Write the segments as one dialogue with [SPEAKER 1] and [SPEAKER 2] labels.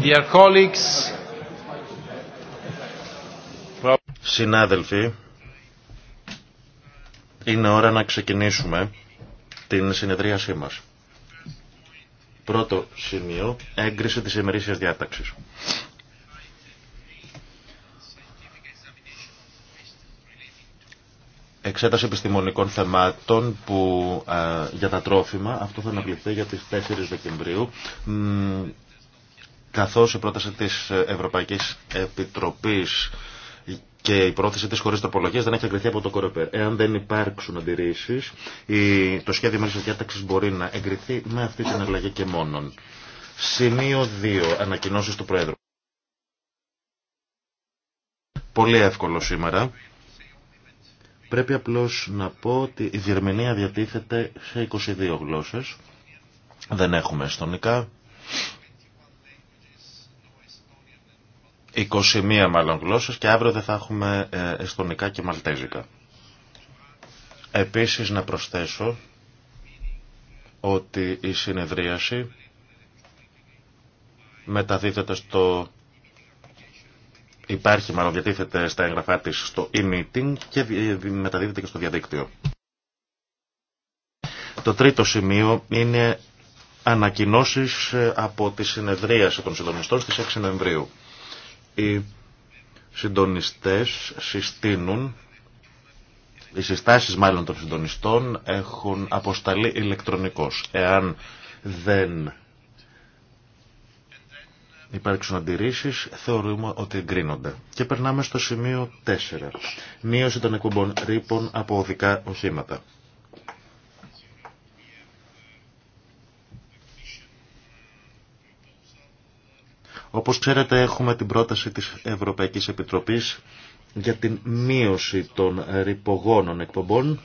[SPEAKER 1] Dear colleagues, Συνάδελφοι, είναι ώρα να ξεκινήσουμε την συνεδρίασή μας. Πρώτο σημείο, έγκριση της ημερήσιας διάταξης. εξέταση επιστημονικών θεμάτων που, ε, για τα τρόφιμα. Αυτό θα αναπληκθεί για τις 4 Δεκεμβρίου. Μ, καθώς η πρόταση της Ευρωπαϊκής Επιτροπής και η πρόθεση της χωρίς τοπολογίας δεν έχει εγκριθεί από το Κορεπέρ. Εάν δεν υπάρξουν αντιρρήσεις, η, το σχέδιο μέσα διάταξης μπορεί να εγκριθεί με αυτή την αλλαγή και μόνον. Σημείο 2. Ανακοινώσεις του Προέδρου. Πολύ εύκολο σήμερα. Πρέπει απλώς να πω ότι η διερμηνία διατίθεται σε 22 γλώσσες. Δεν έχουμε εστονικά. 21 μάλλον γλώσσες και αύριο δεν θα έχουμε ε, εστονικά και μαλτέζικα. Επίσης να προσθέσω ότι η συνεδρίαση μεταδίδεται στο Υπάρχει, μάλλον διατίθεται στα έγγραφά της στο e-meeting και ε, μεταδίδεται και στο διαδίκτυο. Το τρίτο σημείο είναι ανακοινώσεις ε, από τη συνεδρίαση των συντονιστών στις 6 Νοεμβρίου. Οι συντονιστές συστήνουν, οι συστάσεις μάλλον των συντονιστών έχουν αποσταλεί ηλεκτρονικώς. Εάν δεν υπάρξουν αντιρρήσεις, θεωρούμε ότι εγκρίνονται. Και περνάμε στο σημείο 4. Μείωση των εκπομπών ρήπων από οδικά οχήματα. Όπως ξέρετε έχουμε την πρόταση της Ευρωπαϊκής Επιτροπής για την μείωση των ρηπογόνων εκπομπών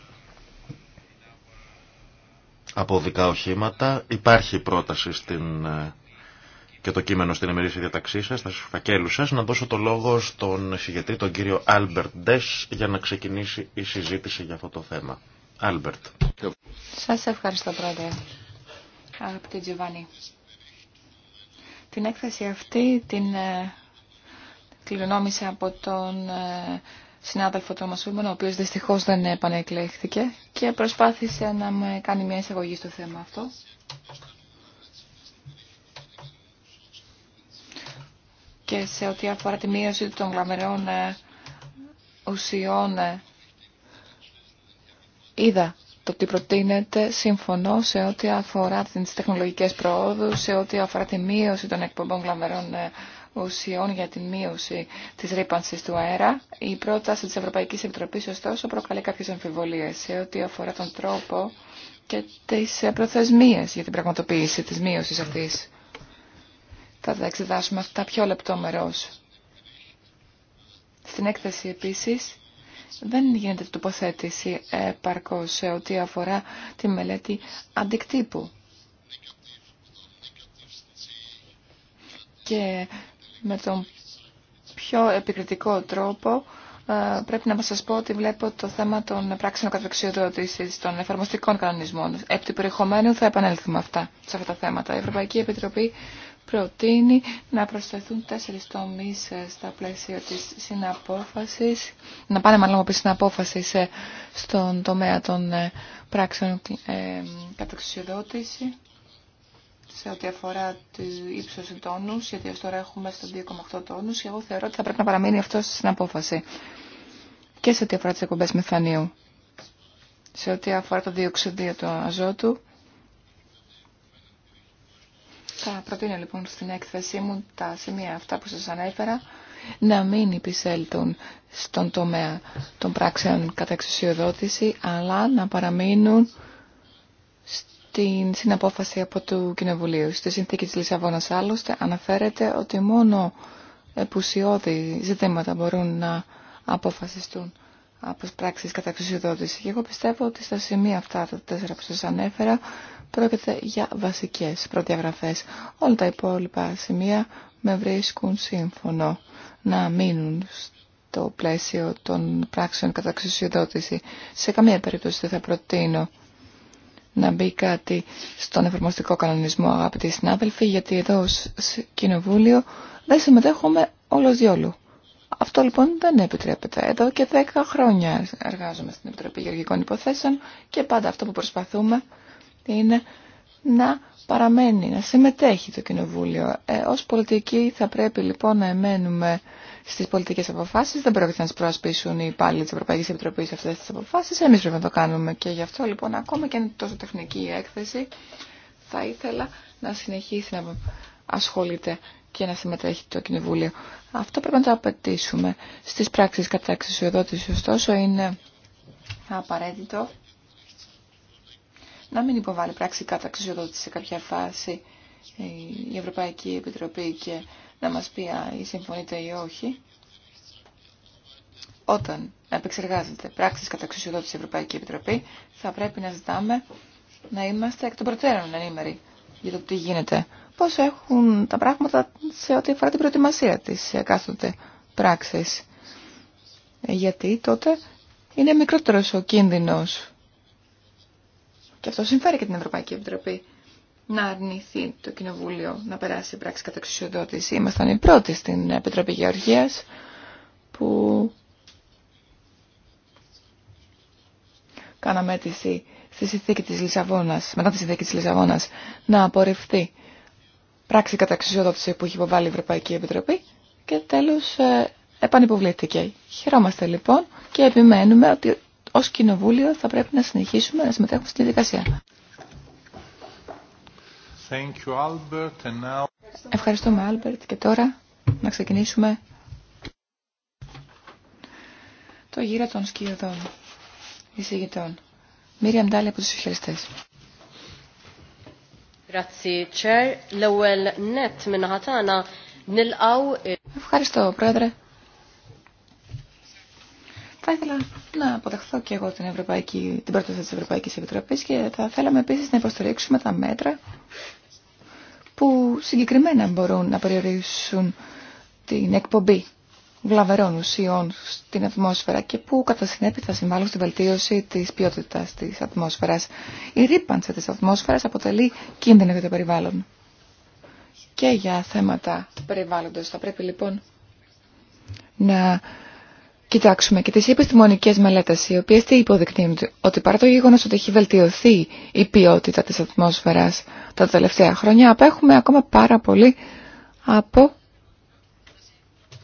[SPEAKER 1] από οδικά οχήματα. Υπάρχει πρόταση στην ε, και το κείμενο στην ημερήσια διαταξή σα, στα φακέλου σα, να δώσω το λόγο στον συγγετή, τον κύριο Άλμπερτ Ντε, για να ξεκινήσει η συζήτηση για αυτό το θέμα. Άλμπερτ.
[SPEAKER 2] Σα ευχαριστώ, Πρόεδρε. Αγαπητή Τζιβάνι. Την έκθεση αυτή την ε, από τον ε, συνάδελφο του Μασούμενο, ο οποίος δυστυχώς δεν επανεκλέχθηκε και προσπάθησε να με κάνει μια εισαγωγή στο θέμα αυτό. και σε ό,τι αφορά τη μείωση των γλαμερών ε, ουσιών ε, είδα το τι προτείνεται, συμφωνώ σε ό,τι αφορά τις τεχνολογικές προόδους, σε ό,τι αφορά τη μείωση των εκπομπών γλαμερών ε, ουσιών για τη μείωση της ρήπανσης του αέρα. Η πρόταση της Ευρωπαϊκής Επιτροπής, ωστόσο, προκαλεί κάποιες αμφιβολίες σε ό,τι αφορά τον τρόπο και τις προθεσμίες για την πραγματοποίηση της μείωσης αυτής. Θα τα εξετάσουμε αυτά πιο λεπτόμερως. Στην έκθεση επίσης δεν γίνεται τοποθέτηση επαρκώς σε ό,τι αφορά τη μελέτη αντικτύπου. Και με τον πιο επικριτικό τρόπο ε, πρέπει να σας πω ότι βλέπω το θέμα των πράξεων καταξιοδότησης των εφαρμοστικών κανονισμών. Επί του περιεχομένου θα επανέλθουμε αυτά, σε αυτά τα θέματα. Η Ευρωπαϊκή Επιτροπή προτείνει να προσθεθούν τέσσερις τομείς ε, στα πλαίσια της συναπόφασης, να πάνε μάλλον από συναπόφαση ε, στον τομέα των ε, πράξεων ε, σε ό,τι αφορά τη ύψωση τόνου, γιατί ως τώρα έχουμε στο 2,8 τόνου. και εγώ θεωρώ ότι θα πρέπει να παραμείνει αυτό στην απόφαση και σε ό,τι αφορά τις εκπομπές μεθανίου. Σε ό,τι αφορά το διοξιδίο του αζότου, θα προτείνω λοιπόν στην έκθεσή μου τα σημεία αυτά που σας ανέφερα να μην υπησέλθουν στον τομέα των πράξεων κατά εξουσιοδότηση, αλλά να παραμείνουν στην συναπόφαση από του Κοινοβουλίου. Στη συνθήκη της Λισαβόνας άλλωστε αναφέρεται ότι μόνο επουσιώδη ζητήματα μπορούν να αποφασιστούν από πράξεις κατά εξουσιοδότηση. Και εγώ πιστεύω ότι στα σημεία αυτά, τα τέσσερα που σας ανέφερα, Πρόκειται για βασικές προδιαγραφές. Όλα τα υπόλοιπα σημεία με βρίσκουν σύμφωνο να μείνουν στο πλαίσιο των πράξεων κατά εξουσιοδότηση. Σε καμία περίπτωση δεν θα προτείνω να μπει κάτι στον εφαρμοστικό κανονισμό, αγαπητοί συνάδελφοι, γιατί εδώ ως κοινοβούλιο δεν συμμετέχουμε όλος διόλου. Αυτό λοιπόν δεν επιτρέπεται. Εδώ και 10 χρόνια εργάζομαι στην Επιτροπή Γεωργικών Υποθέσεων και πάντα αυτό που προσπαθούμε είναι να παραμένει, να συμμετέχει το Κοινοβούλιο. Ε, ως πολιτικοί θα πρέπει λοιπόν να εμένουμε στις πολιτικές αποφάσεις. Δεν πρόκειται να τις προασπίσουν οι υπάλληλοι της Ευρωπαϊκής Επιτροπής αυτές τις αποφάσεις. Εμείς πρέπει να το κάνουμε και γι' αυτό λοιπόν ακόμα και αν είναι τόσο τεχνική η έκθεση θα ήθελα να συνεχίσει να ασχολείται και να συμμετέχει το Κοινοβούλιο. Αυτό πρέπει να το απαιτήσουμε. Στις πράξεις κατά εξουσιοδότηση ωστόσο είναι απαραίτητο να μην υποβάλει πράξη κατά σε κάποια φάση η Ευρωπαϊκή Επιτροπή και να μας πει αν συμφωνείτε ή όχι. Όταν επεξεργάζεται πράξεις κατά η Ευρωπαϊκή Επιτροπή, θα πρέπει να ζητάμε να είμαστε εκ των προτέρων ενήμεροι για το τι γίνεται. Πώς έχουν τα πράγματα σε ό,τι αφορά την προετοιμασία της εκάστοτε πράξης. Γιατί τότε είναι μικρότερος ο κίνδυνος και αυτό συμφέρει και την Ευρωπαϊκή Επιτροπή, να αρνηθεί το Κοινοβούλιο να περάσει πράξη κατά εξουσιοδότηση. Ήμασταν οι πρώτοι στην Επιτροπή Γεωργίας που κάναμε αίτηση στη συνθήκη της Λισαβόνας, μετά τη συνθήκη της Λισαβόνας, να απορριφθεί πράξη κατά εξουσιοδότηση που έχει υποβάλει η Ευρωπαϊκή Επιτροπή και τέλος ε, επανυποβλήθηκε. Χαιρόμαστε λοιπόν και επιμένουμε ότι ως Κοινοβούλιο θα πρέπει να συνεχίσουμε να συμμετέχουμε στην διαδικασία. Ευχαριστούμε, Άλμπερτ. Και τώρα να ξεκινήσουμε το γύρο των σκιωδών εισηγητών. Μύρια Μτάλη από τους ευχαριστές. Ευχαριστώ, Πρόεδρε. Θα ήθελα να αποδεχθώ και εγώ την, Ευρωπαϊκή, την πρόταση της Ευρωπαϊκής Επιτροπής και θα θέλαμε επίσης να υποστηρίξουμε τα μέτρα που συγκεκριμένα μπορούν να περιορίσουν την εκπομπή βλαβερών ουσιών στην ατμόσφαιρα και που κατά συνέπεια θα συμβάλλουν στην βελτίωση της ποιότητας της ατμόσφαιρας. Η ρήπανση της ατμόσφαιρας αποτελεί κίνδυνο για το περιβάλλον. Και για θέματα περιβάλλοντος θα πρέπει λοιπόν να κοιτάξουμε και τις επιστημονικέ μελέτες, οι οποίες τι υποδεικνύουν, ότι παρά το γεγονό ότι έχει βελτιωθεί η ποιότητα της ατμόσφαιρας τα τελευταία χρόνια, απέχουμε ακόμα πάρα πολύ από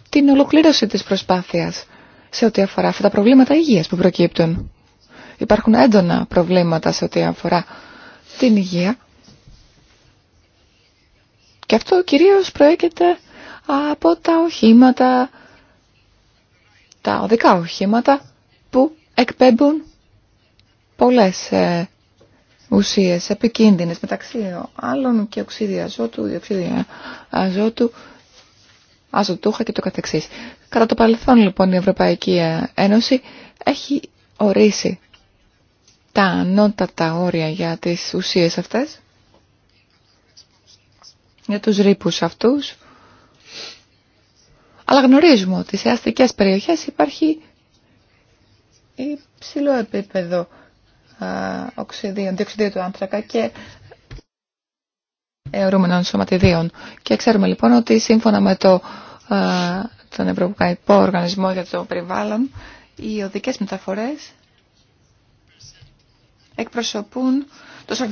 [SPEAKER 2] την ολοκλήρωση της προσπάθειας σε ό,τι αφορά αυτά τα προβλήματα υγείας που προκύπτουν. Υπάρχουν έντονα προβλήματα σε ό,τι αφορά την υγεία. Και αυτό κυρίως προέρχεται από τα οχήματα, τα οδικά οχήματα που εκπέμπουν πολλές ε, ουσίες επικίνδυνες μεταξύ άλλων και οξύδια αζότου, διοξίδια αζότου, αζωτούχα και το καθεξής. Κατά το παρελθόν λοιπόν η Ευρωπαϊκή ε, Ένωση έχει ορίσει τα ανώτατα όρια για τις ουσίες αυτές, για τους ρήπους αυτούς αλλά γνωρίζουμε ότι σε αστικές περιοχές υπάρχει υψηλό επίπεδο οξυδίων, του άνθρακα και αιωρούμενων σωματιδίων. Και ξέρουμε λοιπόν ότι σύμφωνα με το, τον Ευρωπαϊκό Οργανισμό για το Περιβάλλον, οι οδικές μεταφορές εκπροσωπούν το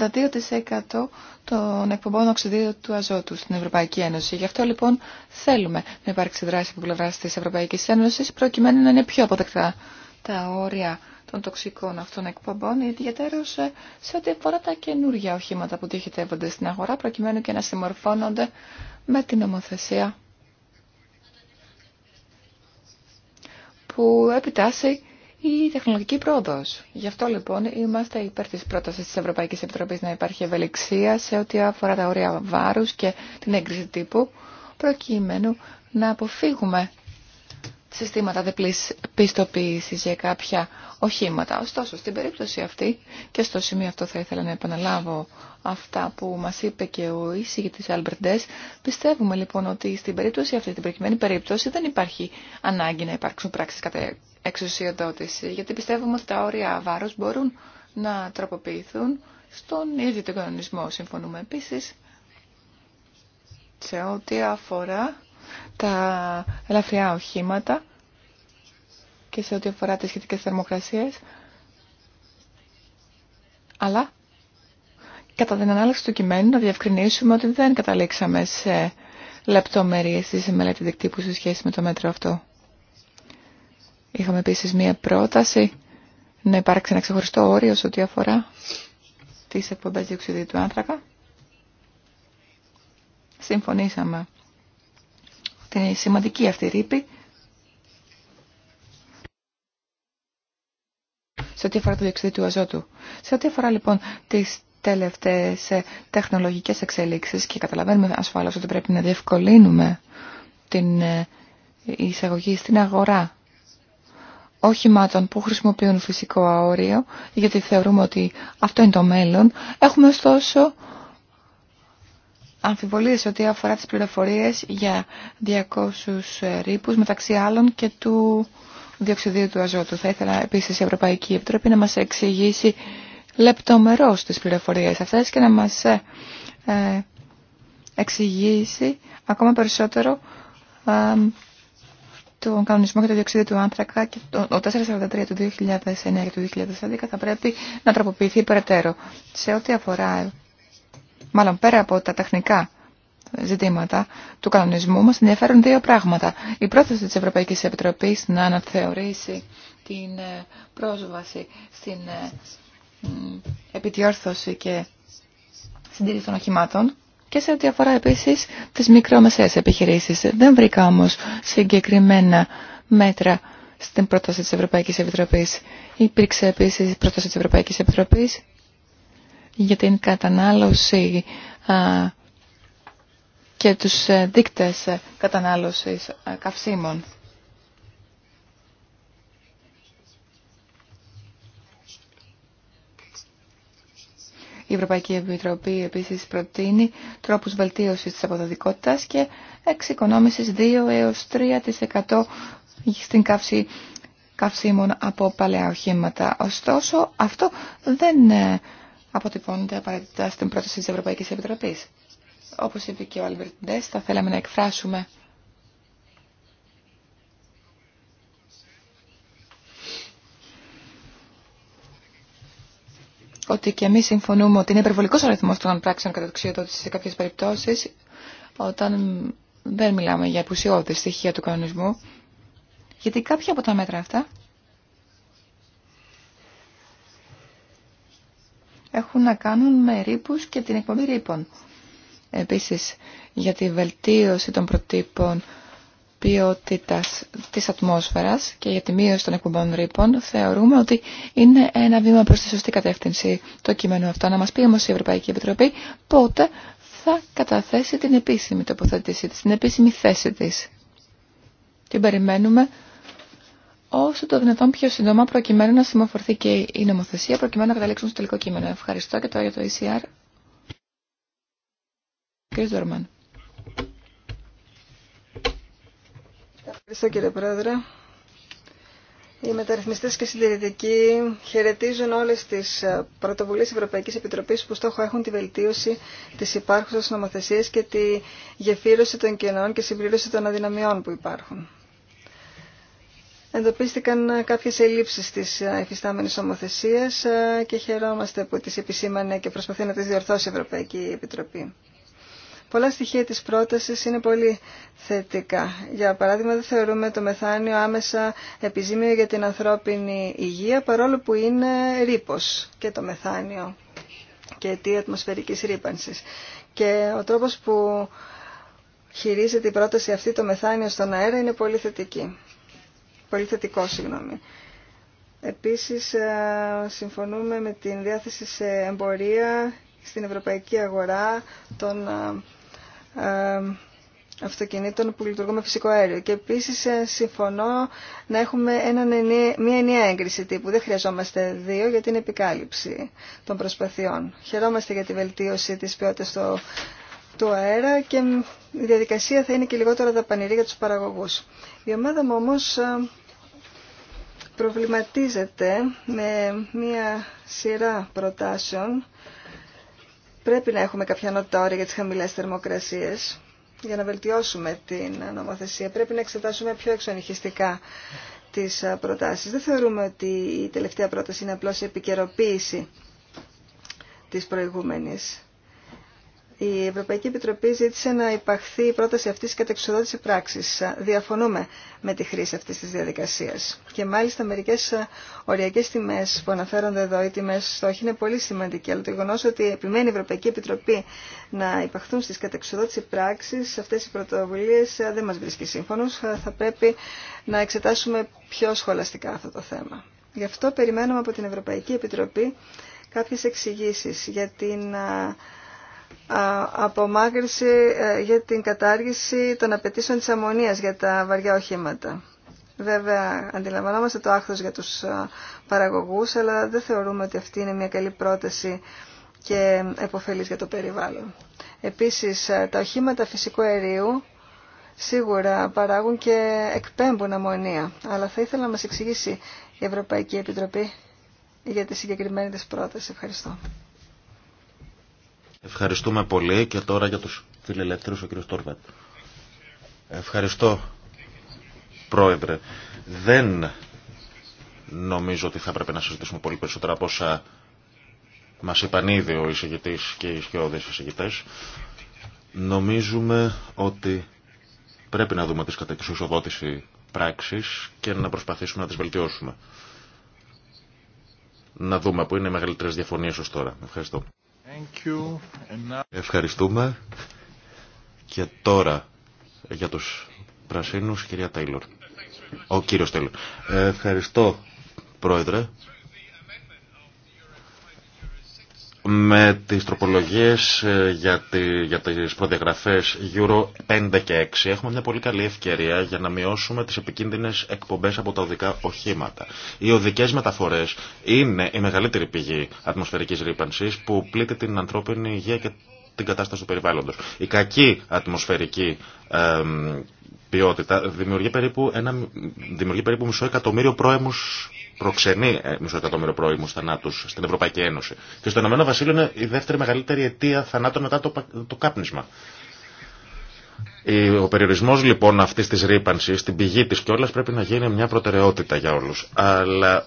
[SPEAKER 2] 42% των εκπομπών οξυδίου του αζότου στην Ευρωπαϊκή Ένωση. Γι' αυτό λοιπόν θέλουμε να υπάρξει δράση από πλευρά τη Ευρωπαϊκή Ένωση προκειμένου να είναι πιο αποδεκτά τα όρια των τοξικών αυτών εκπομπών, ιδιαίτερω ε, σε, ό,τι αφορά τα καινούργια οχήματα που διοχετεύονται στην αγορά, προκειμένου και να συμμορφώνονται με την νομοθεσία που επιτάσσει η τεχνολογική πρόοδος. Γι' αυτό λοιπόν είμαστε υπέρ τη πρόταση τη Ευρωπαϊκή Επιτροπή να υπάρχει ευελιξία σε ό,τι αφορά τα όρια βάρου και την έγκριση τύπου, προκειμένου να αποφύγουμε συστήματα διπλή πιστοποίηση για κάποια οχήματα. Ωστόσο, στην περίπτωση αυτή και στο σημείο αυτό θα ήθελα να επαναλάβω αυτά που μα είπε και ο εισηγητή Αλμπερντές, πιστεύουμε λοιπόν ότι στην περίπτωση αυτή, την προκειμένη περίπτωση, δεν υπάρχει ανάγκη να υπάρξουν πράξει κατά εξουσιοδότηση, γιατί πιστεύουμε ότι τα όρια βάρους μπορούν να τροποποιηθούν στον ίδιο τον κανονισμό. Συμφωνούμε επίσης σε ό,τι αφορά τα ελαφριά οχήματα και σε ό,τι αφορά τις σχετικές θερμοκρασίες. Αλλά κατά την ανάλυση του κειμένου να διευκρινίσουμε ότι δεν καταλήξαμε σε λεπτομέρειες στη μελέτη δικτύπου σε σχέση με το μέτρο αυτό. Είχαμε επίση μία πρόταση να υπάρξει ένα ξεχωριστό όριο σε ό,τι αφορά τι εκπομπέ διοξιδίου του άνθρακα. Συμφωνήσαμε ότι είναι σημαντική αυτή η ρήπη. Σε ό,τι αφορά το διοξιδίου του αζότου. Σε ό,τι αφορά λοιπόν τι τελευταίες ε, τεχνολογικές εξελίξεις και καταλαβαίνουμε ασφαλώς ότι πρέπει να διευκολύνουμε την ε, εισαγωγή στην αγορά οχημάτων που χρησιμοποιούν φυσικό αόριο, γιατί θεωρούμε ότι αυτό είναι το μέλλον. Έχουμε ωστόσο αμφιβολίες ό,τι αφορά τις πληροφορίες για 200 ε, ρήπους, μεταξύ άλλων και του διοξιδίου του αζότου. Θα ήθελα επίσης η Ευρωπαϊκή Επιτροπή να μας εξηγήσει λεπτομερώς τις πληροφορίες αυτές και να μας ε, ε, εξηγήσει ακόμα περισσότερο το κανονισμό για το διοξείδιο του άνθρακα και το, το 443 του 2009 και του 2011 θα πρέπει να τροποποιηθεί περαιτέρω. Σε ό,τι αφορά, μάλλον πέρα από τα τεχνικά ζητήματα του κανονισμού μας ενδιαφέρουν δύο πράγματα. Η πρόθεση της Ευρωπαϊκής Επιτροπής να αναθεωρήσει την ε, πρόσβαση στην ε, επιδιόρθωση και συντήρηση των οχημάτων και σε ό,τι αφορά επίσης τις μικρομεσαίες επιχειρήσεις. Δεν βρήκα όμως συγκεκριμένα μέτρα στην πρόταση της Ευρωπαϊκής Επιτροπής. Υπήρξε επίσης η πρόταση της Ευρωπαϊκής Επιτροπής για την κατανάλωση και τους ε, δείκτες ε, κατανάλωσης ε, καυσίμων. Η Ευρωπαϊκή Επιτροπή επίση προτείνει τρόπους βελτίωση τη αποδοτικότητα και εξοικονόμησης 2 έω 3% στην καύση καυσίμων από παλαιά οχήματα. Ωστόσο, αυτό δεν ε, αποτυπώνεται απαραίτητα στην πρόταση τη Ευρωπαϊκή Επιτροπή, όπω είπε και ο Άλμπερτ θα θέλαμε να εκφράσουμε ότι και εμεί συμφωνούμε ότι είναι υπερβολικό ο αριθμό των πράξεων κατά σε κάποιε περιπτώσει, όταν δεν μιλάμε για επουσιώδη στοιχεία του κανονισμού γιατί κάποια από τα μέτρα αυτά έχουν να κάνουν με ρήπου και την εκπομπή ρήπων. Επίσης, για τη βελτίωση των προτύπων ποιότητας της ατμόσφαιρας και για τη μείωση των εκπομπών ρήπων θεωρούμε ότι είναι ένα βήμα προς τη σωστή κατεύθυνση το κείμενο αυτό. Να μας πει όμως η Ευρωπαϊκή Επιτροπή πότε θα καταθέσει την επίσημη τοποθέτησή της, την επίσημη θέση της. Την περιμένουμε όσο το δυνατόν πιο σύντομα προκειμένου να συμμοφορθεί και η νομοθεσία προκειμένου να καταλήξουν στο τελικό κείμενο. Ευχαριστώ και τώρα για το ECR. Κύριε Ζορμαν.
[SPEAKER 3] Ευχαριστώ κύριε Πρόεδρε. Οι μεταρρυθμιστέ και συντηρητικοί χαιρετίζουν όλες τις ε, πρωτοβουλίε Ευρωπαϊκή Επιτροπή που στόχο έχουν τη βελτίωση τη υπάρχουσα νομοθεσία και τη γεφύρωση των κενών και συμπλήρωση των αδυναμιών που υπάρχουν. Εντοπίστηκαν ε, κάποιες ελλείψεις της εφιστάμενης νομοθεσία ε, και χαιρόμαστε που τις επισήμανε και προσπαθεί να τις διορθώσει η Ευρωπαϊκή Επιτροπή. Πολλά στοιχεία της πρότασης είναι πολύ θετικά. Για παράδειγμα, δεν θεωρούμε το μεθάνιο άμεσα επιζήμιο για την ανθρώπινη υγεία, παρόλο που είναι ρήπος και το μεθάνιο και αιτία ατμοσφαιρικής ρήπανσης. Και ο τρόπος που χειρίζεται η πρόταση αυτή το μεθάνιο στον αέρα είναι πολύ θετική. Πολύ θετικό, συγγνώμη. Επίσης, ε, συμφωνούμε με την διάθεση σε εμπορία στην ευρωπαϊκή αγορά των ε, ε, αυτοκινήτων που λειτουργούν με φυσικό αέριο. Και επίσης ε, συμφωνώ να έχουμε ένα, μια ενιαία έγκριση τύπου. Δεν χρειαζόμαστε δύο για την επικάλυψη των προσπαθειών. Χαιρόμαστε για τη βελτίωση της ποιότητα του, του αέρα και η διαδικασία θα είναι και λιγότερο δαπανηρή για τους παραγωγού. Η ομάδα μου όμως ε, προβληματίζεται με μια σειρά προτάσεων Πρέπει να έχουμε κάποια νοτόρια για τις χαμηλές θερμοκρασίες για να βελτιώσουμε την νομοθεσία. Πρέπει να εξετάσουμε πιο εξονυχιστικά τις προτάσεις. Δεν θεωρούμε ότι η τελευταία πρόταση είναι απλώς η επικαιροποίηση της προηγούμενης. Η Ευρωπαϊκή Επιτροπή ζήτησε να υπαχθεί η πρόταση αυτή τη κατεξοδότηση πράξη. Διαφωνούμε με τη χρήση αυτή τη διαδικασία. Και μάλιστα μερικέ οριακέ τιμέ που αναφέρονται εδώ, οι τιμέ στόχοι, είναι πολύ σημαντικοί. Αλλά το γεγονό ότι επιμένει η Ευρωπαϊκή Επιτροπή να υπαχθούν στι κατεξοδότηση πράξη αυτέ οι πρωτοβουλίε δεν μα βρίσκει σύμφωνο. Θα πρέπει να εξετάσουμε πιο σχολαστικά αυτό το θέμα. Γι' αυτό περιμένουμε από την Ευρωπαϊκή Επιτροπή κάποιες εξηγήσει για την απομάκρυση ε, για την κατάργηση των απαιτήσεων της αμμονίας για τα βαριά οχήματα. Βέβαια, αντιλαμβανόμαστε το άχθος για τους παραγωγούς, αλλά δεν θεωρούμε ότι αυτή είναι μια καλή πρόταση και επωφελής για το περιβάλλον. Επίσης, ε, τα οχήματα φυσικού αερίου σίγουρα παράγουν και εκπέμπουν αμμονία, αλλά θα ήθελα να μας εξηγήσει η Ευρωπαϊκή Επιτροπή για τη συγκεκριμένη πρόταση. Ευχαριστώ.
[SPEAKER 1] Ευχαριστούμε πολύ και τώρα για τους φιλελεύθερους ο κύριος Τόρβατ. Ευχαριστώ, Πρόεδρε. Δεν νομίζω ότι θα πρέπει να συζητήσουμε πολύ περισσότερα από όσα μας είπαν ήδη ο εισηγητής και οι σκιώδες εισηγητές. Νομίζουμε ότι πρέπει να δούμε τις κατεξουσοδότηση πράξεις και να προσπαθήσουμε να τις βελτιώσουμε. Να δούμε που είναι οι μεγαλύτερες διαφωνίες ως τώρα. Ευχαριστώ. Ευχαριστούμε. Και τώρα για τους πρασίνους, κυρία Τέιλορ. Ο κύριος Τέιλορ. Ε, ευχαριστώ, Πρόεδρε. με τις τροπολογίες ε, για, τη, για τις προδιαγραφές Euro 5 και 6 έχουμε μια πολύ καλή ευκαιρία για να μειώσουμε τις επικίνδυνες εκπομπές από τα οδικά οχήματα. Οι οδικές μεταφορές είναι η μεγαλύτερη πηγή ατμοσφαιρικής ρήπανσης που πλήττει την ανθρώπινη υγεία και την κατάσταση του περιβάλλοντος. Η κακή ατμοσφαιρική ποιότητα δημιουργεί περίπου, ένα, δημιουργεί περίπου μισό εκατομμύριο πρόεμους προξενεί ε, μισό εκατομμύριο πρώιμου θανάτου στην Ευρωπαϊκή Ένωση. Και στο Ηνωμένο Βασίλειο είναι η δεύτερη μεγαλύτερη αιτία θανάτων μετά το, κάπνισμα. Ο περιορισμό λοιπόν αυτή τη ρήπανση, την πηγή τη κιόλα, πρέπει να γίνει μια προτεραιότητα για όλου. Αλλά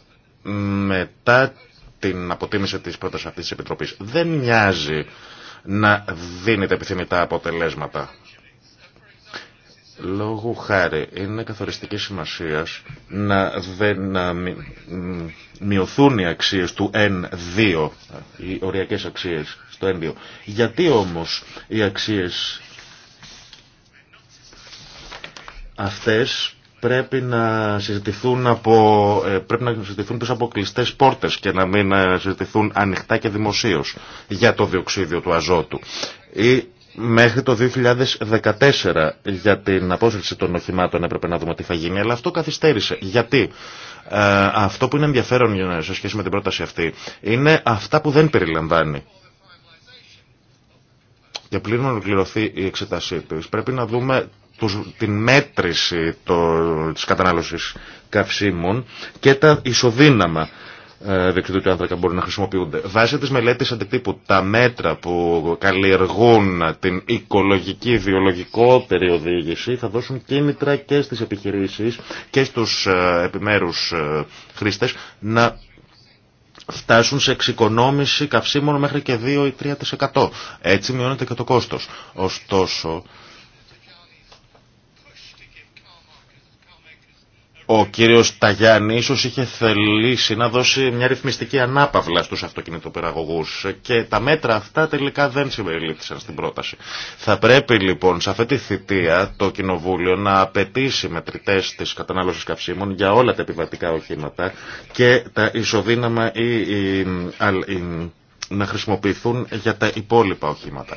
[SPEAKER 1] μετά την αποτίμηση τη πρόταση αυτή τη Επιτροπή, δεν μοιάζει να δίνεται επιθυμητά αποτελέσματα Λόγου χάρη είναι καθοριστική σημασία να, να μειωθούν οι αξίες του N2, οι οριακέ αξίες στο N2. Γιατί όμως οι αξίες αυτές πρέπει να συζητηθούν, από, ε, πρέπει να συζητηθούν τους αποκλειστές πόρτες και να μην ε, συζητηθούν ανοιχτά και δημοσίως για το διοξίδιο του αζότου. Ή μέχρι το 2014 για την απόσυρση των οχημάτων έπρεπε να δούμε τι θα γίνει, αλλά αυτό καθυστέρησε. Γιατί ε, αυτό που είναι ενδιαφέρον σε σχέση με την πρόταση αυτή είναι αυτά που δεν περιλαμβάνει. Και να ολοκληρωθεί η εξετασή τη. Πρέπει να δούμε την μέτρηση το, της κατανάλωσης καυσίμων και τα ισοδύναμα ε, διοξιδίου και άνθρακα μπορούν να χρησιμοποιούνται. Βάσει τη μελέτη αντιτύπου, τα μέτρα που καλλιεργούν την οικολογική, βιολογικότερη οδήγηση θα δώσουν κίνητρα και στι επιχειρήσει και στου ε, επιμέρου ε, χρήστε να φτάσουν σε εξοικονόμηση καυσίμων μέχρι και 2 ή 3%. Έτσι μειώνεται και το κόστος. Ωστόσο, Ο κύριος Ταγιάννη ίσως είχε θελήσει να δώσει μια ρυθμιστική ανάπαυλα στους αυτοκινητοπεραγωγούς και τα μέτρα αυτά τελικά δεν συμπεριλήφθησαν στην πρόταση. Θα πρέπει λοιπόν σε αυτή τη θητεία το Κοινοβούλιο να απαιτήσει μετρητές της κατανάλωσης καυσίμων για όλα τα επιβατικά οχήματα και τα ισοδύναμα ή, ή, να χρησιμοποιηθούν για τα υπόλοιπα οχήματα.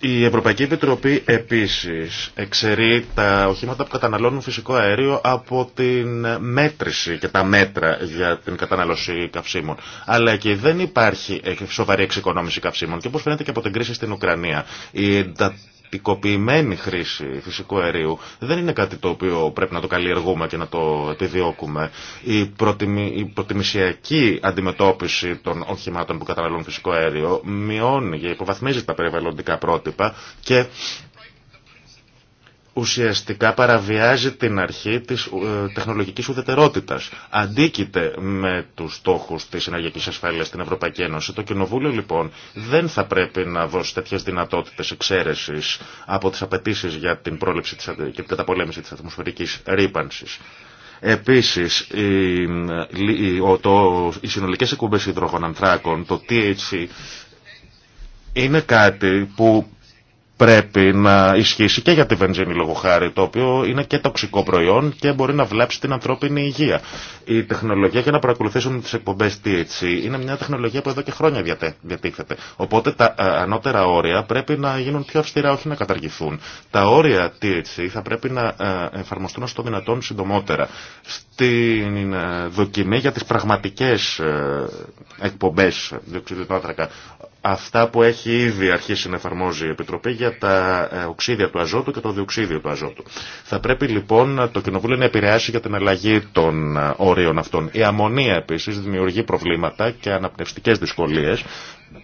[SPEAKER 1] Η Ευρωπαϊκή Επιτροπή επίσης εξαιρεί τα οχήματα που καταναλώνουν φυσικό αέριο από την μέτρηση και τα μέτρα για την κατανάλωση καυσίμων. Αλλά και δεν υπάρχει σοβαρή εξοικονόμηση καυσίμων και όπως φαίνεται και από την κρίση στην Ουκρανία. Η τυπικοποιημένη χρήση φυσικού αερίου δεν είναι κάτι το οποίο πρέπει να το καλλιεργούμε και να το επιδιώκουμε. Η, προτιμη, η προτιμησιακή αντιμετώπιση των οχημάτων που καταναλώνουν φυσικό αέριο μειώνει και υποβαθμίζει τα περιβαλλοντικά πρότυπα και ουσιαστικά παραβιάζει την αρχή της ε, τεχνολογικής ουδετερότητας. Αντίκειται με τους στόχους της ενεργειακής ασφάλειας στην Ευρωπαϊκή Ένωση. Το Κοινοβούλιο λοιπόν δεν θα πρέπει να δώσει τέτοιες δυνατότητες εξαίρεσης από τις απαιτήσει για την πρόληψη ε, και την καταπολέμηση της ατμοσφαιρικής ρήπανσης. Επίσης, οι, το, οι συνολικές εκπομπές το THC, είναι κάτι που πρέπει να ισχύσει και για τη βενζίνη λόγω χάρη, το οποίο είναι και τοξικό προϊόν και μπορεί να βλάψει την ανθρώπινη υγεία. Η τεχνολογία για να παρακολουθήσουν τις εκπομπές THC είναι μια τεχνολογία που εδώ και χρόνια διατίθεται. Οπότε τα ε, ανώτερα όρια πρέπει να γίνουν πιο αυστηρά, όχι να καταργηθούν. Τα όρια THC θα πρέπει να ε, εφαρμοστούν στο δυνατόν συντομότερα. Στην ε, δοκιμή για τις πραγματικές εκπομπές διοξιδίου του άνθρακα αυτά που έχει ήδη αρχίσει να εφαρμόζει η Επιτροπή για τα ε, οξύδια του αζότου και το διοξίδιο του αζότου. Θα πρέπει λοιπόν το Κοινοβούλιο να επηρεάσει για την αλλαγή των ε, ορίων αυτών. Η αμμονία επίσης δημιουργεί προβλήματα και αναπνευστικές δυσκολίες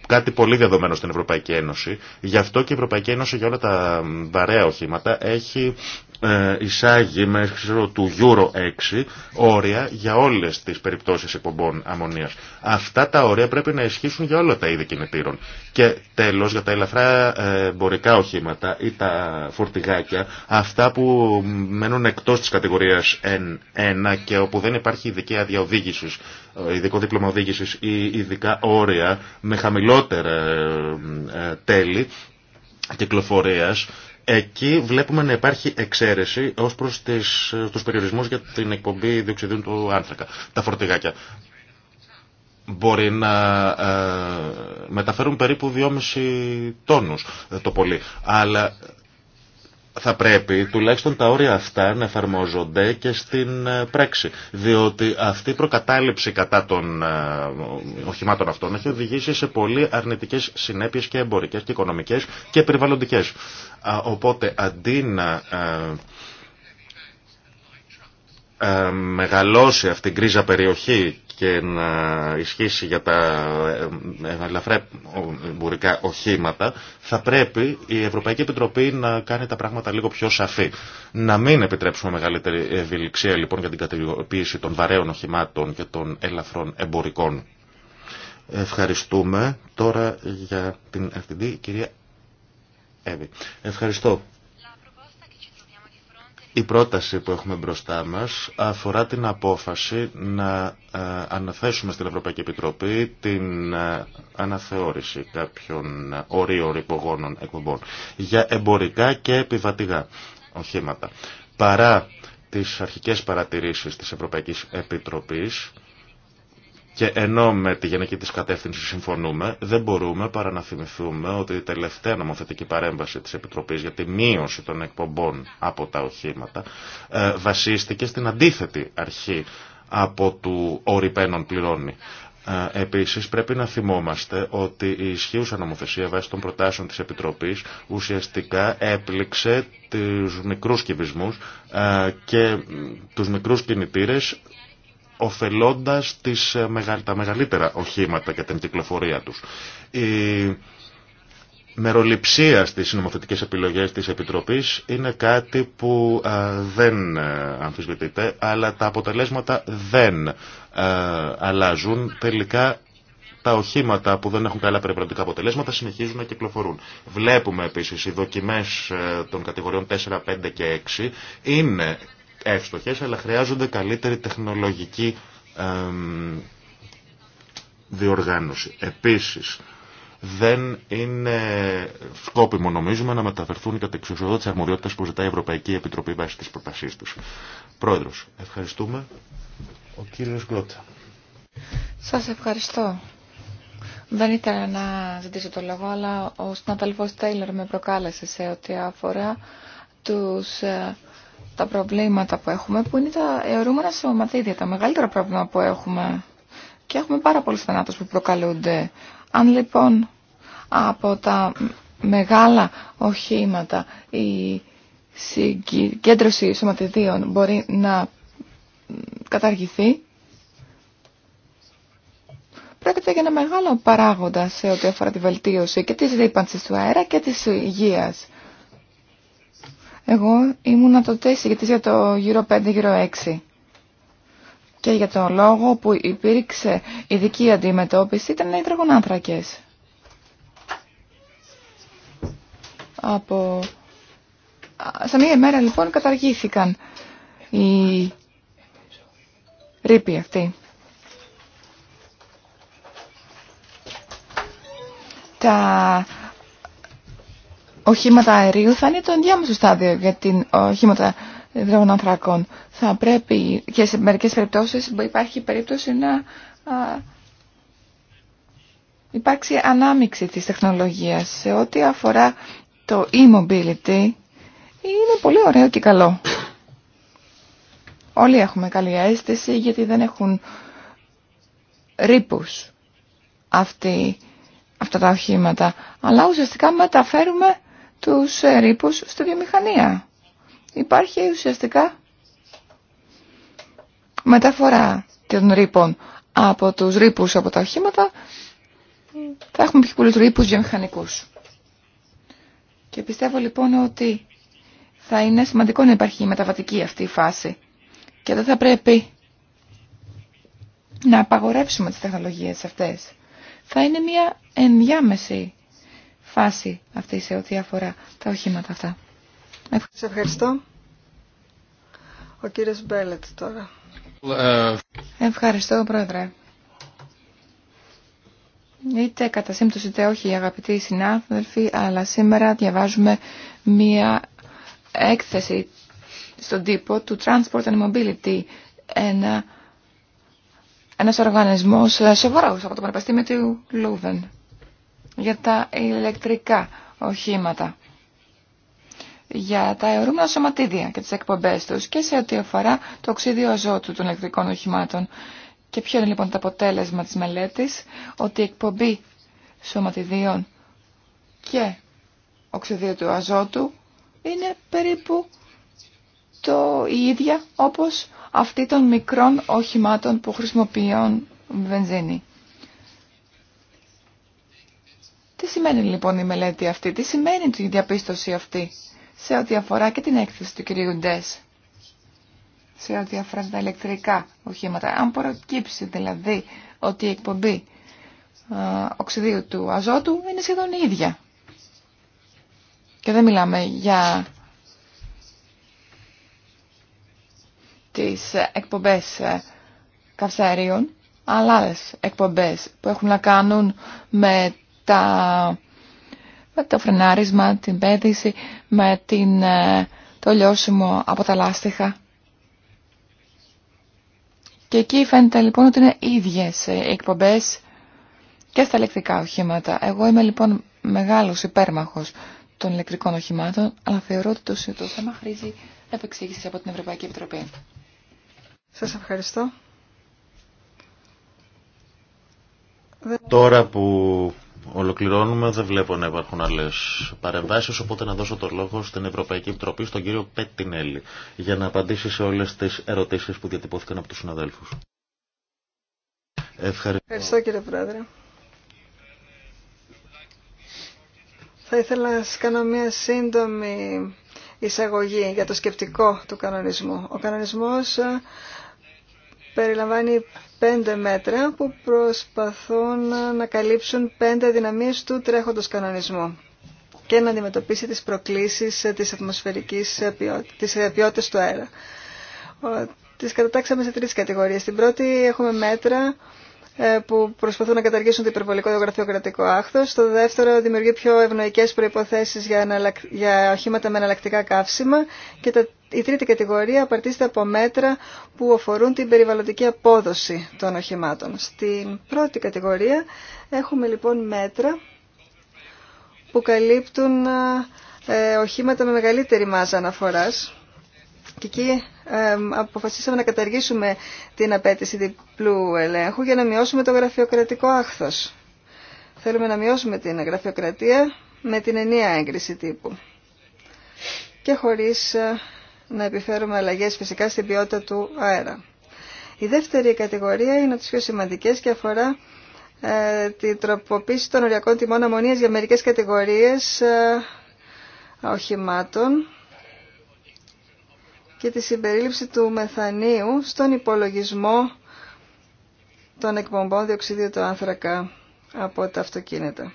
[SPEAKER 1] κάτι πολύ δεδομένο στην Ευρωπαϊκή Ένωση. Γι' αυτό και η Ευρωπαϊκή Ένωση για όλα τα βαρέα οχήματα έχει ε, εισάγει μέσω του Euro 6 όρια για όλες τις περιπτώσεις εκπομπών αμμονίας. Αυτά τα όρια πρέπει να ισχύσουν για όλα τα είδη κινητήρων. Και τέλος για τα ελαφρά ε, εμπορικά οχήματα ή τα φορτηγάκια, αυτά που μένουν εκτός της κατηγορίας N1 και όπου δεν υπάρχει ειδική άδεια ε, ειδικό δίπλωμα οδήγηση ή ειδικά όρια με χαμηλότερα ε, ε, τέλη κυκλοφορία, εκεί βλέπουμε να υπάρχει εξαίρεση ως προς τις, τους περιορισμούς για την εκπομπή διοξιδίου του άνθρακα, τα φορτηγάκια. Μπορεί να μεταφέρουν περίπου 2,5 τόνους το πολύ. Αλλά θα πρέπει τουλάχιστον τα όρια αυτά να εφαρμόζονται και στην ε, πράξη. Διότι αυτή η προκατάληψη κατά των ε, οχημάτων αυτών έχει οδηγήσει σε πολύ αρνητικές συνέπειες και εμπορικές και οικονομικές και περιβαλλοντικές. Οπότε αντί να ε, μεγαλώσει αυτή η κρίζα περιοχή και να ισχύσει για τα ε, ε, ελαφρά εμπορικά οχήματα, θα πρέπει η Ευρωπαϊκή Επιτροπή να κάνει τα πράγματα λίγο πιο σαφή. Να μην επιτρέψουμε μεγαλύτερη ευηλιξία λοιπόν για την κατηγοποίηση των βαρέων οχημάτων και των ελαφρών εμπορικών. Ευχαριστούμε τώρα για την ευθυντή κυρία Εύη. Ευχαριστώ η πρόταση που έχουμε μπροστά μας αφορά την απόφαση να ε, αναθέσουμε στην Ευρωπαϊκή Επιτροπή την ε, αναθεώρηση κάποιων ορίων υπογόνων εκπομπών για εμπορικά και επιβατηγά οχήματα. Παρά τις αρχικές παρατηρήσεις της Ευρωπαϊκής Επιτροπής, και ενώ με τη γενική της κατεύθυνση συμφωνούμε, δεν μπορούμε παρά να θυμηθούμε ότι η τελευταία νομοθετική παρέμβαση της Επιτροπής για τη μείωση των εκπομπών από τα οχήματα ε, βασίστηκε στην αντίθετη αρχή από του «οριπένων πληρώνει». Ε, επίσης πρέπει να θυμόμαστε ότι η ισχύουσα νομοθεσία βάσει των προτάσεων της Επιτροπής ουσιαστικά έπληξε τους μικρούς κυβισμούς ε, και τους μικρούς κινητήρες ωφελώντας τις, ε, τα μεγαλύτερα οχήματα και την κυκλοφορία τους. Η μεροληψία στις νομοθετικές επιλογές της Επιτροπής είναι κάτι που ε, δεν ε, αμφισβητείται, αλλά τα αποτελέσματα δεν αλλάζουν. Τελικά τα οχήματα που δεν έχουν καλά περιβαλλοντικά αποτελέσματα συνεχίζουν να κυκλοφορούν. Βλέπουμε επίσης οι δοκιμές των κατηγοριών 4, 5 και 6 είναι εύστοχες, αλλά χρειάζονται καλύτερη τεχνολογική διοργάνωση. Επίσης, δεν είναι σκόπιμο νομίζουμε να μεταφερθούν κατά εξουσιοδότη τη που ζητάει η Ευρωπαϊκή Επιτροπή βάσει της πρότασή τους. Πρόεδρος, ευχαριστούμε. Ο κύριος Γκλώτσα.
[SPEAKER 2] Σας ευχαριστώ. Δεν ήθελα να ζητήσω το λόγο, αλλά ο συνάδελφος Τέιλερ με προκάλεσε σε ό,τι αφορά τους ε, τα προβλήματα που έχουμε, που είναι τα αιωρούμενα σωματίδια, τα μεγαλύτερα προβλήματα που έχουμε. Και έχουμε πάρα πολλούς θανάτους που προκαλούνται. Αν λοιπόν από τα μεγάλα οχήματα η συγκέντρωση σωματιδίων μπορεί να καταργηθεί, πρόκειται για ένα μεγάλο παράγοντα σε ό,τι αφορά τη βελτίωση και της ρήπανση του αέρα και της υγείας. Εγώ ήμουνα το τέσσερις για το γύρο 5, γύρο 6. Και για τον λόγο που υπήρξε ειδική αντιμετώπιση ήταν οι τραγωνάνθρακες. Από... Σε μία μέρα λοιπόν καταργήθηκαν οι ρήποι αυτοί. Τα οχήματα αερίου θα είναι το ενδιάμεσο στάδιο για την ε, οχήματα δρόμων ανθρακών. Θα πρέπει και σε μερικές περιπτώσεις υπάρχει περίπτωση να α, υπάρξει ανάμειξη της τεχνολογίας σε ό,τι αφορά το e-mobility. Είναι πολύ ωραίο και καλό. Όλοι έχουμε καλή αίσθηση γιατί δεν έχουν ρήπους αυτοί, αυτά τα οχήματα. Αλλά ουσιαστικά μεταφέρουμε τους ε, ρήπους στη βιομηχανία. Υπάρχει ουσιαστικά μεταφορά των ρήπων από τους ρήπους από τα οχήματα. Θα έχουμε πιο πολλούς ρήπους βιομηχανικούς. Και πιστεύω λοιπόν ότι θα είναι σημαντικό να υπάρχει η μεταβατική αυτή η φάση. Και δεν θα πρέπει να απαγορεύσουμε τις τεχνολογίες αυτές. Θα είναι μια ενδιάμεση φάση αυτή σε ό,τι αφορά τα οχήματα αυτά.
[SPEAKER 3] Ευχαριστώ. ευχαριστώ. Ο κύριος Μπέλετ τώρα.
[SPEAKER 2] Ευχαριστώ, Πρόεδρε. Είτε κατά σύμπτωση είτε όχι, αγαπητοί συνάδελφοι, αλλά σήμερα διαβάζουμε μία έκθεση στον τύπο του Transport and Mobility, ένα, ένας οργανισμός ε, σοβαρός από το Πανεπιστήμιο του Λούβεν για τα ηλεκτρικά οχήματα, για τα αιωρούμενα σωματίδια και τις εκπομπές τους και σε ό,τι αφορά το οξύδιο αζότου των ηλεκτρικών οχημάτων. Και ποιο είναι λοιπόν το αποτέλεσμα της μελέτης, ότι η εκπομπή σωματιδίων και οξυδίου του αζότου είναι περίπου το, ίδια όπως αυτή των μικρών οχημάτων που χρησιμοποιούν βενζίνη. Τι σημαίνει λοιπόν η μελέτη αυτή, τι σημαίνει η διαπίστωση αυτή σε ό,τι αφορά και την έκθεση του κυρίου Ντές, σε ό,τι αφορά τα ηλεκτρικά οχήματα. Αν προκύψει δηλαδή ότι η εκπομπή α, οξυδίου του αζότου είναι σχεδόν η ίδια. Και δεν μιλάμε για τις εκπομπές ε, καυσαερίων, αλλά άλλες εκπομπές που έχουν να κάνουν με τα, το φρενάρισμα, την πέδηση, με την, ε, το λιώσιμο από τα λάστιχα. Και εκεί φαίνεται λοιπόν ότι είναι ίδιες ε, οι εκπομπές και στα ηλεκτρικά οχήματα. Εγώ είμαι λοιπόν μεγάλος υπέρμαχος των ηλεκτρικών οχημάτων, αλλά θεωρώ ότι το, θέμα χρήζει επεξήγηση από την Ευρωπαϊκή Επιτροπή. Σας ευχαριστώ.
[SPEAKER 1] Τώρα που Ολοκληρώνουμε, δεν βλέπω να υπάρχουν άλλε παρεμβάσει, οπότε να δώσω το λόγο στην Ευρωπαϊκή Επιτροπή, στον κύριο Πέττινέλη, για να απαντήσει σε όλε τι ερωτήσει που διατυπώθηκαν από του συναδέλφου. Ευχαριστώ. Ευχαριστώ
[SPEAKER 3] κύριε Πρόεδρε. Θα ήθελα να σας κάνω μια σύντομη εισαγωγή για το σκεπτικό του κανονισμού. Ο κανονισμός περιλαμβάνει πέντε μέτρα που προσπαθούν να καλύψουν πέντε δυναμίες του τρέχοντος κανονισμού και να αντιμετωπίσει τις προκλήσεις της ατμοσφαιρικής της ποιότητας του αέρα. Τις κατατάξαμε σε τρεις κατηγορίες. Στην πρώτη έχουμε μέτρα ε, που προσπαθούν να καταργήσουν το υπερβολικό γραφειοκρατικό άχθο. Το δεύτερο, δημιουργεί πιο ευνοϊκέ προποθέσει για, για οχήματα με εναλλακτικά καύσιμα. Και η τρίτη κατηγορία απαρτίζεται από μέτρα που αφορούν την περιβαλλοντική απόδοση των οχημάτων. Στην πρώτη κατηγορία έχουμε λοιπόν μέτρα που καλύπτουν ε, οχήματα με μεγαλύτερη μάζα αναφοράς και εκεί αποφασίσαμε να καταργήσουμε την απέτηση διπλού ελέγχου για να μειώσουμε το γραφειοκρατικό άχθος. Θέλουμε να μειώσουμε την γραφειοκρατία με την ενιαία έγκριση τύπου και χωρίς ε, να επιφέρουμε αλλαγές φυσικά στην ποιότητα του αέρα. Η δεύτερη κατηγορία είναι από τις πιο σημαντικές και αφορά ε, την τροποποίηση των οριακών τιμών αμμονίας για μερικές κατηγορίες ε, οχημάτων και τη συμπερίληψη του μεθανίου στον υπολογισμό των εκπομπών διοξιδίου του άνθρακα από τα αυτοκίνητα.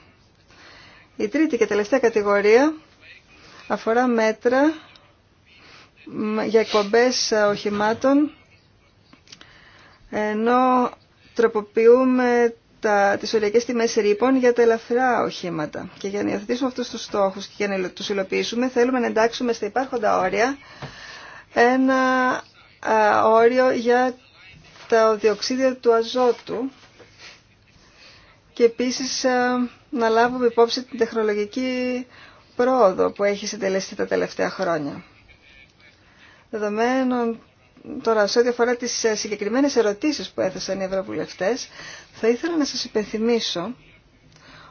[SPEAKER 3] Η τρίτη και τελευταία κατηγορία αφορά μέτρα για εκπομπές οχημάτων ενώ τροποποιούμε τα, τις οριακές τιμές ρήπων για τα ελαφρά οχήματα. Και για να υιοθετήσουμε αυτούς τους στόχους και για να τους υλοποιήσουμε θέλουμε να εντάξουμε στα υπάρχοντα όρια ένα ε, όριο για τα διοξίδια του αζότου και επίσης ε, να λάβουμε υπόψη την τεχνολογική πρόοδο που έχει συντελεστεί τα τελευταία χρόνια. Δεδομένων τώρα σε ό,τι αφορά τις ε, συγκεκριμένες ερωτήσεις που έθεσαν οι ευρωβουλευτές, θα ήθελα να σας υπενθυμίσω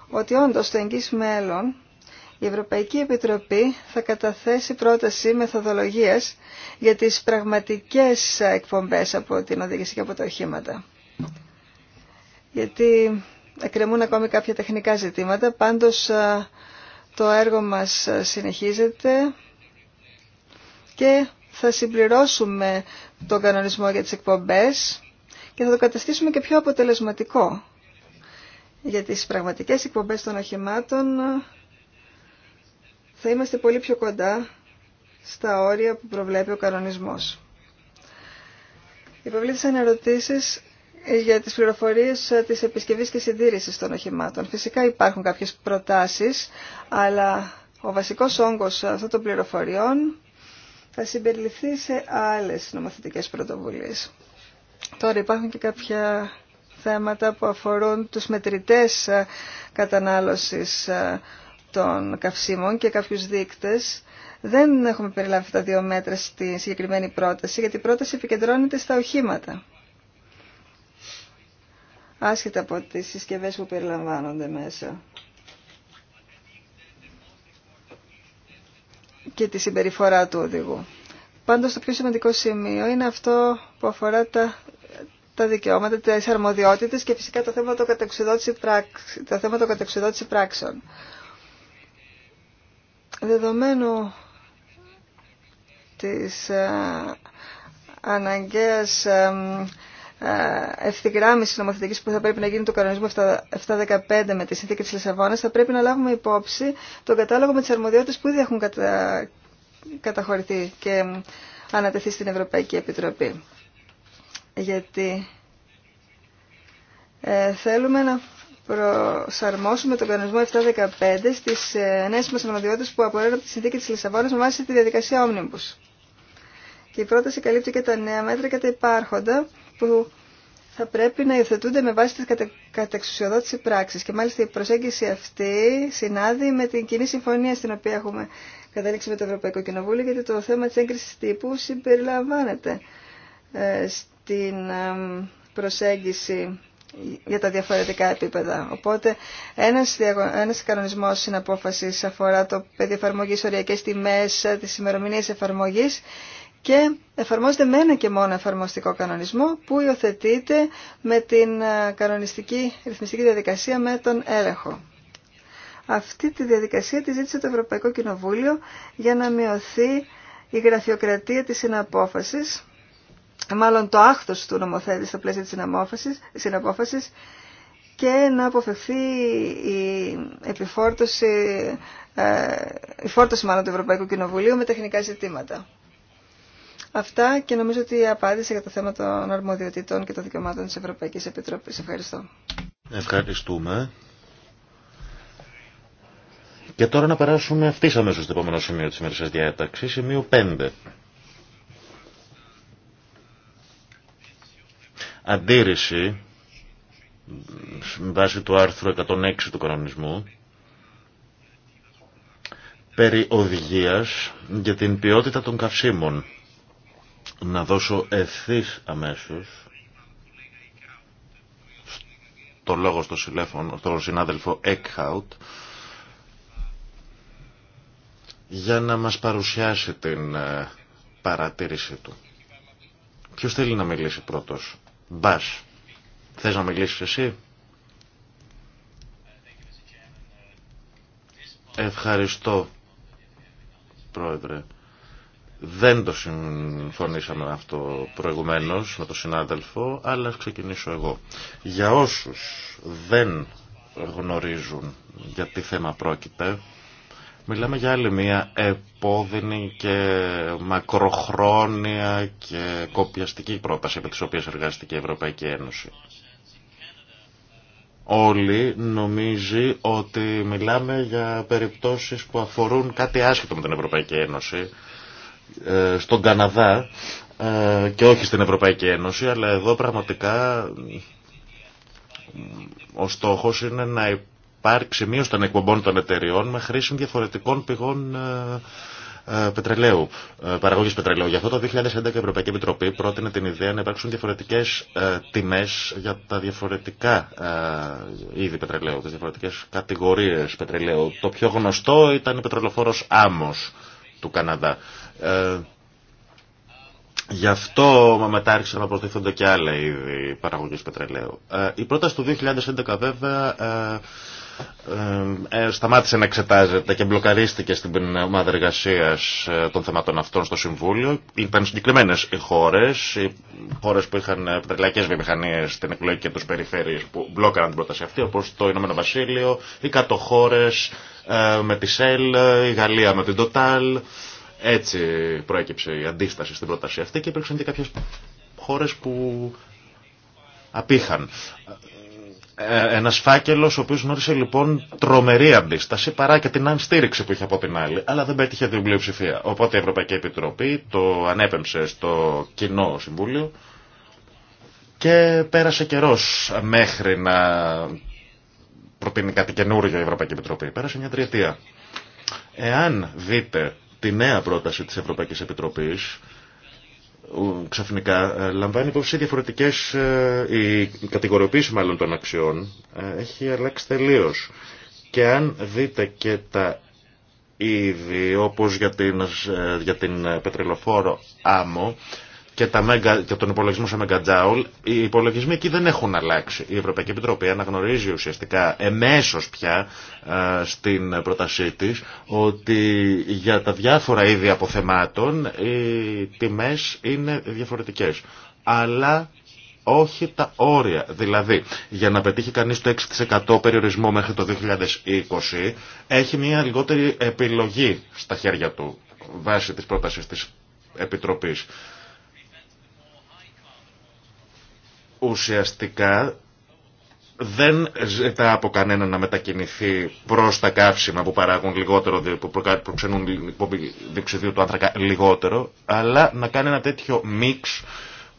[SPEAKER 3] ότι όντως το εγγύς μέλλον η Ευρωπαϊκή Επιτροπή θα καταθέσει πρόταση μεθοδολογίας για τις πραγματικές εκπομπές από την οδήγηση και από τα οχήματα. Γιατί εκκρεμούν ακόμη κάποια τεχνικά ζητήματα, πάντως το έργο μας συνεχίζεται και θα συμπληρώσουμε τον κανονισμό για τις εκπομπές και θα το καταστήσουμε και πιο αποτελεσματικό για τις πραγματικές εκπομπές των οχημάτων θα είμαστε πολύ πιο κοντά στα όρια που προβλέπει ο κανονισμός. Υποβλήθησαν ερωτήσεις για τις πληροφορίες ε, της επισκευής και συντήρησης των οχημάτων. Φυσικά υπάρχουν κάποιες προτάσεις, αλλά ο βασικός όγκος αυτών των πληροφοριών θα συμπεριληφθεί σε άλλες νομοθετικές πρωτοβουλίες. Τώρα υπάρχουν και κάποια θέματα που αφορούν τους μετρητές ε, κατανάλωσης ε, των καυσίμων και κάποιους δείκτες. Δεν έχουμε περιλάβει τα δύο μέτρα στη συγκεκριμένη πρόταση, γιατί η πρόταση επικεντρώνεται στα οχήματα. Άσχετα από τις συσκευές που περιλαμβάνονται μέσα. Και τη συμπεριφορά του οδηγού. Πάντως το πιο σημαντικό σημείο είναι αυτό που αφορά τα τα δικαιώματα, τι αρμοδιότητε και φυσικά το θέμα των κατεξουδότηση πράξεων. Δεδομένου της ε, αναγκαίας ε, ε, ευθυγράμμιση νομοθετική που θα πρέπει να γίνει το κανονισμό 715 με τη συνθήκη της Λισαβόνα, θα πρέπει να λάβουμε υπόψη τον κατάλογο με τις αρμοδιότητες που ήδη έχουν κατα... καταχωρηθεί και ανατεθεί στην Ευρωπαϊκή Επιτροπή. Γιατί ε, θέλουμε να προσαρμόσουμε τον κανονισμό 715 στις ε, νέε μα αρμοδιότητε που απορρέουν από τη συνθήκη τη Λισαβόνα με βάση τη διαδικασία Omnibus. Και η πρόταση καλύπτει και τα νέα μέτρα και τα υπάρχοντα που θα πρέπει να υιοθετούνται με βάση τη κατεξουσιοδότηση πράξη. Και μάλιστα η προσέγγιση αυτή συνάδει με την κοινή συμφωνία στην οποία έχουμε καταλήξει με το Ευρωπαϊκό Κοινοβούλιο, γιατί το θέμα τη έγκριση τύπου συμπεριλαμβάνεται ε, στην ε, προσέγγιση για τα διαφορετικά επίπεδα. Οπότε ένας, ένας κανονισμός συναπόφασης αφορά το πεδίο εφαρμογή οριακέ τιμές, τις ημερομηνίες εφαρμογής και εφαρμόζεται με ένα και μόνο εφαρμοστικό κανονισμό που υιοθετείται με την ε, κανονιστική ρυθμιστική διαδικασία με τον έλεγχο. Αυτή τη διαδικασία τη ζήτησε το Ευρωπαϊκό Κοινοβούλιο για να μειωθεί η γραφειοκρατία της συναπόφασης μάλλον το άχθος του νομοθέτη στα πλαίσια της συναπόφασης και να αποφευθεί η επιφόρτωση, ε, η φόρτωση μάλλον του Ευρωπαϊκού Κοινοβουλίου με τεχνικά ζητήματα. Αυτά και νομίζω ότι απάντησε για το θέμα των αρμοδιοτήτων και των δικαιωμάτων της Ευρωπαϊκής Επιτροπής. Ευχαριστώ.
[SPEAKER 1] Ευχαριστούμε. Και τώρα να περάσουμε αυτή αμέσω στο επόμενο σημείο τη σα διάταξη, σημείο 5. αντίρρηση βάση του άρθρου 106 του κανονισμού περί οδηγίας για την ποιότητα των καυσίμων. Να δώσω ευθύς αμέσως το λόγο στο, στο συνάδελφο Eckhout για να μας παρουσιάσει την ε, παρατήρηση του. Ποιος θέλει να μιλήσει πρώτος. Μπάς, Θε να μιλήσει εσύ? Ευχαριστώ, Πρόεδρε. Δεν το συμφωνήσαμε αυτό προηγουμένως με τον συνάδελφο, αλλά ας ξεκινήσω εγώ. Για όσους δεν γνωρίζουν για τι θέμα πρόκειται, Μιλάμε για άλλη μια επώδυνη και μακροχρόνια και κοπιαστική πρόταση με τις οποίες εργάστηκε η Ευρωπαϊκή Ένωση. Όλοι νομίζει ότι μιλάμε για περιπτώσεις που αφορούν κάτι άσχετο με την Ευρωπαϊκή Ένωση, ε, στον Καναδά ε, και όχι στην Ευρωπαϊκή Ένωση, αλλά εδώ πραγματικά ο στόχος είναι να υπάρξει μείωση των εκπομπών των εταιριών με χρήση διαφορετικών πηγών ε, ε, πετρελαίου, ε, παραγωγής πετρελαίου. Γι' αυτό το 2011 η Ευρωπαϊκή Επιτροπή πρότεινε την ιδέα να υπάρξουν διαφορετικές τιμές για τα διαφορετικά είδη πετρελαίου, τις διαφορετικές κατηγορίες πετρελαίου. Το πιο γνωστό ήταν η πετρελοφόρος Άμος του Καναδά. Γι' αυτό μετά άρχισαν να προτίθονται και άλλα είδη παραγωγής πετρελαίου. η πρόταση του 2011 βέβαια ε, ε, σταμάτησε να εξετάζεται και μπλοκαρίστηκε στην ομάδα εργασία ε, των θεμάτων αυτών στο Συμβούλιο. Ήταν συγκεκριμένε οι χώρε, οι χώρε που είχαν πετρελαϊκέ βιομηχανίε στην εκλογική και του περιφέρειε που μπλόκαραν την πρόταση αυτή, όπω το Ηνωμένο Βασίλειο, οι κατοχώρε ε, με τη ΣΕΛ, η Γαλλία με την Total. Έτσι προέκυψε η αντίσταση στην πρόταση αυτή και υπήρξαν και κάποιε χώρε που απήχαν. Ε, Ένα φάκελο ο οποίο γνώρισε λοιπόν τρομερή αντίσταση παρά και την ανστήριξη που είχε από την άλλη, αλλά δεν πέτυχε την πλειοψηφία. Οπότε η Ευρωπαϊκή Επιτροπή το ανέπεμψε στο κοινό συμβούλιο και πέρασε καιρό μέχρι να προτείνει κάτι καινούργιο η Ευρωπαϊκή Επιτροπή. Πέρασε μια τριετία. Εάν δείτε τη νέα πρόταση της Ευρωπαϊκής Επιτροπής, ξαφνικά ε, λαμβάνει υπόψη διαφορετικές, ε, η κατηγοριοποίηση μάλλον των αξιών ε, έχει αλλάξει τελείω. Και αν δείτε και τα είδη όπως για την, για την πετρελοφόρο άμμο, και, τα τον υπολογισμό σε μεγατζάουλ, οι υπολογισμοί εκεί δεν έχουν αλλάξει. Η Ευρωπαϊκή Επιτροπή αναγνωρίζει ουσιαστικά εμέσως πια ε, στην πρότασή της ότι για τα διάφορα είδη αποθεμάτων οι τιμές είναι διαφορετικές. Αλλά όχι τα όρια. Δηλαδή, για να πετύχει κανείς το 6% περιορισμό μέχρι το 2020, έχει μια λιγότερη επιλογή στα χέρια του βάσει της πρότασης της Επιτροπής. ουσιαστικά δεν ζητά από κανένα να μετακινηθεί προς τα καύσιμα που παράγουν λιγότερο, που προξενούν διοξιδίου του άνθρακα λιγότερο, αλλά να κάνει ένα τέτοιο μίξ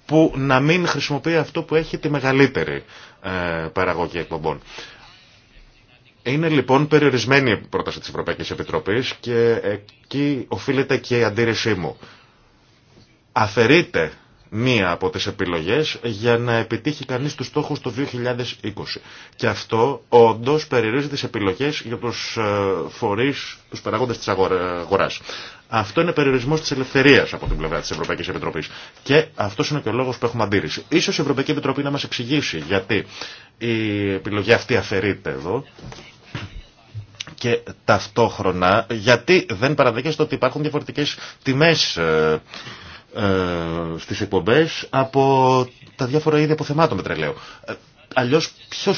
[SPEAKER 1] που να μην χρησιμοποιεί αυτό που έχει τη μεγαλύτερη ε, παραγωγή εκπομπών. Είναι λοιπόν περιορισμένη η πρόταση της Ευρωπαϊκής Επιτροπής και εκεί οφείλεται και η αντίρρησή μου. Αφαιρείται μία από τις επιλογές για να επιτύχει κανείς τους στόχους το 2020. Και αυτό όντως περιορίζει τις επιλογές για τους ε, φορείς, τους παράγοντες της αγοράς. Αυτό είναι περιορισμό τη ελευθερία από την πλευρά τη Ευρωπαϊκή Επιτροπή. Και αυτό είναι και ο λόγο που έχουμε αντίρρηση. Ίσως η Ευρωπαϊκή Επιτροπή να μα εξηγήσει γιατί η επιλογή αυτή αφαιρείται εδώ και ταυτόχρονα γιατί δεν παραδέχεστε ότι υπάρχουν διαφορετικές τιμές ε, ε, στις εκπομπές από τα διάφορα είδη αποθεμάτων πετρελαίου. Ε, Αλλιώ, ποια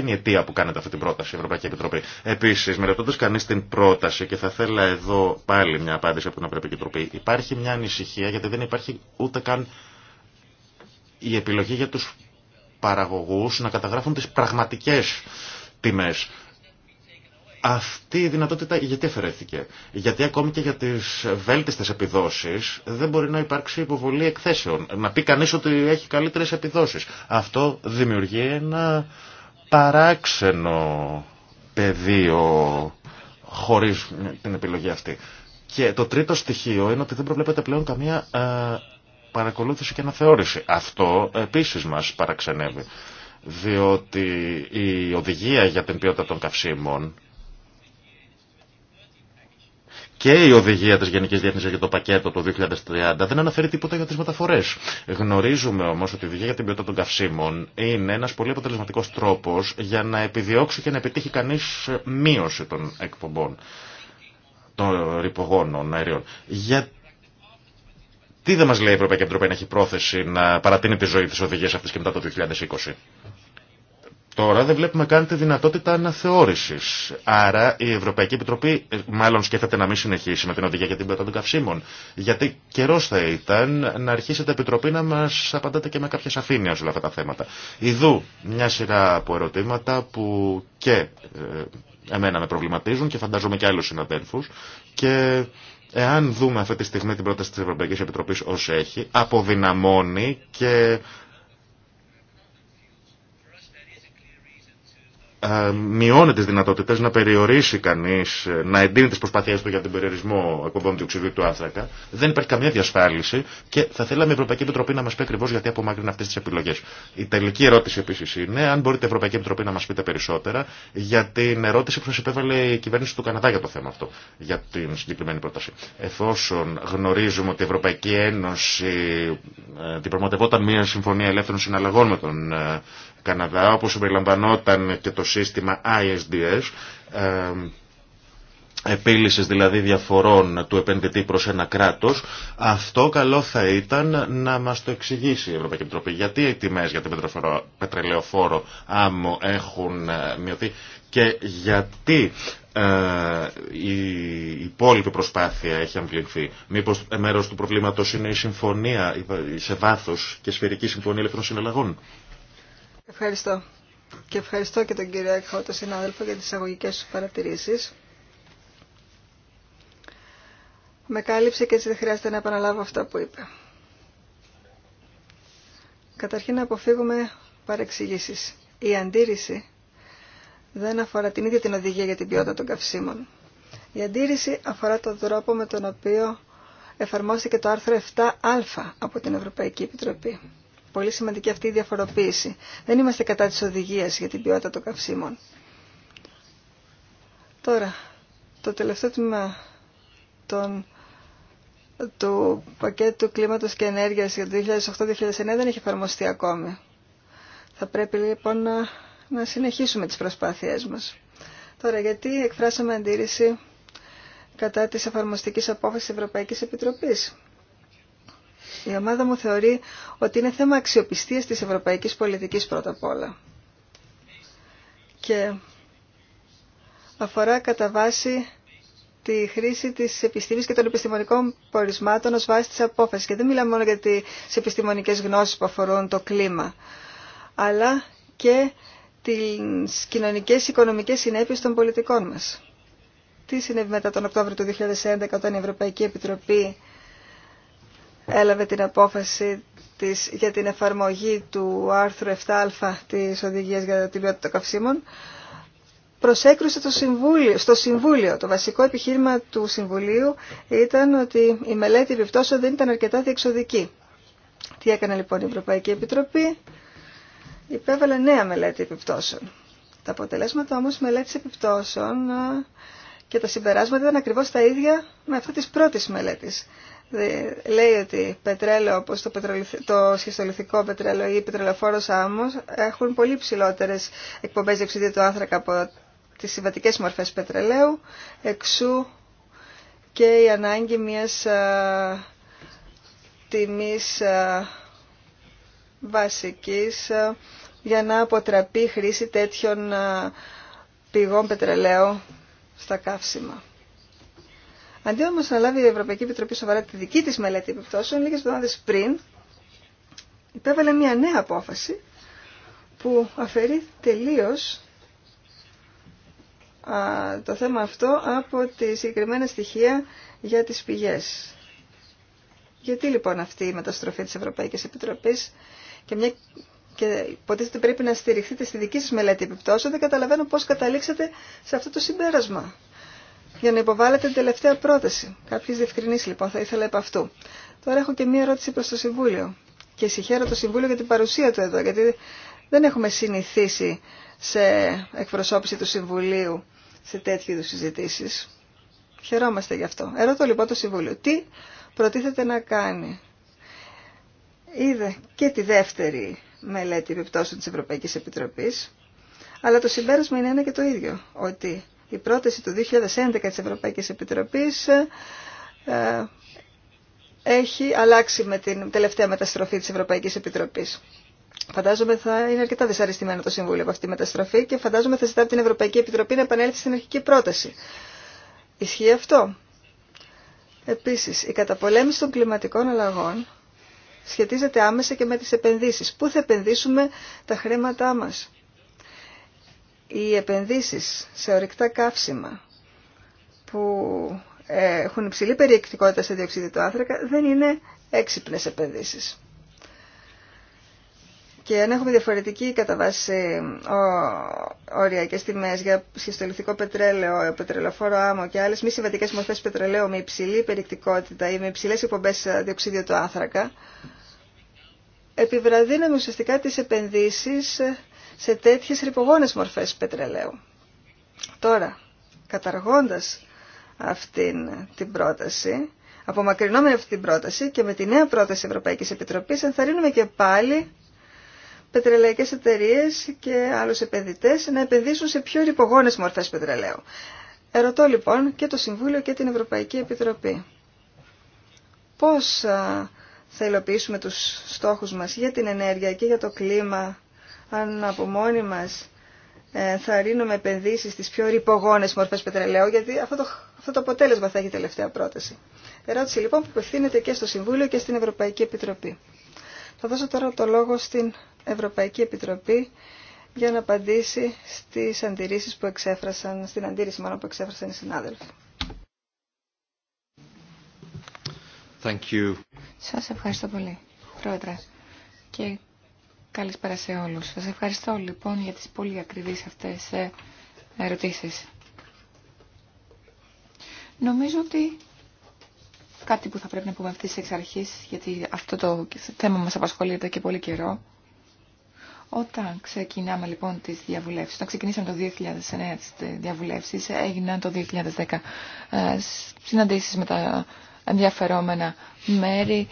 [SPEAKER 1] είναι η αιτία που κάνετε αυτή την πρόταση, η Ευρωπαϊκή Επιτροπή. Επίση, μελετώντα κανείς την πρόταση, και θα θέλα εδώ πάλι μια απάντηση από την Ευρωπαϊκή Επιτροπή, υπάρχει μια ανησυχία γιατί δεν υπάρχει ούτε καν η επιλογή για τους παραγωγούς να καταγράφουν τις πραγματικές τιμές αυτή η δυνατότητα γιατί αφαιρέθηκε. Γιατί ακόμη και για τι βέλτιστε επιδόσει δεν μπορεί να υπάρξει υποβολή εκθέσεων. Να πει κανεί ότι έχει καλύτερε επιδόσει. Αυτό δημιουργεί ένα παράξενο πεδίο χωρί την επιλογή αυτή. Και το τρίτο στοιχείο είναι ότι δεν προβλέπεται πλέον καμία ε, παρακολούθηση και αναθεώρηση. Αυτό επίση μα παραξενεύει. Διότι η οδηγία για την ποιότητα των καυσίμων και η οδηγία της Γενικής Διεύθυνσης για το πακέτο το 2030 δεν αναφέρει τίποτα για τις μεταφορές. Γνωρίζουμε όμως ότι η οδηγία για την ποιότητα των καυσίμων είναι ένας πολύ αποτελεσματικό τρόπο για να επιδιώξει και να επιτύχει κανείς μείωση των εκπομπών των ρηπογόνων αερίων. Για τι δεν μας λέει η Ευρωπαϊκή Επιτροπή να έχει πρόθεση να παρατείνει τη ζωή της οδηγίας αυτής και μετά το 2020. Τώρα δεν βλέπουμε καν τη δυνατότητα αναθεώρηση. Άρα η Ευρωπαϊκή Επιτροπή ε, μάλλον σκέφτεται να μην συνεχίσει με την οδηγία για την ποιότητα των καυσίμων. Γιατί καιρό θα ήταν να αρχίσετε, η Επιτροπή να μα απαντάτε και με κάποια σαφήνεια σε όλα αυτά τα θέματα. Ιδού μια σειρά από ερωτήματα που και ε, εμένα με προβληματίζουν και φαντάζομαι και άλλου συναδέλφου. Και εάν δούμε αυτή τη στιγμή την πρόταση τη Ευρωπαϊκή Επιτροπή ω έχει, αποδυναμώνει και Ε, μειώνει τις δυνατότητες να περιορίσει κανείς, ε, να εντείνει τις προσπάθειές του για τον περιορισμό εκπομπών διοξιδίου του άνθρακα. Δεν υπάρχει καμία διασφάλιση και θα θέλαμε η Ευρωπαϊκή Επιτροπή να μας πει ακριβώ γιατί απομάκρυνε αυτές τις επιλογές. Η τελική ερώτηση επίσης είναι αν μπορείτε η Ευρωπαϊκή Επιτροπή να μας πείτε περισσότερα για την ερώτηση που σα επέβαλε η κυβέρνηση του Καναδά για το θέμα αυτό, για την συγκεκριμένη πρόταση. Εφόσον γνωρίζουμε ότι η Ευρωπαϊκή Ένωση μια ε, συμφωνία ελεύθερων συναλλαγών με τον Καναδά, όπως συμπεριλαμβανόταν και το σύστημα ISDS, επίλυσης δηλαδή διαφορών του επενδυτή προς ένα κράτος, αυτό καλό θα ήταν να μας το εξηγήσει η Ευρωπαϊκή Επιτροπή. Γιατί οι τιμές για την πετρελαιοφόρο άμμο έχουν ε, μειωθεί και γιατί ε, η υπόλοιπη προσπάθεια έχει αμβληθεί. Μήπως μέρος του προβλήματος είναι η συμφωνία σε βάθος και σφαιρική συμφωνία ελεύθερων συναλλαγών.
[SPEAKER 3] Ευχαριστώ. Και ευχαριστώ και τον κύριο Έκχο, τον συνάδελφο, για τις αγωγικές σου παρατηρήσεις. Με κάλυψε και έτσι δεν χρειάζεται να επαναλάβω αυτά που είπε. Καταρχήν να αποφύγουμε παρεξηγήσεις. Η αντίρρηση δεν αφορά την ίδια την οδηγία για την ποιότητα των καυσίμων. Η αντίρρηση αφορά τον τρόπο με τον οποίο εφαρμόστηκε το άρθρο 7α από την Ευρωπαϊκή Επιτροπή πολύ σημαντική αυτή η διαφοροποίηση. Δεν είμαστε κατά της οδηγίας για την ποιότητα των καυσίμων. Τώρα, το τελευταίο τμήμα των, του πακέτου κλίματος και ενέργειας για το 2008-2009 δεν έχει εφαρμοστεί ακόμη. Θα πρέπει λοιπόν να, να συνεχίσουμε τις προσπάθειές μας. Τώρα, γιατί εκφράσαμε αντίρρηση κατά της εφαρμοστικής απόφασης Ευρωπαϊκής Επιτροπής. Η ομάδα μου θεωρεί ότι είναι θέμα αξιοπιστίας της ευρωπαϊκής πολιτικής πρώτα απ' όλα. Και αφορά κατά βάση τη χρήση της επιστήμης και των επιστημονικών πορισμάτων ως βάση της απόφασης. Και δεν μιλάμε μόνο για τις επιστημονικές γνώσεις που αφορούν το κλίμα, αλλά και τις κοινωνικές οικονομικές συνέπειες των πολιτικών μας. Τι συνέβη μετά τον Οκτώβριο του 2011 όταν η Ευρωπαϊκή Επιτροπή έλαβε την απόφαση της, για την εφαρμογή του άρθρου 7α της Οδηγίας για την Ποιότητα των Καυσίμων, προσέκρουσε το συμβούλιο, στο Συμβούλιο. Το βασικό επιχείρημα του Συμβουλίου ήταν ότι η μελέτη επιπτώσεων δεν ήταν αρκετά διεξοδική. Τι έκανε λοιπόν η Ευρωπαϊκή Επιτροπή, υπέβαλε νέα μελέτη επιπτώσεων. Τα αποτελέσματα όμως μελέτης επιπτώσεων ε, και τα συμπεράσματα ήταν ακριβώς τα ίδια με αυτή της πρώτης μελέτης λέει ότι πετρέλαιο όπως το, το σχιστολιθικό πετρέλαιο ή πετρελοφόρος άμμος έχουν πολύ ψηλότερες εκπομπές διοξιδίου του άνθρακα από τις συμβατικές μορφές πετρελαίου, εξού και η ανάγκη μιας τιμή τιμής βασικής για να αποτραπεί η χρήση τέτοιων πηγών πετρελαίου στα καύσιμα. Αντί όμω να λάβει η Ευρωπαϊκή Επιτροπή σοβαρά τη δική τη μελέτη επιπτώσεων, λίγε εβδομάδε πριν υπέβαλε μια νέα απόφαση που αφαιρεί τελείω το θέμα αυτό από τη συγκεκριμένα στοιχεία για τις πηγές. Γιατί λοιπόν αυτή η μεταστροφή της Ευρωπαϊκής Επιτροπής και μια και υποτίθεται πρέπει να στηριχθείτε στη δική σας μελέτη επιπτώσεων, δεν καταλαβαίνω πώς καταλήξατε σε αυτό το συμπέρασμα για να υποβάλλετε την τελευταία πρόταση. Κάποιε διευκρινήσει λοιπόν θα ήθελα επ' αυτού. Τώρα έχω και μία ερώτηση προ το Συμβούλιο. Και συγχαίρω το Συμβούλιο για την παρουσία του εδώ, γιατί δεν έχουμε συνηθίσει σε εκπροσώπηση του Συμβουλίου σε τέτοιου είδου συζητήσει. Χαιρόμαστε γι' αυτό. Ερώτω λοιπόν το Συμβούλιο. Τι προτίθεται να κάνει. Είδα και τη δεύτερη μελέτη επιπτώσεων της Ευρωπαϊκής Επιτροπής, αλλά το συμπέρασμα είναι ένα και το ίδιο, ότι η πρόταση του 2011 της Ευρωπαϊκής Επιτροπής ε, έχει αλλάξει με την τελευταία μεταστροφή της Ευρωπαϊκής Επιτροπής. Φαντάζομαι θα είναι αρκετά δυσαρεστημένο το Συμβούλιο από αυτή τη μεταστροφή και φαντάζομαι θα ζητά την Ευρωπαϊκή Επιτροπή να επανέλθει στην αρχική πρόταση. Ισχύει αυτό. Επίσης, η καταπολέμηση των κλιματικών αλλαγών σχετίζεται άμεσα και με τις επενδύσεις. Πού θα επενδύσουμε τα χρήματά μας οι επενδύσεις σε ορυκτά καύσιμα που ε, έχουν υψηλή περιεκτικότητα σε διοξίδιο του άνθρακα δεν είναι έξυπνες επενδύσεις. Και αν έχουμε διαφορετική κατά βάση οριακές τιμές για σχεστολιθικό πετρέλαιο, πετρελοφόρο άμμο και άλλες μη συμβατικές μορφές πετρελαίου με υψηλή περιεκτικότητα ή με υψηλές σε διοξίδιο του άνθρακα, επιβραδύναμε ουσιαστικά τις επενδύσεις σε τέτοιες ρηπογόνες μορφές πετρελαίου. Τώρα, καταργώντας αυτήν την πρόταση, απομακρυνόμενη αυτή την πρόταση και με τη νέα πρόταση Ευρωπαϊκής Επιτροπής ενθαρρύνουμε και πάλι πετρελαϊκές εταιρείε και άλλους επενδυτές να επενδύσουν σε πιο ρηπογόνες μορφές πετρελαίου. Ερωτώ λοιπόν και το Συμβούλιο και την Ευρωπαϊκή Επιτροπή. Πώς θα υλοποιήσουμε τους στόχους μας για την ενέργεια και για το κλίμα αν από μόνοι μας ε, θα ρίνουμε επενδύσεις στις πιο ρηπογόνες μορφές πετρελαίου, γιατί αυτό το, αυτό το αποτέλεσμα θα έχει τελευταία πρόταση. Ερώτηση λοιπόν που απευθύνεται και στο Συμβούλιο και στην Ευρωπαϊκή Επιτροπή. Θα δώσω τώρα το λόγο στην Ευρωπαϊκή Επιτροπή για να απαντήσει στις αντιρρήσεις που εξέφρασαν, στην αντίρρηση μάλλον που εξέφρασαν οι συνάδελφοι.
[SPEAKER 2] Σα ευχαριστώ πολύ, Πρόεδρε. Και Καλησπέρα σε όλους. Σας ευχαριστώ λοιπόν για τις πολύ ακριβείς αυτές ε, ερωτήσεις. Νομίζω ότι κάτι που θα πρέπει να πούμε αυτής εξ αρχής, γιατί αυτό το θέμα μας απασχολείται και πολύ καιρό. Όταν ξεκινάμε λοιπόν τις διαβουλεύσεις, όταν ξεκινήσαμε το 2009 τις διαβουλεύσεις, έγιναν το 2010 ε, συναντήσεις με τα ενδιαφερόμενα μέρη,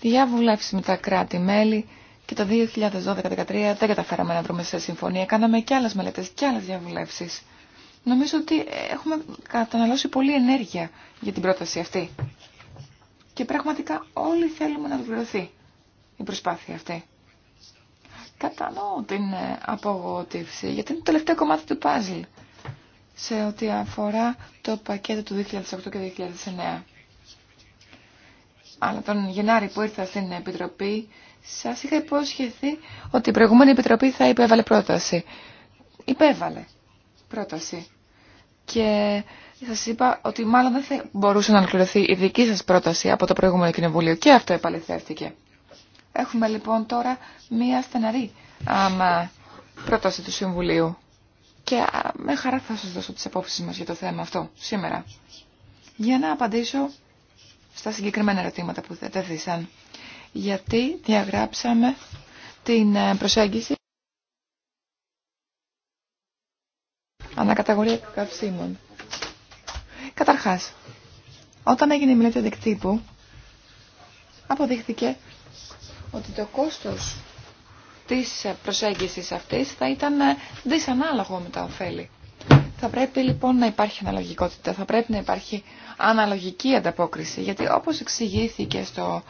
[SPEAKER 2] διαβουλεύσεις με τα κράτη-μέλη, και το 2012-2013 δεν καταφέραμε να βρούμε σε συμφωνία. Κάναμε και άλλες μελέτες και άλλες διαβουλεύσεις. Νομίζω ότι έχουμε καταναλώσει πολλή ενέργεια για την πρόταση αυτή. Και πραγματικά όλοι θέλουμε να δουλειωθεί η προσπάθεια αυτή. Κατανοώ την ε, απογοήτευση, γιατί είναι το τελευταίο κομμάτι του παζλ σε ό,τι αφορά το πακέτο του 2008 και 2009. Αλλά τον Γενάρη που ήρθα στην Επιτροπή σας είχα υπόσχεθεί ότι η προηγούμενη επιτροπή θα υπέβαλε πρόταση. Υπέβαλε πρόταση. Και σας είπα ότι μάλλον δεν θα μπορούσε να ολοκληρωθεί η δική σας πρόταση από το προηγούμενο κοινοβούλιο. Και αυτό επαληθεύτηκε. Έχουμε λοιπόν τώρα μία στεναρή άμα, πρόταση του Συμβουλίου. Και με χαρά θα σας δώσω τις απόψεις μας για το θέμα αυτό σήμερα. Για να απαντήσω στα συγκεκριμένα ερωτήματα που θέτεθησαν γιατί διαγράψαμε την ε, προσέγγιση ανακαταγορία καυσίμων. Καταρχάς, όταν έγινε η μελέτη αντικτύπου, αποδείχθηκε ότι το κόστος της προσέγγισης αυτής θα ήταν ε, δυσανάλογο με τα ωφέλη. Θα πρέπει λοιπόν να υπάρχει αναλογικότητα, θα πρέπει να υπάρχει αναλογική ανταπόκριση, γιατί όπως εξηγήθηκε στο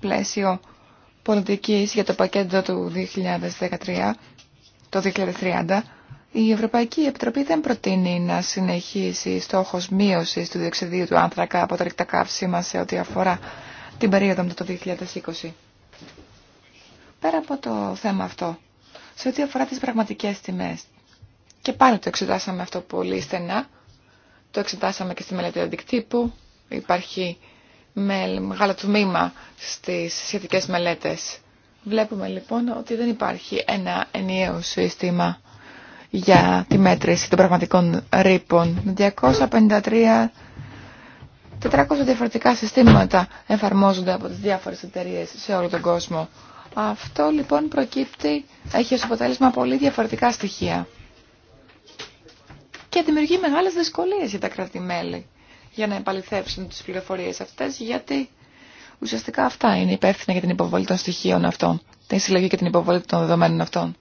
[SPEAKER 2] πλαίσιο πολιτικής για το πακέτο του 2013, το 2030, η Ευρωπαϊκή Επιτροπή δεν προτείνει να συνεχίσει στόχος μείωσης του διοξιδίου του άνθρακα από τα ρηκτά καύσιμα σε ό,τι αφορά την περίοδο μετά το 2020. Πέρα από το θέμα αυτό, σε ό,τι αφορά τις πραγματικές τιμές, και πάλι το εξετάσαμε αυτό πολύ στενά, το εξετάσαμε και στη μελέτη αντικτύπου, υπάρχει με μεγάλο τμήμα στις σχετικές μελέτες. Βλέπουμε λοιπόν ότι δεν υπάρχει ένα ενιαίο σύστημα για τη μέτρηση των πραγματικών ρήπων. 253 400 διαφορετικά συστήματα εφαρμόζονται από τις διάφορες εταιρείε σε όλο τον κόσμο. Αυτό λοιπόν προκύπτει, έχει ως αποτέλεσμα πολύ διαφορετικά στοιχεία και δημιουργεί μεγάλες δυσκολίες για τα κράτη-μέλη για να επαληθεύσουν τις πληροφορίες αυτές, γιατί ουσιαστικά αυτά είναι υπεύθυνα για την υποβολή των στοιχείων αυτών, την συλλογή και την υποβολή των δεδομένων αυτών.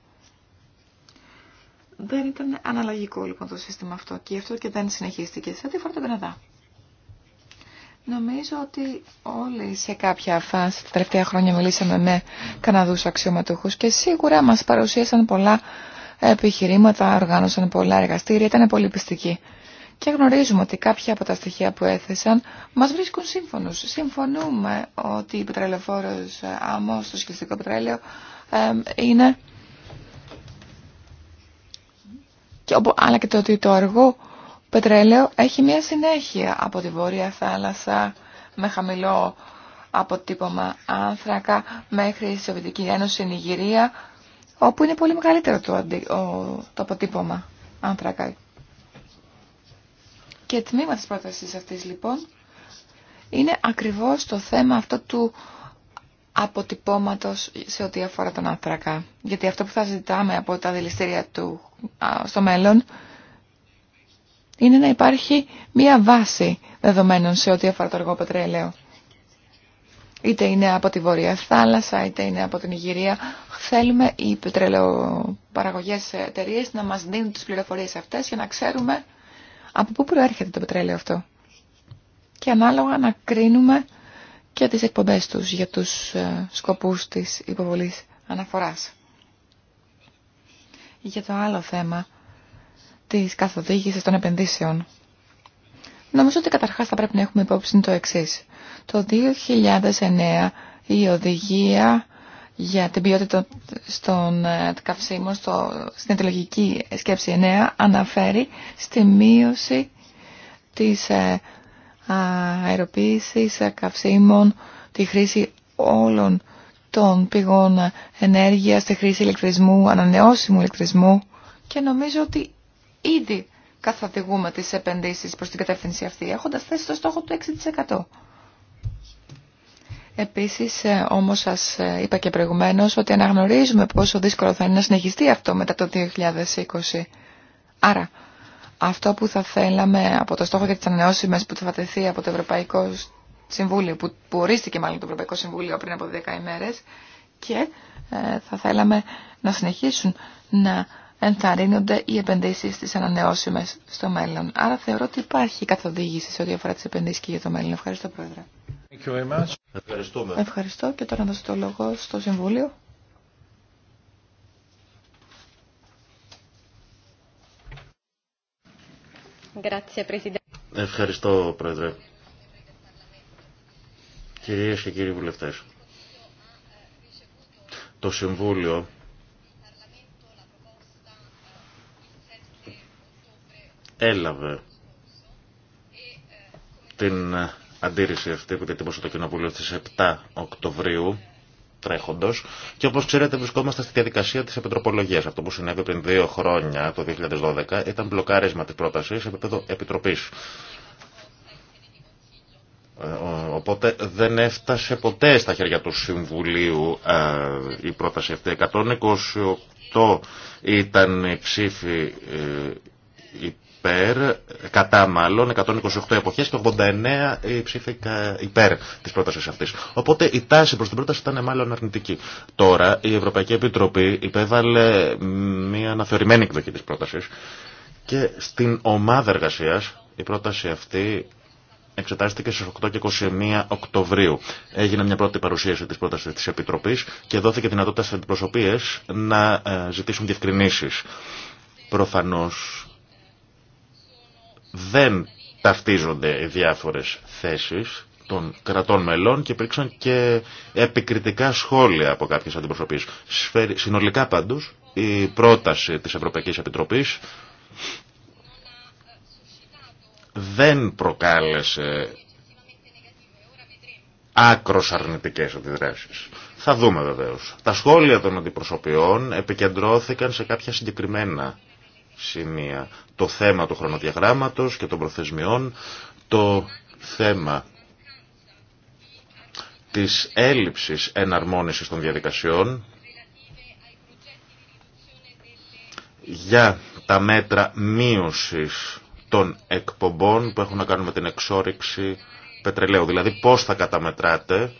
[SPEAKER 2] Δεν ήταν αναλλαγικό λοιπόν το σύστημα αυτό και αυτό και δεν συνεχίστηκε. Σε ό,τι φορά τον Καναδά. Νομίζω ότι όλοι σε κάποια φάση τα τελευταία χρόνια μιλήσαμε με Καναδούς αξιωματούχους και σίγουρα μας παρουσίασαν πολλά επιχειρήματα, οργάνωσαν πολλά εργαστήρια, ήταν πολύ πιστικοί. Και γνωρίζουμε ότι κάποια από τα στοιχεία που έθεσαν μας βρίσκουν σύμφωνους. Συμφωνούμε ότι η πετρελαιοφόρος ε, άμμος, το σχιστικό πετρέλαιο, είναι... αλλά και το ότι το αργό πετρέλαιο έχει μια συνέχεια από τη Βόρεια Θάλασσα με χαμηλό αποτύπωμα άνθρακα μέχρι η σοβιτική Ένωση, η Νιγηρία, όπου είναι πολύ μεγαλύτερο το, το αποτύπωμα άνθρακα και τμήμα της πρότασης αυτής λοιπόν είναι ακριβώς το θέμα αυτό του αποτυπώματος σε ό,τι αφορά τον άνθρακα. Γιατί αυτό που θα ζητάμε από τα δηληστήρια του στο μέλλον είναι να υπάρχει μία βάση δεδομένων σε ό,τι αφορά το εργό πετρέλαιο. Είτε είναι από τη Βόρεια Θάλασσα, είτε είναι από την Ιγυρία. Θέλουμε οι πετρελαιοπαραγωγές εταιρείε να μας δίνουν τις πληροφορίες αυτές για να ξέρουμε από πού προέρχεται το πετρέλαιο αυτό. Και ανάλογα να κρίνουμε και τις εκπομπές τους για τους ε, σκοπούς της υποβολής αναφοράς. Για το άλλο θέμα της καθοδήγησης των επενδύσεων. Νομίζω ότι καταρχάς θα πρέπει να έχουμε υπόψη το εξής. Το 2009 η οδηγία για την ποιότητα των ε, καυσίμων στο, στην αιτιολογική σκέψη 9 αναφέρει στη μείωση της ε, αεροποίησης ε, καυσίμων, τη χρήση όλων των πηγών ενέργειας, τη χρήση ηλεκτρισμού, ανανεώσιμου ηλεκτρισμού και νομίζω ότι ήδη καθοδηγούμε τις επενδύσεις προς την κατεύθυνση αυτή έχοντας θέσει το στόχο του 6%. Επίσης ε, όμως σας ε, είπα και προηγουμένως ότι αναγνωρίζουμε πόσο δύσκολο θα είναι να συνεχιστεί αυτό μετά το 2020. Άρα αυτό που θα θέλαμε από το στόχο για τις ανανεώσιμες που θα τεθεί από το Ευρωπαϊκό Συμβούλιο, που, ορίστηκε μάλλον το Ευρωπαϊκό Συμβούλιο πριν από 10 ημέρες και ε, θα θέλαμε να συνεχίσουν να ενθαρρύνονται οι επενδύσεις στις ανανεώσιμες στο μέλλον. Άρα θεωρώ ότι υπάρχει καθοδήγηση σε ό,τι αφορά τις επενδύσεις και για το μέλλον. Ευχαριστώ Πρόεδρε. Ευχαριστώ και τώρα να δώσω το λόγο στο Συμβούλιο.
[SPEAKER 1] Ευχαριστώ, Πρόεδρε. Κυρίες και κύριοι βουλευτές, το Συμβούλιο έλαβε την αντίρρηση αυτή που διατύπωσε το Κοινοβούλιο στις 7 Οκτωβρίου τρέχοντος, Και όπω ξέρετε, βρισκόμαστε στη διαδικασία της επιτροπολογία. Αυτό που συνέβη πριν δύο χρόνια, το 2012, ήταν μπλοκάρισμα της πρότασης σε επίπεδο επιτροπή. Ε, οπότε δεν έφτασε ποτέ στα χέρια του Συμβουλίου ε, η πρόταση αυτή. 128 ήταν ψήφοι ψήφοι ε, υπέρ, κατά μάλλον, 128 εποχέ και 89 ψήφικα υπέρ τη προταση αυτη Οπότε η τάση προ την πρόταση ήταν μάλλον αρνητική. Τώρα η Ευρωπαϊκή Επιτροπή υπέβαλε μια αναθεωρημένη εκδοχή τη πρόταση και στην ομάδα εργασία η πρόταση αυτή εξετάστηκε στις 8 και 21 Οκτωβρίου. Έγινε μια πρώτη παρουσίαση της πρότασης τη Επιτροπής και δόθηκε δυνατότητα στις αντιπροσωπείες να ε, ζητήσουν διευκρινήσεις. Προφανώς δεν ταυτίζονται οι διάφορες θέσεις των κρατών μελών και υπήρξαν και επικριτικά σχόλια από κάποιες αντιπροσωπείς. Συνολικά πάντως η πρόταση της Ευρωπαϊκής Επιτροπής δεν προκάλεσε άκρος αρνητικές αντιδράσεις. Θα δούμε βεβαίως. Τα σχόλια των αντιπροσωπιών επικεντρώθηκαν σε κάποια συγκεκριμένα σημεία. Το θέμα του χρονοδιαγράμματος και των προθεσμιών, το θέμα της έλλειψης εναρμόνισης των διαδικασιών για τα μέτρα μείωσης των εκπομπών που έχουν να κάνουν με την εξόριξη πετρελαίου. Δηλαδή πώς θα καταμετράτε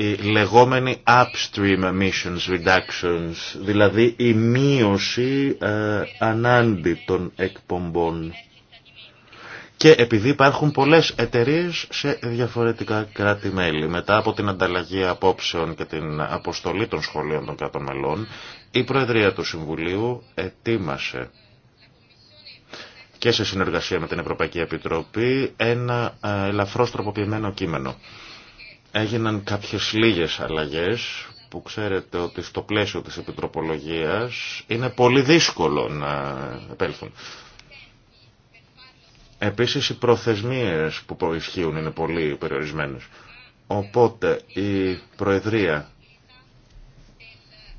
[SPEAKER 1] οι λεγόμενοι upstream emissions reductions, δηλαδή η μείωση ε, ανάντι των εκπομπών. Και επειδή υπάρχουν πολλές εταιρείες σε διαφορετικά κράτη-μέλη, μετά από την ανταλλαγή απόψεων και την αποστολή των σχολείων των κρατών μελών, η Προεδρία του Συμβουλίου ετοίμασε και σε συνεργασία με την Ευρωπαϊκή Επιτροπή ένα ε, ελαφρώς τροποποιημένο κείμενο. Έγιναν κάποιες λίγες αλλαγές που ξέρετε ότι στο πλαίσιο της επιτροπολογίας είναι πολύ δύσκολο να επέλθουν. Επίσης οι προθεσμίες που προισχύουν είναι πολύ περιορισμένες. Οπότε η Προεδρία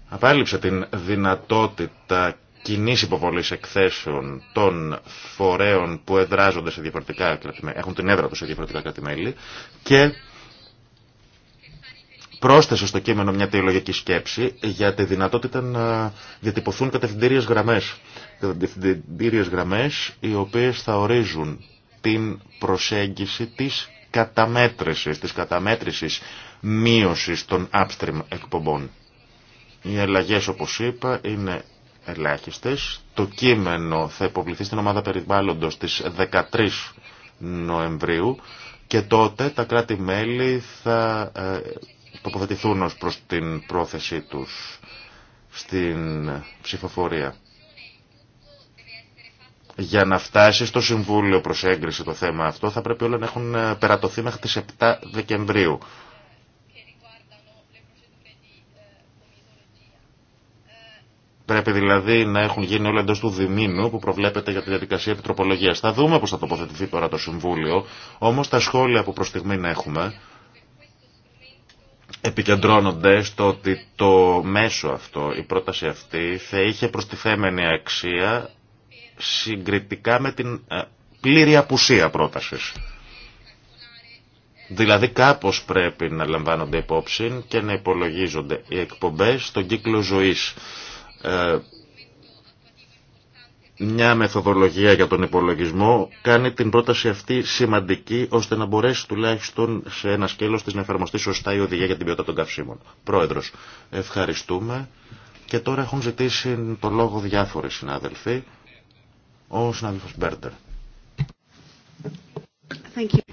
[SPEAKER 1] απάλληψε την δυνατότητα κοινή υποβολή εκθέσεων των φορέων που εδράζονται σε διαφορετικά έχουν την έδρα του σε διαφορετικά κρατημέλη και πρόσθεσε στο κείμενο μια θεολογική σκέψη για τη δυνατότητα να διατυπωθούν κατευθυντήριες γραμμές. Κατευθυντήριες γραμμές οι οποίες θα ορίζουν την προσέγγιση της καταμέτρησης, της καταμέτρησης μείωσης των upstream εκπομπών. Οι αλλαγέ, όπως είπα, είναι ελάχιστες. Το κείμενο θα υποβληθεί στην ομάδα περιβάλλοντος στις 13 Νοεμβρίου και τότε τα κράτη-μέλη θα ε, τοποθετηθούν ως προς την πρόθεσή τους στην ψηφοφορία. Για να φτάσει στο Συμβούλιο προς έγκριση το θέμα αυτό θα πρέπει όλα να έχουν ε, περατωθεί μέχρι τις 7 Δεκεμβρίου. Πρέπει δηλαδή να έχουν γίνει όλα εντό του διμήνου που προβλέπεται για τη διαδικασία τροπολογίας. Θα δούμε πώς θα τοποθετηθεί τώρα το Συμβούλιο, όμως τα σχόλια που προ στιγμή έχουμε επικεντρώνονται στο ότι το μέσο αυτό, η πρόταση αυτή, θα είχε προστιθέμενη αξία συγκριτικά με την ε, πλήρη απουσία πρότασης. Δηλαδή κάπως πρέπει να λαμβάνονται υπόψη και να υπολογίζονται οι εκπομπές στον κύκλο ζωής ε, μια μεθοδολογία για τον υπολογισμό κάνει την πρόταση αυτή σημαντική ώστε να μπορέσει τουλάχιστον σε ένα σκέλος της να εφαρμοστεί σωστά η οδηγία για την ποιότητα των καυσίμων. Πρόεδρος, ευχαριστούμε. Και τώρα έχουν ζητήσει το λόγο διάφοροι συνάδελφοι. Ο συνάδελφος Μπέρντερ.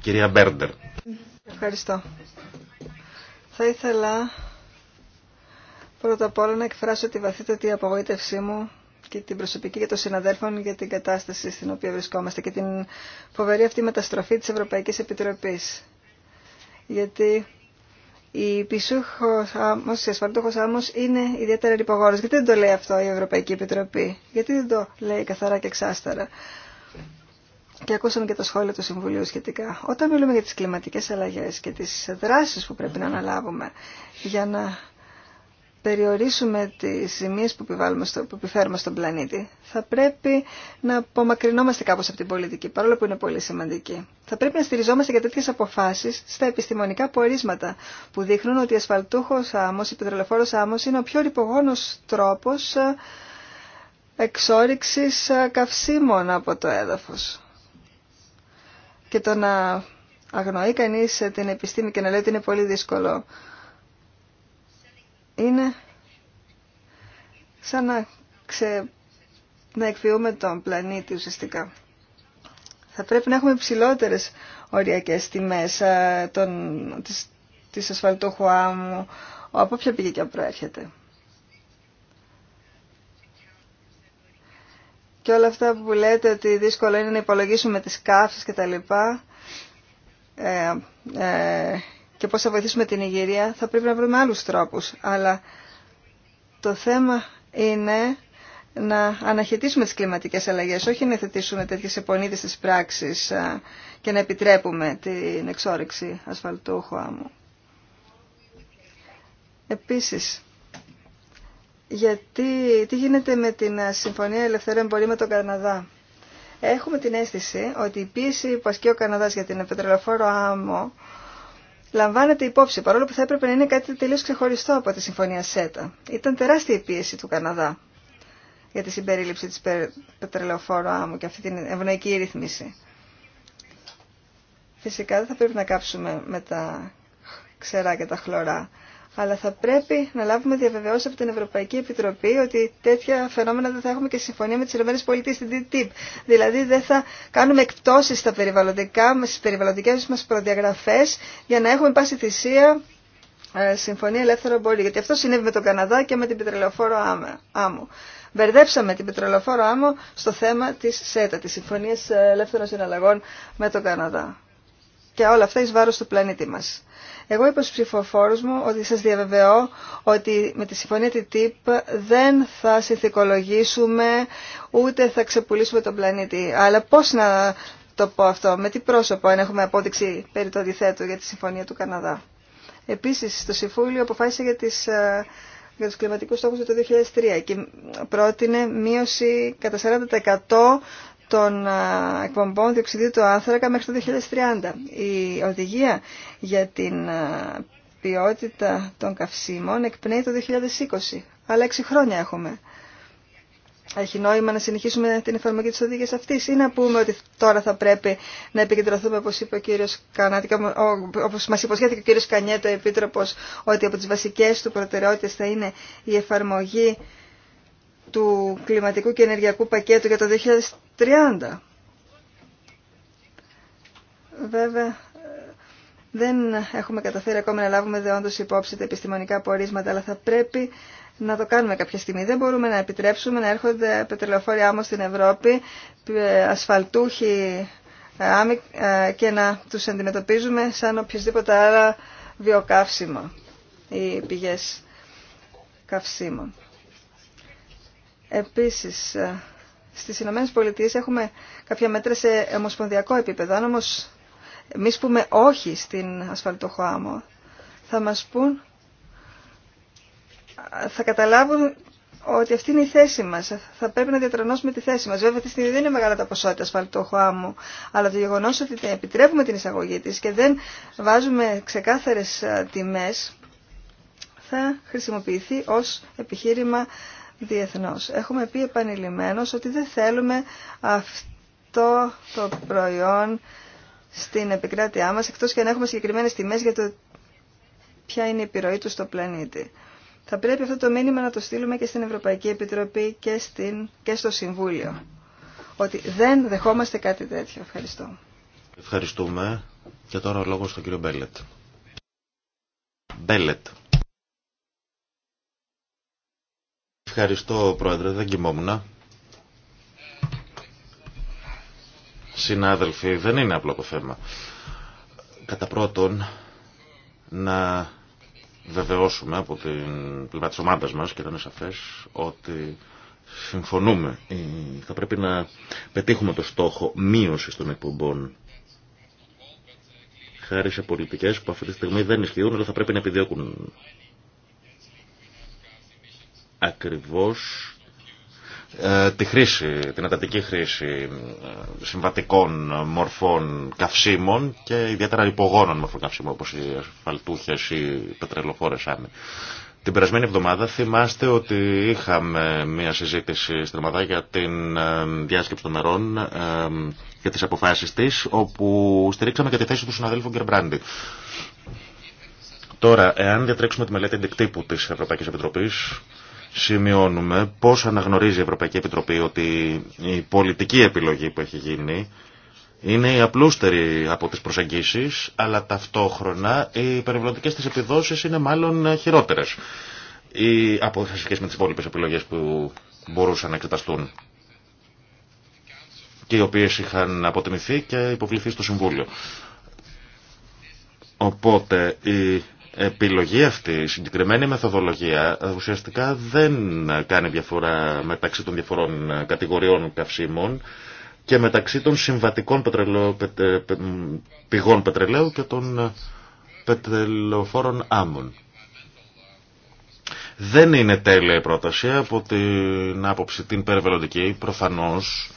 [SPEAKER 1] κυρία Μπέρντερ.
[SPEAKER 3] Ευχαριστώ. Θα ήθελα πρώτα απ' όλα να εκφράσω τη βαθύτερη απογοήτευσή μου και την προσωπική και των συναδέλφων για την κατάσταση στην οποία βρισκόμαστε και την φοβερή αυτή μεταστροφή της Ευρωπαϊκής Επιτροπής. Γιατί η πισούχος άμμος, η ασφαλτούχος άμμος είναι ιδιαίτερα ρηπογόρος. Γιατί δεν το λέει αυτό η Ευρωπαϊκή Επιτροπή. Γιατί δεν το λέει καθαρά και εξάστερα. Και ακούσαμε και τα σχόλια του Συμβουλίου σχετικά. Όταν μιλούμε για τις κλιματικές αλλαγές και τις δράσεις που πρέπει να αναλάβουμε για να περιορίσουμε τις ζημίες που, στο, που επιφέρουμε στον πλανήτη, θα πρέπει να απομακρυνόμαστε κάπως από την πολιτική, παρόλο που είναι πολύ σημαντική. Θα πρέπει να στηριζόμαστε για τέτοιες αποφάσεις στα επιστημονικά πορίσματα, που δείχνουν ότι η ασφαλτούχος άμμος, η πετρελοφόρος άμμος, είναι ο πιο ρηπογόνος τρόπος ε, εξόριξης ε, καυσίμων από το έδαφος. Και το να αγνοεί κανείς ε, την επιστήμη και να λέει ότι είναι πολύ δύσκολο είναι σαν να, ξε... να εκφυούμε τον πλανήτη ουσιαστικά. Θα πρέπει να έχουμε ψηλότερες οριακές τιμές ε, των, της, της ασφαλτούχου άμμου, από ποια πηγή και αν προέρχεται. Και όλα αυτά που λέτε ότι δύσκολο είναι να υπολογίσουμε τις κάφες και τα λοιπά, ε, ε, και πώς θα βοηθήσουμε την Ιγυρία θα πρέπει να βρούμε άλλους τρόπους. Αλλά το θέμα είναι να αναχαιτήσουμε τις κλιματικές αλλαγές, όχι να θετήσουμε τέτοιες επονίδες στις πράξεις και να επιτρέπουμε την εξόρυξη ασφαλτούχου άμμου. Επίσης, γιατί, τι γίνεται με την Συμφωνία Ελευθερών Εμπορίου με τον Καναδά. Έχουμε την αίσθηση ότι η πίεση που ασκεί ο Καναδάς για την πετρελοφόρο άμμο λαμβάνεται υπόψη, παρόλο που θα έπρεπε να είναι κάτι τελείως ξεχωριστό από τη Συμφωνία ΣΕΤΑ. Ήταν τεράστια η πίεση του Καναδά για τη συμπερίληψη της πετρελαιοφόρου άμμου και αυτή την ευνοϊκή ρυθμίση. Φυσικά δεν θα πρέπει να κάψουμε με τα ξερά και τα χλωρά αλλά θα πρέπει να λάβουμε διαβεβαιώσει από την Ευρωπαϊκή Επιτροπή ότι τέτοια φαινόμενα δεν θα έχουμε και συμφωνία με τι ΗΠΑ στην TTIP. Δηλαδή δεν θα κάνουμε εκπτώσει στα περιβαλλοντικά, στι περιβαλλοντικέ μα προδιαγραφέ για να έχουμε πάση θυσία ε, συμφωνία ελεύθερο μπορεί. Γιατί αυτό συνέβη με τον Καναδά και με την πετρελαιοφόρο άμμο. Μπερδέψαμε την πετρελαιοφόρο άμμο στο θέμα τη ΣΕΤΑ, τη Συμφωνία Ελεύθερων Συναλλαγών με τον Καναδά. Και όλα αυτά ει βάρο του πλανήτη μα. Εγώ είπα στους ψηφοφόρους μου ότι σας διαβεβαιώ ότι με τη συμφωνία TTIP δεν θα συνθηκολογήσουμε ούτε θα ξεπουλήσουμε τον πλανήτη. Αλλά πώς να το πω αυτό, με τι πρόσωπο, αν έχουμε απόδειξη περί το αντιθέτου για τη συμφωνία του Καναδά. Επίσης, το Συμφούλιο αποφάσισε για τις ε, για τους κλιματικούς στόχους το 2003 και πρότεινε μείωση κατά 40% των εκπομπών διοξιδίου του άνθρακα μέχρι το 2030. Η οδηγία για την ποιότητα των καυσίμων εκπνέει το 2020. Αλλά 6 χρόνια έχουμε. Έχει νόημα να συνεχίσουμε την εφαρμογή της οδηγίας αυτής ή να πούμε ότι τώρα θα πρέπει να επικεντρωθούμε, όπως είπε ο κύριος Κανάτη, όπως μας υποσχέθηκε ο κύριος Κανιέτο, επίτροπος, ότι από τις βασικές του προτεραιότητες θα είναι η εφαρμογή του κλιματικού και ενεργειακού πακέτου για το 30. Βέβαια, δεν έχουμε καταφέρει ακόμα να λάβουμε δεόντως υπόψη τα επιστημονικά πορίσματα, αλλά θα πρέπει να το κάνουμε κάποια στιγμή. Δεν μπορούμε να επιτρέψουμε να έρχονται πετρελοφόροι άμμο στην Ευρώπη, ασφαλτούχοι ε, και να τους αντιμετωπίζουμε σαν οποιοδήποτε άλλα βιοκαύσιμα ή πηγές καυσίμων. Επίσης, ε, στις Ηνωμένες Πολιτείες έχουμε κάποια μέτρα σε ομοσπονδιακό επίπεδο. Αν όμως εμείς πούμε όχι στην ασφαλτοχοάμμο, θα μας πούν, θα καταλάβουν ότι αυτή είναι η θέση μα. Θα πρέπει να διατρανώσουμε τη θέση μα. Βέβαια, αυτή τη στιγμή δεν είναι μεγάλα τα ποσότητα ασφαλτόχω άμμου, αλλά το γεγονό ότι επιτρέπουμε την εισαγωγή τη και δεν βάζουμε ξεκάθαρε τιμέ θα χρησιμοποιηθεί ως επιχείρημα διεθνώς. Έχουμε πει επανειλημμένως ότι δεν θέλουμε αυτό το προϊόν στην επικράτειά μας, εκτός και αν έχουμε συγκεκριμένες τιμές για το ποια είναι η επιρροή του στο πλανήτη. Θα πρέπει αυτό το μήνυμα να το στείλουμε και στην Ευρωπαϊκή Επιτροπή και, στην, και στο Συμβούλιο. Ότι δεν δεχόμαστε κάτι τέτοιο. Ευχαριστώ.
[SPEAKER 1] Ευχαριστούμε. Και τώρα ο λόγος στον κύριο Μπέλετ. Μπέλετ. Ευχαριστώ, Πρόεδρε. Δεν κοιμόμουν. Συνάδελφοι, δεν είναι απλό το θέμα. Κατά πρώτον, να βεβαιώσουμε από την πλευρά της ομάδας μας, και δεν είναι σαφές, ότι συμφωνούμε. Θα πρέπει να πετύχουμε το στόχο μείωση των εκπομπών χάρη σε πολιτικές που αυτή τη στιγμή δεν ισχύουν, αλλά θα πρέπει να επιδιώκουν ακριβώς ε, τη χρήση, την αντατική χρήση ε, συμβατικών μορφών καυσίμων και ιδιαίτερα υπογόνων μορφών καυσίμων όπως οι ασφαλτούχες ή οι πετρελοφόρες Την περασμένη εβδομάδα θυμάστε ότι είχαμε μια συζήτηση στην ομάδα για την ε, διάσκεψη των μερών και τις αποφάσεις της όπου στηρίξαμε και τη θέση του συναδέλφου Γκερμπράντη. Τώρα, εάν διατρέξουμε τη μελέτη αντικτύπου της Ευρωπαϊκής Επιτροπής, σημειώνουμε πώς αναγνωρίζει η Ευρωπαϊκή Επιτροπή ότι η πολιτική επιλογή που έχει γίνει είναι η απλούστερη από τις προσεγγίσεις, αλλά ταυτόχρονα οι περιβαλλοντικές της επιδόσεις είναι μάλλον χειρότερες ή από σχέση με τις υπόλοιπε επιλογές που μπορούσαν να εξεταστούν και οι οποίες είχαν αποτιμηθεί και υποβληθεί στο Συμβούλιο. Οπότε η επιλογή αυτή, η συγκεκριμένη μεθοδολογία ουσιαστικά δεν κάνει διαφορά μεταξύ των διαφορών κατηγοριών καυσίμων και μεταξύ των συμβατικών ε, πηγών πετρελαίου και των ε, πετρελοφόρων άμμων. Δεν είναι τέλεια η πρόταση από την άποψη την περιβαλλοντική, προφανώς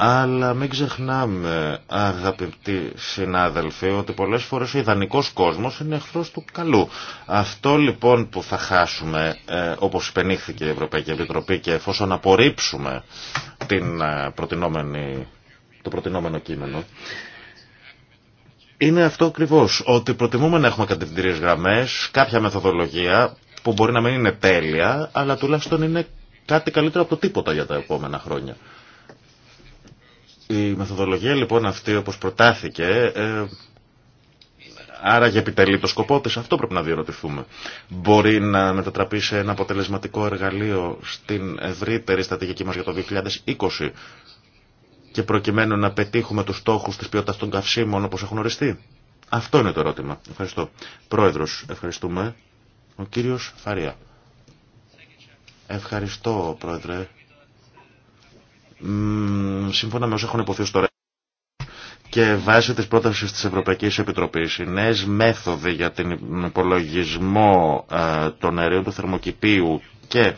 [SPEAKER 1] αλλά μην ξεχνάμε, αγαπητοί συνάδελφοι, ότι πολλές φορές ο ιδανικός κόσμος είναι εχθρός του καλού. Αυτό λοιπόν που θα χάσουμε, ε, όπως υπενήχθηκε η Ευρωπαϊκή Επιτροπή και εφόσον απορρίψουμε την, ε, το προτινόμενο κείμενο, είναι αυτό ακριβώ. Ότι προτιμούμε να έχουμε κατευθυντήριες γραμμές, κάποια μεθοδολογία που μπορεί να μην είναι τέλεια, αλλά τουλάχιστον είναι κάτι καλύτερο από το τίποτα για τα επόμενα χρόνια. Η μεθοδολογία λοιπόν αυτή όπως προτάθηκε ε, για επιτελεί το σκοπό της, αυτό πρέπει να διερωτηθούμε. Μπορεί να μετατραπεί σε ένα αποτελεσματικό εργαλείο στην ευρύτερη στρατηγική μας για το 2020 και προκειμένου να πετύχουμε τους στόχους της ποιότητας των καυσίμων όπως έχουν οριστεί. Αυτό είναι το ερώτημα. Ευχαριστώ. Πρόεδρος, ευχαριστούμε. Ο κύριος Φαρία. Ευχαριστώ, Πρόεδρε σύμφωνα με όσα έχουν υποθεί ως τώρα και βάσει της πρότασης της Ευρωπαϊκής Επιτροπής οι νέες μέθοδοι για την υπολογισμό ε, των αερίων του θερμοκηπίου και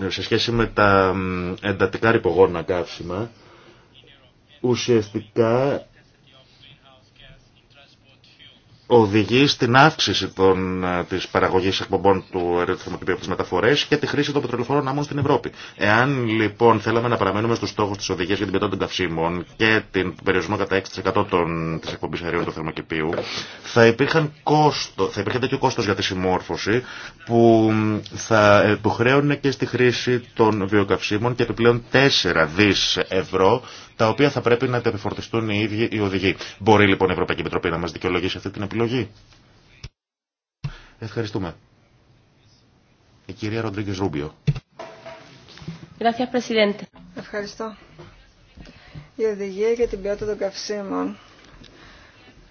[SPEAKER 1] ε, σε σχέση με τα εντατικά ρηπογόνα καύσιμα ουσιαστικά οδηγεί στην αύξηση των, ε, της παραγωγής εκπομπών του αερίου του θερμοκηπίου από τις μεταφορές και τη χρήση των πετρελοφόρων άμμων στην Ευρώπη. Εάν λοιπόν θέλαμε να παραμένουμε στους στόχους της οδηγίας για την ποιότητα των καυσίμων και την περιορισμό κατά 6% των, της εκπομπής αερίων του θερμοκηπίου, θα, υπήρχε κόστο, θα υπήρχε τέτοιο κόστος για τη συμμόρφωση που θα υποχρέωνε ε, και στη χρήση των βιοκαυσίμων και επιπλέον 4 δις ευρώ τα οποία θα πρέπει να τα επιφορτιστούν οι ίδιοι οι οδηγοί. Μπορεί λοιπόν η Ευρωπαϊκή Επιτροπή να μα δικαιολογήσει αυτή την επιλογή. Ευχαριστούμε. Η κυρία Ροντρίγκε Ρούμπιο.
[SPEAKER 3] Ευχαριστώ. Η οδηγία για την ποιότητα των καυσίμων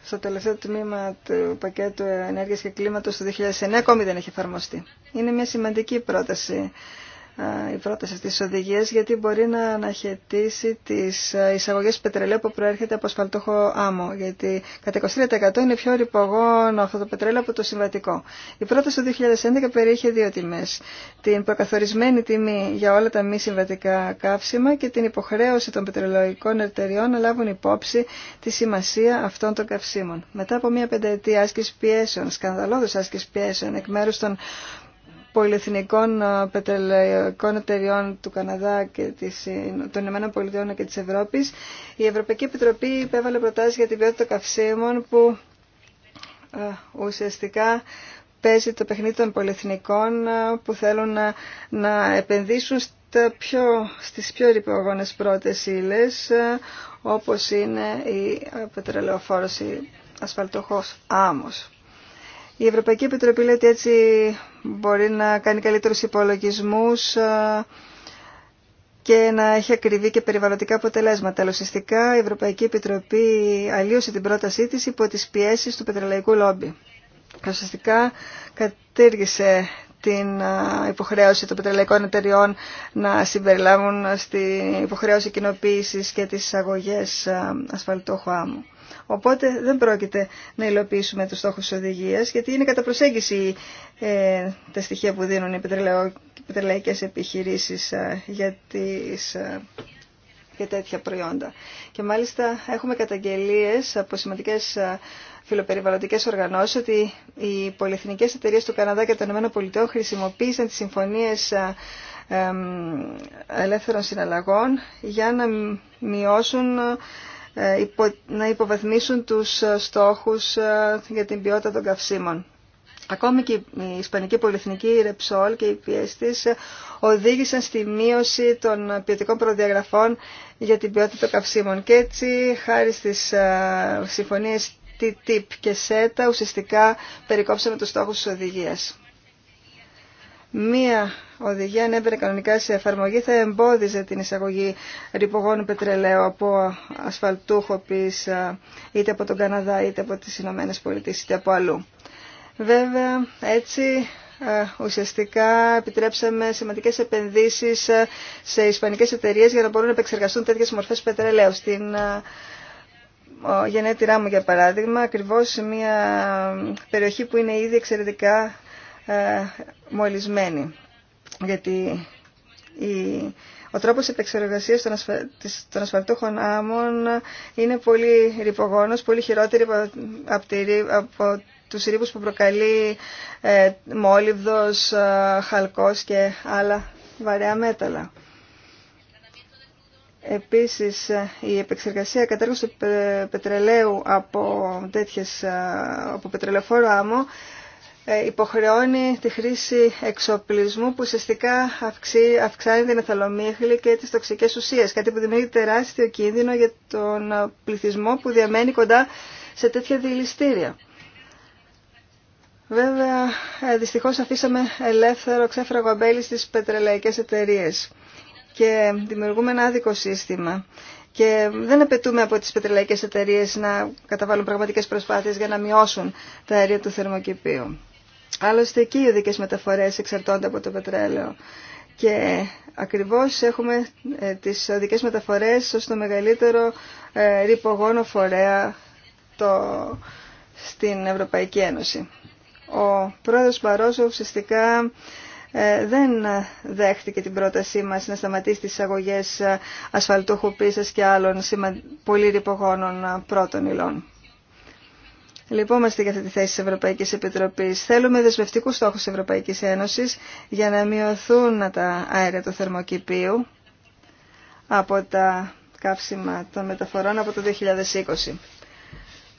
[SPEAKER 3] στο τελευταίο τμήμα του πακέτου ενέργειας και κλίματος του 2009 ακόμη δεν έχει εφαρμοστεί. Είναι μια σημαντική πρόταση ε, η πρόταση αυτής της γιατί μπορεί να αναχαιτήσει τις ε, εισαγωγές πετρελαίου που προέρχεται από ασφαλτόχο άμμο γιατί κατά 23% είναι πιο ρηπογόνο αυτό το πετρέλαιο από το συμβατικό. Η πρόταση του 2011 περιέχει δύο τιμές. Την προκαθορισμένη τιμή για όλα τα μη συμβατικά καύσιμα και την υποχρέωση των πετρελαϊκών εταιριών να λάβουν υπόψη τη σημασία αυτών των καυσίμων. Μετά από μια πενταετή άσκηση πιέσεων, σκανδαλώδους άσκηση πιέσεων εκ μέρου των πολυεθνικών ε, πετρελαϊκών εταιριών του Καναδά και της, ε, των Ηνωμένων Πολιτειών και της Ευρώπης, η Ευρωπαϊκή Επιτροπή υπέβαλε προτάσεις για την ποιότητα καυσίμων που ε, ουσιαστικά παίζει το παιχνίδι των πολυεθνικών που θέλουν να, επενδύσουν στα πιο, στις πιο ρηπογόνες πρώτες ύλες όπως είναι η πετρελαιοφόρος ή άμμος. Η Ευρωπαϊκή Επιτροπή λέει ότι έτσι μπορεί να κάνει καλύτερους υπολογισμούς ε, και να έχει ακριβή και περιβαλλοντικά αποτελέσματα. Αλλά ουσιαστικά η Ευρωπαϊκή Επιτροπή αλλίωσε την πρότασή της υπό τις πιέσεις του πετρελαϊκού λόμπι. Ουσιαστικά κατήργησε την ε, υποχρέωση των πετρελαϊκών εταιριών να συμπεριλάβουν στην υποχρέωση κοινοποίηση και τις αγωγές ε, ασφαλτόχου άμμου. Οπότε δεν πρόκειται να υλοποιήσουμε τους στόχους της οδηγίας, γιατί είναι κατά προσέγγιση ε, τα στοιχεία που δίνουν οι πετρελαϊκές επιχειρήσεις ε, για, τις, ε, για τέτοια προϊόντα. Και μάλιστα έχουμε καταγγελίες από σημαντικές φιλοπεριβαλλοντικές οργανώσεις ότι οι πολυεθνικές εταιρείες του Καναδά και των ΗΠΑ χρησιμοποίησαν τις συμφωνίες ελεύθερων συναλλαγών για να μειώσουν ε, να υποβαθμίσουν τους ε, στόχους ε, για την ποιότητα των καυσίμων. Ακόμη και η Ισπανική Πολυεθνική, η Ρεψόλ και η πιέστη οδήγησαν στη μείωση των ποιοτικών προδιαγραφών για την ποιότητα των καυσίμων. Και έτσι, χάρη στι συμφωνίε TTIP και SETA, ουσιαστικά περικόψαμε τους στόχους τη οδηγία. Μία οδηγία, αν έμπαινε κανονικά σε εφαρμογή, θα εμπόδιζε την εισαγωγή ρηπογόνου πετρελαίου από ασφαλτούχοπης είτε από τον Καναδά, είτε από τις Ηνωμένε Πολιτείε, είτε από αλλού. Βέβαια, έτσι ουσιαστικά επιτρέψαμε σημαντικές επενδύσεις σε ισπανικές εταιρείες για να μπορούν να επεξεργαστούν τέτοιες μορφές πετρελαίου. Στην γενέτειρά μου, για παράδειγμα, ακριβώς μια περιοχή που είναι ήδη εξαιρετικά μολυσμένη γιατί η, ο τρόπος επεξεργασίας των, ασφα, των ασφαλτούχων άμμων είναι πολύ ρηπογόνος, πολύ χειρότερη από, από, τη, τους ρήπους που προκαλεί ε, μόλιβδος, ε, χαλκός και άλλα βαρέα μέταλλα. Επίσης, ε, η επεξεργασία κατάργωση του πετρελαίου από, τέτοιες, ε, από πετρελαιοφόρο άμμο ε, υποχρεώνει τη χρήση εξοπλισμού που ουσιαστικά αυξάνει την εθαλομίχλη και τις τοξικές ουσίες, κάτι που δημιουργεί τεράστιο κίνδυνο για τον ε, πληθυσμό που διαμένει κοντά σε τέτοια δηληστήρια. Βέβαια, ε, δυστυχώς αφήσαμε ελεύθερο ξέφραγο αμπέλι στις πετρελαϊκές εταιρείες και δημιουργούμε ένα άδικο σύστημα. Και δεν απαιτούμε από τις πετρελαϊκές εταιρείες να καταβάλουν πραγματικές προσπάθειες για να μειώσουν τα αέρια του θερμοκηπίου. Άλλωστε και οι οδικές μεταφορές εξαρτώνται από το πετρέλαιο. Και ακριβώς έχουμε ε, τις οδικές μεταφορές ως το μεγαλύτερο ε, ρηπογόνο φορέα το, στην Ευρωπαϊκή Ένωση. Ο πρόεδρος Μπαρόζο ουσιαστικά ε, δεν δέχτηκε την πρότασή μας να σταματήσει τις αγωγές ασφαλτούχου πίσας και άλλων πολύ ρηπογόνων πρώτων υλών. Λυπόμαστε για αυτή τη θέση τη Ευρωπαϊκή Επιτροπή. Θέλουμε δεσμευτικού στόχου τη Ευρωπαϊκή Ένωση για να μειωθούν τα αέρια του θερμοκηπίου από τα καύσιμα των μεταφορών από το 2020.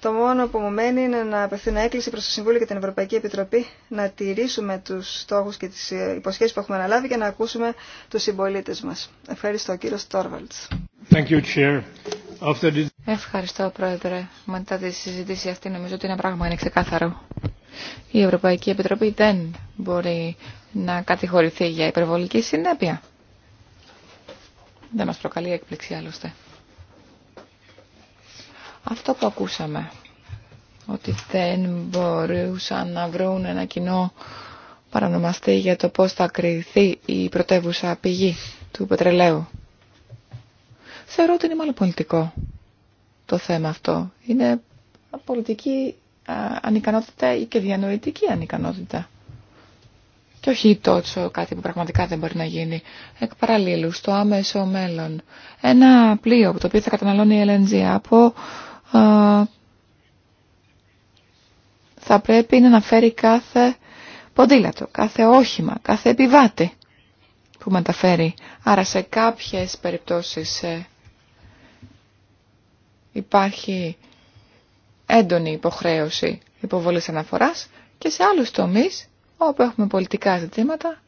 [SPEAKER 3] Το μόνο που μου μένει είναι να απευθύνω έκκληση προς το Συμβούλιο και την Ευρωπαϊκή Επιτροπή να τηρήσουμε τους στόχους και τις υποσχέσεις που έχουμε αναλάβει και να ακούσουμε του συμπολίτε μα. Ευχαριστώ, κύριο Στόρβαλτς.
[SPEAKER 2] Ευχαριστώ, Πρόεδρε. Μετά τη συζήτηση αυτή νομίζω ότι ένα πράγμα είναι ξεκάθαρο. Η Ευρωπαϊκή Επιτροπή δεν μπορεί να κατηγορηθεί για υπερβολική συνέπεια. Δεν μας προκαλεί έκπληξη άλλωστε. Αυτό που ακούσαμε, ότι δεν μπορούσαν να βρουν ένα κοινό παρανομαστή για το πώς θα κρυθεί η πρωτεύουσα πηγή του πετρελαίου. Θεωρώ ότι είναι μάλλον πολιτικό το θέμα αυτό. Είναι πολιτική ανικανότητα ή και διανοητική ανικανότητα. Και όχι τόσο κάτι που πραγματικά δεν μπορεί να γίνει. Εκ παραλλήλου, στο άμεσο μέλλον, ένα πλοίο το οποίο θα καταναλώνει η LNG από... θα πρέπει να αναφέρει κάθε ποντίλατο, κάθε όχημα, κάθε επιβάτη που μεταφέρει. Άρα σε κάποιες περιπτώσεις υπάρχει έντονη υποχρέωση υποβολής αναφοράς και σε άλλους τομείς όπου έχουμε πολιτικά ζητήματα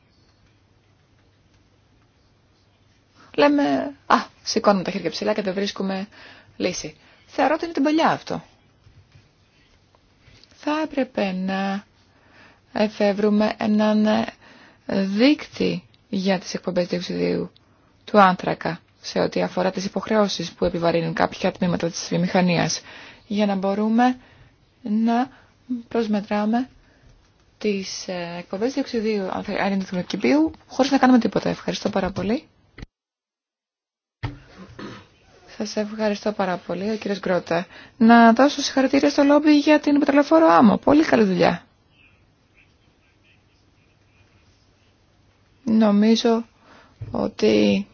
[SPEAKER 2] λέμε «Α, σηκώνουμε τα χέρια ψηλά και δεν βρίσκουμε λύση». Θεωρώ ότι είναι την παλιά αυτό. Θα έπρεπε να εφεύρουμε έναν δείκτη για τις εκπομπές διοξιδίου του άνθρακα σε ό,τι αφορά τις υποχρεώσεις που επιβαρύνουν κάποια τμήματα της βιομηχανίας για να μπορούμε να προσμετράμε τις ε, εκπομπές διοξιδίου αερίου χωρίς να κάνουμε τίποτα. Ευχαριστώ πάρα πολύ. Σας ευχαριστώ πάρα πολύ, ο κύριος Να δώσω συγχαρητήρια στο λόμπι για την πετρελαφόρο άμμο. Πολύ καλή δουλειά. Νομίζω ότι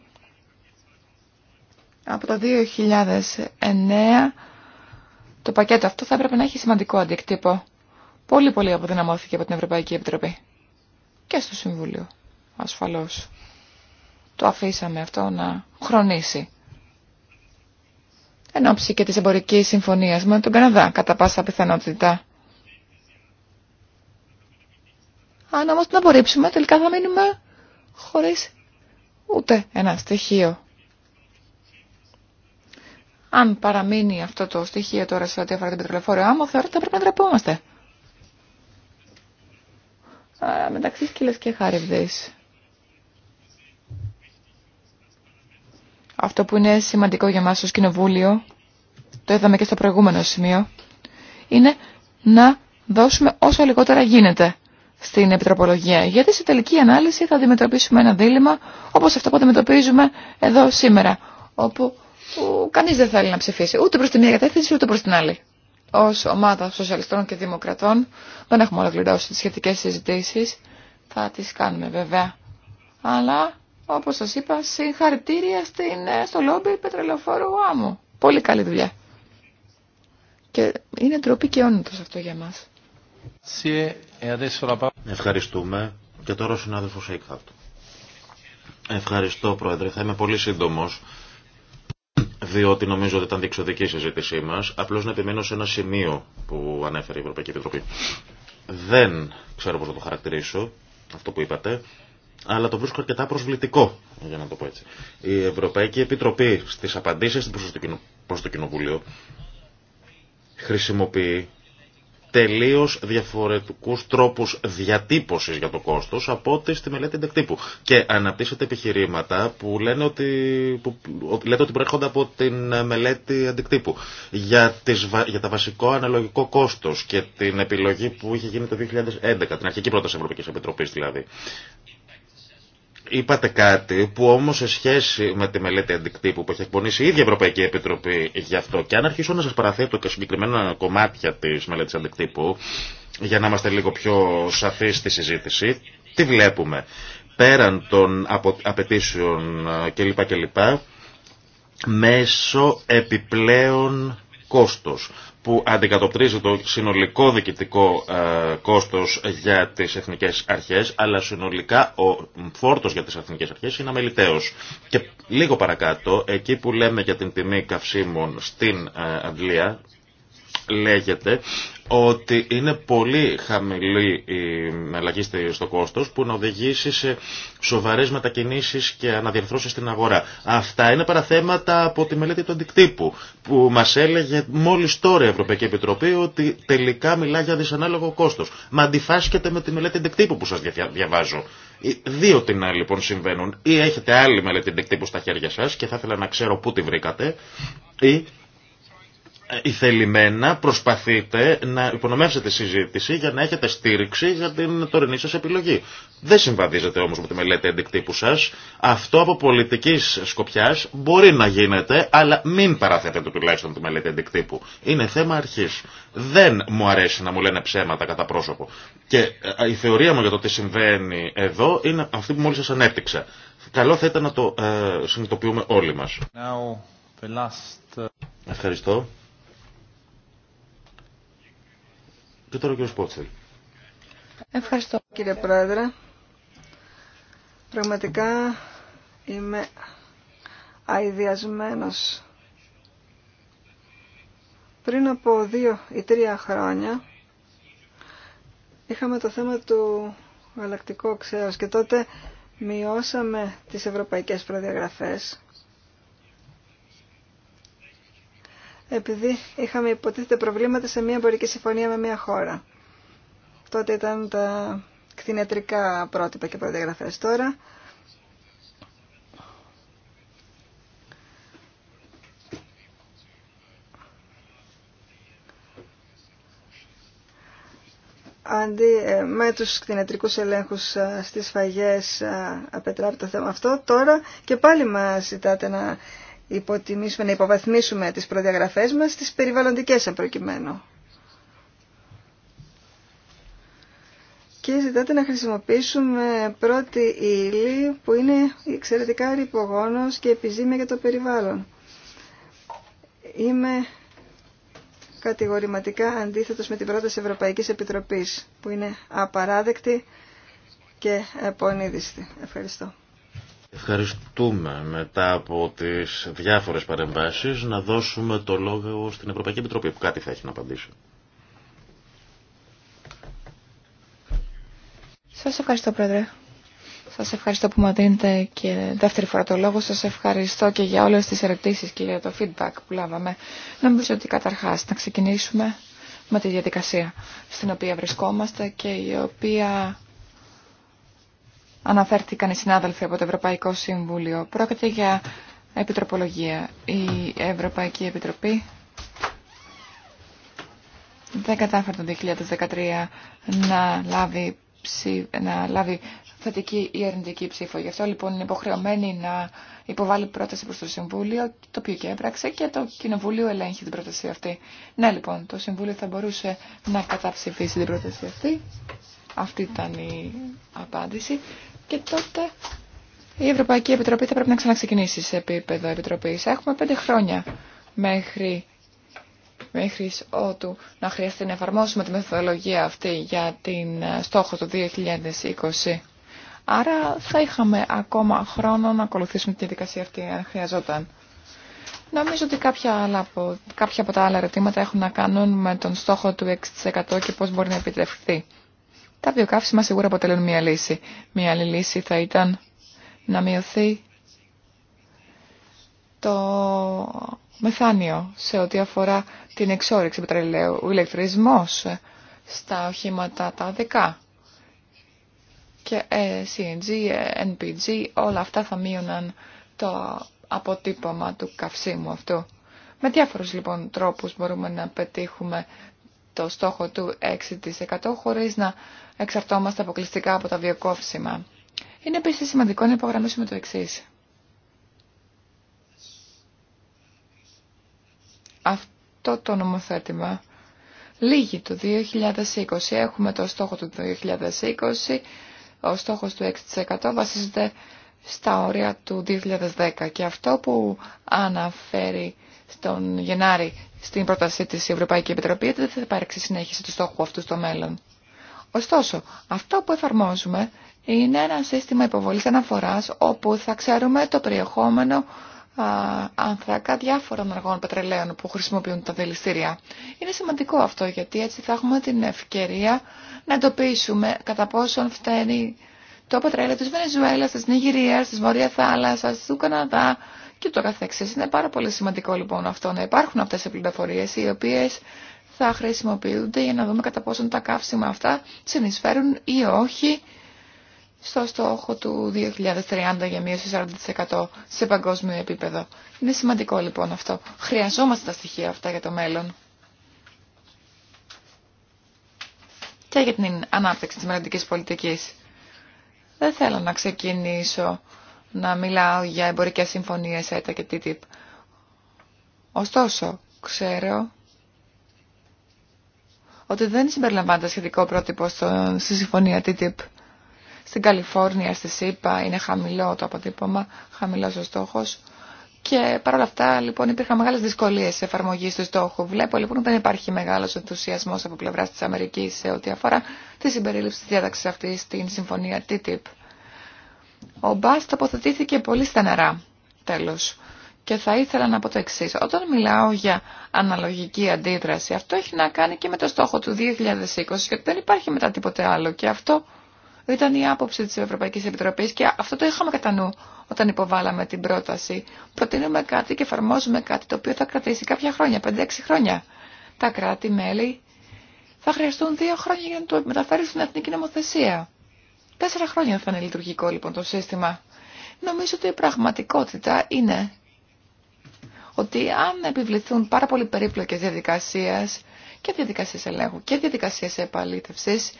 [SPEAKER 2] από το 2009 το πακέτο αυτό θα έπρεπε να έχει σημαντικό αντικτύπο. Πολύ πολύ αποδυναμώθηκε από την Ευρωπαϊκή Επιτροπή. Και στο Συμβούλιο, ασφαλώς. Το αφήσαμε αυτό να χρονίσει. Εν ώψη και της εμπορικής συμφωνίας με τον Καναδά, κατά πάσα πιθανότητα. Αν όμως την απορρίψουμε, τελικά θα μείνουμε χωρίς ούτε ένα στοιχείο αν παραμείνει αυτό το στοιχείο τώρα σε ό,τι αφορά την πετρελαφόρια άμμο, θεωρώ ότι θα πρέπει να Άρα, Μεταξύ σκύλες και χάριβδες. Αυτό που είναι σημαντικό για μας ως Κοινοβούλιο, το είδαμε και στο προηγούμενο σημείο, είναι να δώσουμε όσο λιγότερα γίνεται στην επιτροπολογία. Γιατί σε τελική ανάλυση θα αντιμετωπίσουμε ένα δίλημα όπως αυτό που αντιμετωπίζουμε εδώ σήμερα, όπου που κανεί δεν θέλει να ψηφίσει ούτε προ τη μία κατεύθυνση ούτε προ την άλλη. ω ομάδα σοσιαλιστών και δημοκρατών δεν έχουμε ολοκληρώσει τι σχετικέ συζητήσει. Θα τι κάνουμε βέβαια. Αλλά όπω σα είπα συγχαρητήρια στην, ε, στο λόμπι πετρελοφόρου άμμου. Πολύ καλή δουλειά. Και είναι ντροπή και όνειρο αυτό για μα.
[SPEAKER 1] Ευχαριστούμε. Και τώρα ο συνάδελφο Σέικχαρτ. Ευχαριστώ Πρόεδρε. Θα είμαι πολύ σύντομο διότι νομίζω ότι ήταν διεξοδική η συζήτησή μα, απλώς να επιμείνω σε ένα σημείο που ανέφερε η Ευρωπαϊκή Επιτροπή. Δεν ξέρω πώς να το χαρακτηρίσω, αυτό που είπατε, αλλά το βρίσκω αρκετά προσβλητικό, για να το πω έτσι. Η Ευρωπαϊκή Επιτροπή στις απαντήσεις προς το Κοινοβούλιο χρησιμοποιεί Τελείω διαφορετικού τρόπου διατύπωσης για το κόστος από ό,τι στη μελέτη εντεκτύπου. Και αναπτύσσεται επιχειρήματα που λένε ότι, που, ότι προέρχονται από την μελέτη αντικτύπου. Για, τις, για τα βασικό αναλογικό κόστος και την επιλογή που είχε γίνει το 2011, την αρχική πρόταση Ευρωπαϊκή Επιτροπή, δηλαδή. Είπατε κάτι που όμω σε σχέση με τη μελέτη αντικτύπου που έχει εκπονήσει η ίδια Ευρωπαϊκή Επιτροπή γι' αυτό και αν αρχίσω να σα παραθέτω και συγκεκριμένα κομμάτια τη μελέτη αντικτύπου για να είμαστε λίγο πιο σαφεί στη συζήτηση, τι βλέπουμε. Πέραν των απαιτήσεων ε, κλπ. κλπ μέσω επιπλέον κόστος που αντικατοπτρίζει το συνολικό διοικητικό ε, κόστος για τις εθνικές αρχές, αλλά συνολικά ο φόρτος για τις εθνικές αρχές είναι αμεληταίος. Και λίγο παρακάτω, εκεί που λέμε για την τιμή καυσίμων στην ε, Αγγλία, λέγεται ότι είναι πολύ χαμηλή η αλλαγή στο κόστος που να οδηγήσει σε σοβαρές μετακινήσεις και αναδιαρθρώσεις στην αγορά. Αυτά είναι παραθέματα από τη μελέτη του αντικτύπου που μας έλεγε μόλις τώρα η Ευρωπαϊκή Επιτροπή ότι τελικά μιλά για δυσανάλογο κόστος. Μα αντιφάσκεται με τη μελέτη αντικτύπου που σας διαβάζω. Δύο τεινά λοιπόν συμβαίνουν. Ή έχετε άλλη μελέτη αντικτύπου στα χέρια σας και θα ήθελα να ξέρω πού τη βρήκατε ή ε, ηθελημένα προσπαθείτε να υπονομεύσετε τη συζήτηση για να έχετε στήριξη για την τωρινή σας επιλογή. Δεν συμβαδίζετε όμως με τη μελέτη αντικτύπου σας. Αυτό από πολιτικής σκοπιάς μπορεί να γίνεται, αλλά μην παραθέτετε τουλάχιστον τη μελέτη αντικτύπου. Είναι θέμα αρχής. Δεν μου αρέσει να μου λένε ψέματα κατά πρόσωπο. Και ε, η θεωρία μου για το τι συμβαίνει εδώ είναι αυτή που μόλις σας ανέπτυξα. Καλό θα ήταν να το ε, συνειδητοποιούμε όλοι μας. Ε, Ευχαριστώ. Και τώρα ο κ. Πότσελ.
[SPEAKER 3] Ευχαριστώ κύριε Πρόεδρε. Πραγματικά είμαι αηδιασμένος. Πριν από δύο ή τρία χρόνια είχαμε το θέμα του γαλακτικού οξέως και τότε μειώσαμε τις ευρωπαϊκές προδιαγραφές επειδή είχαμε υποτίθεται προβλήματα σε μια εμπορική συμφωνία με μια χώρα. Τότε ήταν τα κτηνιατρικά πρότυπα και προδιαγραφές τώρα. Αντί, ε, με τους κτηνιατρικούς ελέγχους ε, στις φαγές ε, απετράπει το θέμα αυτό, τώρα και πάλι μας ζητάτε να υποτιμήσουμε, να υποβαθμίσουμε τις προδιαγραφές μας, τις περιβαλλοντικές εν προκειμένου. Και ζητάτε να χρησιμοποιήσουμε πρώτη ύλη που είναι εξαιρετικά ρηπογόνος και επιζήμια για το περιβάλλον. Είμαι κατηγορηματικά αντίθετος με την πρόταση Ευρωπαϊκής Επιτροπής που είναι απαράδεκτη και επονίδιστη. Ευχαριστώ.
[SPEAKER 1] Ευχαριστούμε μετά από τις διάφορες παρεμβάσεις να δώσουμε το λόγο στην Ευρωπαϊκή Επιτροπή που κάτι θα έχει να απαντήσει.
[SPEAKER 2] Σας ευχαριστώ Πρόεδρε. Σας ευχαριστώ που μου δίνετε και δεύτερη φορά το λόγο. Σας ευχαριστώ και για όλες τις ερωτήσει και για το feedback που λάβαμε. Νομίζω ότι καταρχάς να ξεκινήσουμε με τη διαδικασία στην οποία βρισκόμαστε και η οποία αναφέρθηκαν οι συνάδελφοι από το Ευρωπαϊκό Συμβούλιο. Πρόκειται για επιτροπολογία. Η Ευρωπαϊκή Επιτροπή δεν κατάφερε το 2013 να λάβει, ψη... να λάβει θετική ή αρνητική ψήφο. Γι' αυτό λοιπόν είναι υποχρεωμένη να υποβάλει πρόταση προς το Συμβούλιο, το οποίο και έπραξε και το Κοινοβούλιο ελέγχει την πρόταση αυτή. Ναι λοιπόν, το Συμβούλιο θα μπορούσε να καταψηφίσει την πρόταση αυτή. Αυτή ήταν η απάντηση. Και τότε η Ευρωπαϊκή Επιτροπή θα πρέπει να ξαναξεκινήσει σε επίπεδο Επιτροπής. Έχουμε πέντε χρόνια μέχρι, μέχρι ότου να χρειαστεί να εφαρμόσουμε τη μεθοδολογία αυτή για την ε, στόχο του 2020. Άρα θα είχαμε ακόμα χρόνο να ακολουθήσουμε τη διαδικασία αυτή αν χρειαζόταν. Νομίζω ότι κάποια, άλλα, κάποια από τα άλλα ερωτήματα έχουν να κάνουν με τον στόχο του 6% και πώς μπορεί να επιτευχθεί. Τα βιοκαύσιμα σίγουρα αποτελούν μία λύση. Μία άλλη λύση θα ήταν να μειωθεί το μεθάνιο σε ό,τι αφορά την εξόριξη πετρελαίου, ο ηλεκτρισμός στα οχήματα τα δικά και ε, CNG, ε, NPG, όλα αυτά θα μείωναν το αποτύπωμα του καυσίμου αυτού. Με διάφορους λοιπόν τρόπους μπορούμε να πετύχουμε το στόχο του 6% χωρίς να εξαρτώμαστε αποκλειστικά από τα βιοκόψιμα. Είναι επίση σημαντικό να υπογραμμίσουμε το εξή. Αυτό το νομοθέτημα λύγει το 2020. Έχουμε το στόχο του 2020. Ο στόχος του 6% βασίζεται στα όρια του 2010 και αυτό που αναφέρει στον Γενάρη στην πρότασή της Ευρωπαϊκή Επιτροπή δεν θα υπάρξει συνέχιση του στόχου αυτού στο μέλλον. Ωστόσο, αυτό που εφαρμόζουμε είναι ένα σύστημα υποβολής αναφοράς όπου θα ξέρουμε το περιεχόμενο ανθρακά διάφορων αργών πετρελαίων που χρησιμοποιούν τα δηληστήρια. Είναι σημαντικό αυτό γιατί έτσι θα έχουμε την ευκαιρία να εντοπίσουμε κατά πόσον φταίνει το πετρέλαιο της Βενεζουέλας, της Νιγηρίας, της Μορία Θάλασσας, του Καναδά και το καθεξής. Είναι πάρα πολύ σημαντικό λοιπόν αυτό να υπάρχουν αυτές οι πληροφορίες οι οποίες θα χρησιμοποιούνται για να δούμε κατά πόσον τα καύσιμα αυτά συνεισφέρουν ή όχι στο στόχο του 2030 για μείωση 40% σε παγκόσμιο επίπεδο. Είναι σημαντικό λοιπόν αυτό. Χρειαζόμαστε τα στοιχεία αυτά για το μέλλον. Και για την ανάπτυξη της μελλοντικής πολιτικής. Δεν θέλω να ξεκινήσω να μιλάω για εμπορικές συμφωνίες έτα και TTIP. Ωστόσο, ξέρω ότι δεν συμπεριλαμβάνεται σχετικό πρότυπο στο, στη συμφωνία TTIP. Στην Καλιφόρνια, στη ΣΥΠΑ είναι χαμηλό το αποτύπωμα, χαμηλός ο στόχος. Και παρόλα αυτά λοιπόν υπήρχαν μεγάλες δυσκολίες εφαρμογή του στόχου. Βλέπω λοιπόν ότι δεν υπάρχει μεγάλος ενθουσιασμός από πλευράς της Αμερικής σε ό,τι αφορά τη συμπερίληψη της διάταξης αυτή στην συμφωνία TTIP. Ο Μπάς τοποθετήθηκε πολύ στεναρά, τέλος. Και θα ήθελα να πω το εξή. Όταν μιλάω για αναλογική αντίδραση, αυτό έχει να κάνει και με το στόχο του 2020, γιατί δεν υπάρχει μετά τίποτε άλλο. Και αυτό ήταν η άποψη της Ευρωπαϊκής Επιτροπής και αυτό το είχαμε κατά νου όταν υποβάλαμε την πρόταση. Προτείνουμε κάτι και εφαρμόζουμε κάτι το οποίο θα κρατήσει κάποια χρόνια, 5-6 χρόνια. Τα κράτη-μέλη θα χρειαστούν 2 χρόνια για να το μεταφέρουν στην εθνική νομοθεσία. Τέσσερα χρόνια θα είναι λειτουργικό λοιπόν το σύστημα. Νομίζω ότι η πραγματικότητα είναι ότι αν επιβληθούν πάρα πολύ περίπλοκες διαδικασίες και διαδικασίες ελέγχου και διαδικασίες επαλήθευσης,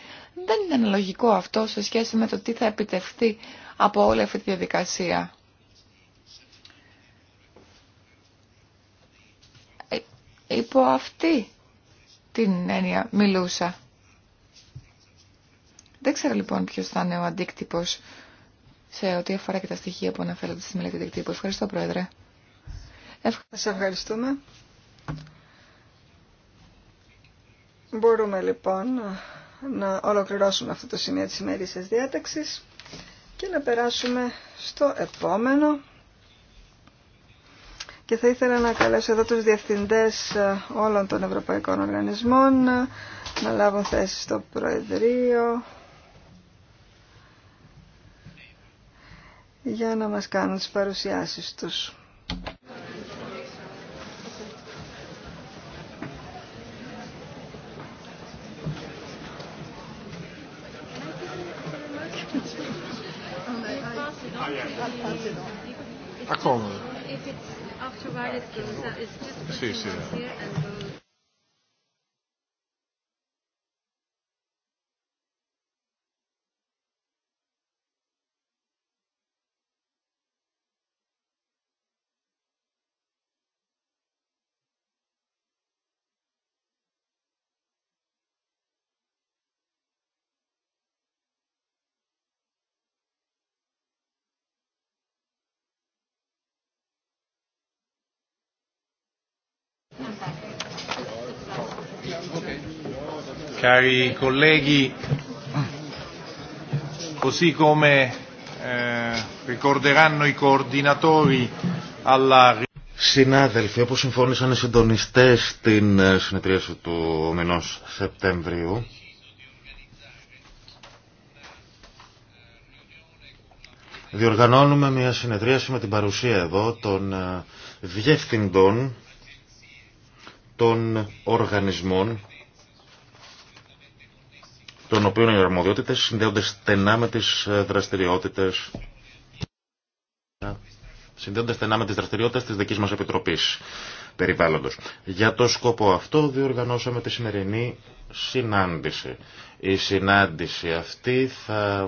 [SPEAKER 2] δεν είναι αναλογικό αυτό σε σχέση με το τι θα επιτευχθεί από όλη αυτή τη διαδικασία. Ε, υπό αυτή την έννοια μιλούσα. Δεν ξέρω λοιπόν ποιος θα είναι ο αντίκτυπος σε ό,τι αφορά και τα στοιχεία που αναφέρονται στη μελέτη αντικτύπου. Ευχαριστώ Πρόεδρε. Ευχαριστούμε. ευχαριστούμε.
[SPEAKER 3] Μπορούμε λοιπόν να ολοκληρώσουμε αυτό το σημείο της ημερήσιας διάταξης και να περάσουμε στο επόμενο. Και θα ήθελα να καλέσω εδώ τους διευθυντές ε, όλων των ευρωπαϊκών οργανισμών να λάβουν θέση στο Προεδρείο για να μας κάνουν τις παρουσιάσεις τους.
[SPEAKER 1] Sì, sì. Cari colleghi, così eh, Συνάδελφοι, όπως συμφώνησαν οι συντονιστές στην ε, συνεδρίαση του μηνός Σεπτεμβρίου, διοργανώνουμε μια συνεδρίαση με την παρουσία εδώ των ε, διευθυντών των οργανισμών των οποίων οι αρμοδιότητες συνδέονται στενά με τις ε, δραστηριότητες συνδέονται στενά με τις δραστηριότητες της δικής μας Επιτροπής Περιβάλλοντος. Για το σκοπό αυτό διοργανώσαμε τη σημερινή συνάντηση. Η συνάντηση αυτή θα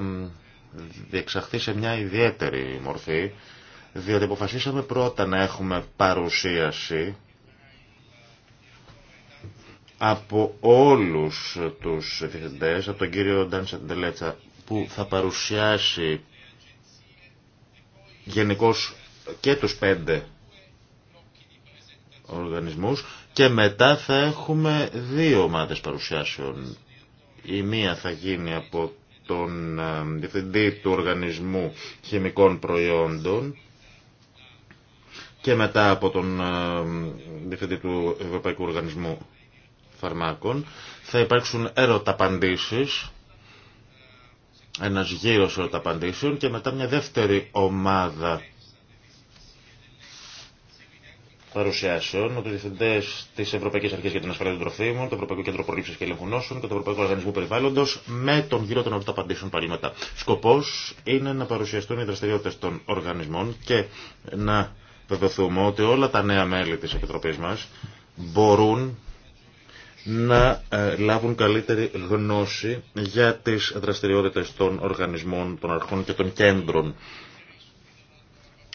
[SPEAKER 1] διεξαχθεί σε μια ιδιαίτερη μορφή, διότι αποφασίσαμε πρώτα να έχουμε παρουσίαση από όλους τους διευθυντές, από τον κύριο Ντάνσα που θα παρουσιάσει γενικώ και τους πέντε οργανισμούς και μετά θα έχουμε δύο ομάδες παρουσιάσεων. Η μία θα γίνει από τον ε, διευθυντή του Οργανισμού Χημικών Προϊόντων και μετά από τον ε, διευθυντή του Ευρωπαϊκού Οργανισμού φαρμάκων. Θα υπάρξουν ερωταπαντήσεις, ένας γύρος ερωταπαντήσεων και μετά μια δεύτερη ομάδα παρουσιάσεων με του διευθυντέ τη Ευρωπαϊκή Αρχή για την Ασφάλεια των Τροφίμων, το Ευρωπαϊκό Κέντρο Προλήψη και Ελέγχου και το Ευρωπαϊκό Οργανισμό Περιβάλλοντο με τον γύρο των ερωταπαντήσεων πάλι μετά. Σκοπό είναι να παρουσιαστούν οι δραστηριότητε των οργανισμών και να βεβαιωθούμε ότι όλα τα νέα μέλη τη Επιτροπή μα μπορούν να ε, λάβουν καλύτερη γνώση για τις δραστηριότητες των οργανισμών, των αρχών και των κέντρων.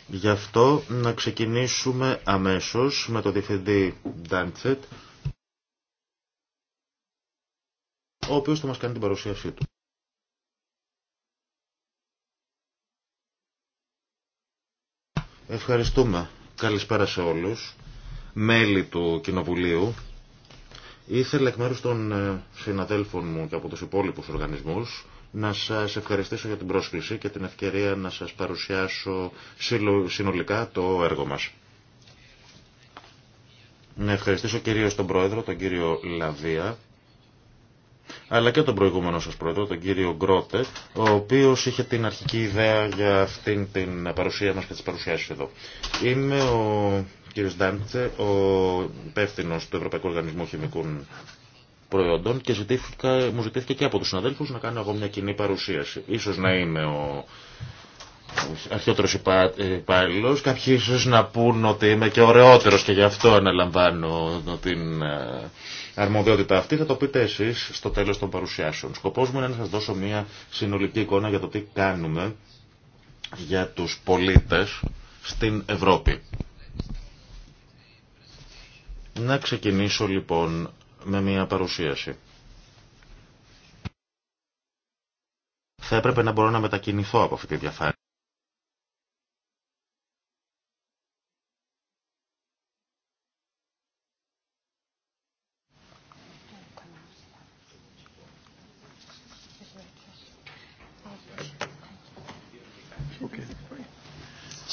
[SPEAKER 1] Γι' αυτό να ξεκινήσουμε αμέσως με το Διευθυντή Ντάντσετ, ο οποίος θα μας κάνει την παρουσίασή του. Ευχαριστούμε. Καλησπέρα σε όλους, μέλη του Κοινοβουλίου, Ήθελα εκ μέρους των ε, συναδέλφων μου και από τους υπόλοιπους οργανισμούς να σας ευχαριστήσω για την πρόσκληση και την ευκαιρία να σας παρουσιάσω συνολικά το έργο μας. Να ευχαριστήσω κυρίως τον Πρόεδρο, τον κύριο Λαβία, αλλά και τον προηγούμενο σας Πρόεδρο, τον κύριο Γκρότε, ο οποίος είχε την αρχική ιδέα για αυτήν την παρουσία μας και τις παρουσιάσεις εδώ. Είμαι ο κ. Ντάντσε, ο υπεύθυνο του Ευρωπαϊκού Οργανισμού Χημικών Προϊόντων και ζητήθηκα, μου ζητήθηκε και από του συναδέλφου να κάνω εγώ μια κοινή παρουσίαση. σω να είμαι ο αρχαιότερο υπάλληλο. Κάποιοι ίσω να πούν ότι είμαι και ωραιότερο και γι' αυτό αναλαμβάνω την ε, αρμοδιότητα αυτή. Θα το πείτε εσεί στο τέλο των παρουσιάσεων. Σκοπό μου είναι να σα δώσω μια συνολική εικόνα για το τι κάνουμε για τους πολίτες στην Ευρώπη να ξεκινήσω λοιπόν με μια παρουσίαση. Θα έπρεπε να μπορώ να μετακινηθώ από αυτή τη διαφάνεια.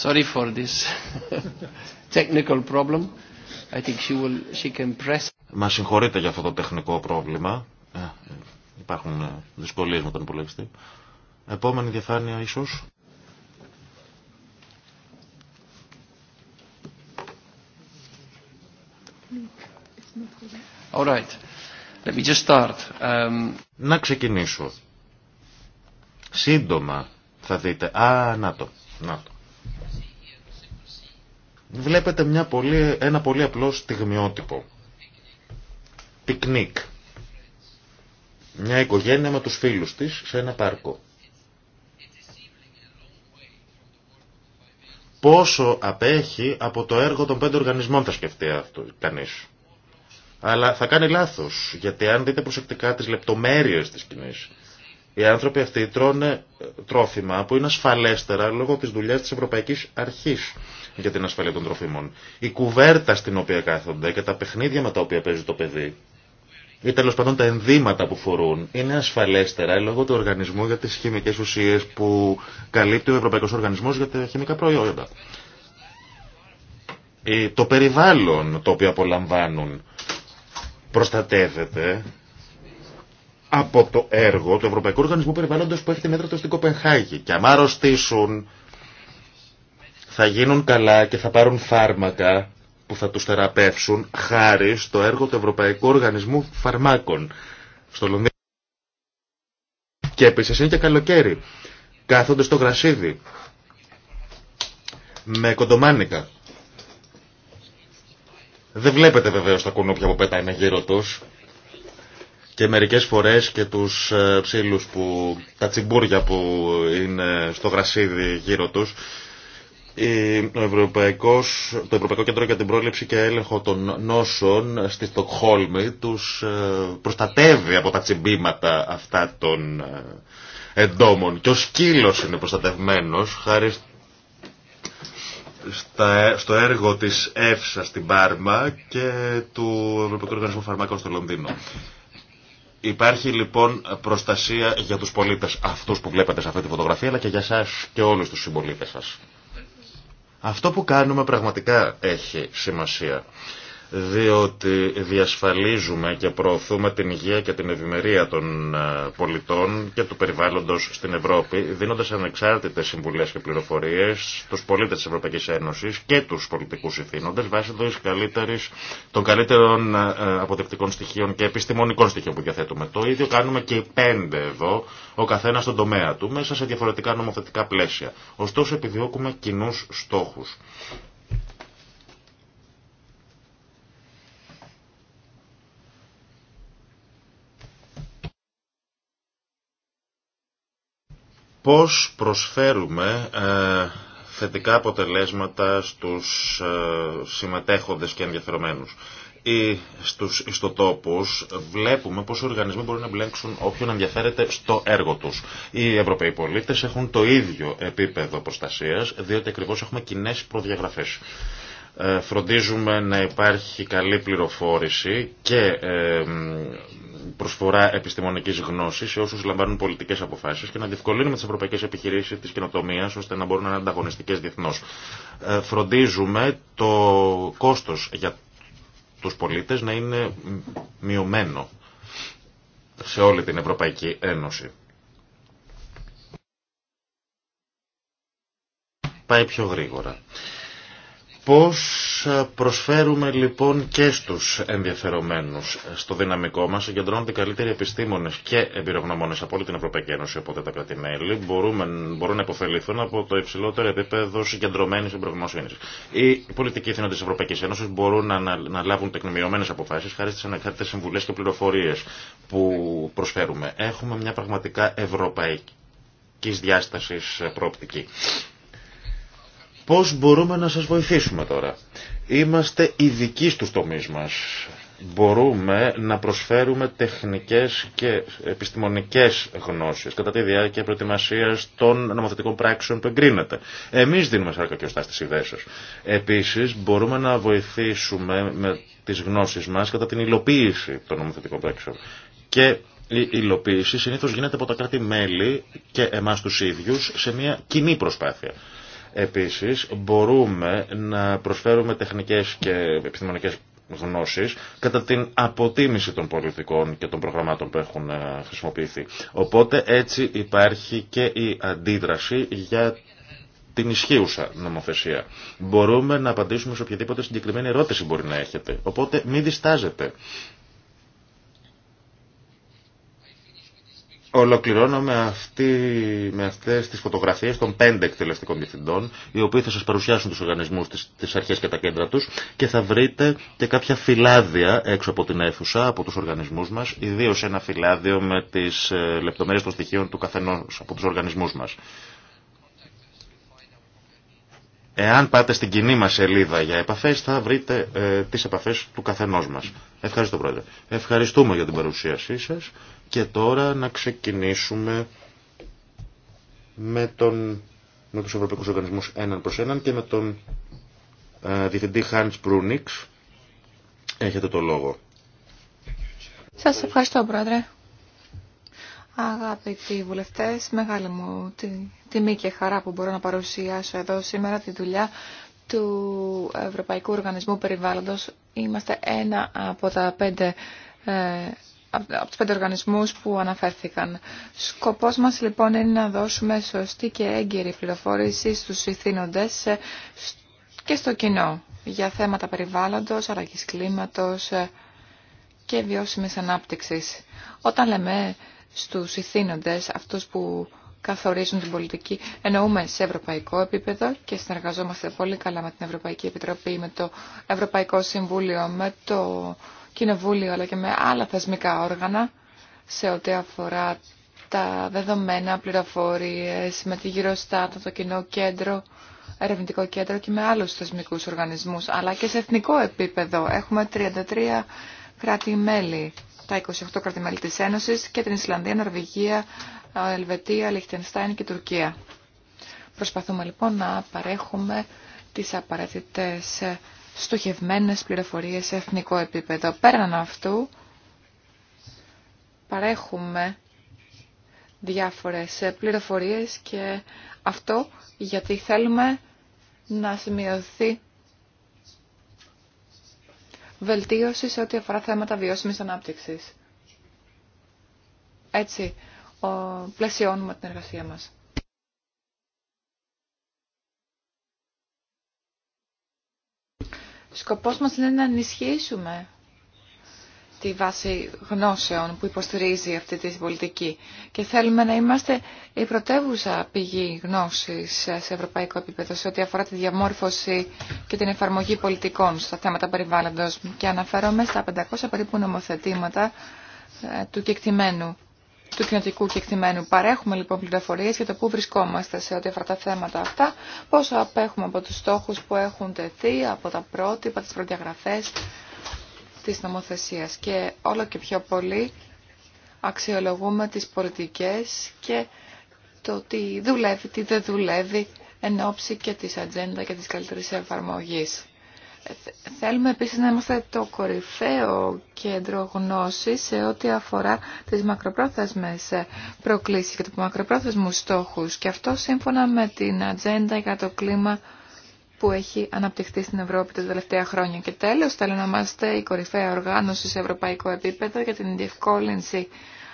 [SPEAKER 3] Sorry for this technical problem.
[SPEAKER 1] Μα συγχωρείτε για αυτό το τεχνικό πρόβλημα. Ε, υπάρχουν ε, δυσκολίες με τον υπολογιστή. Επόμενη διαφάνεια ίσως. All Let me just start. Um... Να ξεκινήσω. Σύντομα θα δείτε. Α, να το. Να το βλέπετε μια πολύ, ένα πολύ απλό στιγμιότυπο. Πικνίκ. Μια οικογένεια με τους φίλους της σε ένα πάρκο. Πόσο απέχει από το έργο των πέντε οργανισμών θα σκεφτεί αυτό κανείς. Αλλά θα κάνει λάθος, γιατί αν δείτε προσεκτικά τις λεπτομέρειες της κοινής, οι άνθρωποι αυτοί τρώνε τρόφιμα που είναι ασφαλέστερα λόγω της δουλειάς της Ευρωπαϊκής Αρχής για την ασφαλεία των τροφίμων. Η κουβέρτα στην οποία κάθονται και τα παιχνίδια με τα οποία παίζει το παιδί ή τέλο πάντων τα ενδύματα που φορούν είναι ασφαλέστερα λόγω του οργανισμού για τις χημικές ουσίες που καλύπτει ο Ευρωπαϊκός Οργανισμός για τα χημικά προϊόντα. Το περιβάλλον το οποίο απολαμβάνουν προστατεύεται από το έργο του Ευρωπαϊκού Οργανισμού Περιβάλλοντος που έχετε μέτρα του στην Κοπενχάγη. Και άμα αρρωστήσουν, θα γίνουν καλά και θα πάρουν φάρμακα που θα τους θεραπεύσουν χάρη στο έργο του Ευρωπαϊκού Οργανισμού Φαρμάκων στο Λονδίνο. Και επίσης είναι και καλοκαίρι. Κάθονται στο γρασίδι με κοντομάνικα. Δεν βλέπετε βεβαίως τα κουνούπια που πετάνε γύρω τους και μερικές φορές και τους ε, ψήλους που, τα τσιμπούρια που είναι στο γρασίδι γύρω τους. Ο Ευρωπαϊκός, το Ευρωπαϊκό Κέντρο για την Πρόληψη και Έλεγχο των Νόσων στη Στοκχόλμη τους ε, προστατεύει από τα τσιμπήματα αυτά των ε, εντόμων και ο σκύλος είναι προστατευμένος χάρη στο έργο της ΕΦΣΑ στην Πάρμα και του Ευρωπαϊκού Οργανισμού Φαρμάκων στο Λονδίνο. Υπάρχει λοιπόν προστασία για τους πολίτες, αυτούς που βλέπετε σε αυτή τη φωτογραφία, αλλά και για εσάς και όλους τους συμπολίτες σας. Αυτό που κάνουμε πραγματικά έχει σημασία διότι διασφαλίζουμε και προωθούμε την υγεία και την ευημερία των ε, πολιτών και του περιβάλλοντος στην Ευρώπη, δίνοντας ανεξάρτητες συμβουλές και πληροφορίες στους πολίτες της Ευρωπαϊκής Ένωσης και τους πολιτικούς ηθήνοντες βάσει των καλύτερων ε, αποδεκτικών στοιχείων και επιστημονικών στοιχείων που διαθέτουμε. Το ίδιο κάνουμε και οι πέντε εδώ, ο καθένας στον τομέα του, μέσα σε διαφορετικά νομοθετικά πλαίσια. Ωστόσο επιδιώκουμε κοινού στόχου. πώς προσφέρουμε ε, θετικά αποτελέσματα στους ε, συμμετέχοντες και ενδιαφερομένους ή στους ιστοτόπους βλέπουμε οι οργανισμοί μπορούν να μπλέξουν όποιον ενδιαφέρεται στο έργο τους. Οι Ευρωπαίοι πολίτες έχουν το ίδιο επίπεδο προστασίας, διότι ακριβώς έχουμε κοινέ προδιαγραφές. Ε, φροντίζουμε να υπάρχει καλή πληροφόρηση και προσφορά επιστημονικής γνώσης σε όσους λαμβάνουν πολιτικές αποφάσεις και να διευκολύνουμε τι ευρωπαϊκέ επιχειρήσει τη καινοτομία ώστε να μπορούν να είναι ανταγωνιστικές διεθνώς. Ε, φροντίζουμε το κόστος για τους πολίτες να είναι μειωμένο σε όλη την Ευρωπαϊκή Ένωση. Πάει πιο γρήγορα. Πώς προσφέρουμε λοιπόν και στους ενδιαφερομένους στο δυναμικό μας, συγκεντρώνονται καλύτεροι επιστήμονες και εμπειρογνωμόνες από όλη την Ευρωπαϊκή Ένωση, οπότε τα κρατημέλη μπορούμε, μπορούν να υποφεληθούν από το υψηλότερο επίπεδο συγκεντρωμένης εμπειρογνωμοσύνης. Οι πολιτικοί θύνοντες της Ευρωπαϊκής Ένωσης μπορούν να, να, να λάβουν τεκμηριωμένες αποφάσεις χάρη στις ανεξάρτητες συμβουλές και πληροφορίες που προσφέρουμε. Έχουμε μια πραγματικά ευρωπαϊκή διάσταση προοπτική. Πώς μπορούμε να σας βοηθήσουμε τώρα. Είμαστε ειδικοί στους τομείς μας. Μπορούμε να προσφέρουμε τεχνικές και επιστημονικές γνώσεις κατά τη διάρκεια προετοιμασίας των νομοθετικών πράξεων που εγκρίνεται. Εμείς δίνουμε σάρκα και οστά στις ιδέες σας. Επίσης μπορούμε να βοηθήσουμε με τις γνώσεις μας κατά την υλοποίηση των νομοθετικών πράξεων. Και η υλοποίηση συνήθως γίνεται από τα κράτη-μέλη και εμάς τους ίδιους σε μια κοινή προσπάθεια. Επίσης, μπορούμε να προσφέρουμε τεχνικές και επιστημονικές γνώσεις κατά την αποτίμηση των πολιτικών και των προγραμμάτων που έχουν ε, χρησιμοποιηθεί. Οπότε έτσι υπάρχει και η αντίδραση για την ισχύουσα νομοθεσία. Μπορούμε να απαντήσουμε σε οποιαδήποτε συγκεκριμένη ερώτηση μπορεί να έχετε. Οπότε μην διστάζετε. Ολοκληρώνω με, αυτή, με αυτές τις φωτογραφίες των πέντε εκτελεστικών διευθυντών, οι οποίοι θα σας παρουσιάσουν τους οργανισμούς, τις, τις αρχές και τα κέντρα τους και θα βρείτε και κάποια φυλάδια έξω από την αίθουσα, από τους οργανισμούς μας, ιδίως ένα φυλάδιο με τις ε, λεπτομέρειες των στοιχείων του καθενός από τους οργανισμούς μας. Εάν πάτε στην κοινή μας σελίδα για επαφές θα βρείτε ε, τις επαφές του καθενός μας. Ευχαριστώ πρόεδρε. Ευχαριστούμε για την παρουσίασή σας. Και τώρα να ξεκινήσουμε με, τον, με τους ευρωπαϊκούς οργανισμούς έναν προς έναν και με τον ε, διευθυντή Hans Brunix. Έχετε το λόγο.
[SPEAKER 2] Σας ευχαριστώ πρόεδρε. Αγαπητοί βουλευτές, μεγάλη μου τιμή και χαρά που μπορώ να παρουσιάσω εδώ σήμερα τη δουλειά του Ευρωπαϊκού Οργανισμού Περιβάλλοντος. Είμαστε ένα από τα πέντε ε, από τους πέντε οργανισμούς που αναφέρθηκαν. Σκοπός μας λοιπόν είναι να δώσουμε σωστή και έγκυρη πληροφόρηση στους ηθήνοντες ε, και στο κοινό για θέματα περιβάλλοντος, αλλαγής κλίματος ε, και βιώσιμης ανάπτυξης. Όταν λέμε στους ηθήνοντες, αυτούς που καθορίζουν την πολιτική, εννοούμε σε ευρωπαϊκό επίπεδο και συνεργαζόμαστε πολύ καλά με την Ευρωπαϊκή Επιτροπή, με το Ευρωπαϊκό Συμβούλιο, με το Κοινοβούλιο αλλά και με άλλα θεσμικά όργανα σε ό,τι αφορά τα δεδομένα, πληροφορίες, με τη Γυρωστάτα, το κοινό κέντρο, ερευνητικό κέντρο και με άλλους θεσμικούς οργανισμούς, αλλά και σε εθνικό επίπεδο. Έχουμε 33 κράτη-μέλη, τα 28 κράτη-μέλη της Ένωσης και την Ισλανδία, Νορβηγία, Ελβετία, Λιχτενστάιν και Τουρκία. Προσπαθούμε λοιπόν να παρέχουμε τις απαραίτητες Στοχευμένε πληροφορίες σε εθνικό επίπεδο. Πέραν αυτού, παρέχουμε διάφορες πληροφορίες και αυτό γιατί θέλουμε να σημειωθεί βελτίωση σε ό,τι αφορά θέματα βιώσιμης ανάπτυξης. Έτσι, πλαισιώνουμε την εργασία μας. Σκοπός μας είναι να ενισχύσουμε τη βάση γνώσεων που υποστηρίζει αυτή τη πολιτική και θέλουμε να είμαστε η πρωτεύουσα πηγή γνώσης σε ευρωπαϊκό επίπεδο σε ό,τι αφορά τη διαμόρφωση και την εφαρμογή πολιτικών στα θέματα περιβάλλοντος και αναφέρομαι στα 500 περίπου νομοθετήματα ε, του κεκτημένου του κοινοτικού κεκτημένου. Παρέχουμε λοιπόν πληροφορίες για το πού βρισκόμαστε σε ό,τι αφορά τα θέματα αυτά, πόσο απέχουμε από τους στόχους που έχουν τεθεί, από τα πρότυπα, τις προδιαγραφές της νομοθεσίας και όλο και πιο πολύ αξιολογούμε τις πολιτικές και το τι δουλεύει, τι δεν δουλεύει εν ώψη και της ατζέντα και της καλύτερης εφαρμογής. Θέλουμε επίσης να είμαστε το κορυφαίο κέντρο γνώσης σε ό,τι αφορά τις μακροπρόθεσμες προκλήσεις και τους μακροπρόθεσμους στόχους και αυτό σύμφωνα με την ατζέντα για το κλίμα που έχει αναπτυχθεί στην Ευρώπη τα τελευταία χρόνια. Και τέλος, θέλω να είμαστε η κορυφαία οργάνωση σε ευρωπαϊκό επίπεδο για την διευκόλυνση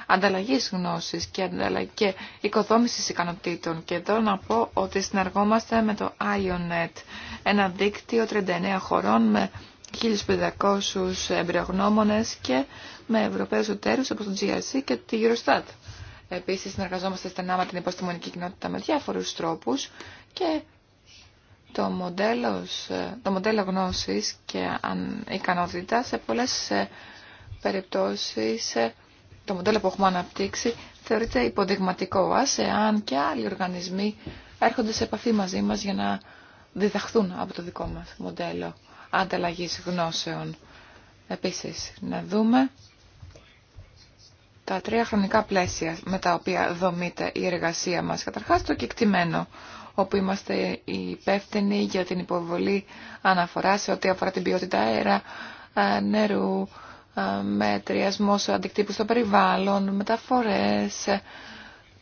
[SPEAKER 2] ανταλλαγής γνώσης και, και οικοδόμησης ικανοτήτων. Και εδώ να πω ότι συνεργόμαστε με το IONET, ένα δίκτυο 39 χωρών με 1.500 εμπειρογνώμονε και με Ευρωπαίου εταίρους όπω το GRC και τη Eurostat. Επίσης συνεργαζόμαστε στενά με την υποστημονική κοινότητα με διάφορου τρόπου και το μοντέλο, το μοντέλο γνώσης και ικανότητα σε πολλές ε, περιπτώσεις ε, το μοντέλο που έχουμε αναπτύξει θεωρείται υποδειγματικό. Ας εάν και άλλοι οργανισμοί έρχονται σε επαφή μαζί μας για να διδαχθούν από το δικό μας μοντέλο ανταλλαγή γνώσεων. Επίσης, να δούμε τα τρία χρονικά πλαίσια με τα οποία δομείται η εργασία μας. Καταρχάς το κεκτημένο, όπου είμαστε υπεύθυνοι για την υποβολή αναφορά σε ό,τι αφορά την ποιότητα αέρα, ε, νερού, ε, μετριασμός αντικτύπου στο περιβάλλον, μεταφορές, ε,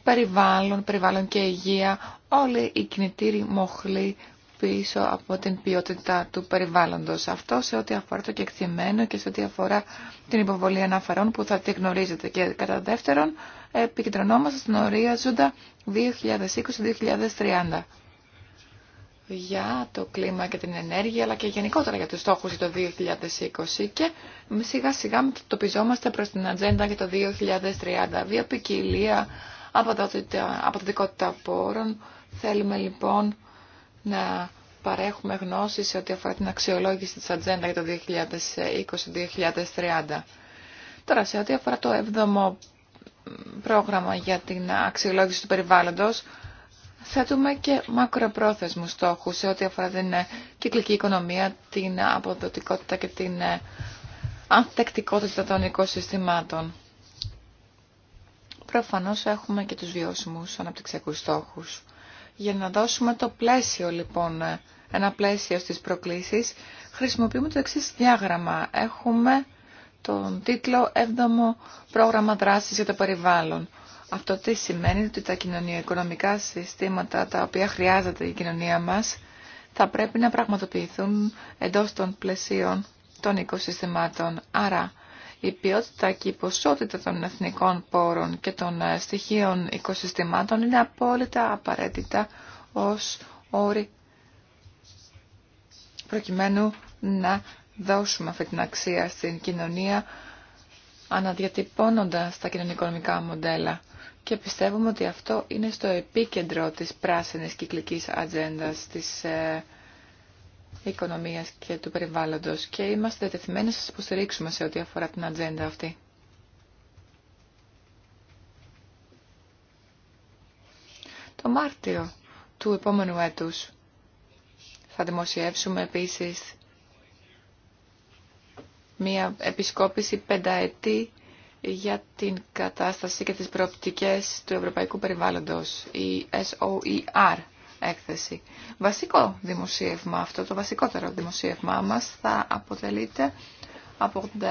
[SPEAKER 2] περιβάλλον, περιβάλλον και υγεία, όλοι οι κινητήροι μοχλοί πίσω από την ποιότητα του περιβάλλοντος. Αυτό σε ό,τι αφορά το κεκτημένο και σε ό,τι αφορά την υποβολή αναφορών που θα τη γνωρίζετε. Και κατά δεύτερον, επικεντρωνόμαστε στην ορία ζούντα 2020-2030 για το κλίμα και την ενέργεια, αλλά και γενικότερα για τους στόχους για το 2020 και σιγά σιγά τοπιζόμαστε προς την ατζέντα για το 2030. ποικιλία αποδοτικότητα πόρων. Θέλουμε λοιπόν να παρέχουμε γνώση σε ό,τι αφορά την αξιολόγηση της ατζέντα για το 2020-2030. Τώρα, σε ό,τι αφορά το 7ο πρόγραμμα για την αξιολόγηση του περιβάλλοντος, θέτουμε και μακροπρόθεσμους στόχους σε ό,τι αφορά την ε, κυκλική οικονομία, την αποδοτικότητα και την ε, ανθεκτικότητα των οικοσυστημάτων. Προφανώς έχουμε και τους βιώσιμους αναπτυξιακούς στόχους. Για να δώσουμε το πλαίσιο λοιπόν, ε, ένα πλαίσιο στις προκλήσεις, χρησιμοποιούμε το εξής διάγραμμα. Έχουμε τον τίτλο 7ο πρόγραμμα δράσης για το περιβάλλον. Αυτό τι σημαίνει ότι τα κοινωνιοοικονομικά συστήματα τα οποία χρειάζεται η κοινωνία μας θα πρέπει να πραγματοποιηθούν εντός των πλαισίων των οικοσυστημάτων. Άρα η ποιότητα και η ποσότητα των εθνικών πόρων και των ε, στοιχείων οικοσυστημάτων είναι απόλυτα απαραίτητα ως όροι προκειμένου να δώσουμε αυτή την αξία στην κοινωνία αναδιατυπώνοντας τα κοινωνικονομικά μοντέλα και πιστεύουμε ότι αυτό είναι στο επίκεντρο της πράσινης κυκλικής ατζέντα της ε, οικονομίας και του περιβάλλοντος και είμαστε τεθειμένοι να σας υποστηρίξουμε σε ό,τι αφορά την ατζέντα αυτή. Το Μάρτιο του επόμενου έτους θα δημοσιεύσουμε επίσης μία επισκόπηση πενταετή για την κατάσταση και τις προοπτικές του ευρωπαϊκού περιβάλλοντος, η SOER έκθεση. Βασικό δημοσίευμα αυτό, το βασικότερο δημοσίευμά μας θα αποτελείται από 87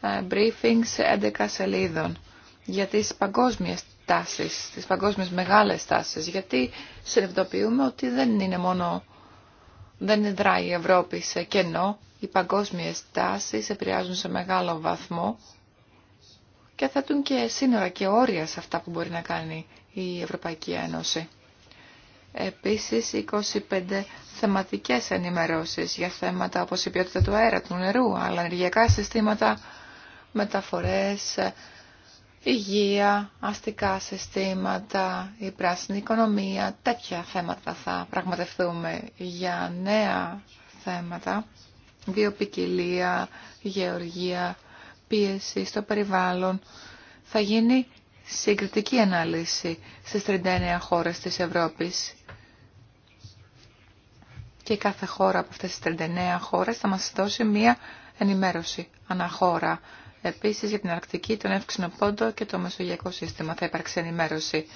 [SPEAKER 2] ε, briefings 11 σελίδων για τις παγκόσμιες τάσεις, τις παγκόσμιες μεγάλες τάσεις, γιατί συνειδητοποιούμε ότι δεν είναι μόνο δεν δράει η Ευρώπη σε κενό, οι παγκόσμιες τάσεις επηρεάζουν σε μεγάλο βαθμό και θέτουν και σύνορα και όρια σε αυτά που μπορεί να κάνει η Ευρωπαϊκή Ένωση. Επίσης, 25 θεματικές ενημερώσεις για θέματα όπως η ποιότητα του αέρα, του νερού, άλλα ενεργειακά συστήματα, μεταφορές, υγεία, αστικά συστήματα, η πράσινη οικονομία, τέτοια θέματα θα πραγματευτούμε για νέα θέματα, βιοπικιλία, γεωργία, πίεση στο περιβάλλον θα γίνει συγκριτική ανάλυση στις 39 χώρες της Ευρώπης. Και κάθε χώρα από αυτές τις 39 χώρες θα μας δώσει μία ενημέρωση αναχώρα. Επίσης για την Αρκτική, τον Εύξηνο Πόντο και το Μεσογειακό Σύστημα θα υπάρξει ενημέρωση.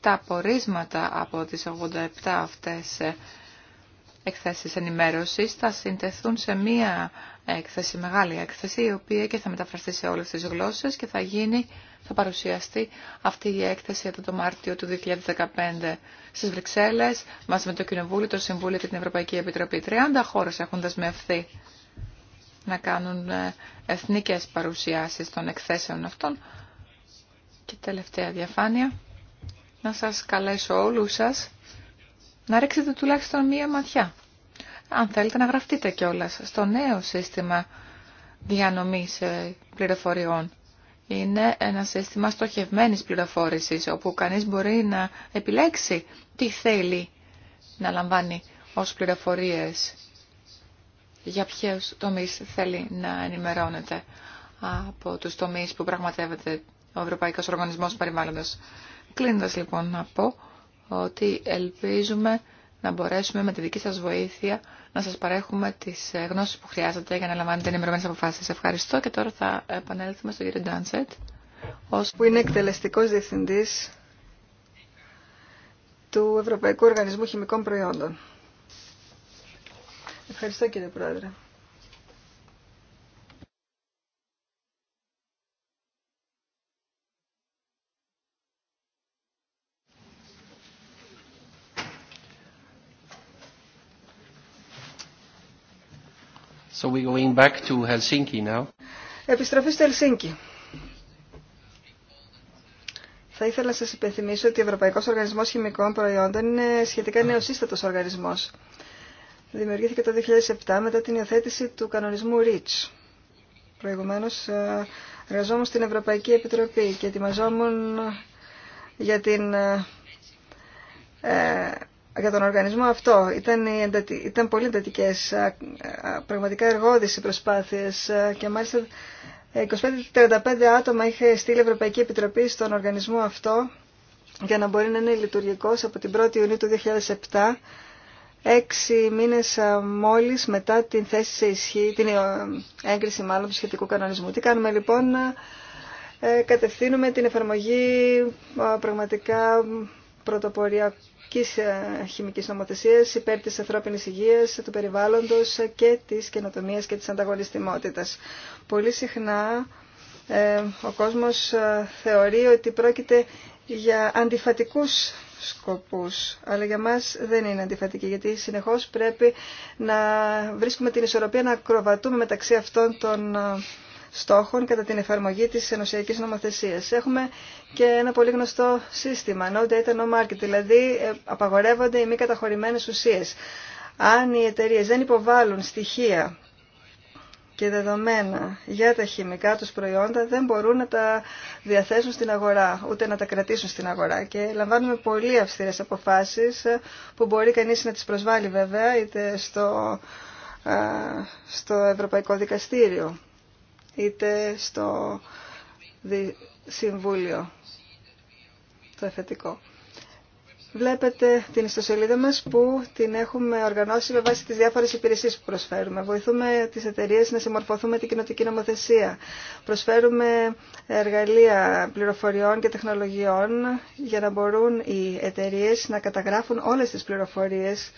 [SPEAKER 2] Τα απορίσματα από τις 87 αυτές εκθέσεις ενημέρωσης θα συντεθούν σε μία έκθεση, μεγάλη έκθεση, η οποία και θα μεταφραστεί σε όλες τις γλώσσες και θα γίνει, θα παρουσιαστεί αυτή η έκθεση από το Μάρτιο του 2015 στις Βρυξέλλες, μαζί με το Κοινοβούλιο, το Συμβούλιο και την Ευρωπαϊκή Επιτροπή. 30 χώρες έχουν δεσμευθεί να κάνουν ε, εθνικές παρουσιάσεις των εκθέσεων αυτών. Και τελευταία διαφάνεια, να σας καλέσω όλους σας να ρίξετε τουλάχιστον μία ματιά. Αν θέλετε να γραφτείτε κιόλα στο νέο σύστημα διανομής ε, πληροφοριών. Είναι ένα σύστημα στοχευμένης πληροφόρησης, όπου κανείς μπορεί να επιλέξει τι θέλει να λαμβάνει ως πληροφορίες, για ποιους τομείς θέλει να ενημερώνεται από τους τομείς που πραγματεύεται ο Ευρωπαϊκός Οργανισμός Περιβάλλοντος. Κλείνοντας λοιπόν να πω ότι ελπίζουμε να μπορέσουμε με τη δική σας βοήθεια να σας παρέχουμε τις ε, γνώσεις που χρειάζεται για να λαμβάνετε ενημερωμένες αποφάσεις. Ευχαριστώ
[SPEAKER 3] και τώρα θα επανέλθουμε στον κύριο Ντάνσετ. Που είναι εκτελεστικός διευθυντής του Ευρωπαϊκού Οργανισμού Χημικών Προϊόντων. Ευχαριστώ κύριε Πρόεδρε.
[SPEAKER 2] So going back to Helsinki now.
[SPEAKER 3] Επιστροφή στο Ελσίνκι. Θα ήθελα να σα υπενθυμίσω ότι ο Ευρωπαϊκός Οργανισμός Χημικών Προϊόντων είναι σχετικά νεοσύστατο οργανισμός. Δημιουργήθηκε το 2007 μετά την υιοθέτηση του κανονισμού REACH. Προηγουμένως ε, εργαζόμουν στην Ευρωπαϊκή Επιτροπή και ετοιμαζόμουν για την ε, ε, για τον οργανισμό αυτό. Ήταν, ήταν πολύ εντατικέ, πραγματικά οι προσπάθειε. και μάλιστα 25-35 άτομα είχε στείλει η Ευρωπαϊκή Επιτροπή στον οργανισμό αυτό για να μπορεί να είναι λειτουργικό από την 1η Ιουνίου του 2007 έξι μήνε μόλι μετά την θέση σε ισχύ, την ε, έγκριση μάλλον του σχετικού κανονισμού. Τι κάνουμε λοιπόν, ε, κατευθύνουμε την εφαρμογή πραγματικά πρωτοποριακής ε, χημικής νομοθεσίας υπέρ της ανθρώπινης υγείας, του περιβάλλοντος και της καινοτομίας και της ανταγωνιστημότητας. Πολύ συχνά ε, ο κόσμος ε, θεωρεί ότι πρόκειται για αντιφατικούς σκοπούς, αλλά για μας δεν είναι αντιφατική, γιατί συνεχώς πρέπει να βρίσκουμε την ισορροπία να ακροβατούμε μεταξύ αυτών των στόχων κατά την εφαρμογή της ενωσιακής νομοθεσίας. Έχουμε και ένα πολύ γνωστό σύστημα, no data, no market, δηλαδή ε, απαγορεύονται οι μη καταχωρημένες ουσίες. Αν οι εταιρείε δεν υποβάλλουν στοιχεία και δεδομένα για τα χημικά τους προϊόντα δεν μπορούν να τα διαθέσουν στην αγορά, ούτε να τα κρατήσουν στην αγορά. Και λαμβάνουμε πολύ αυστηρές αποφάσεις ε, που μπορεί κανείς να τις προσβάλλει βέβαια είτε στο, ε, στο Ευρωπαϊκό Δικαστήριο είτε στο Συμβούλιο, το εφετικό. Βλέπετε την ιστοσελίδα μας που την έχουμε οργανώσει με βάση τις διάφορες υπηρεσίες που προσφέρουμε. Βοηθούμε τις εταιρείες να συμμορφωθούμε την κοινοτική νομοθεσία. Προσφέρουμε εργαλεία πληροφοριών και τεχνολογιών για να μπορούν οι εταιρείες να καταγράφουν όλες τις πληροφορίες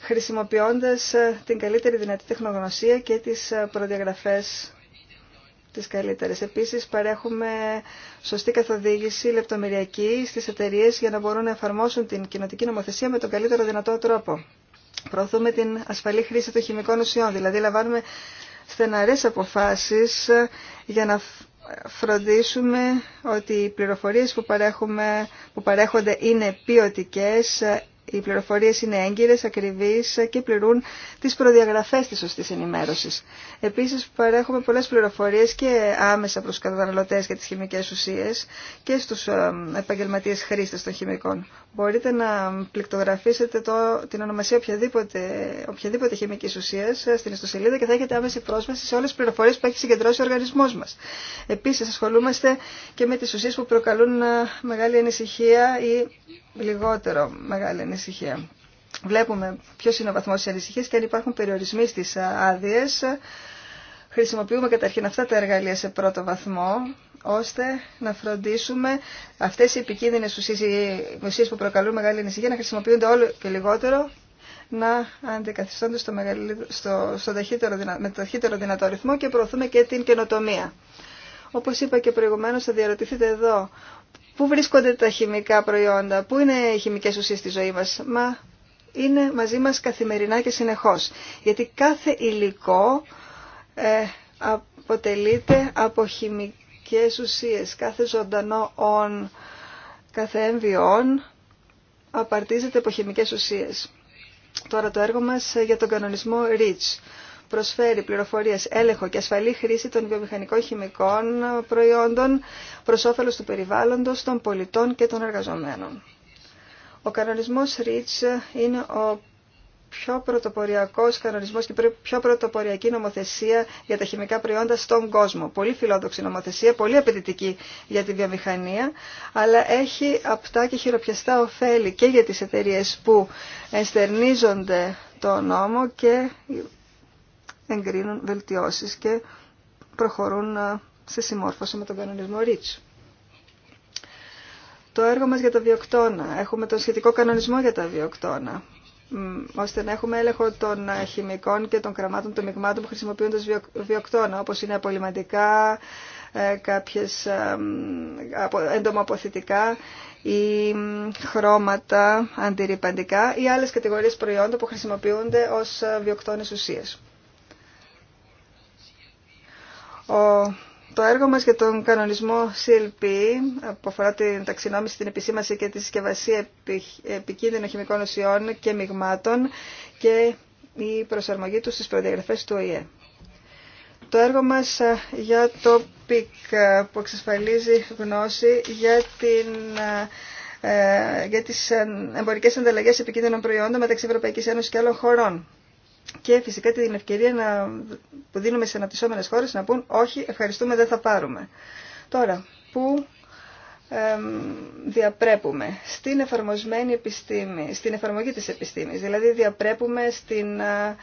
[SPEAKER 3] χρησιμοποιώντας ε, την καλύτερη δυνατή τεχνογνωσία και τις ε, προδιαγραφές τις καλύτερες. Επίσης παρέχουμε σωστή καθοδήγηση λεπτομεριακή στις εταιρείες για να μπορούν να εφαρμόσουν την κοινοτική νομοθεσία με τον καλύτερο δυνατό τρόπο. Προωθούμε την ασφαλή χρήση των χημικών ουσιών, δηλαδή λαμβάνουμε στεναρές αποφάσεις ε, για να φροντίσουμε ότι οι πληροφορίες που, που παρέχονται είναι ποιοτικές, οι πληροφορίες είναι έγκυρες, ακριβείς και πληρούν τις προδιαγραφές της σωστής ενημέρωσης. Επίσης παρέχουμε πολλές πληροφορίες και άμεσα προς καταναλωτές για τις χημικές ουσίες και στους ε, επαγγελματίες χρήστες των χημικών. Μπορείτε να πληκτογραφήσετε το, την ονομασία οποιαδήποτε, οποιαδήποτε χημική ουσία ε, στην ιστοσελίδα και θα έχετε άμεση πρόσβαση σε όλε τι πληροφορίε που έχει συγκεντρώσει ο οργανισμό μα. Επίση, ασχολούμαστε και με τι ουσίε που προκαλούν ε, μεγάλη ανησυχία ή λιγότερο μεγάλη ανησυχία. Βλέπουμε ποιος είναι ο βαθμός της ανησυχίας και αν υπάρχουν περιορισμοί στις άδειε. Χρησιμοποιούμε καταρχήν αυτά τα εργαλεία σε πρώτο βαθμό, ώστε να φροντίσουμε αυτές οι επικίνδυνες ουσίες, οι ουσίες που προκαλούν μεγάλη ανησυχία να χρησιμοποιούνται όλο και λιγότερο να αντικαθιστώνται στο, στο, στο ταχύτερο, με το ταχύτερο δυνατό ρυθμό και προωθούμε και την καινοτομία. Όπως είπα και προηγουμένως, θα διαρωτηθείτε εδώ Πού βρίσκονται τα χημικά προϊόντα, πού είναι οι χημικές ουσίες στη ζωή μας. Μα είναι μαζί μας καθημερινά και συνεχώς. Γιατί κάθε υλικό ε, αποτελείται από χημικές ουσίες. Κάθε ζωντανό όν, κάθε εμβιόν απαρτίζεται από χημικές ουσίες. Τώρα το έργο μας για τον κανονισμό REACH προσφέρει πληροφορίες, έλεγχο και ασφαλή χρήση των βιομηχανικών χημικών προϊόντων προς όφελος του περιβάλλοντος, των πολιτών και των εργαζομένων. Ο κανονισμός REACH είναι ο πιο πρωτοποριακό κανονισμό και πιο πρωτοποριακή νομοθεσία για τα χημικά προϊόντα στον κόσμο. Πολύ φιλόδοξη νομοθεσία, πολύ απαιτητική για τη βιομηχανία, αλλά έχει απτά και χειροπιαστά ωφέλη και για τι εταιρείε που ενστερνίζονται το νόμο και εγκρίνουν βελτιώσεις και προχωρούν ε, σε συμμόρφωση με τον κανονισμό REACH. Το έργο μας για τα βιοκτώνα. Έχουμε τον σχετικό κανονισμό για τα βιοκτώνα ώστε να έχουμε έλεγχο των ε, χημικών και των κραμάτων των μειγμάτων που χρησιμοποιούν τους βιοκτώνα, όπως είναι απολυμαντικά, ε, κάποιες εντομοποθητικά ή χρώματα αντιρρυπαντικά ή άλλες κατηγορίες προϊόντων που χρησιμοποιούνται ως βιοκτώνες ουσίες το έργο μας για τον κανονισμό CLP που αφορά την ταξινόμηση, την επισήμαση και τη συσκευασία επικίνδυνων χημικών ουσιών και μειγμάτων και η προσαρμογή του στις προδιαγραφές του ΟΗΕ. Το έργο μας ε, για το PIC, που εξασφαλίζει γνώση για, την, ε, ε, για τις εμπορικές ανταλλαγές επικίνδυνων προϊόντων μεταξύ Ευρωπαϊκής Ένωσης και άλλων χωρών και φυσικά την ευκαιρία να, που δίνουμε σε αναπτυσσόμενες χώρες να πούν όχι, ευχαριστούμε, δεν θα πάρουμε. Τώρα, πού διαπρέπουμε στην εφαρμοσμένη επιστήμη, στην εφαρμογή της επιστήμης, δηλαδή διαπρέπουμε στην ε,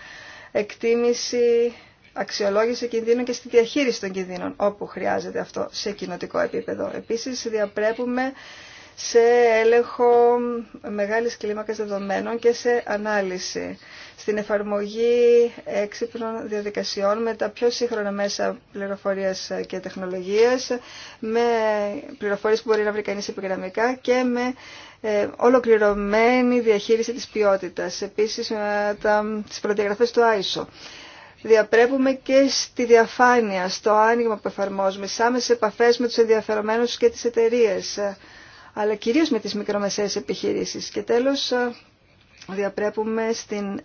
[SPEAKER 3] εκτίμηση, αξιολόγηση κινδύνων και στη διαχείριση των κινδύνων όπου χρειάζεται αυτό σε κοινοτικό επίπεδο. Επίσης διαπρέπουμε σε έλεγχο μεγάλης κλίμακας δεδομένων και σε ανάλυση, στην εφαρμογή έξυπνων διαδικασιών με τα πιο σύγχρονα μέσα πληροφορίας και τεχνολογίας, με πληροφορίες που μπορεί να βρει κανεί επιγραμμικά και με ε, ολοκληρωμένη διαχείριση της ποιότητας, επίσης με τα, τις προδιαγραφές του ISO διαπρέπουμε και στη διαφάνεια, στο άνοιγμα που εφαρμόζουμε, στι άμεσε επαφέ με του ενδιαφερομένου και τι εταιρείε, αλλά κυρίως με τις μικρομεσαίες επιχειρήσεις. Και τέλος, διαπρέπουμε στην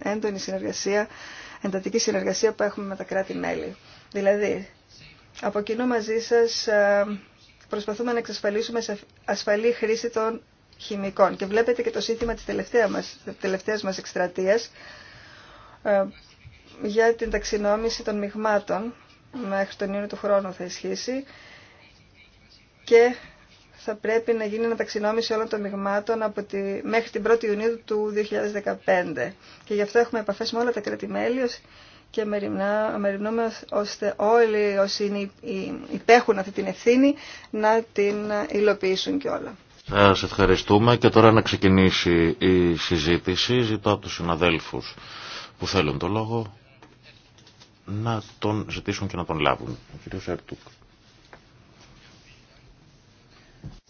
[SPEAKER 3] έντονη συνεργασία, εντατική συνεργασία που έχουμε με τα κράτη-μέλη. Δηλαδή, από κοινού μαζί σας προσπαθούμε να εξασφαλίσουμε ασφαλή χρήση των χημικών. Και βλέπετε και το σύνθημα της τελευταίας μας, μας για την ταξινόμηση των μειγμάτων μέχρι τον Ιούνιο του χρόνου θα ισχύσει και θα πρέπει να γίνει αναταξινόμηση όλων των μειγμάτων από τη, μέχρι την 1η Ιουνίου του 2015. Και γι' αυτό έχουμε επαφέ με όλα τα κρατημέλη και μεριμνούμε ώστε όλοι όσοι υπέχουν αυτή την ευθύνη να την υλοποιήσουν και όλα.
[SPEAKER 1] Ε, Σας ευχαριστούμε και τώρα να ξεκινήσει η συζήτηση. Ζητώ από τους συναδέλφους που θέλουν το λόγο να τον ζητήσουν και να τον λάβουν. Ο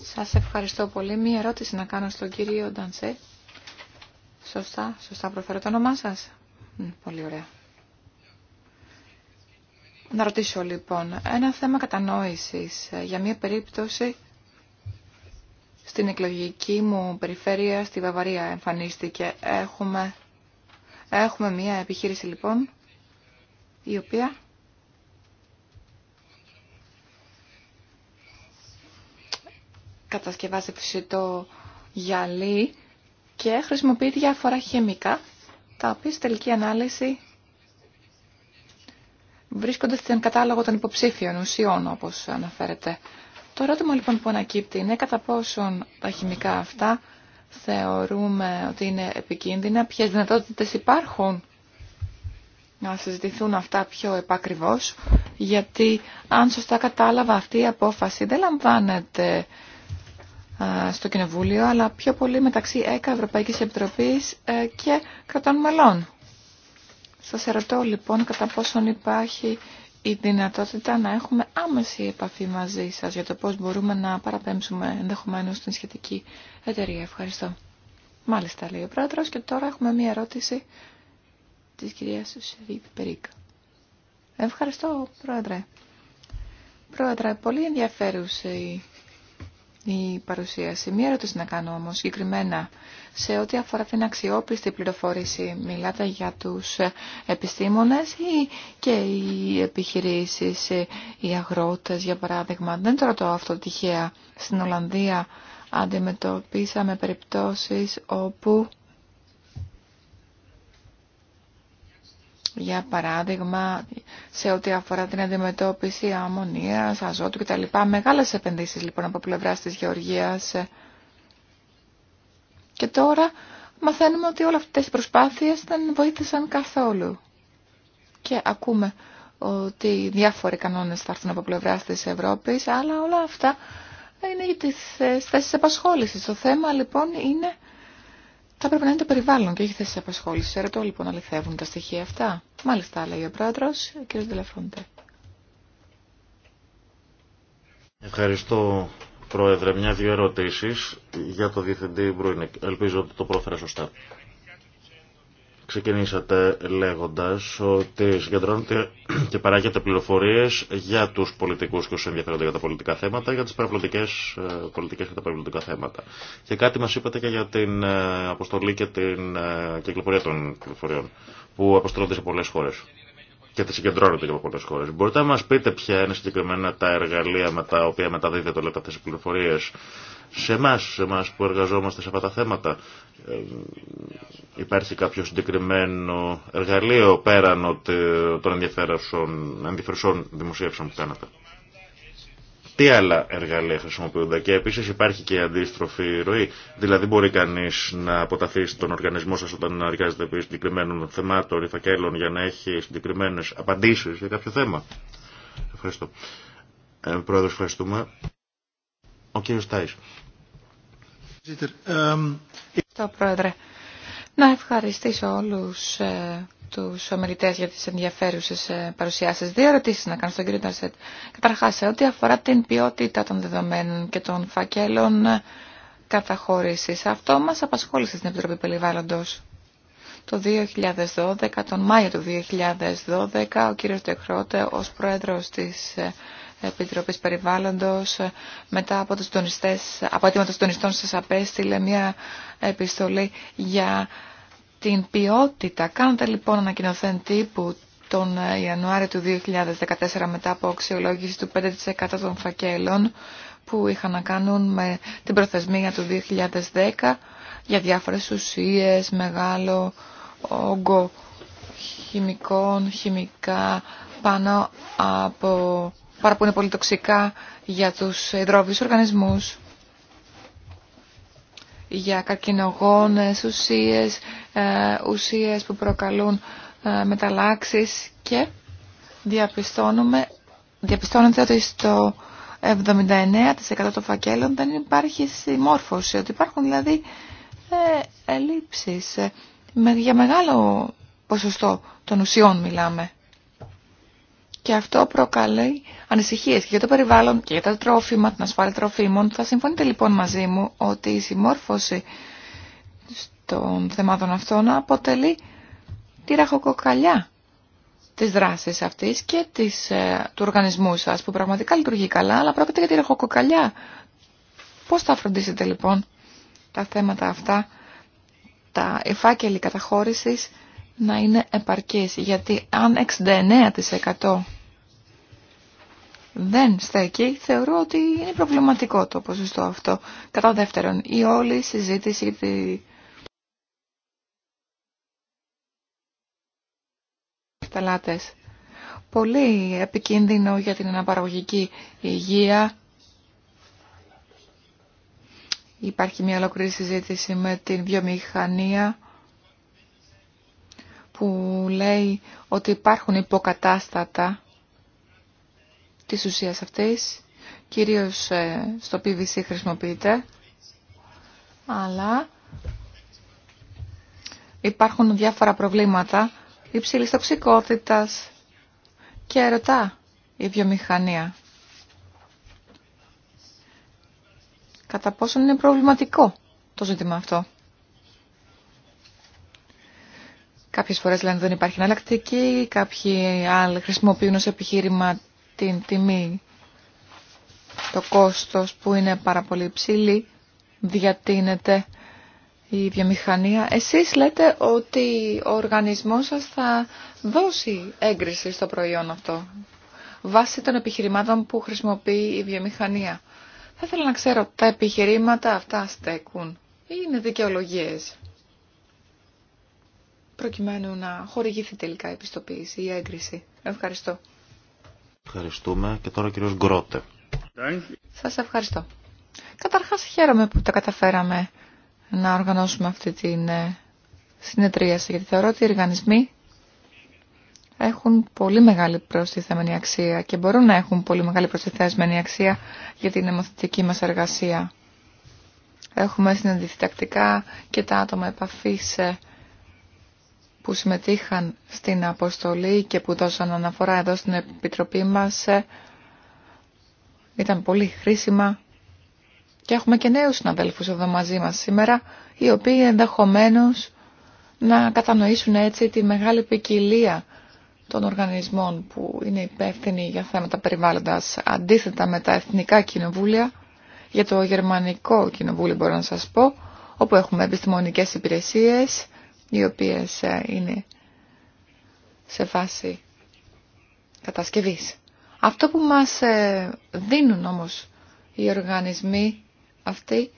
[SPEAKER 2] σας ευχαριστώ πολύ. Μία ερώτηση να κάνω στον κύριο Νταντσέ. Σωστά, σωστά προφέρω το όνομά σας. Πολύ ωραία. Να ρωτήσω λοιπόν, ένα θέμα κατανόησης ε, για μια περίπτωση στην εκλογική μου περιφέρεια στη Βαβαρία εμφανίστηκε. Έχουμε, έχουμε μια επιχείρηση λοιπόν η οποία ...κατασκευάζει φυσικό γυαλί και χρησιμοποιεί διάφορα χημικά, τα οποία στη τελική ανάλυση βρίσκονται στην κατάλογο των υποψήφιων ουσιών, όπως αναφέρεται. Το ερώτημα λοιπόν που ανακύπτει είναι κατά πόσον τα χημικά αυτά θεωρούμε ότι είναι επικίνδυνα, ποιες δυνατότητες υπάρχουν να συζητηθούν αυτά πιο επακριβώς, γιατί αν σωστά κατάλαβα αυτή η απόφαση δεν λαμβάνεται στο Κοινοβούλιο, αλλά πιο πολύ μεταξύ ΕΚΑ, Ευρωπαϊκής Επιτροπής ε, και κρατών μελών. Σας ερωτώ λοιπόν κατά πόσον υπάρχει η δυνατότητα να έχουμε άμεση επαφή μαζί σας για το πώς μπορούμε να παραπέμψουμε ενδεχομένως την σχετική εταιρεία. Ευχαριστώ. Μάλιστα λέει ο πρόεδρος και τώρα έχουμε μία ερώτηση της κυρίας Σερίτ Περίκ. Ευχαριστώ πρόεδρε. Πρόεδρε, πολύ ενδιαφέρουσε η η παρουσίαση. Μία ερώτηση να κάνω όμως συγκεκριμένα. Σε ό,τι αφορά την αξιόπιστη πληροφόρηση, μιλάτε για τους επιστήμονες ή και οι επιχειρήσεις, οι αγρότες για παράδειγμα. Δεν το ρωτώ αυτό τυχαία. Στην Ολλανδία αντιμετωπίσαμε περιπτώσεις όπου για παράδειγμα σε ό,τι αφορά την αντιμετώπιση αμμονίας, αζότου κτλ. Μεγάλες επενδύσεις λοιπόν από πλευρά της Γεωργίας. Και τώρα μαθαίνουμε ότι όλες αυτές οι προσπάθειες δεν βοήθησαν καθόλου. Και ακούμε ότι διάφοροι κανόνες θα έρθουν από πλευρά της Ευρώπης, αλλά όλα αυτά είναι για τις θέσεις επασχόλησης. Το θέμα λοιπόν είναι θα πρέπει να είναι το περιβάλλον και έχει θέσει απασχόληση. Ρωτώ λοιπόν αληθεύουν τα στοιχεία αυτά. Μάλιστα, λέει ο πρόεδρο, ο κ. Ντελαφρόντε.
[SPEAKER 1] Ευχαριστώ, Πρόεδρε. Μια-δύο ερωτήσει για το Διευθυντή Μπρούινεκ. Ελπίζω ότι το πρόφερα σωστά. Ξεκινήσατε λέγοντας ότι συγκεντρώνετε και παράγεται πληροφορίες για τους πολιτικούς και όσους ενδιαφέρονται για τα πολιτικά θέματα, για τις παραπλωτικές ε, πολιτικές και τα παραπλωτικά θέματα. Και κάτι μας είπατε και για την ε, αποστολή και την ε, κυκλοφορία των πληροφοριών που αποστολούνται σε πολλές χώρες και τη συγκεντρώνεται και από πολλέ χώρε. Μπορείτε να μα πείτε ποια είναι συγκεκριμένα τα εργαλεία με τα οποία μεταδίδεται όλε αυτέ τι πληροφορίε σε εμά σε εμάς που εργαζόμαστε σε αυτά τα θέματα. Ε, υπάρχει κάποιο συγκεκριμένο εργαλείο πέραν των ενδιαφέρουσων δημοσίευσεων που κάνατε. Τι άλλα εργαλεία χρησιμοποιούνται και επίσης υπάρχει και η αντίστροφη ροή. Δηλαδή μπορεί κανείς να αποταθεί στον οργανισμό σας όταν εργάζεται επί συγκεκριμένων θεμάτων ή φακέλων για να έχει συγκεκριμένες απαντήσεις για κάποιο θέμα. Ευχαριστώ. Ε, πρόεδρος, ευχαριστούμε. Ο κύριο Τάι. Um, Ευχαριστώ, Πρόεδρε.
[SPEAKER 2] Να ευχαριστήσω όλους ε, τους ομιλητές για τις ενδιαφέρουσες ε, παρουσιάσεις. Δύο ερωτήσεις να κάνω στον κύριο Ταρσέτ. Καταρχάς, σε ό,τι αφορά την ποιότητα των δεδομένων και των φακέλων ε, καταχώρησης, αυτό μας απασχόλησε στην Επιτροπή Περιβάλλοντος. Το 2012, τον Μάιο του 2012, ο κύριος Τεχρότε ως πρόεδρος της ε, Επιτροπής Περιβάλλοντος μετά από, τους τονιστές, από αίτημα των συντονιστών σας απέστειλε μια επιστολή για την ποιότητα. Κάντε λοιπόν ανακοινωθέν τύπου τον Ιανουάριο του 2014 μετά από αξιολόγηση του 5% των φακέλων που είχαν να κάνουν με την προθεσμία του 2010 για διάφορες ουσίες, μεγάλο όγκο χημικών, χημικά, πάνω από πάρα που είναι πολύ τοξικά για τους υδρόβιους οργανισμούς, για καρκινογόνες, ουσίες, ε, ουσίες που προκαλούν ε, μεταλλάξεις και διαπιστώνουμε, διαπιστώνεται ότι στο 79% των φακέλων δεν υπάρχει συμμόρφωση, ότι υπάρχουν δηλαδή ε, ελλείψεις. για μεγάλο ποσοστό των ουσιών μιλάμε. Και αυτό προκαλεί ανησυχίες και για το περιβάλλον και για τα τρόφιμα, την ασφάλεια τροφίμων. Θα συμφωνείτε λοιπόν μαζί μου ότι η συμμόρφωση των θεμάτων αυτών αποτελεί τη ραχοκοκαλιά της δράσης αυτής και της, ε, του οργανισμού σας που πραγματικά λειτουργεί καλά, αλλά πρόκειται για τη ραχοκοκαλιά. Πώς θα φροντίσετε λοιπόν τα θέματα αυτά, τα εφάκελοι καταχώρησης να είναι επαρκής, γιατί αν 69% δεν στέκει, θεωρώ ότι είναι προβληματικό το ποσοστό αυτό. Κατά δεύτερον, η όλη συζήτηση Πελάτες. Πολύ επικίνδυνο για την αναπαραγωγική υγεία. Υπάρχει μια ολόκληρη συζήτηση με την βιομηχανία που λέει ότι υπάρχουν υποκατάστατα της ουσίας αυτής, κυρίως ε, στο PVC χρησιμοποιείται, αλλά υπάρχουν διάφορα προβλήματα υψηλής τοξικότητας και ερωτά η βιομηχανία. Κατά πόσον είναι προβληματικό το ζήτημα αυτό. Κάποιες φορές λένε ότι δεν υπάρχει εναλλακτική, κάποιοι άλλοι χρησιμοποιούν ως επιχείρημα την τιμή, το κόστος που είναι πάρα πολύ ψηλή, διατείνεται η βιομηχανία. Εσείς λέτε ότι ο οργανισμός σας θα δώσει έγκριση στο προϊόν αυτό, βάσει των επιχειρημάτων που χρησιμοποιεί η βιομηχανία. Θα ήθελα να ξέρω, τα επιχειρήματα αυτά στέκουν ή είναι δικαιολογίες προκειμένου να χορηγηθεί τελικά η επιστοποίηση ή έγκριση. Ευχαριστώ.
[SPEAKER 1] Ευχαριστούμε. Και τώρα ο κύριος Γκρότε.
[SPEAKER 2] Σας ευχαριστώ. Καταρχάς χαίρομαι που τα καταφέραμε να οργανώσουμε αυτή την ε, συνεδρίαση, γιατί θεωρώ ότι οι οργανισμοί έχουν πολύ μεγάλη προστιθέμενη αξία και μπορούν να έχουν πολύ μεγάλη προστιθέμενη αξία για την αιμοθετική μας εργασία. Έχουμε συναντηθεί τακτικά και τα άτομα επαφή. Ε, που συμμετείχαν στην αποστολή και που δώσαν αναφορά εδώ στην Επιτροπή μας ε, ήταν πολύ χρήσιμα και έχουμε και νέους συναδέλφους εδώ μαζί μας σήμερα οι οποίοι ενδεχομένως να κατανοήσουν έτσι τη μεγάλη ποικιλία των οργανισμών που είναι υπεύθυνοι για θέματα περιβάλλοντας αντίθετα με τα εθνικά κοινοβούλια για το γερμανικό κοινοβούλιο μπορώ να σας πω όπου έχουμε επιστημονικές υπηρεσίες οι οποίες ε, είναι σε φάση κατασκευής. Αυτό που μας ε, δίνουν όμως οι οργανισμοί αυτοί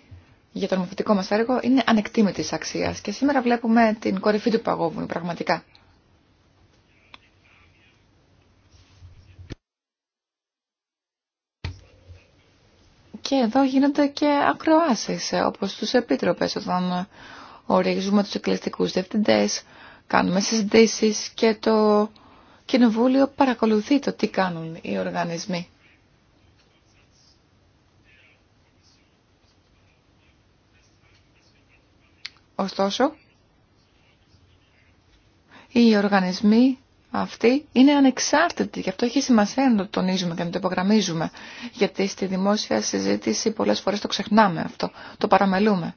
[SPEAKER 2] για το νομοθετικό μας έργο είναι ανεκτήμητης αξίας και σήμερα βλέπουμε την κορυφή του παγόβουνου πραγματικά. Και εδώ γίνονται και ακροάσεις, ε, όπως τους επίτροπες, όταν ορίζουμε τους εκκληστικούς διευθυντές, κάνουμε συζητήσεις και το Κοινοβούλιο παρακολουθεί το τι κάνουν οι οργανισμοί. Ωστόσο, οι οργανισμοί αυτοί είναι ανεξάρτητοι. Γι' αυτό έχει σημασία να το τονίζουμε και να το υπογραμμίζουμε. Γιατί στη δημόσια συζήτηση πολλές φορές το ξεχνάμε αυτό, το παραμελούμε.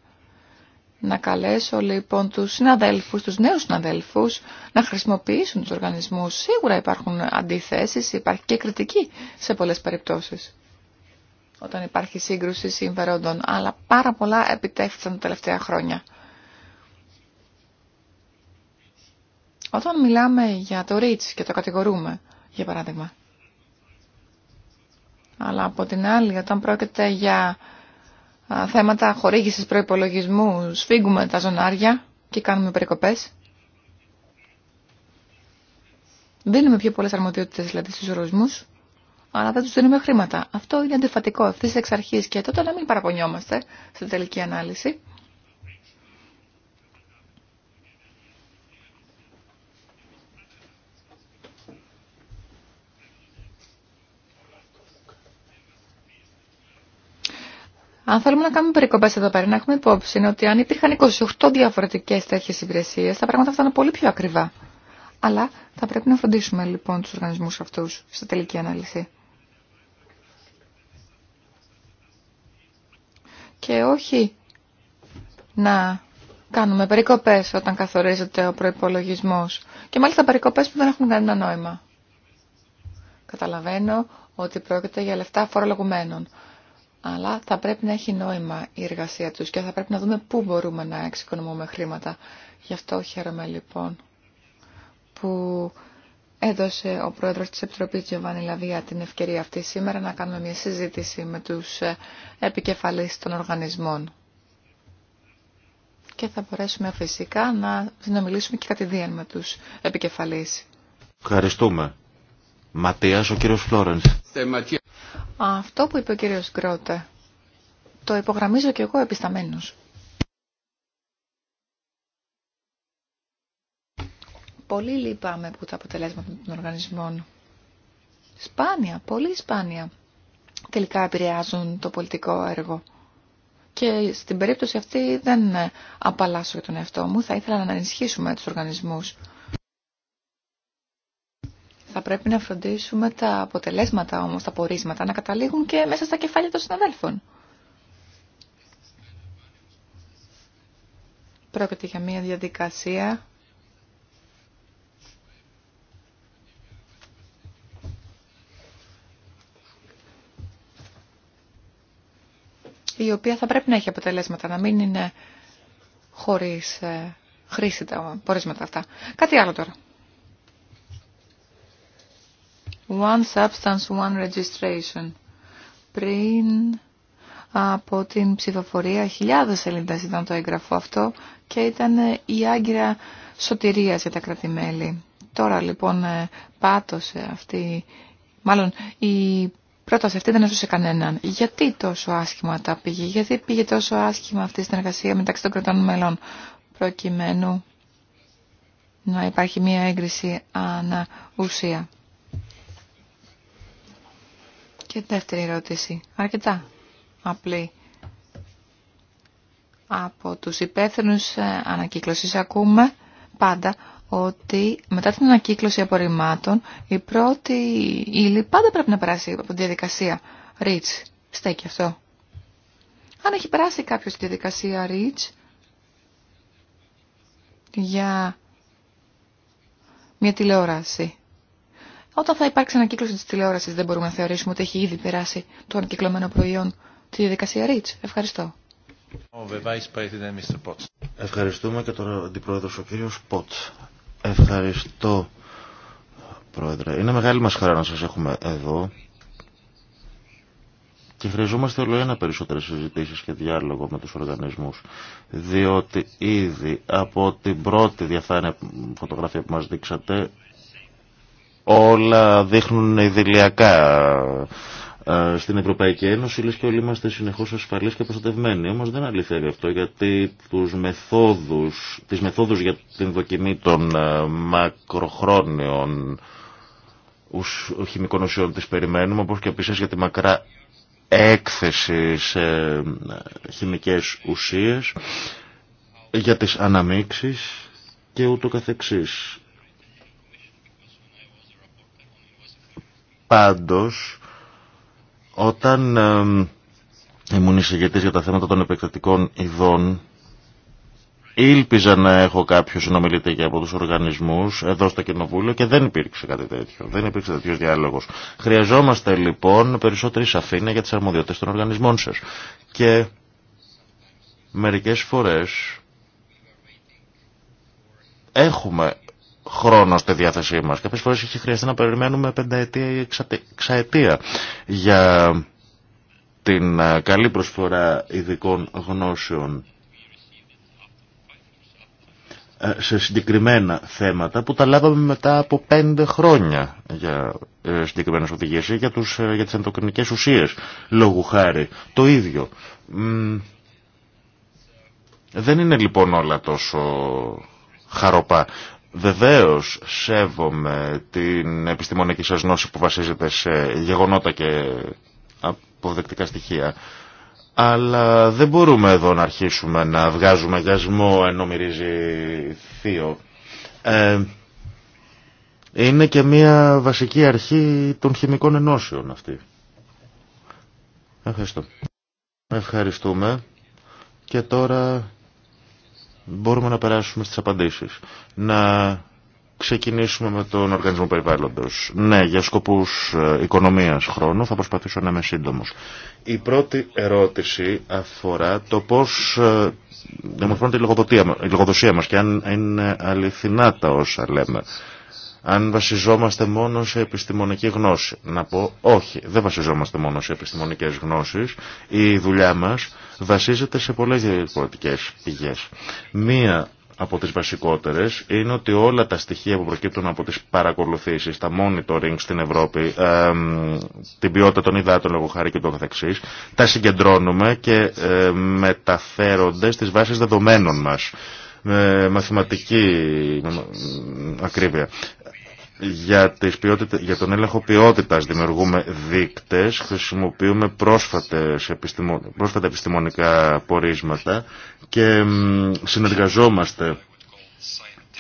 [SPEAKER 2] Να καλέσω λοιπόν τους συναδέλφους, τους νέους συναδέλφους να χρησιμοποιήσουν τους οργανισμούς. Σίγουρα υπάρχουν αντιθέσεις, υπάρχει και κριτική σε πολλές περιπτώσεις όταν υπάρχει σύγκρουση συμφερόντων, αλλά πάρα πολλά επιτέχθησαν τα τελευταία χρόνια. Όταν μιλάμε για το ρίτς και το κατηγορούμε, για παράδειγμα, αλλά από την άλλη όταν πρόκειται για θέματα χορήγησης προϋπολογισμού σφίγγουμε τα ζωνάρια και κάνουμε περικοπές. Δίνουμε πιο πολλές αρμοδιότητες δηλαδή στους ορισμούς, αλλά δεν τους δίνουμε χρήματα. Αυτό είναι αντιφατικό αυτής εξ αρχής και τότε να μην παραπονιόμαστε στην τελική ανάλυση. Αν θέλουμε να κάνουμε περικοπέ εδώ πέρα, να έχουμε υπόψη είναι ότι αν υπήρχαν 28 διαφορετικέ τέτοιε υπηρεσίε, τα πράγματα αυτά είναι πολύ πιο ακριβά. Αλλά θα πρέπει να φροντίσουμε λοιπόν του οργανισμού αυτού στη τελική ανάλυση. Και όχι να κάνουμε περικοπές όταν καθορίζεται ο προϋπολογισμός και μάλιστα περικοπές που δεν έχουν κανένα νόημα. Καταλαβαίνω ότι πρόκειται για λεφτά φορολογουμένων αλλά θα πρέπει να έχει νόημα η εργασία τους και θα πρέπει να δούμε πού μπορούμε να εξοικονομούμε χρήματα. Γι' αυτό χαίρομαι λοιπόν που έδωσε ο Πρόεδρος της Επιτροπής Giovanni Λαβία την ευκαιρία αυτή σήμερα να εξοικονομουμε χρηματα γι αυτο χαιρομαι λοιπον που εδωσε ο προεδρος της επιτροπης γιωβανη λαβια την ευκαιρια αυτη σημερα να κανουμε μια συζήτηση με τους ε, επικεφαλής των οργανισμών. Και θα μπορέσουμε φυσικά να συνομιλήσουμε και κατηδίαν με τους επικεφαλείς.
[SPEAKER 1] Ευχαριστούμε. Ματίας ο κύριος Φλόρενς.
[SPEAKER 2] Αυτό που είπε ο κύριος Γκρότε, το υπογραμμίζω και εγώ επισταμένος. Πολύ λυπάμαι που τα αποτελέσματα των οργανισμών σπάνια, πολύ σπάνια τελικά επηρεάζουν το πολιτικό έργο. Και στην περίπτωση αυτή δεν απαλλάσσω για τον εαυτό μου, θα ήθελα να ενισχύσουμε τους οργανισμούς θα πρέπει να φροντίσουμε τα αποτελέσματα όμως, τα πορίσματα, να καταλήγουν και μέσα στα κεφάλια των συναδέλφων. Πρόκειται για μια διαδικασία η οποία θα πρέπει να έχει αποτελέσματα, να μην είναι χωρίς ε, χρήση τα πορίσματα αυτά. Κάτι άλλο τώρα. One Substance, One Registration. Πριν από την ψηφοφορία χιλιάδες σελίδες ήταν το έγγραφο αυτό και ήταν ε, η άγκυρα σωτηρίας για τα κρατημέλη. Τώρα λοιπόν ε, πάτωσε αυτή, μάλλον η πρόταση αυτή δεν έσωσε κανέναν. Γιατί τόσο άσχημα τα πήγε, γιατί πήγε τόσο άσχημα αυτή η συνεργασία μεταξύ των κρατών μελών προκειμένου να υπάρχει μία έγκριση ανά και δεύτερη ερώτηση, αρκετά απλή. Από τους υπεύθυνου ε, ανακύκλωσης ακούμε πάντα ότι μετά την ανακύκλωση απορριμμάτων η πρώτη ύλη πάντα πρέπει να περάσει από τη διαδικασία REACH. Στέκει αυτό. Αν έχει περάσει κάποιος τη διαδικασία REACH για μια τηλεόραση όταν θα υπάρξει ανακύκλωση τη τηλεόραση, δεν μπορούμε να θεωρήσουμε ότι έχει ήδη περάσει το ανακυκλωμένο προϊόν τη διαδικασία REACH. Ευχαριστώ.
[SPEAKER 1] Ευχαριστούμε και τον αντιπρόεδρο ο κύριο Ποτ. Ευχαριστώ, πρόεδρε. Είναι μεγάλη μα χαρά να σα έχουμε εδώ. Και χρειαζόμαστε όλο ένα περισσότερε συζητήσει και διάλογο με του οργανισμού. Διότι ήδη από την πρώτη διαφάνεια φωτογραφία που μα δείξατε Όλα δείχνουν ειδηλιακά ε, στην Ευρωπαϊκή Ένωση, λες και όλοι είμαστε συνεχώς ασφαλείς και προστατευμένοι. Όμως δεν αληθεύει αυτό, γιατί τους μεθόδους, τις μεθόδους για την δοκιμή των ε, μακροχρόνιων χημικών ουσιών τις περιμένουμε, όπως και επίσης για τη μακρά έκθεση σε ε, χημικές ουσίες, για τις αναμίξεις και ούτω καθεξής. Πάντως, όταν ήμουν εισηγητής για τα θέματα των επεκτατικών ειδών, Ήλπιζα να έχω κάποιο συνομιλητή και από του οργανισμού εδώ στο Κοινοβούλιο και δεν υπήρξε κάτι τέτοιο. Δεν υπήρξε τέτοιο διάλογο. Χρειαζόμαστε λοιπόν περισσότερη σαφήνεια για τι αρμοδιότητε των οργανισμών σα. Και μερικέ φορέ έχουμε χρόνο στη διάθεσή μας. Κάποιες φορές έχει χρειαστεί να περιμένουμε πενταετία ή εξαετία για την ε, καλή προσφορά ειδικών γνώσεων ε, σε συγκεκριμένα θέματα που τα λάβαμε μετά από πέντε χρόνια για ε, συγκεκριμένες οδηγίες για, τους, για τις ενδοκρινικές ουσίες λόγου χάρη. Το ίδιο. Δεν είναι λοιπόν όλα τόσο χαροπά. Βεβαίως σέβομαι την επιστημονική σας γνώση που βασίζεται σε γεγονότα και αποδεκτικά στοιχεία. Αλλά δεν μπορούμε εδώ να αρχίσουμε να βγάζουμε γιασμό ενώ μυρίζει θείο. Ε, είναι και μια βασική αρχή των χημικών ενώσεων αυτή. Ευχαριστώ. Ευχαριστούμε. Και τώρα μπορούμε να περάσουμε στις απαντήσεις. Να ξεκινήσουμε με τον Οργανισμό Περιβάλλοντος. Ναι, για σκοπούς ε, οικονομίας χρόνου θα προσπαθήσω να είμαι σύντομος. Η πρώτη ερώτηση αφορά το πώς ε, διαμορφώνεται η λογοδοσία μας και αν είναι αληθινά τα όσα λέμε αν βασιζόμαστε μόνο σε επιστημονική γνώση. Να πω όχι, δεν βασιζόμαστε μόνο σε επιστημονικές γνώσεις. Η δουλειά μας βασίζεται σε πολλές διαφορετικέ πηγές. Μία από τις βασικότερες είναι ότι όλα τα στοιχεία που προκύπτουν από τις παρακολουθήσεις, τα monitoring στην Ευρώπη, την ποιότητα των υδάτων λόγω χάρη και το καθεξής, τα συγκεντρώνουμε και ε, μεταφέρονται στις βάσεις δεδομένων μας με μαθηματική ακρίβεια. Για, τις ποιότητα, τον έλεγχο ποιότητας δημιουργούμε δείκτες, χρησιμοποιούμε πρόσφατα επιστημονικά πορίσματα και συνεργαζόμαστε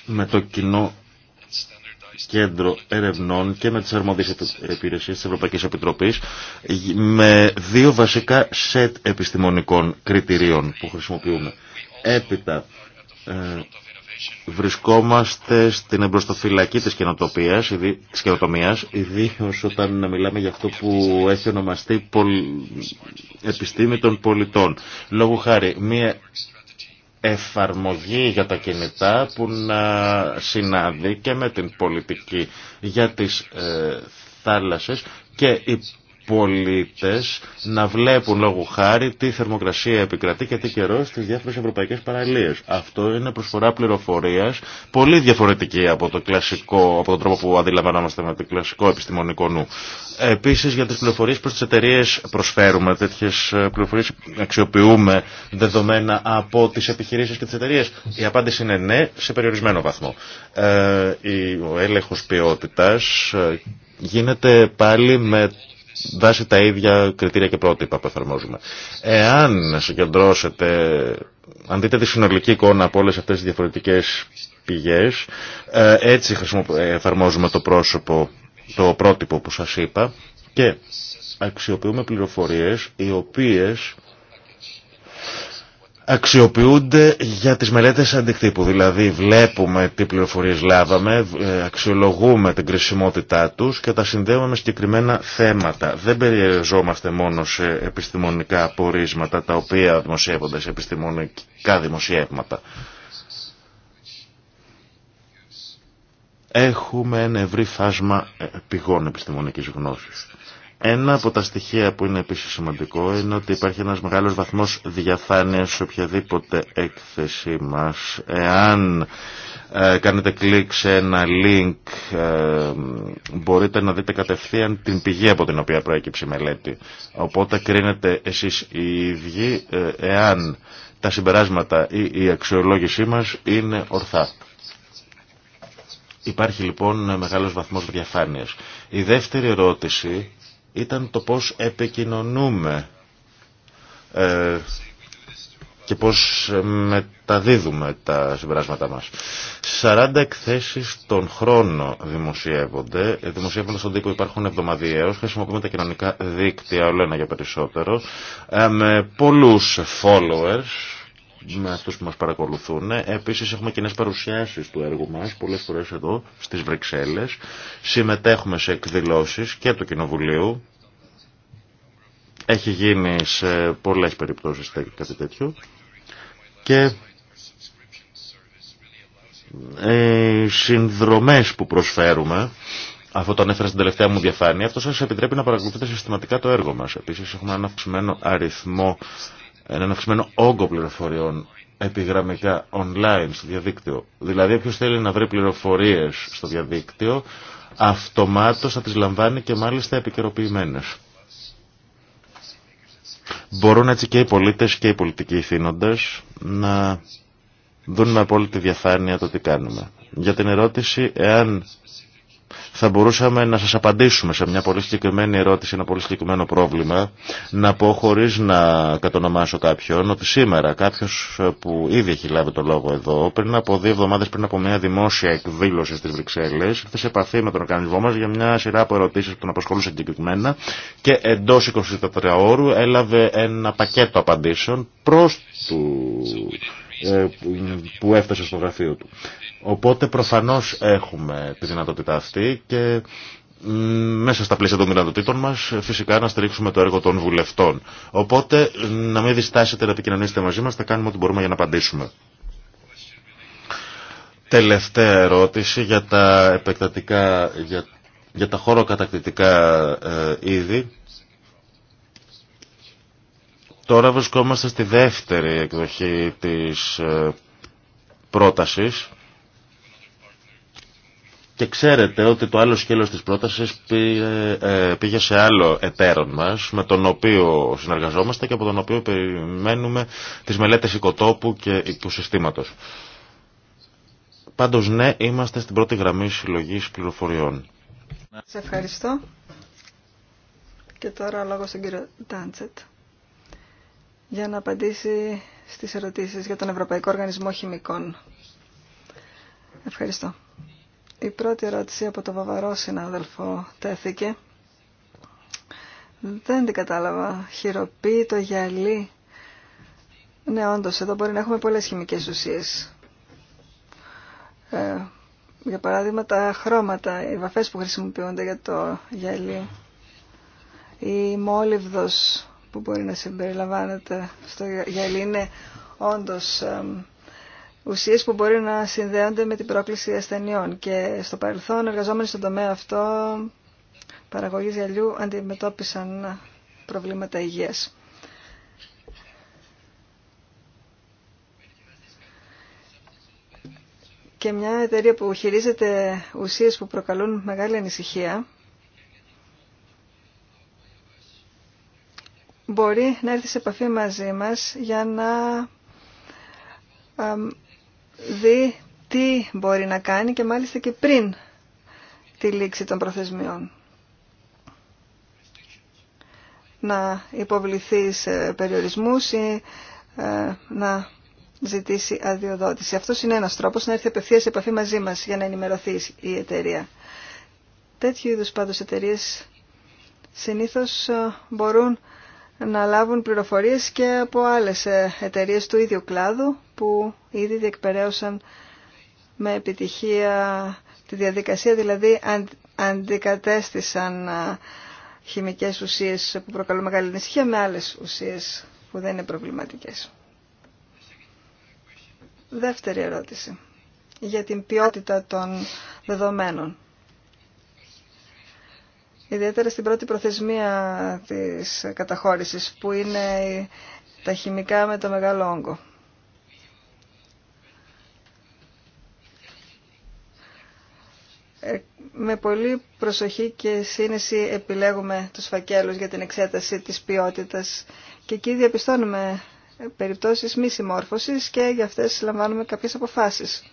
[SPEAKER 1] με το κοινό κέντρο ερευνών και με τις αρμόδιες υπηρεσίες της Ευρωπαϊκής Επιτροπής με δύο βασικά σετ επιστημονικών κριτηρίων που χρησιμοποιούμε. Έπειτα, ε, βρισκόμαστε στην εμπροστοφυλακή της καινοτομίας, ιδίω ιδίως όταν μιλάμε για αυτό που έχει ονομαστεί επιστήμη των πολιτών. Λόγω χάρη, μία εφαρμογή για τα κινητά που να συνάδει και με την πολιτική για τις ε, θάλασσες και πολίτες να βλέπουν λόγω χάρη τι θερμοκρασία επικρατεί και τι καιρό στις διάφορες ευρωπαϊκές παραλίες. Αυτό είναι προσφορά πληροφορίας πολύ διαφορετική από, το κλασικό, από τον τρόπο που αντιλαμβανόμαστε με το κλασικό επιστημονικό νου. Επίσης για τις πληροφορίες προς τις εταιρείε προσφέρουμε τέτοιες ε, πληροφορίες, αξιοποιούμε δεδομένα από τις επιχειρήσεις και τις εταιρείε. Η απάντηση είναι ναι σε περιορισμένο βαθμό. Ε, ο έλεγχος ποιότητας ε, γίνεται πάλι με βάσει τα ίδια κριτήρια και πρότυπα που εφαρμόζουμε. Εάν συγκεντρώσετε, αν δείτε τη συνολική εικόνα από όλες αυτές τις διαφορετικές πηγές, ε, έτσι ε, εφαρμόζουμε το πρόσωπο, το πρότυπο που σας είπα και αξιοποιούμε πληροφορίες οι οποίες αξιοποιούνται για τις μελέτες αντικτύπου. Δηλαδή βλέπουμε τι πληροφορίες λάβαμε, ε, αξιολογούμε την κρισιμότητά τους και τα συνδέουμε με συγκεκριμένα θέματα. Δεν περιεριζόμαστε μόνο σε επιστημονικά απορίσματα τα οποία δημοσιεύονται σε επιστημονικά δημοσιεύματα. Έχουμε ένα ευρύ φάσμα ε, πηγών επιστημονικής γνώσης. Ένα από τα στοιχεία που είναι επίσης σημαντικό είναι ότι υπάρχει ένας μεγάλος βαθμός διαφάνειας σε οποιαδήποτε έκθεσή μας. Εάν ε, κάνετε κλικ σε ένα link ε, μπορείτε να δείτε κατευθείαν την πηγή από την οποία προέκυψε η μελέτη. Οπότε κρίνετε εσείς οι ίδιοι ε, εάν τα συμπεράσματα ή η αξιολόγησή μας είναι ορθά. Υπάρχει λοιπόν μεγάλος βαθμός διαφάνειας. Η δεύτερη ερώτηση ήταν το πώς επικοινωνούμε ε, και πώς μεταδίδουμε τα συμπεράσματά μας. 40 εκθέσεις τον χρόνο δημοσιεύονται. Ε, δημοσιεύονται στον τύπο υπάρχουν εβδομαδιαίως. Χρησιμοποιούμε τα κοινωνικά δίκτυα, όλο ένα για περισσότερο, ε, με πολλούς followers με αυτούς που μας παρακολουθούν. Επίσης έχουμε κοινέ παρουσιάσεις του έργου μας, πολλές φορές εδώ στις Βρυξέλλες. Συμμετέχουμε σε εκδηλώσεις και του Κοινοβουλίου. Έχει γίνει σε πολλές περιπτώσεις κάτι τέτοιο. Και ε, οι συνδρομές που προσφέρουμε αυτό το ανέφερα στην τελευταία μου διαφάνεια. Αυτό σα επιτρέπει να παρακολουθείτε συστηματικά το έργο μας. Επίσης έχουμε ένα αυξημένο αριθμό έναν αυξημένο όγκο πληροφοριών επιγραμμικά online στο διαδίκτυο. Δηλαδή, όποιο θέλει να βρει πληροφορίε στο διαδίκτυο, αυτομάτως θα τις λαμβάνει και μάλιστα επικαιροποιημένε. Μπορούν έτσι και οι πολίτες και οι πολιτικοί ηθήνοντες να δουν με απόλυτη διαφάνεια το τι κάνουμε. Για την ερώτηση εάν θα μπορούσαμε να σας απαντήσουμε σε μια πολύ συγκεκριμένη ερώτηση, ένα πολύ συγκεκριμένο πρόβλημα, να πω χωρίς να κατονομάσω κάποιον, ότι σήμερα κάποιος που ήδη έχει λάβει το λόγο εδώ, πριν από δύο εβδομάδες, πριν από μια δημόσια εκδήλωση στις Βρυξέλλες, ήρθε σε επαφή με τον οργανισμό μας για μια σειρά από ερωτήσεις που τον απασχολούσαν συγκεκριμένα και εντός 24 ώρου έλαβε ένα πακέτο απαντήσεων προς του ε, που έφτασε στο γραφείο του. Οπότε προφανώς έχουμε τη δυνατότητα αυτή και μέσα στα πλαίσια των δυνατοτήτων μας φυσικά να στηρίξουμε το έργο των βουλευτών. Οπότε να μην διστάσετε να επικοινωνήσετε μαζί μας, θα κάνουμε ό,τι μπορούμε για να απαντήσουμε. Τελευταία ερώτηση για τα επεκτατικά, για, για τα χωροκατακτητικά ε, είδη. Τώρα βρισκόμαστε στη δεύτερη εκδοχή της ε, πρότασης και ξέρετε ότι το άλλο σκέλος της πρότασης ε, ε, πήγε, σε άλλο εταίρον μας, με τον οποίο συνεργαζόμαστε και από τον οποίο περιμένουμε τις μελέτες οικοτόπου και του συστήματος. Πάντως ναι, είμαστε στην πρώτη γραμμή συλλογής πληροφοριών.
[SPEAKER 3] Σε ευχαριστώ. Και τώρα λόγω στον κύριο Τάντσετ για να απαντήσει στις ερωτήσεις για τον Ευρωπαϊκό Οργανισμό Χημικών. Ευχαριστώ. Η πρώτη ερώτηση από τον Βαβαρό συνάδελφο τέθηκε. Δεν την κατάλαβα. Χειροποίητο το γυαλί. Ναι, όντω, εδώ μπορεί να έχουμε πολλές χημικές ουσίες. Ε, για παράδειγμα, τα χρώματα, οι βαφές που χρησιμοποιούνται για το γυαλί. Η μόλιβδος που μπορεί να συμπεριλαμβάνεται στο γυαλί είναι όντως ε, ουσίες που μπορεί να συνδέονται με την πρόκληση ασθενειών. Και στο παρελθόν εργαζόμενοι στον τομέα αυτό παραγωγή γυαλιού αντιμετώπισαν προβλήματα υγείας. Και μια εταιρεία που χειρίζεται ουσίες που προκαλούν μεγάλη ανησυχία μπορεί να έρθει σε επαφή μαζί μας για να δει τι μπορεί να κάνει και μάλιστα και πριν τη λήξη των προθεσμιών. Να υποβληθεί σε περιορισμούς ή ε, να ζητήσει αδειοδότηση. Αυτό είναι ένας τρόπος να έρθει απευθεία σε επαφή μαζί μας για να ενημερωθεί η εταιρεία. Τέτοιου είδους πάντως εταιρείε συνήθως ε, μπορούν να λάβουν πληροφορίες και από άλλες ε, εταιρείε του ίδιου κλάδου που ήδη διεκπαιρέωσαν με επιτυχία τη διαδικασία, δηλαδή αντικατέστησαν χημικές ουσίες που προκαλούν μεγάλη ανησυχία με άλλες ουσίες που δεν είναι προβληματικές. Δεύτερη ερώτηση για την ποιότητα των δεδομένων. Ιδιαίτερα στην πρώτη προθεσμία της καταχώρησης που είναι τα χημικά με το μεγάλο όγκο. Ε, με πολύ προσοχή και σύνεση επιλέγουμε τους φακέλους για την εξέταση της ποιότητας και εκεί διαπιστώνουμε ε, περιπτώσεις μη συμμόρφωσης και για αυτές λαμβάνουμε κάποιες αποφάσεις.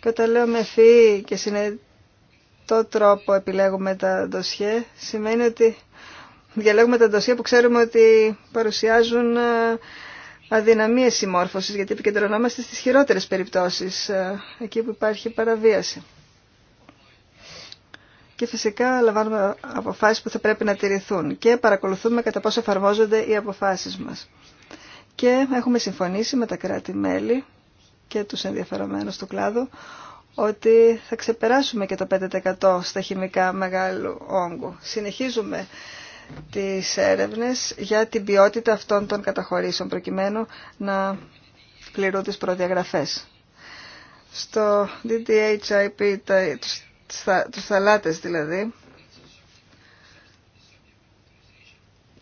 [SPEAKER 3] Και όταν λέω με ευφύ και συνετό τρόπο επιλέγουμε τα ντοσιέ, σημαίνει ότι διαλέγουμε τα ντοσιέ που ξέρουμε ότι παρουσιάζουν ε, αδυναμίες συμμόρφωσης, γιατί επικεντρωνόμαστε στις χειρότερες περιπτώσεις, εκεί που υπάρχει παραβίαση και φυσικά λαμβάνουμε αποφάσεις που θα πρέπει να τηρηθούν και παρακολουθούμε κατά πόσο εφαρμόζονται οι αποφάσεις μας. Και έχουμε συμφωνήσει με τα κράτη-μέλη και τους ενδιαφερομένους του κλάδου ότι θα ξεπεράσουμε και το 5% στα χημικά μεγάλου όγκου. Συνεχίζουμε τις έρευνες για την ποιότητα αυτών των καταχωρήσεων προκειμένου να πληρούν τις προδιαγραφές. Στο DDHIP, τους θαλάτες δηλαδή.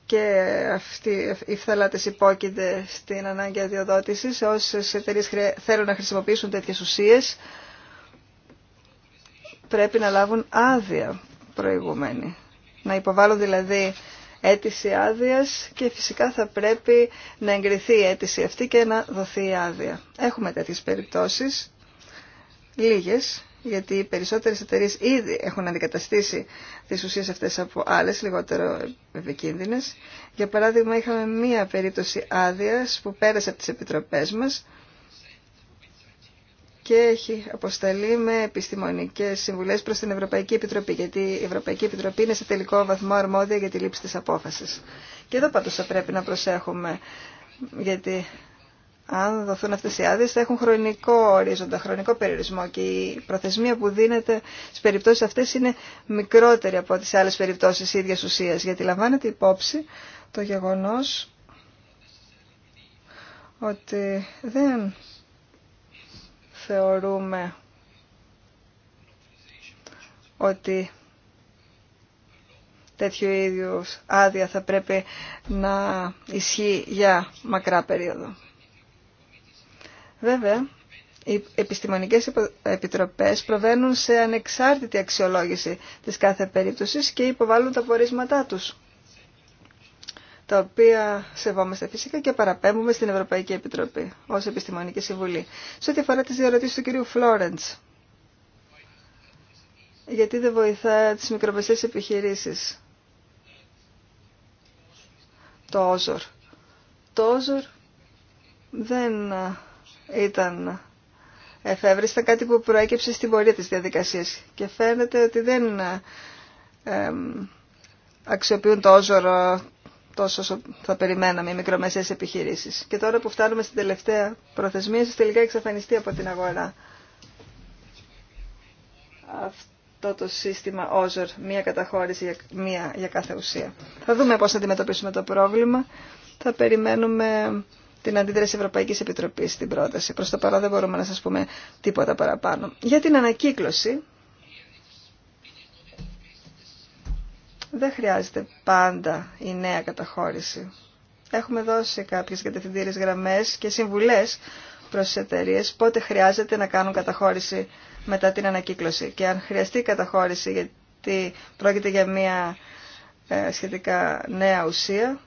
[SPEAKER 3] Και αυτοί, οι θαλάτε υπόκεινται στην ανάγκη αδειοδότησης. Όσες εταιρείες θέλουν να χρησιμοποιήσουν τέτοιες ουσίες πρέπει να λάβουν άδεια προηγούμενη. Να υποβάλουν δηλαδή αίτηση άδεια και φυσικά θα πρέπει να εγκριθεί η αίτηση αυτή και να δοθεί η άδεια. Έχουμε τέτοιες περιπτώσεις, λίγες, γιατί οι περισσότερες εταιρείες ήδη έχουν αντικαταστήσει τις ουσίες αυτές από άλλες λιγότερο επικίνδυνες. Για παράδειγμα είχαμε μία περίπτωση άδεια που πέρασε από τις επιτροπές μας και έχει αποσταλεί με επιστημονικές συμβουλές προς την Ευρωπαϊκή Επιτροπή, γιατί η Ευρωπαϊκή Επιτροπή είναι σε τελικό βαθμό αρμόδια για τη λήψη της απόφασης. Και εδώ πάντως θα πρέπει να προσέχουμε, γιατί αν δοθούν αυτές οι άδειες θα έχουν χρονικό ορίζοντα, χρονικό περιορισμό και η προθεσμία που δίνεται στις περιπτώσεις αυτές είναι μικρότερη από τις άλλες περιπτώσεις ίδιας ουσίας γιατί λαμβάνεται υπόψη το γεγονός ότι δεν θεωρούμε ότι τέτοιου ίδιου άδεια θα πρέπει να ισχύει για μακρά περίοδο. Βέβαια, οι επιστημονικές επιτροπές προβαίνουν σε ανεξάρτητη αξιολόγηση της κάθε περίπτωσης και υποβάλλουν τα πορίσματά τους, τα οποία σεβόμαστε φυσικά και παραπέμπουμε στην Ευρωπαϊκή Επιτροπή ως Επιστημονική Συμβουλή. Σε ό,τι αφορά τις διαρωτήσεις του κυρίου Φλόρεντς, γιατί δεν βοηθά τις μικροπαιστές επιχειρήσεις, το όζορ. Το όζορ δεν ήταν εφεύρεστα κάτι που προέκυψε στην πορεία της διαδικασίας και φαίνεται ότι δεν αξιοποιούν το όζορο τόσο όσο θα περιμέναμε οι μικρομεσαίες επιχειρήσεις. Και τώρα που φτάνουμε στην τελευταία προθεσμία, τελικά εξαφανιστεί από την αγορά αυτό το σύστημα όζορ, μία καταχώρηση, μία για κάθε ουσία. Θα δούμε πώς θα αντιμετωπίσουμε το πρόβλημα. Θα περιμένουμε την αντίδραση Ευρωπαϊκής Επιτροπής στην πρόταση. Προς το παρόν δεν μπορούμε να σας πούμε τίποτα παραπάνω. Για την ανακύκλωση, δεν χρειάζεται πάντα η νέα καταχώρηση. Έχουμε δώσει κάποιες κατευθυντήρες γραμμές και συμβουλές προς τις εταιρείες πότε χρειάζεται να κάνουν καταχώρηση μετά την ανακύκλωση. Και αν χρειαστεί καταχώρηση γιατί πρόκειται για μια ε, σχετικά νέα ουσία,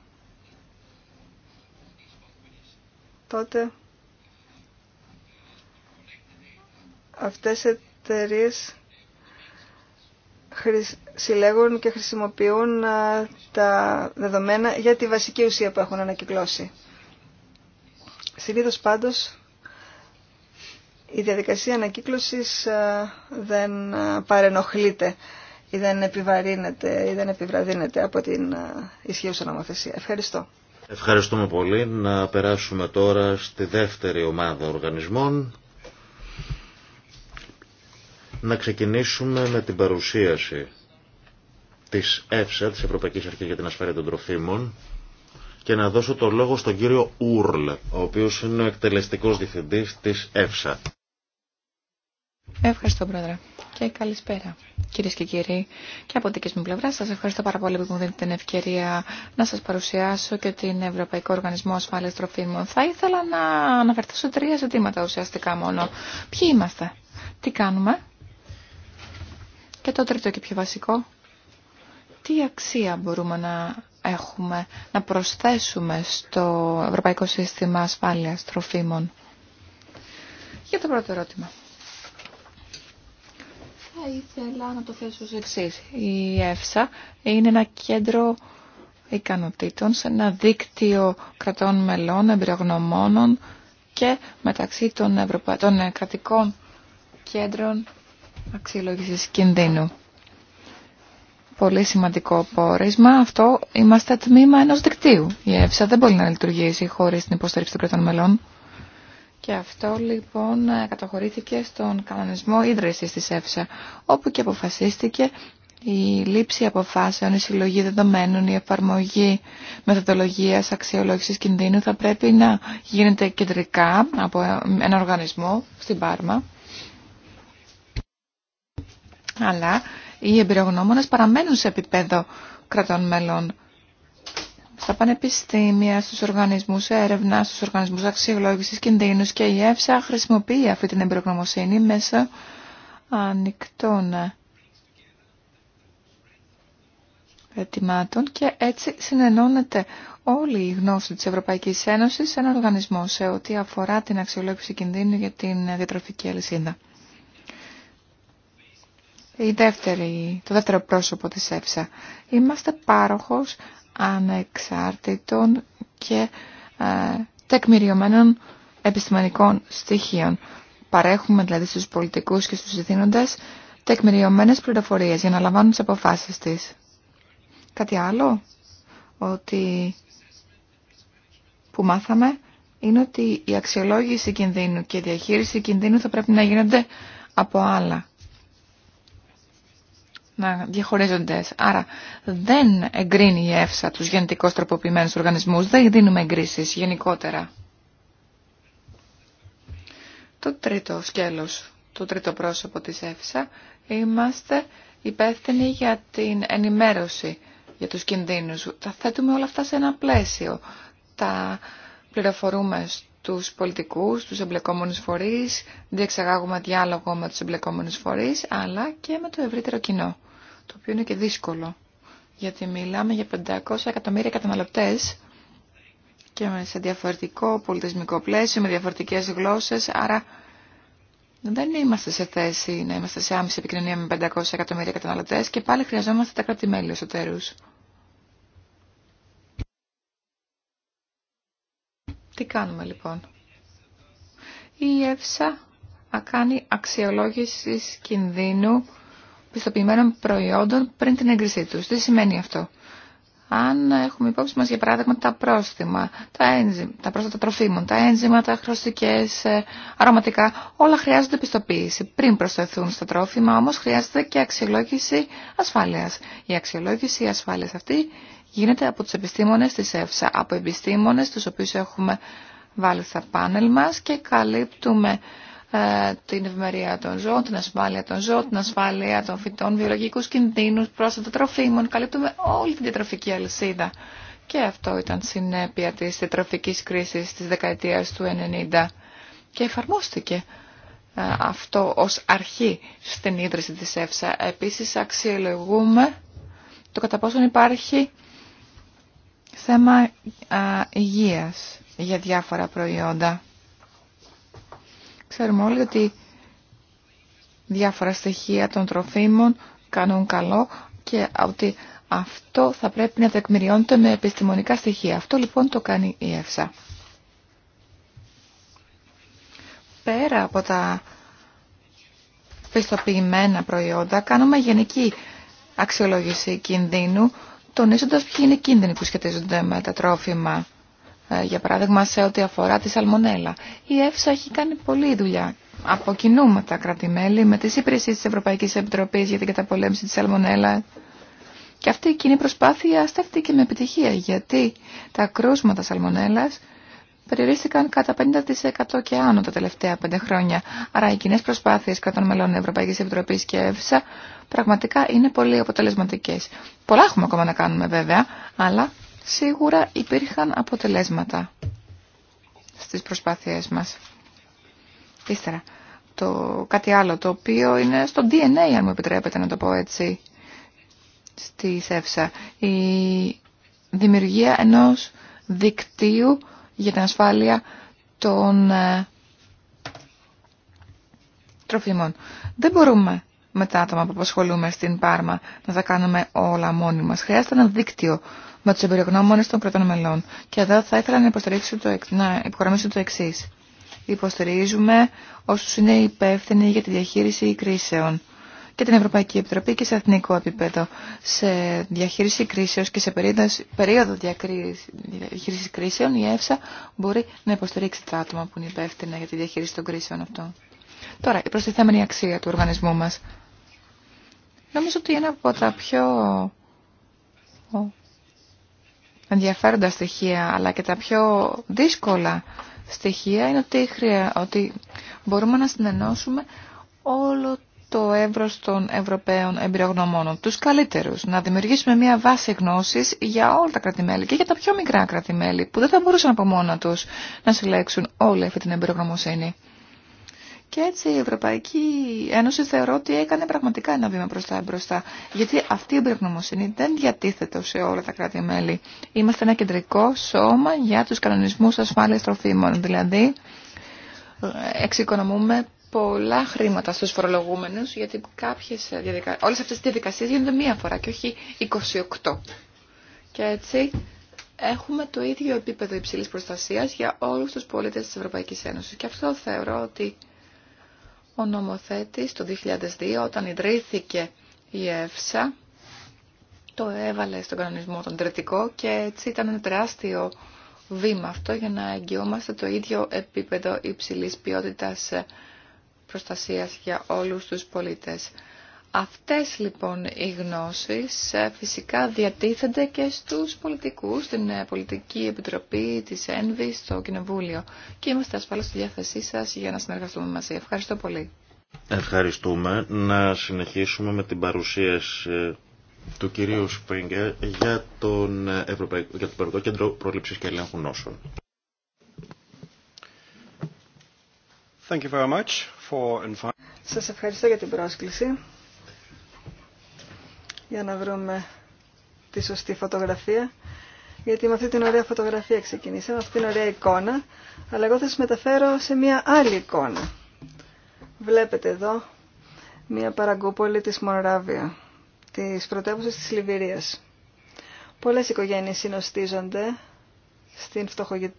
[SPEAKER 3] τότε αυτές οι εταιρείε συλλέγουν και χρησιμοποιούν τα δεδομένα για τη βασική ουσία που έχουν ανακυκλώσει. Συνήθως πάντως η διαδικασία ανακύκλωσης δεν παρενοχλείται ή δεν επιβαρύνεται ή δεν επιβραδύνεται από την ισχύουσα νομοθεσία. Ευχαριστώ.
[SPEAKER 1] Ευχαριστούμε πολύ. Να περάσουμε τώρα στη δεύτερη ομάδα οργανισμών. Να ξεκινήσουμε με την παρουσίαση της ΕΦΣΑ, της Ευρωπαϊκής Αρχής για την Ασφάλεια των Τροφίμων, και να δώσω το λόγο στον κύριο Ούρλ, ο οποίος είναι ο εκτελεστικός διευθυντής της ΕΦΣΑ.
[SPEAKER 2] Ευχαριστώ, Πρόεδρε και καλησπέρα. Κυρίε και κύριοι, και από δική μου πλευρά σα ευχαριστώ πάρα πολύ που μου δίνετε την ευκαιρία να σα παρουσιάσω και την Ευρωπαϊκό Οργανισμό Ασφάλεια Τροφίμων. Θα ήθελα να αναφερθώ σε τρία ζητήματα ουσιαστικά μόνο. Ποιοι είμαστε, τι κάνουμε και το τρίτο και πιο βασικό, τι αξία μπορούμε να έχουμε, να προσθέσουμε στο Ευρωπαϊκό Σύστημα Ασφάλειας Τροφίμων. Για το πρώτο ερώτημα. Θα ήθελα να το θέσω ως εξή. Η ΕΦΣΑ είναι ένα κέντρο ικανοτήτων σε ένα δίκτυο κρατών μελών, εμπειρογνωμόνων και μεταξύ των, Ευρωπα... των κρατικών κέντρων αξιολόγησης κινδύνου. Πολύ σημαντικό πόρισμα. Αυτό είμαστε τμήμα ενός δικτύου. Η ΕΦΣΑ δεν μπορεί να λειτουργήσει χωρίς την υποστήριξη των κρατών μελών. Και αυτό λοιπόν καταχωρήθηκε στον κανονισμό ίδρυσης της ΕΦΣΑ, όπου και αποφασίστηκε η λήψη αποφάσεων, η συλλογή δεδομένων, η εφαρμογή μεθοδολογίας αξιολόγησης κινδύνου θα πρέπει να γίνεται κεντρικά από ένα οργανισμό στην Πάρμα. Αλλά οι εμπειρογνώμονες παραμένουν σε επίπεδο κρατών μελών στα πανεπιστήμια, στους οργανισμούς έρευνα, στους οργανισμούς αξιολόγησης κινδύνους και η ΕΦΣΑ χρησιμοποιεί αυτή την εμπειρογνωμοσύνη μέσα ανοιχτών ετοιμάτων και έτσι συνενώνεται όλη η γνώση της Ευρωπαϊκής Ένωσης σε ένα οργανισμό σε ό,τι αφορά την αξιολόγηση κινδύνου για την διατροφική αλυσίδα η δεύτερη, το δεύτερο πρόσωπο της ΕΦΣΑ. Είμαστε πάροχος ανεξάρτητων και ε, τεκμηριωμένων επιστημονικών στοιχείων. Παρέχουμε δηλαδή στους πολιτικούς και στους ζητήνοντες τεκμηριωμένες πληροφορίες για να λαμβάνουν τις αποφάσεις της. Κάτι άλλο ότι που μάθαμε είναι ότι η αξιολόγηση κινδύνου και η διαχείριση κινδύνου θα πρέπει να γίνονται από άλλα να διαχωρίζονται. Άρα δεν εγκρίνει η ΕΦΣΑ τους γενετικώς τροποποιημένους οργανισμούς, δεν δίνουμε εγκρίσεις γενικότερα. Το τρίτο σκέλος, το τρίτο πρόσωπο της ΕΦΣΑ, είμαστε υπεύθυνοι για την ενημέρωση για τους κινδύνους. Τα θέτουμε όλα αυτά σε ένα πλαίσιο. Τα πληροφορούμε τους πολιτικούς, τους εμπλεκόμενους φορείς, διεξαγάγουμε διάλογο με τους εμπλεκόμενους φορείς, αλλά και με το ευρύτερο κοινό, το οποίο είναι και δύσκολο, γιατί μιλάμε για 500 εκατομμύρια καταναλωτές και σε διαφορετικό πολιτισμικό πλαίσιο, με διαφορετικές γλώσσες, άρα δεν είμαστε σε θέση να είμαστε σε άμεση επικοινωνία με 500 εκατομμύρια καταναλωτές και πάλι χρειαζόμαστε τα κράτη-μέλη Τι κάνουμε λοιπόν. Η ΕΦΣΑ κάνει αξιολόγηση κινδύνου πιστοποιημένων προϊόντων πριν την έγκρισή του. Τι σημαίνει αυτό. Αν έχουμε υπόψη μας για παράδειγμα τα πρόστιμα, τα, ένζυμα, τα πρόσθετα τροφίμων, τα ένζημα, τα χρωστικές, ε, αρωματικά, όλα χρειάζονται πιστοποίηση. Πριν προσθεθούν στα τρόφιμα όμως χρειάζεται και αξιολόγηση ασφάλειας. Η αξιολόγηση ασφάλειας αυτή γίνεται από τους επιστήμονες της ΕΦΣΑ, από επιστήμονες τους οποίους έχουμε βάλει στα πάνελ μας και καλύπτουμε ε, την ευημερία των ζώων, την ασφάλεια των ζώων, την ασφάλεια των φυτών, βιολογικούς κινδύνους, πρόσθετα τροφίμων, καλύπτουμε όλη την διατροφική αλυσίδα. Και αυτό ήταν συνέπεια της διατροφικής κρίσης της δεκαετίας του 90 και εφαρμόστηκε ε, αυτό ως αρχή στην ίδρυση της ΕΦΣΑ. Επίσης αξιολογούμε το κατά πόσον υπάρχει θέμα υγείας για διάφορα προϊόντα. Ξέρουμε όλοι ότι διάφορα στοιχεία των τροφίμων κάνουν καλό και ότι αυτό θα πρέπει να τεκμηριώνεται με επιστημονικά στοιχεία. Αυτό λοιπόν το κάνει η ΕΦΣΑ. Πέρα από τα πιστοποιημένα προϊόντα κάνουμε γενική αξιολόγηση κινδύνου τονίζοντας ποιοι είναι οι κίνδυνοι που σχετίζονται με τα τρόφιμα. Ε, για παράδειγμα σε ό,τι αφορά τη σαλμονέλα. Η ΕΦΣΑ έχει κάνει πολλή δουλειά από κοινού με τα κράτη-μέλη, με τις υπηρεσίες της Ευρωπαϊκής Επιτροπής για την καταπολέμηση της σαλμονέλα. Και αυτή η κοινή προσπάθεια στέφτηκε με επιτυχία, γιατί τα κρούσματα σαλμονέλας περιορίστηκαν κατά 50% και άνω τα τελευταία πέντε χρόνια. Άρα οι κοινέ προσπάθειες κατά μελών Ευρωπαϊκής Επιτροπής και ΕΦΣΑ πραγματικά είναι πολύ αποτελεσματικές. Πολλά έχουμε ακόμα να κάνουμε βέβαια, αλλά σίγουρα υπήρχαν αποτελέσματα στις προσπάθειές μας. Ύστερα, το κάτι άλλο το οποίο είναι στο DNA αν μου επιτρέπετε να το πω έτσι στη ΣΕΦΣΑ η δημιουργία ενός δικτύου για την ασφάλεια των ε, τροφίμων. Δεν μπορούμε με τα άτομα που απασχολούμε στην Πάρμα να τα κάνουμε όλα μόνοι μα. Χρειάζεται ένα δίκτυο με του εμπειρογνώμονες των κρατών μελών. Και εδώ θα ήθελα να, το, να υπογραμμίσω το εξή. Υποστηρίζουμε όσου είναι υπεύθυνοι για τη διαχείριση κρίσεων και την Ευρωπαϊκή Επιτροπή και σε εθνικό επίπεδο. Σε διαχείριση κρίσεως και σε περίοδο διαχείρισης κρίσεων η ΕΦΣΑ μπορεί να υποστηρίξει τα άτομα που είναι υπεύθυνα για τη διαχείριση των κρίσεων αυτών. Τώρα, η προστιθέμενη αξία του οργανισμού μας. Νομίζω ότι ένα από τα πιο ενδιαφέροντα στοιχεία, αλλά και τα πιο δύσκολα στοιχεία είναι ότι, ότι μπορούμε να συνενώσουμε όλο το εύρος των Ευρωπαίων εμπειρογνωμόνων, τους καλύτερους, να δημιουργήσουμε μια βάση γνώσης για όλα τα κρατημέλη και για τα πιο μικρά κρατημέλη που δεν θα μπορούσαν από μόνα τους να συλλέξουν όλη αυτή την εμπειρογνωμοσύνη. Και έτσι η Ευρωπαϊκή Ένωση θεωρώ ότι έκανε πραγματικά ένα βήμα μπροστά μπροστά. Γιατί αυτή η εμπειρογνωμοσύνη δεν διατίθεται σε όλα τα κράτη-μέλη. Είμαστε ένα κεντρικό σώμα για τους κανονισμούς ασφάλειας τροφίμων. Δηλαδή, εξοικονομούμε πολλά χρήματα στους φορολογούμενους, γιατί κάποιες διαδικα... όλες αυτές τις διαδικασίες γίνονται μία φορά και όχι 28. Και έτσι έχουμε το ίδιο επίπεδο υψηλής προστασίας για όλους τους πολίτες της Ευρωπαϊκής Ένωσης. Και αυτό θεωρώ ότι ο νομοθέτης το 2002 όταν ιδρύθηκε η ΕΦΣΑ το έβαλε στον κανονισμό τον τρετικό και έτσι ήταν ένα τεράστιο βήμα αυτό για να εγγυόμαστε το ίδιο επίπεδο υψηλής ποιότητας προστασίας για όλους τους πολίτες. Αυτές λοιπόν οι γνώσεις ε, φυσικά διατίθενται και στους πολιτικούς, στην ε, Πολιτική Επιτροπή της ΕΝΒΗ στο Κοινοβούλιο και είμαστε ασφαλώς στη διάθεσή σας για να συνεργαστούμε μαζί. Ευχαριστώ πολύ.
[SPEAKER 1] Ευχαριστούμε. Να συνεχίσουμε με την παρουσίαση ε, του κυρίου Σπρίγκερ για, τον Ευρωπαϊκό, για το Ευρωπαϊκό Κέντρο Πρόληψης και Ελέγχου Νόσων.
[SPEAKER 3] Σας ευχαριστώ για την πρόσκληση για να βρούμε τη σωστή φωτογραφία. Γιατί με αυτή την ωραία φωτογραφία ξεκινήσαμε, αυτή την ωραία εικόνα. Αλλά εγώ θα σας μεταφέρω σε μια άλλη εικόνα. Βλέπετε εδώ μια παραγκούπολη της Μονράβια, της πρωτεύουσα της Λιβυρίας. Πολλές οικογένειες συνοστίζονται στην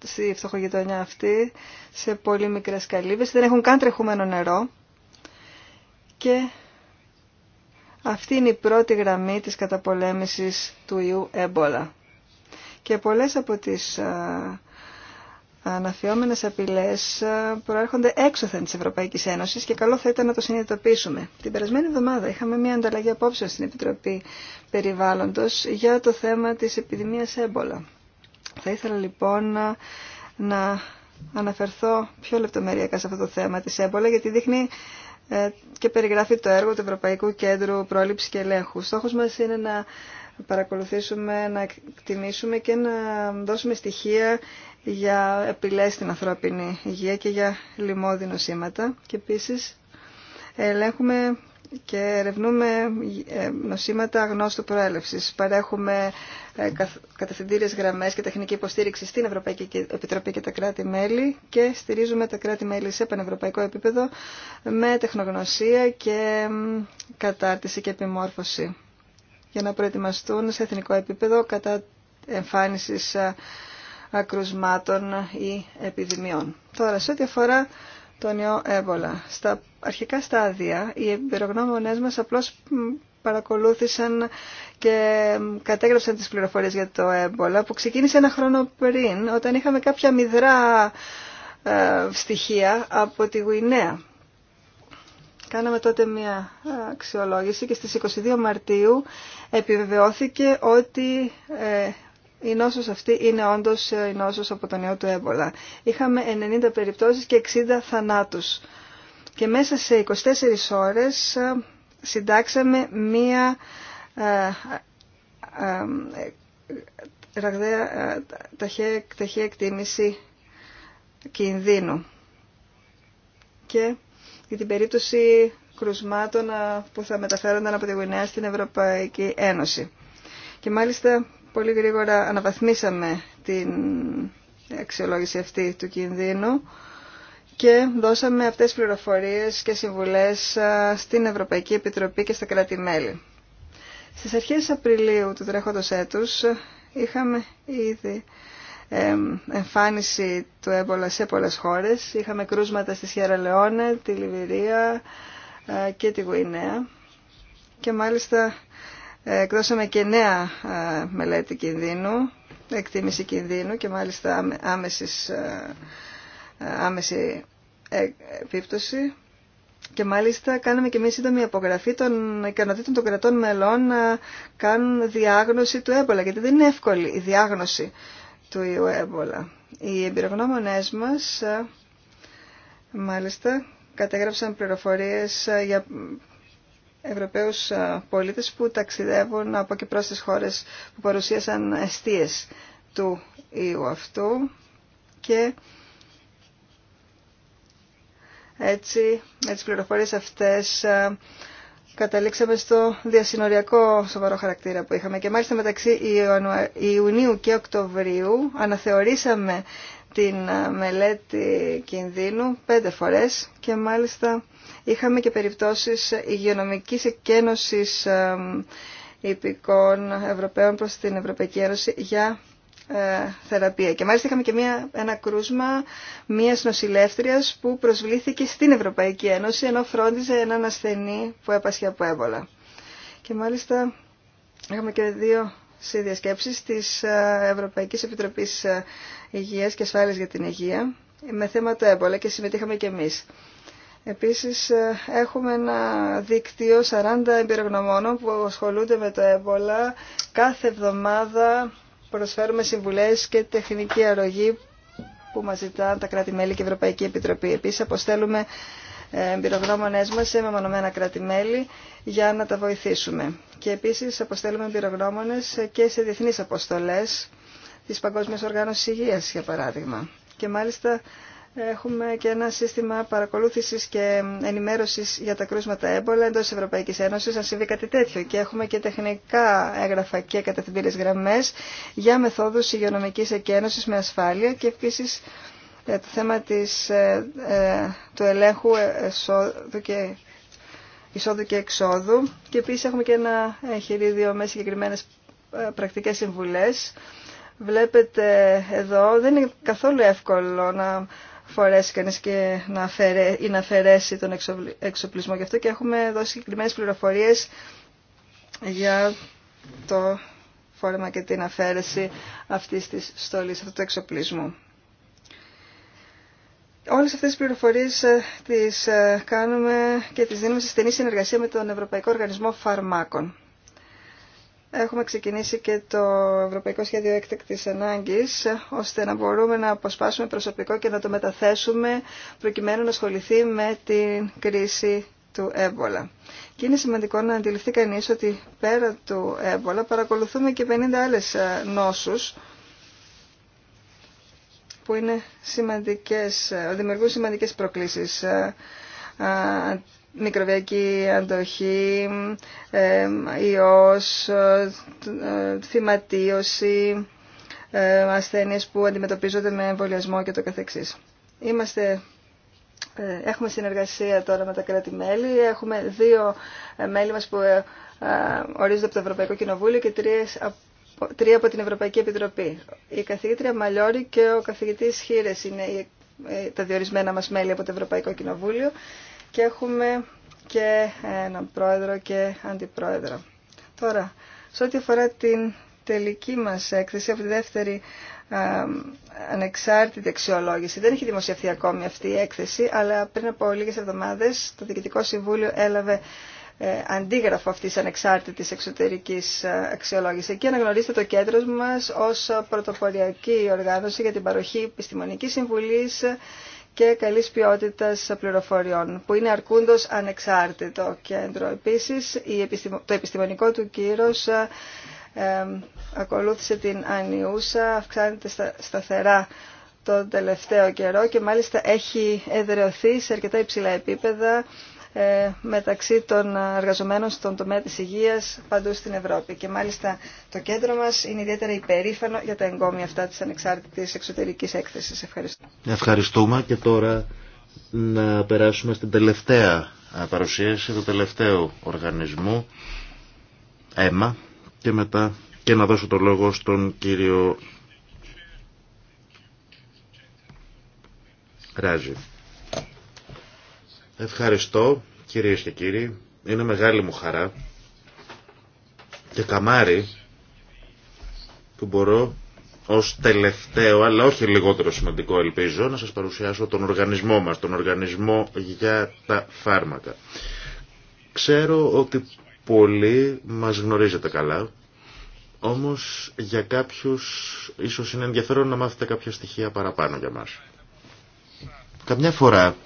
[SPEAKER 3] στη φτωχογειτονιά αυτή, σε πολύ μικρές καλύβες, δεν έχουν καν τρεχούμενο νερό και αυτή είναι η πρώτη γραμμή της καταπολέμησης του ιού έμπολα. Και πολλές από τις αναφιόμενες απειλές προέρχονται έξωθεν της Ευρωπαϊκής Ένωσης και καλό θα ήταν να το συνειδητοποιήσουμε. Την περασμένη εβδομάδα είχαμε μια ανταλλαγή απόψεων στην Επιτροπή Περιβάλλοντος για το θέμα της επιδημίας έμπολα. Θα ήθελα λοιπόν να αναφερθώ πιο λεπτομεριακά σε αυτό το θέμα της έμπολα γιατί δείχνει ε, και περιγράφει το έργο του Ευρωπαϊκού Κέντρου Πρόληψης και Ελέγχου. Στόχος μας είναι να παρακολουθήσουμε, να εκτιμήσουμε και να δώσουμε στοιχεία για επιλές στην ανθρώπινη υγεία και για λοιμώδη νοσήματα. Και επίσης ελέγχουμε και ερευνούμε ε, νοσήματα γνώστου προέλευσης. Παρέχουμε ε, κατευθυντήριε γραμμές και τεχνική υποστήριξη στην Ευρωπαϊκή Επιτροπή και τα κράτη-μέλη και στηρίζουμε τα κράτη-μέλη σε πανευρωπαϊκό επίπεδο με τεχνογνωσία και κατάρτιση και επιμόρφωση για να προετοιμαστούν σε εθνικό επίπεδο κατά εμφάνισης ε, ακρουσμάτων ή επιδημιών. Τώρα, σε ό,τι αφορά τον ιό έμπολα. Στα αρχικά στάδια οι εμπειρογνώμονές μας απλώς παρακολούθησαν και κατέγραψαν τις πληροφορίες για το έμπολα που ξεκίνησε ένα χρόνο πριν όταν είχαμε κάποια μηδρά ε, στοιχεία από τη Γουινέα. Κάναμε τότε μια αξιολόγηση και στις 22 Μαρτίου επιβεβαιώθηκε ότι ε, η νόσος αυτή είναι όντως ε, η νόσος από τον ιό του έμπολα. Είχαμε 90 περιπτώσεις και 60 θανάτους. Και μέσα σε 24 ώρες ε, συντάξαμε μία ε, ραγδαία ταχεία εκτίμηση κινδύνου. Και για την περίπτωση κρουσμάτων που θα μεταφέρονταν από τη Γουινέα στην Ευρωπαϊκή Ένωση. Και μάλιστα πολύ γρήγορα αναβαθμίσαμε την αξιολόγηση αυτή του κινδύνου και δώσαμε αυτές τις πληροφορίες και συμβουλές στην Ευρωπαϊκή Επιτροπή και στα κράτη-μέλη. Στις αρχές Απριλίου του τρέχοντος έτους είχαμε ήδη εμφάνιση του έμπολα σε πολλές χώρες. Είχαμε κρούσματα στη Σιέρα Λεόνε, τη Λιβυρία και τη Γουινέα. Και μάλιστα εκδώσαμε και νέα μελέτη κινδύνου, εκτίμηση κινδύνου και μάλιστα άμεσης, άμεση ε, επίπτωση. Και μάλιστα κάναμε και μια σύντομη απογραφή των ικανοτήτων των κρατών μελών να κάνουν διάγνωση του έμπολα, γιατί δεν είναι εύκολη η διάγνωση του ιού έμπολα. Οι εμπειρογνώμονές μας, μάλιστα, κατέγραψαν πληροφορίες για Ευρωπαίους ε, πολίτες που ταξιδεύουν από και προς τις χώρες που παρουσίασαν αιστείες του ιού αυτού και έτσι με τις πληροφορίες αυτές ε, καταλήξαμε στο διασυνοριακό σοβαρό χαρακτήρα που είχαμε και μάλιστα μεταξύ Ιουνίου και Οκτωβρίου αναθεωρήσαμε την ε, μελέτη κινδύνου πέντε φορές και μάλιστα είχαμε και περιπτώσεις υγειονομικής εκένωσης υπηκών Ευρωπαίων προς την Ευρωπαϊκή Ένωση για ε, θεραπεία. Και μάλιστα είχαμε και μια, ένα κρούσμα μιας νοσηλεύτριας που προσβλήθηκε στην Ευρωπαϊκή Ένωση ενώ φρόντιζε έναν ασθενή που έπασχε από έμπολα. Και μάλιστα έχουμε και δύο σε διασκέψεις της ε, Ευρωπαϊκής Επιτροπής ε, Υγείας και Ασφάλειας για την Υγεία με θέμα το έμπολα και συμμετείχαμε και εμείς. Επίσης ε, έχουμε ένα δίκτυο 40 εμπειρογνωμόνων που ασχολούνται με το έμπολα. Κάθε εβδομάδα προσφέρουμε συμβουλές και τεχνική αρρωγή που μας ζητά τα κράτη-μέλη και η Ευρωπαϊκή Επιτροπή. Επίσης αποστέλουμε εμπειρογνώμονές μας σε μεμονωμένα κράτη-μέλη για να τα βοηθήσουμε. Και επίσης αποστέλουμε εμπειρογνώμονες και σε διεθνείς αποστολές της Παγκόσμιας Οργάνωσης Υγείας, για παράδειγμα. Και μάλιστα έχουμε και ένα σύστημα παρακολούθησης και ενημέρωσης για τα κρούσματα έμπολα εντός της Ευρωπαϊκής Ένωσης, αν συμβεί κάτι τέτοιο. Και έχουμε και τεχνικά έγγραφα και κατευθυντήρες γραμμές για μεθόδους υγειονομικής εκένωσης με ασφάλεια και επίσης για ε, το θέμα της, ε, ε, του ελέγχου εσόδου και, εισόδου και εξόδου και επίσης έχουμε και ένα εγχειρίδιο με συγκεκριμένε πρακτικές συμβουλές. Βλέπετε εδώ, δεν είναι καθόλου εύκολο να φορέσει κανείς και να ή να αφαιρέσει τον εξοπλισμό. Γι' αυτό και έχουμε δώσει συγκεκριμένες πληροφορίες για το φόρεμα και την αφαίρεση αυτής της στολής, αυτού του εξοπλισμού. Όλες αυτές τις πληροφορίες ε, τις ε, κάνουμε και τις δίνουμε σε στενή συνεργασία με τον Ευρωπαϊκό Οργανισμό Φαρμάκων. Έχουμε ξεκινήσει και το Ευρωπαϊκό Σχέδιο Έκτακτης Ανάγκης, ώστε να μπορούμε να αποσπάσουμε προσωπικό και να το μεταθέσουμε προκειμένου να ασχοληθεί με την κρίση του έμπολα. Και είναι σημαντικό να αντιληφθεί κανείς ότι πέρα του έμπολα παρακολουθούμε και 50 άλλες ε, νόσους, που είναι σημαντικές, δημιουργούν σημαντικές προκλήσεις. Ε, ε, μικροβιακή αντοχή, ε, ιός, θυματίωση, ασθένειες που αντιμετωπίζονται με εμβολιασμό και το καθεξής. Είμαστε Έχουμε συνεργασία τώρα με τα κράτη-μέλη. Έχουμε δύο μέλη μας που ορίζονται από το Ευρωπαϊκό Κοινοβούλιο και τρεις από τρία από την Ευρωπαϊκή Επιτροπή. Η καθηγήτρια Μαλιόρη και ο Καθηγητή Χίρε είναι ε, τα διορισμένα μας μέλη από το Ευρωπαϊκό Κοινοβούλιο και έχουμε και έναν πρόεδρο και αντιπρόεδρο. Τώρα, σε ό,τι αφορά την τελική μας έκθεση από τη δεύτερη ε, ανεξάρτητη αξιολόγηση. Δεν έχει δημοσιευθεί ακόμη αυτή η έκθεση, αλλά πριν από λίγε εβδομάδε, το Διοικητικό Συμβούλιο έλαβε ε, αντίγραφο αυτής της ανεξάρτητης εξωτερικής ε, αξιολόγησης. Εκεί αναγνωρίζεται το κέντρο μας ως πρωτοποριακή οργάνωση για την παροχή επιστημονικής συμβουλής και καλής ποιότητας πληροφοριών, που είναι αρκούντος ανεξάρτητο κέντρο. Επίσης, το επιστημονικό του κύρος ε, ακολούθησε την ανιούσα, αυξάνεται σταθερά τον τελευταίο καιρό και μάλιστα έχει εδρεωθεί σε αρκετά υψηλά επίπεδα ε, μεταξύ των εργαζομένων στον τομέα της υγείας παντού στην Ευρώπη. Και μάλιστα το κέντρο μας είναι ιδιαίτερα υπερήφανο για τα εγκόμια αυτά της ανεξάρτητης εξωτερικής έκθεσης. Ευχαριστώ.
[SPEAKER 1] Ευχαριστούμε και τώρα να περάσουμε στην τελευταία παρουσίαση του τελευταίου οργανισμού, «Έμα» και μετά και να δώσω το λόγο στον κύριο Ράζιν. Ευχαριστώ κυρίες και κύριοι. Είναι μεγάλη μου χαρά και καμάρι που μπορώ ως τελευταίο, αλλά όχι λιγότερο σημαντικό ελπίζω, να σας παρουσιάσω τον οργανισμό μας, τον οργανισμό για τα φάρμακα. Ξέρω ότι πολλοί μας γνωρίζετε καλά, όμως για κάποιους ίσως είναι ενδιαφέρον να μάθετε κάποια στοιχεία παραπάνω για μας. Καμιά φορά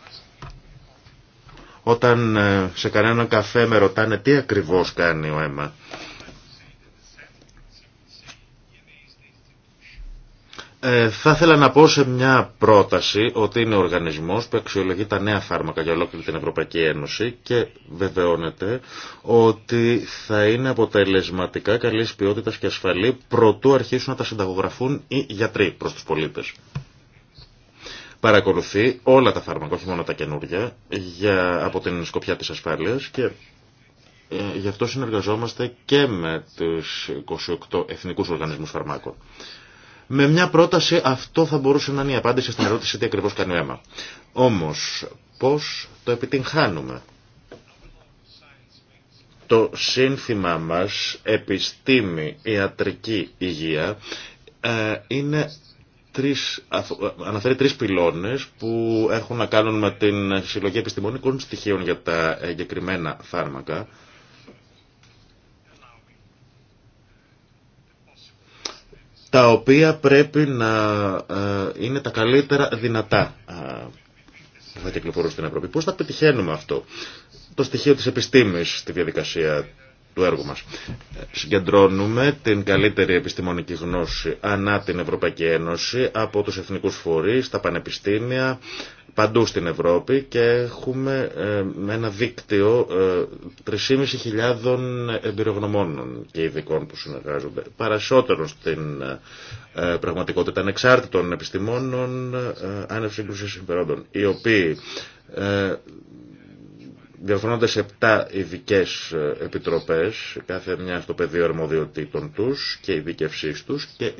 [SPEAKER 1] όταν ε, σε κανέναν καφέ με ρωτάνε τι ακριβώς κάνει ο αίμα. Ε, θα ήθελα να πω σε μια πρόταση ότι είναι ο οργανισμός που αξιολογεί τα νέα φάρμακα για ολόκληρη την Ευρωπαϊκή Ένωση και βεβαιώνεται ότι θα είναι αποτελεσματικά καλής ποιότητας και ασφαλή προτού αρχίσουν να τα συνταγογραφούν οι γιατροί προς τους πολίτες παρακολουθεί όλα τα φάρμακα, όχι μόνο τα καινούργια, για, από την σκοπιά της ασφάλειας και ε, γι' αυτό συνεργαζόμαστε και με τους 28 εθνικούς οργανισμούς φαρμάκων. Με μια πρόταση αυτό θα μπορούσε να είναι η απάντηση στην ερώτηση τι ακριβώς κάνει ο αίμα. Όμως, πώς το επιτυγχάνουμε. Το σύνθημά μας, επιστήμη, ιατρική υγεία, ε, είναι αναφέρει τρεις πυλώνες που έχουν να κάνουν με την συλλογή επιστημονικών στοιχείων για τα εγκεκριμένα φάρμακα. τα οποία πρέπει να ε, είναι τα καλύτερα δυνατά ε, που θα κυκλοφορούν στην Ευρώπη. Πώς θα πετυχαίνουμε αυτό. Το στοιχείο της επιστήμης στη διαδικασία του έργου μας. Συγκεντρώνουμε την καλύτερη επιστημονική γνώση ανά την Ευρωπαϊκή Ένωση από τους εθνικούς φορείς, τα πανεπιστήμια, παντού στην Ευρώπη και έχουμε ε, ένα δίκτυο 3.500 ε, εμπειρογνωμόνων και ειδικών που συνεργάζονται παρασότερο στην ε, πραγματικότητα ανεξάρτητων επιστημόνων άνευ συμφερόντων οι οποίοι Διορθώνονται σε 7 ειδικέ ε, επιτροπέ, κάθε μια στο πεδίο αρμοδιοτήτων του και ειδικευσή του και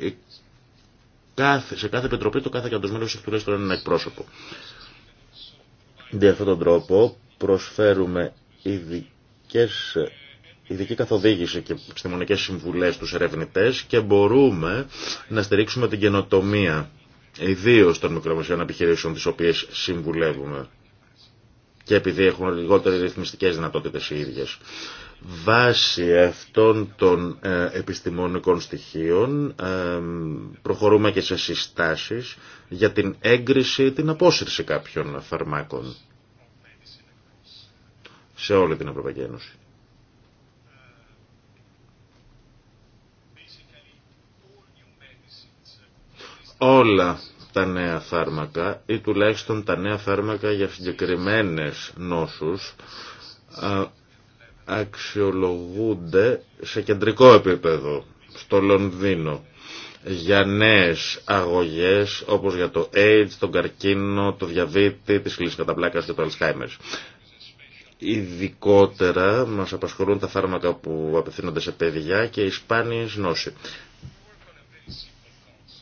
[SPEAKER 1] σε κάθε επιτροπή το κάθε καντοσμένο έχει τουλάχιστον ένα εκπρόσωπο. Δι' αυτόν τον τρόπο προσφέρουμε ειδικές, ειδική καθοδήγηση και επιστημονικές συμβουλές στους ερευνητές και μπορούμε να στηρίξουμε την καινοτομία, ιδίως των μικρομεσαίων επιχειρήσεων τις οποίες συμβουλεύουμε και επειδή έχουν λιγότερε ρυθμιστικέ δυνατότητε οι ίδιε. Βάσει αυτών των ε, επιστημονικών στοιχείων ε, προχωρούμε και σε συστάσεις για την έγκριση ή την απόσυρση κάποιων φαρμάκων σε όλη την Ευρωπαϊκή Ένωση. Όλα τα νέα φάρμακα ή τουλάχιστον τα νέα φάρμακα για συγκεκριμένες νόσους αξιολογούνται σε κεντρικό επίπεδο, στο Λονδίνο, για νέες αγωγές όπως για το AIDS, τον καρκίνο, το διαβήτη, τις κλίσεις καταπλάκας και το Alzheimer's. Ειδικότερα μας απασχολούν τα φάρμακα που απευθύνονται σε παιδιά και οι σπάνιες νόσοι.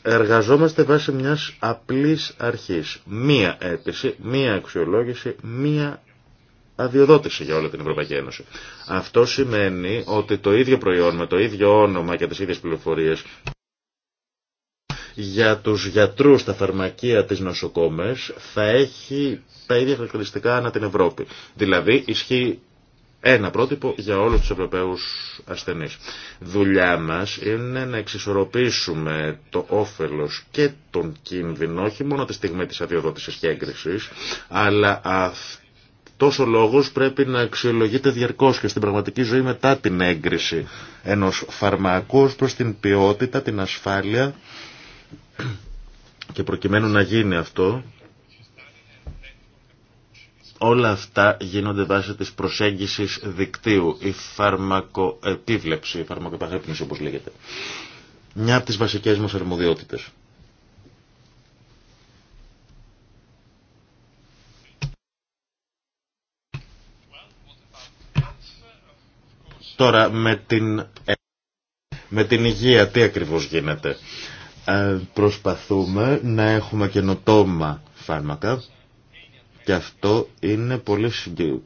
[SPEAKER 1] Εργαζόμαστε βάσει μιας απλής αρχής. Μία αίτηση, μία αξιολόγηση, μία αδειοδότηση για όλη την Ευρωπαϊκή Ένωση. Αυτό σημαίνει ότι το ίδιο προϊόν με το ίδιο όνομα και τις ίδιες πληροφορίες για τους γιατρούς, τα φαρμακεία, τις νοσοκόμες θα έχει τα ίδια χαρακτηριστικά ανά την Ευρώπη. Δηλαδή ισχύει ένα πρότυπο για όλους τους Ευρωπαίους ασθενείς. Δουλειά μας είναι να εξισορροπήσουμε το όφελος και τον κίνδυνο, όχι μόνο τη στιγμή της αδειοδότησης και έγκρισης, αλλά αυτός ο λόγος πρέπει να αξιολογείται διαρκώς και στην πραγματική ζωή μετά την έγκριση ενός φαρμακού προς την ποιότητα, την ασφάλεια και προκειμένου να γίνει αυτό Όλα αυτά γίνονται βάσει της προσέγγισης δικτύου, η φαρμακοεπίβλεψη, η όπως λέγεται. Μια από τις βασικές μας αρμοδιότητες. Τώρα με την, με την υγεία τι ακριβώς γίνεται. Ε, προσπαθούμε να έχουμε καινοτόμα φάρμακα και αυτό είναι πολύ,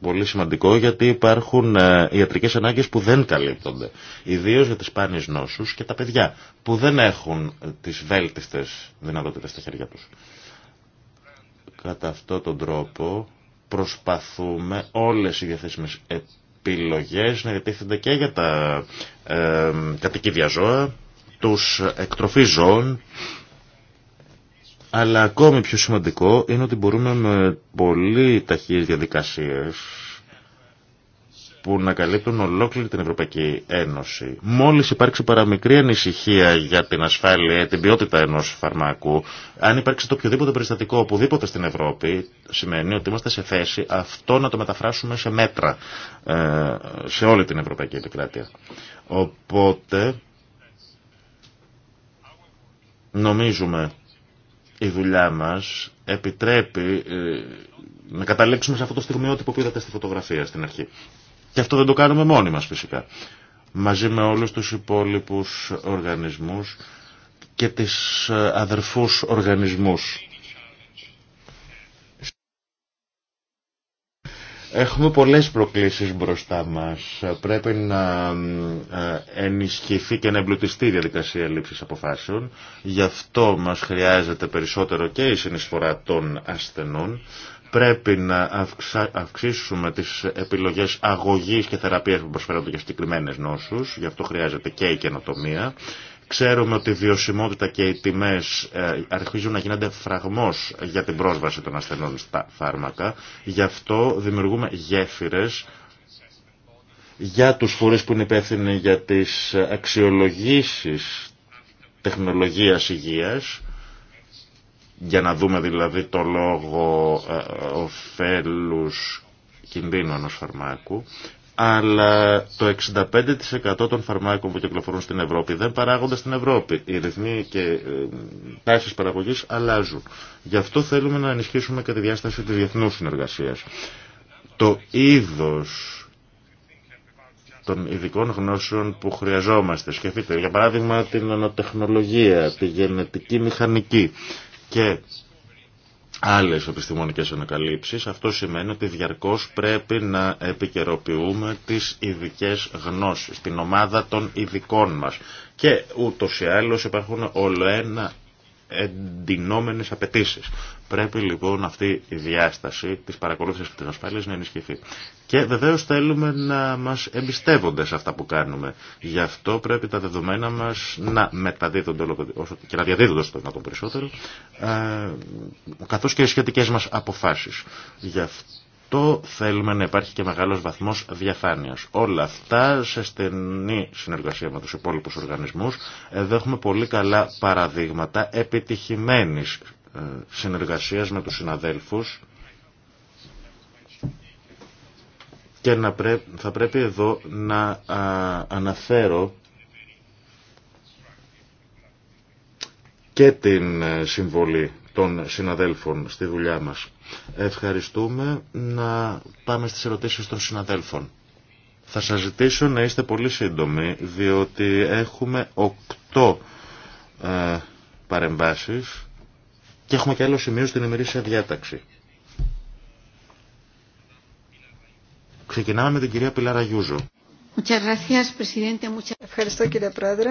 [SPEAKER 1] πολύ σημαντικό γιατί υπάρχουν ε, ιατρικές ανάγκες που δεν καλύπτονται. Ιδίως για τις σπάνιες νόσους και τα παιδιά που δεν έχουν ε, τις βέλτιστες δυνατότητες στα χέρια τους. Κατά αυτόν τον τρόπο προσπαθούμε όλες οι διαθέσιμες επιλογές να διατίθενται και για τα ε, κατοικίδια ζώα, τους εκτροφείς ζώων, αλλά ακόμη πιο σημαντικό είναι ότι μπορούμε με πολύ ταχείς διαδικασίες που να καλύπτουν ολόκληρη την Ευρωπαϊκή Ένωση. Μόλις υπάρξει παραμικρή ανησυχία για την ασφάλεια, την ποιότητα ενός φαρμάκου, αν υπάρξει το οποιοδήποτε περιστατικό οπουδήποτε στην Ευρώπη, σημαίνει ότι είμαστε σε θέση αυτό να το μεταφράσουμε σε μέτρα ε, σε όλη την Ευρωπαϊκή Επικράτεια. Οπότε, νομίζουμε η δουλειά μας επιτρέπει ε, να καταλήξουμε σε αυτό το στιγμιότυπο που είδατε στη φωτογραφία στην αρχή. Και αυτό δεν το κάνουμε μόνοι μας φυσικά. Μαζί με όλους τους υπόλοιπους οργανισμούς και τις ε, αδερφούς οργανισμούς Έχουμε πολλές προκλήσεις μπροστά μας. Πρέπει να ε, ενισχυθεί και να εμπλουτιστεί η διαδικασία λήψης αποφάσεων. Γι' αυτό μας χρειάζεται περισσότερο και η συνεισφορά των ασθενών. Πρέπει να αυξήσουμε τις επιλογές αγωγής και θεραπείας που προσφέρονται για συγκεκριμένε νόσους. Γι' αυτό χρειάζεται και η καινοτομία. Ξέρουμε ότι η βιωσιμότητα και οι τιμές ε, αρχίζουν να γίνονται φραγμός για την πρόσβαση των ασθενών στα φάρμακα. Γι' αυτό δημιουργούμε γέφυρες για τους φορείς που είναι υπεύθυνοι για τις αξιολογήσεις τεχνολογίας υγείας, για να δούμε δηλαδή το λόγο ε, ωφέλους ε, κινδύνου ως φαρμάκου αλλά το 65% των φαρμάκων που κυκλοφορούν στην Ευρώπη δεν παράγονται στην Ευρώπη. Οι ρυθμοί και ε, τάσεις παραγωγής αλλάζουν. Γι' αυτό θέλουμε να ενισχύσουμε και τη διάσταση τη διεθνού συνεργασίας. Το είδο των ειδικών γνώσεων που χρειαζόμαστε. Σκεφτείτε, για παράδειγμα, την ανατεχνολογία, τη γενετική μηχανική και άλλες επιστημονικές ανακαλύψεις. Αυτό σημαίνει ότι διαρκώς πρέπει να επικαιροποιούμε τις ειδικέ γνώσεις, την ομάδα των ειδικών μας. Και ούτως ή υπάρχουν όλο ένα εντυνόμενες απαιτήσει. Πρέπει λοιπόν αυτή η διάσταση της παρακολούθησης της ασφάλειας να ενισχυθεί. Και βεβαίως θέλουμε να μας εμπιστεύονται σε αυτά που κάνουμε. Γι' αυτό πρέπει τα δεδομένα μας να μεταδίδονται όσο και να διαδίδονται στο δυνατόν περισσότερο, ε, καθώ και οι σχετικές μας αποφάσεις. Γι' αυτό αυτό θέλουμε να υπάρχει και μεγάλος βαθμός διαφάνειας. Όλα αυτά σε στενή συνεργασία με τους υπόλοιπους οργανισμούς. Εδώ έχουμε πολύ καλά παραδείγματα επιτυχημένης ε, συνεργασίας με τους συναδέλφους και να θα πρέπει εδώ να αναφέρω και την ε, συμβολή των συναδέλφων στη δουλειά μας. Ευχαριστούμε να πάμε στις ερωτήσεις των συναδέλφων. Θα σας ζητήσω να είστε πολύ σύντομοι, διότι έχουμε οκτώ ε, παρεμβάσεις και έχουμε και άλλο σημείο στην ημερήσια διάταξη. Ξεκινάμε με την κυρία Πιλάρα Γιούζο.
[SPEAKER 3] Ευχαριστώ κύριε Πρόεδρε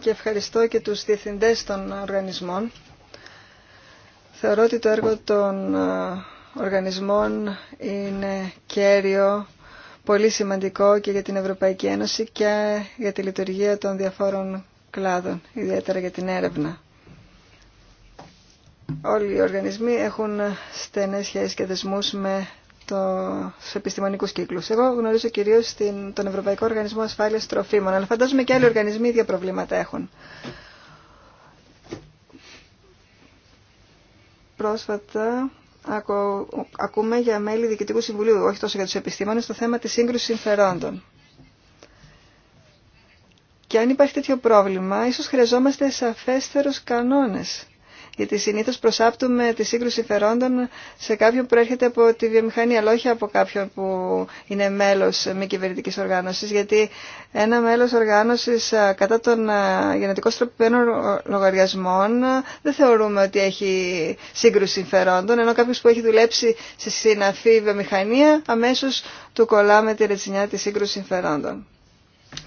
[SPEAKER 3] και ευχαριστώ και τους διευθυντές των οργανισμών Θεωρώ ότι το έργο των ε, οργανισμών είναι κέριο, πολύ σημαντικό και για την Ευρωπαϊκή Ένωση και για τη λειτουργία των διαφόρων κλάδων, ιδιαίτερα για την έρευνα. Όλοι οι οργανισμοί έχουν στενές σχέσεις και δεσμούς με τους επιστημονικούς κύκλους. Εγώ γνωρίζω κυρίως τον Ευρωπαϊκό Οργανισμό Ασφάλειας Τροφίμων, αλλά φαντάζομαι και άλλοι οργανισμοί ίδια προβλήματα έχουν. πρόσφατα ακούμε για μέλη Διοικητικού Συμβουλίου, όχι τόσο για τους επιστήμονες, το θέμα της σύγκρουσης συμφερόντων. Και αν υπάρχει τέτοιο πρόβλημα, ίσως χρειαζόμαστε σαφέστερους κανόνες γιατί συνήθως προσάπτουμε τη σύγκρουση φερόντων σε κάποιον που έρχεται από τη βιομηχανία, αλλά όχι από κάποιον που είναι μέλος μη κυβερνητική οργάνωσης, γιατί ένα μέλος οργάνωσης κατά των γενετικών στροπημένων λογαριασμών δεν θεωρούμε ότι έχει σύγκρουση φερόντων, ενώ κάποιος που έχει δουλέψει σε συναφή βιομηχανία αμέσως του κολλάμε τη ρετσινιά τη σύγκρουση συμφερόντων.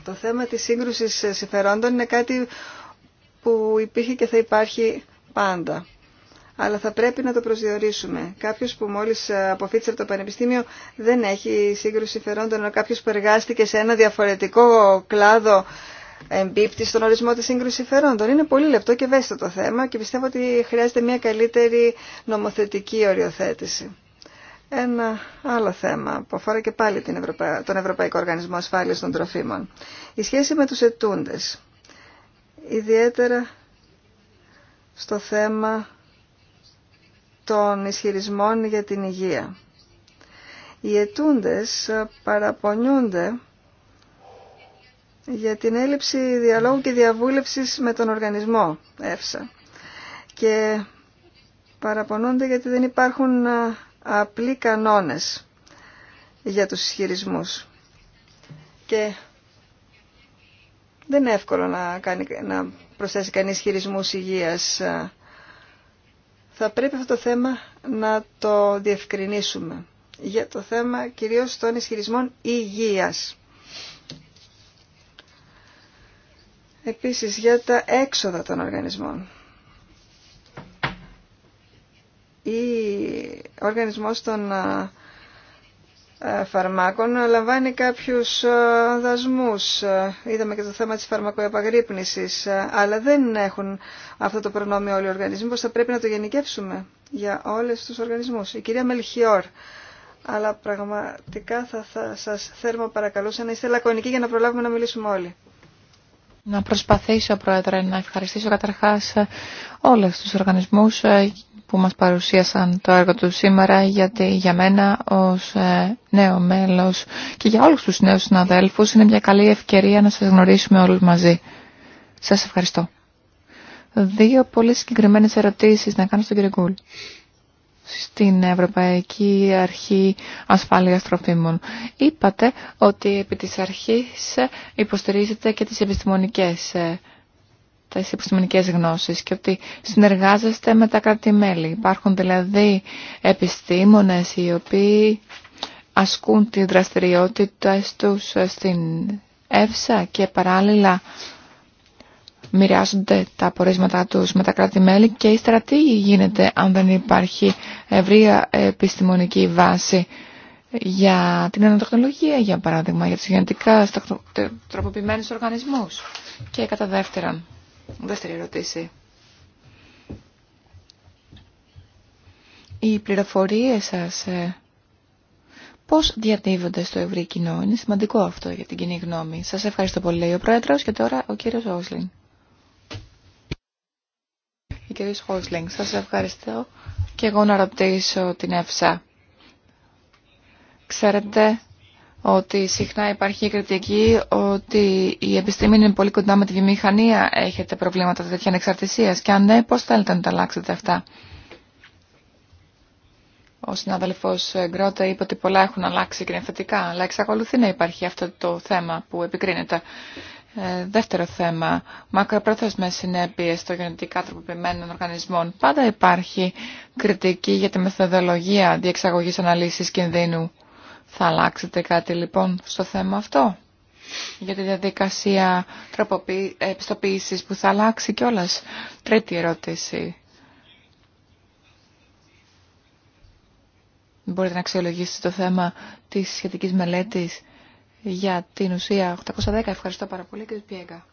[SPEAKER 3] Το θέμα της σύγκρουσης συμφερόντων είναι κάτι που υπήρχε και θα υπάρχει πάντα. Αλλά θα πρέπει να το προσδιορίσουμε. Κάποιο που μόλι αποφύτησε από το Πανεπιστήμιο δεν έχει σύγκρουση συμφερόντων, αλλά κάποιο που εργάστηκε σε ένα διαφορετικό κλάδο εμπίπτει στον ορισμό τη σύγκρουση συμφερόντων. Είναι πολύ λεπτό και ευαίσθητο το θέμα και πιστεύω ότι χρειάζεται μια καλύτερη νομοθετική οριοθέτηση. Ένα άλλο θέμα που αφορά και πάλι την Ευρωπα... τον Ευρωπαϊκό Οργανισμό Ασφάλεια των Τροφίμων. Η σχέση με του ετούντε. Ιδιαίτερα στο θέμα των ισχυρισμών για την υγεία. Οι ετούντες παραπονιούνται για την έλλειψη διαλόγου και διαβούλευσης με τον οργανισμό ΕΦΣΑ και παραπονούνται γιατί δεν υπάρχουν απλοί κανόνες για τους ισχυρισμού. Και δεν είναι εύκολο να, κάνει, να προσθέσει κανείς χειρισμούς Θα πρέπει αυτό το θέμα να το διευκρινίσουμε για το θέμα κυρίως των ισχυρισμών υγείας. Επίσης για τα έξοδα των οργανισμών. Ο οργανισμός των ε, φαρμάκων λαμβάνει κάποιους ε, δασμούς. Ε, είδαμε και το θέμα της φαρμακοεπαγρύπνησης, αλλά δεν έχουν αυτό το προνόμιο όλοι οι οργανισμοί, πως θα πρέπει να το γενικεύσουμε για όλες τους οργανισμούς. Η κυρία Μελχιόρ, αλλά πραγματικά θα, θα σας θέρμα παρακαλούσα να είστε λακωνικοί για να προλάβουμε να μιλήσουμε όλοι.
[SPEAKER 2] Να προσπαθήσω, Πρόεδρε, να ευχαριστήσω καταρχάς όλους τους οργανισμούς που μας παρουσίασαν το έργο του σήμερα γιατί για μένα ως ε, νέο μέλος και για όλους τους νέους συναδέλφους είναι μια καλή ευκαιρία να σας γνωρίσουμε όλους μαζί. Σας ευχαριστώ. Δύο πολύ συγκεκριμένες ερωτήσεις να κάνω στον κύριο Γκούλ. Στην Ευρωπαϊκή Αρχή Ασφάλειας Τροφίμων. Είπατε ότι επί της αρχής υποστηρίζετε και τις επιστημονικές ε, τις επιστημονικές γνώσεις και ότι συνεργάζεστε με τα κράτη-μέλη. Υπάρχουν δηλαδή επιστήμονες οι οποίοι ασκούν τη δραστηριότητα του στην ΕΦΣΑ και παράλληλα μοιράζονται τα απορίσματά τους με τα κράτη-μέλη και ύστερα τι γίνεται αν δεν υπάρχει ευρία επιστημονική βάση για την ανατοχνολογία για παράδειγμα, για τους γενετικά τροποποιημένους οργανισμούς. Και κατά δεύτερον, Δεύτερη ερωτήση. Οι πληροφορίες σας ε, πώς διατίβονται στο ευρύ κοινό. Είναι σημαντικό αυτό για την κοινή γνώμη. Σας ευχαριστώ πολύ, ο Πρόεδρος και τώρα ο κύριος Όσλιν. Ο κύριος Όσλιν, σας ευχαριστώ και εγώ να ρωτήσω την ΕΦΣΑ. Ξέρετε ότι συχνά υπάρχει κριτική ότι η επιστήμη είναι πολύ κοντά με τη βιομηχανία. Έχετε προβλήματα τέτοια ανεξαρτησία. Και αν ναι, πώ θέλετε να τα αλλάξετε αυτά. Ο συνάδελφο Γκρότε είπε ότι πολλά έχουν αλλάξει και αλλά εξακολουθεί να υπάρχει αυτό το θέμα που επικρίνεται. Ε, δεύτερο θέμα, μακροπρόθεσμες συνέπειες των γενετικά τροποποιημένων οργανισμών. Πάντα υπάρχει κριτική για τη μεθοδολογία διεξαγωγής αναλύση κινδύνου. Θα αλλάξετε κάτι λοιπόν στο θέμα αυτό για τη διαδικασία επιστοποίησης που θα αλλάξει κιόλας. Τρίτη ερώτηση. Μπορείτε να αξιολογήσετε το θέμα της σχετικής μελέτης για την ουσία 810. Ευχαριστώ πάρα πολύ και πιέγα.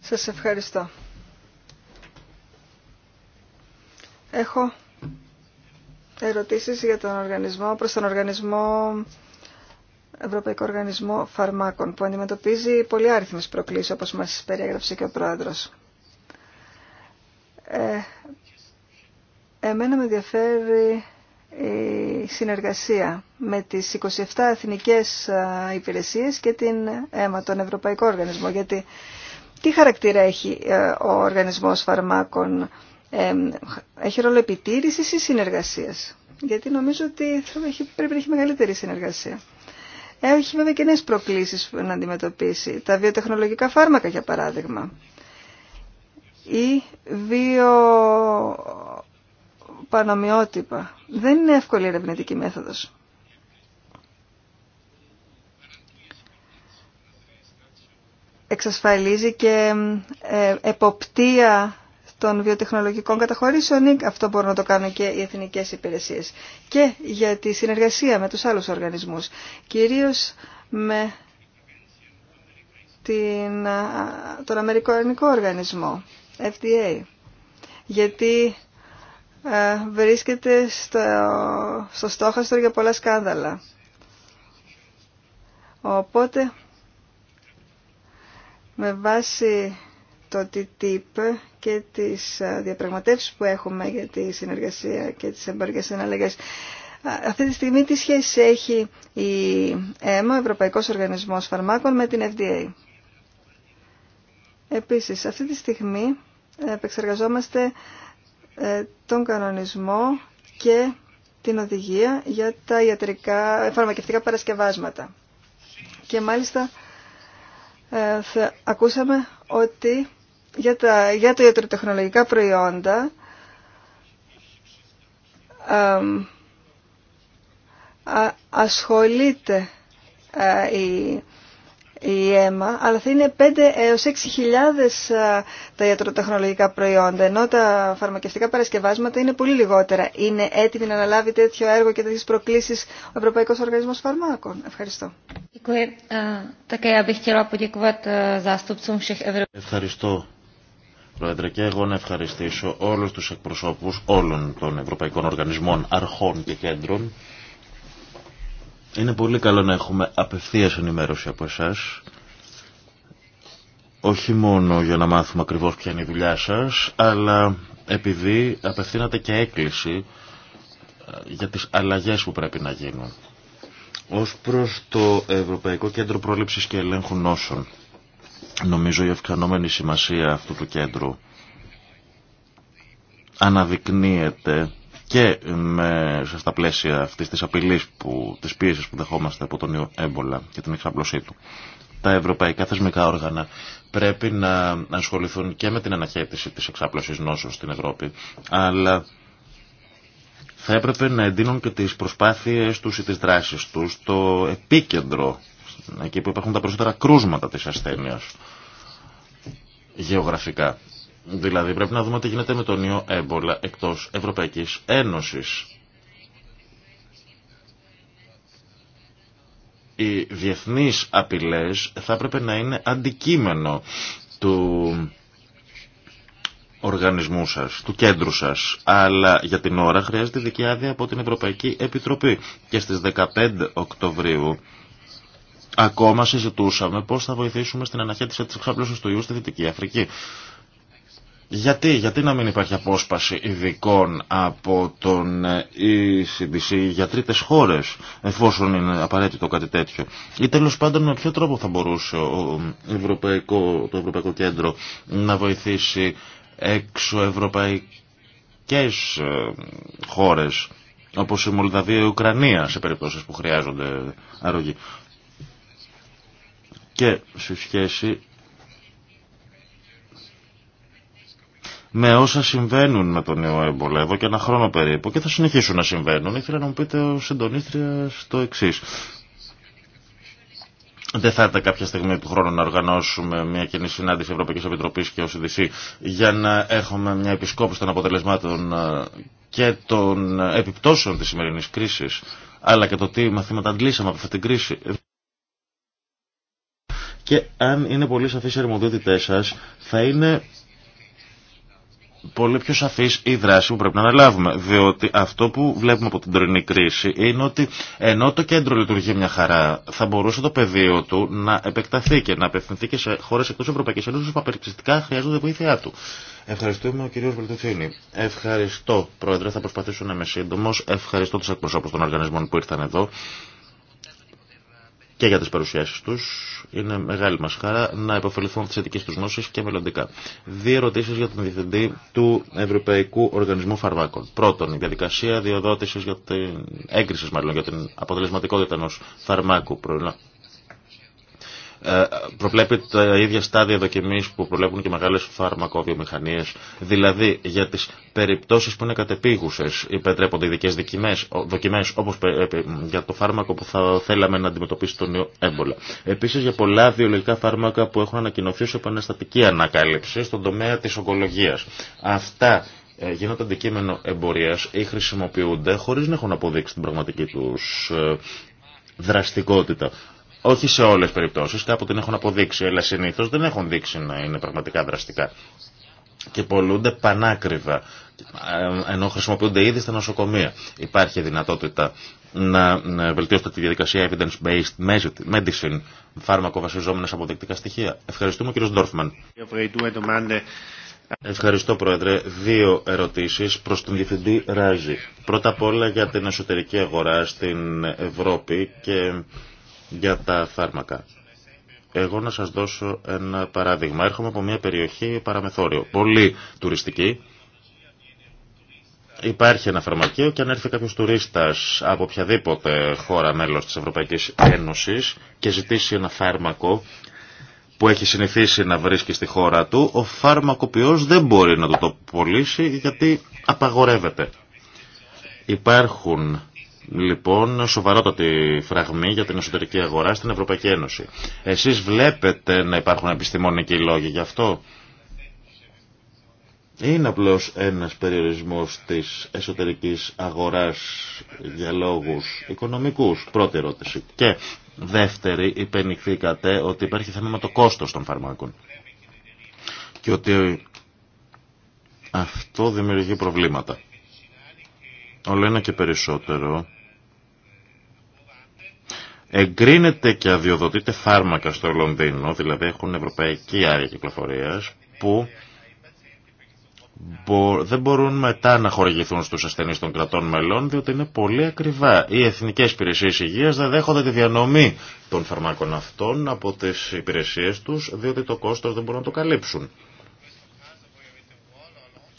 [SPEAKER 3] Σας ευχαριστώ. Έχω ερωτήσεις για τον οργανισμό, προς τον οργανισμό, Ευρωπαϊκό Οργανισμό Φαρμάκων, που αντιμετωπίζει πολύ άριθμες προκλήσεις, όπως μας περιέγραψε και ο Πρόεδρος. Ε, εμένα με ενδιαφέρει η συνεργασία με τις 27 εθνικές υπηρεσίες και την ΕΜΑ, τον Ευρωπαϊκό Οργανισμό, γιατί τι χαρακτήρα έχει ε, ο Οργανισμός Φαρμάκων έχει ρόλο επιτήρηση ή συνεργασία. Γιατί νομίζω ότι πρέπει να έχει μεγαλύτερη συνεργασία. Έχει βέβαια και νέες προκλήσεις να αντιμετωπίσει. Τα βιοτεχνολογικά φάρμακα για παράδειγμα. Ή βιοπανομοιότυπα. Δεν είναι εύκολη η ερευνητική μέθοδος. Εξασφαλίζει και ε, εποπτεία των βιοτεχνολογικών καταχωρήσεων αυτό μπορούν να το κάνουν και οι εθνικές υπηρεσίες και για τη συνεργασία με τους άλλους οργανισμούς κυρίως με την, τον Αμερικανικό Οργανισμό FDA γιατί βρίσκεται στο, στο στόχαστρο για πολλά σκάνδαλα οπότε με βάση το TTIP και τις διαπραγματεύσεις που έχουμε για τη συνεργασία και τις εμπορικές συναλλαγές. Αυτή τη στιγμή τι σχέση έχει η ΕΜΑ, Ευρωπαϊκός Οργανισμός Φαρμάκων, με την FDA. Επίσης, αυτή τη στιγμή επεξεργαζόμαστε ε, τον κανονισμό και την οδηγία για τα ιατρικά, φαρμακευτικά παρασκευάσματα. Και μάλιστα ε, ακούσαμε ότι για τα, για τα ιατροτεχνολογικά προϊόντα ασχολείται ε, η, η αίμα, αλλά θα είναι 5 έως 6.000 ε, τα ιατροτεχνολογικά προϊόντα, ενώ τα φαρμακευτικά παρασκευάσματα είναι πολύ λιγότερα. Είναι έτοιμη να αναλάβει τέτοιο έργο και τέτοιες προκλήσεις ο Ευρωπαϊκός Οργανισμός Φαρμάκων. Ευχαριστώ. Ε,
[SPEAKER 1] Ευχαριστώ. Πρόεδρε, και εγώ να ευχαριστήσω όλους τους εκπροσώπους όλων των Ευρωπαϊκών Οργανισμών, Αρχών και Κέντρων. Είναι πολύ καλό να έχουμε απευθείας ενημέρωση από εσάς. Όχι μόνο για να μάθουμε ακριβώς ποια είναι η δουλειά σας, αλλά επειδή απευθύνατε και έκκληση ε, για τις αλλαγές που πρέπει να γίνουν. Ως προς το Ευρωπαϊκό Κέντρο Πρόληψης και Ελέγχου Νόσων. Νομίζω η αυξανόμενη σημασία αυτού του κέντρου αναδεικνύεται και με, στα πλαίσια αυτής της απειλής, που, της πίεσης που δεχόμαστε από τον έμπολα και την εξαπλωσή του. Τα ευρωπαϊκά θεσμικά όργανα πρέπει να ασχοληθούν και με την αναχέτηση της εξάπλωσης νόσου στην Ευρώπη, αλλά θα έπρεπε να εντείνουν και τις προσπάθειες τους ή τις δράσεις τους στο επίκεντρο εκεί που υπάρχουν τα περισσότερα κρούσματα της ασθένειας γεωγραφικά. Δηλαδή πρέπει να δούμε τι γίνεται με τον ιό έμπολα εκτός Ευρωπαϊκής Ένωσης. Οι διεθνείς απειλές θα έπρεπε να είναι αντικείμενο του οργανισμού σας, του κέντρου σας, αλλά για την ώρα χρειάζεται δική από την Ευρωπαϊκή Επιτροπή. Και στις 15 Οκτωβρίου Ακόμα συζητούσαμε πώ θα βοηθήσουμε στην αναχέτηση τη εξάπλωση του ιού στη Δυτική Αφρική. Γιατί, γιατί να μην υπάρχει απόσπαση ειδικών από τον ECDC ε για τρίτε χώρε εφόσον είναι απαραίτητο κάτι τέτοιο. Ή τέλο πάντων με ποιο τρόπο θα μπορούσε ο Ευρωπαϊκό, το Ευρωπαϊκό Κέντρο να βοηθήσει έξω χώρε, χώρες, όπως η Μολδαβία ή και Ουκρανία, σε περιπτώσει που χρειάζονται αρρωγή και σε σχέση με όσα συμβαίνουν με τον νέο έμπολα και ένα χρόνο περίπου και θα συνεχίσουν να συμβαίνουν. Ήθελα να μου πείτε ο συντονίστρια το εξή. Δεν θα έρθει κάποια στιγμή του χρόνου να οργανώσουμε μια κοινή συνάντηση Ευρωπαϊκή Επιτροπή και OCDC για να έχουμε μια επισκόπηση των αποτελεσμάτων ε, και των επιπτώσεων τη σημερινή κρίση, αλλά και το τι μαθήματα αντλήσαμε από αυτή την κρίση και αν είναι πολύ σαφείς οι αρμοδιότητές σας θα είναι πολύ πιο σαφής η δράση που πρέπει να αναλάβουμε. Διότι αυτό που βλέπουμε από την τωρινή κρίση είναι ότι ενώ το κέντρο λειτουργεί μια χαρά, θα μπορούσε το πεδίο του να επεκταθεί και να απευθυνθεί και σε χώρες εκτός Ευρωπαϊκής Ένωσης που απεριξιστικά χρειάζονται βοήθειά του. Ευχαριστούμε ο κύριος Βελτιθίνη. Ευχαριστώ, Πρόεδρε. Θα προσπαθήσω να είμαι σύντομο. Ευχαριστώ τους εκπροσώπους των οργανισμών που ήρθαν εδώ και για τι παρουσιάσει τους. Είναι μεγάλη μα χαρά να υποφεληθούν τις ειδικέ τους γνώσει και μελλοντικά. Δύο ερωτήσεις για τον Διευθυντή του Ευρωπαϊκού Οργανισμού Φαρμάκων. Πρώτον, η διαδικασία διοδότησης για την έγκριση, μάλλον για την αποτελεσματικότητα ενό φαρμάκου ε, προβλέπει τα ίδια στάδια δοκιμής που προβλέπουν και μεγάλες φαρμακοβιομηχανίες. Δηλαδή για τις περιπτώσεις που είναι κατεπίγουσες υπετρέπονται ειδικές δοκιμές, δοκιμές όπως ε, ε, για το φάρμακο που θα θέλαμε να αντιμετωπίσει τον ιό έμπολα. Επίσης για πολλά βιολογικά φάρμακα που έχουν ανακοινωθεί σε επαναστατική ανακάλυψη στον τομέα της ογκολογίας. Αυτά γίνονται αντικείμενο εμπορίας ή χρησιμοποιούνται χωρίς να έχουν αποδείξει την πραγματική του δραστικότητα. Όχι σε όλε τι περιπτώσει, κάπου την έχουν αποδείξει, αλλά συνήθω δεν έχουν δείξει να είναι πραγματικά δραστικά. Και πολλούνται πανάκριβα, ε, ενώ χρησιμοποιούνται ήδη στα νοσοκομεία. Υπάρχει δυνατότητα να βελτιώσετε τη διαδικασία evidence-based medicine, φάρμακο βασιζόμενες αποδεικτικά στοιχεία. Ευχαριστούμε κύριο Ντόρφμαν. Ευχαριστώ Πρόεδρε. Δύο ερωτήσεις προς τον Διευθυντή Ράζη. Πρώτα απ' όλα για την εσωτερική αγορά στην Ευρώπη και για τα φάρμακα. Εγώ να σας δώσω ένα παράδειγμα. Έρχομαι από μια περιοχή παραμεθόριο, πολύ τουριστική. Υπάρχει ένα φαρμακείο και αν έρθει κάποιος τουρίστας από οποιαδήποτε χώρα μέλος της Ευρωπαϊκής Ένωσης και ζητήσει ένα φάρμακο που έχει συνηθίσει να βρίσκει στη χώρα του, ο φαρμακοποιός δεν μπορεί να το, το πωλήσει γιατί απαγορεύεται. Υπάρχουν λοιπόν σοβαρότατη φραγμή για την εσωτερική αγορά στην Ευρωπαϊκή Ένωση. Εσείς βλέπετε να υπάρχουν επιστημονικοί λόγοι γι' αυτό. Είναι απλώς ένας περιορισμός της εσωτερικής αγοράς για λόγους οικονομικούς. Πρώτη ερώτηση. Και δεύτερη, υπενηχθήκατε ότι υπάρχει θέμα με το κόστος των φαρμάκων. Και ότι αυτό δημιουργεί προβλήματα. Όλο ένα και περισσότερο Εγκρίνεται και αδειοδοτείται φάρμακα στο Λονδίνο, δηλαδή έχουν ευρωπαϊκή άρια κυκλοφορία, που δεν μπορούν μετά να χορηγηθούν στους ασθενείς των κρατών μελών διότι είναι πολύ ακριβά. Οι εθνικές υπηρεσίες υγείας δεν δέχονται τη διανομή των φαρμάκων αυτών από τις υπηρεσίες τους διότι το κόστος δεν μπορούν να το καλύψουν.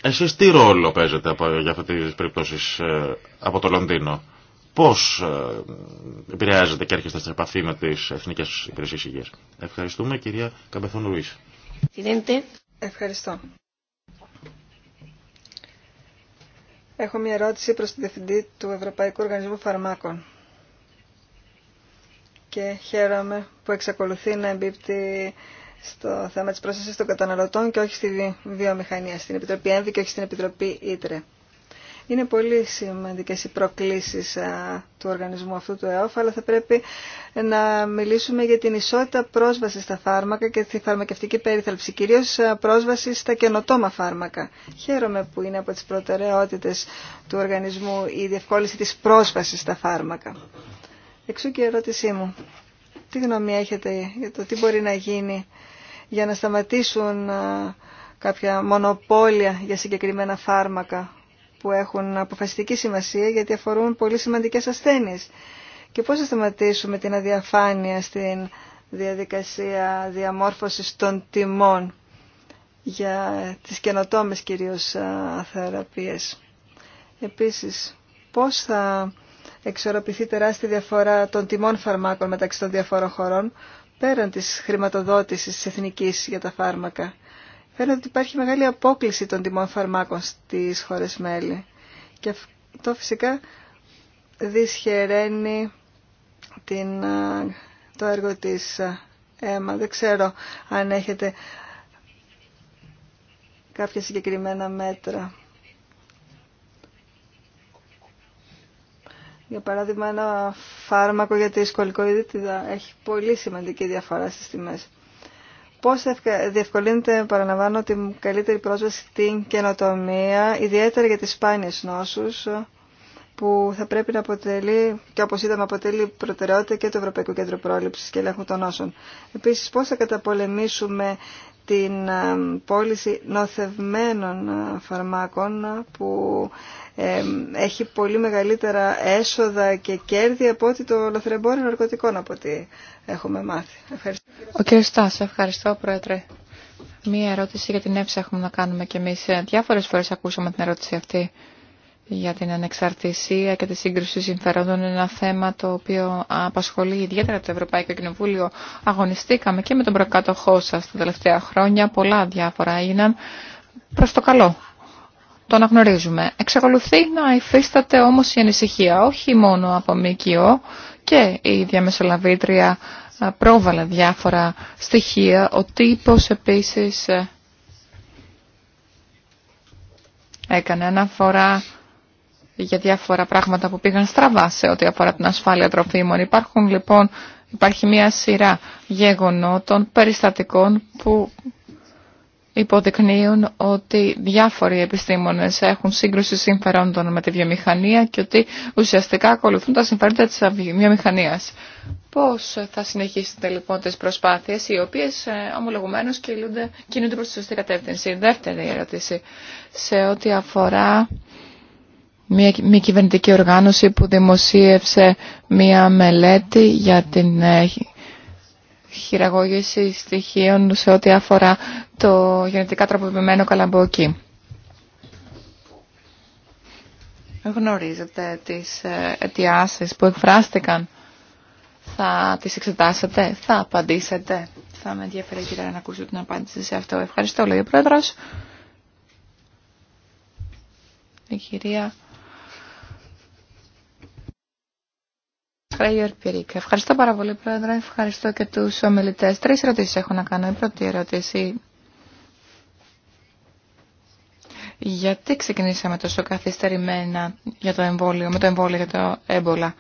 [SPEAKER 1] Εσείς τι ρόλο παίζετε από, για αυτές τις περιπτώσεις ε, από το Λονδίνο πώς ε, επηρεάζεται και έρχεστε στην επαφή με τις Εθνικές Υπηρεσίες Υγείας. Ευχαριστούμε κυρία Καμπεθόν Ρουίς.
[SPEAKER 3] Ευχαριστώ. Έχω μια ερώτηση προς την Διευθυντή του Ευρωπαϊκού Οργανισμού Φαρμάκων και χαίρομαι που εξακολουθεί να εμπίπτει στο θέμα της πρόσθεσης των καταναλωτών και όχι στη βιομηχανία, στην Επιτροπή Ένδη και όχι στην Επιτροπή Ήτρε. Είναι πολύ σημαντικές οι προκλήσεις του οργανισμού αυτού του ΕΟΦ, αλλά θα πρέπει να μιλήσουμε για την ισότητα πρόσβαση στα φάρμακα και τη φαρμακευτική περίθαλψη, κυρίως πρόσβαση στα καινοτόμα φάρμακα. Χαίρομαι που είναι από τις προτεραιότητες του οργανισμού η διευκόλυνση της πρόσβασης στα φάρμακα. Εξού και η ερώτησή μου. Τι γνώμη έχετε για το τι μπορεί να γίνει για να σταματήσουν κάποια μονοπόλια για συγκεκριμένα φάρμακα που έχουν αποφασιστική σημασία γιατί αφορούν πολύ σημαντικές ασθένειες. Και πώς θα σταματήσουμε την αδιαφάνεια στην διαδικασία διαμόρφωσης των τιμών για τις καινοτόμες κυρίως θεραπείες. Επίσης, πώς θα εξορροπηθεί τεράστια διαφορά των τιμών φαρμάκων μεταξύ των διαφόρων χωρών πέραν της χρηματοδότησης της εθνικής για τα φάρμακα φαίνεται ότι υπάρχει μεγάλη απόκληση των τιμών φαρμάκων στις χώρες μέλη. Και αυτό φυσικά δυσχεραίνει την, το έργο της ΕΜΑ. Δεν ξέρω αν έχετε κάποια συγκεκριμένα μέτρα. Για παράδειγμα, ένα φάρμακο για τη σκολικοειδίτιδα έχει πολύ σημαντική διαφορά στις τιμές. Πώς θα διευκολύνεται, παραλαμβάνω, την καλύτερη πρόσβαση στην καινοτομία, ιδιαίτερα για τις σπάνιες νόσους, που θα πρέπει να αποτελεί, και όπως είδαμε αποτελεί προτεραιότητα και του Ευρωπαϊκού Κέντρου Πρόληψης και Ελέγχου των Νόσων. Επίσης, πώς θα καταπολεμήσουμε την ε, πώληση νοθευμένων ε, φαρμάκων που ε, έχει πολύ μεγαλύτερα έσοδα και κέρδη από ότι το λαθρεμπόριο ναρκωτικών από έχουμε μάθει. Ευχαριστώ.
[SPEAKER 2] Ο κύριο Στάς, ευχαριστώ Πρόεδρε. Μία ερώτηση για την ΕΦΣΑ έχουμε να κάνουμε κι εμείς. Ε, διάφορες φορές ακούσαμε την ερώτηση αυτή για την ανεξαρτησία και τη σύγκρουση συμφερόντων είναι ένα θέμα το οποίο απασχολεί ιδιαίτερα το Ευρωπαϊκό Κοινοβούλιο. Αγωνιστήκαμε και με τον προκάτοχό σα τα τελευταία χρόνια. Πολλά διάφορα έγιναν Προ το καλό. Το αναγνωρίζουμε. Εξακολουθεί να υφίσταται όμως η ανησυχία όχι μόνο από ΜΚΟ και η διαμεσολαβήτρια ε, πρόβαλε διάφορα στοιχεία. Ο τύπος επίσης ε, έκανε αναφορά για διάφορα πράγματα που πήγαν στραβά σε ό,τι αφορά την ασφάλεια τροφίμων. Υπάρχουν λοιπόν, υπάρχει μια σειρά γεγονότων περιστατικών που υποδεικνύουν ότι διάφοροι επιστήμονες έχουν σύγκρουση συμφερόντων με τη βιομηχανία και ότι ουσιαστικά ακολουθούν τα συμφέροντα της βιομηχανίας. Πώς θα συνεχίσετε λοιπόν τις προσπάθειες οι οποίες ε, ομολογουμένως κινούνται, κινούνται προς τη σωστή κατεύθυνση. Δεύτερη ερώτηση σε ό,τι αφορά μια μη κυβερνητική οργάνωση που δημοσίευσε μια μελέτη για την ε, χειραγώγηση στοιχείων σε ό,τι αφορά το γενετικά τροποποιημένο καλαμπόκι. Γνωρίζετε τις ε, αιτιάσεις που εκφράστηκαν. Θα τις εξετάσετε, θα απαντήσετε. Θα με ενδιαφέρει κύριε να ακούσω την απάντηση σε αυτό. Ευχαριστώ, λέει ο Πρόεδρος. Η κυρία Ευχαριστώ πάρα πολύ, Πρόεδρε. Ευχαριστώ και του ομιλητέ. Τρει ερωτήσει έχω να κάνω. Η πρώτη ερώτηση. Γιατί ξεκινήσαμε τόσο καθυστερημένα για το εμβόλιο, με το εμβόλιο για το έμπολα.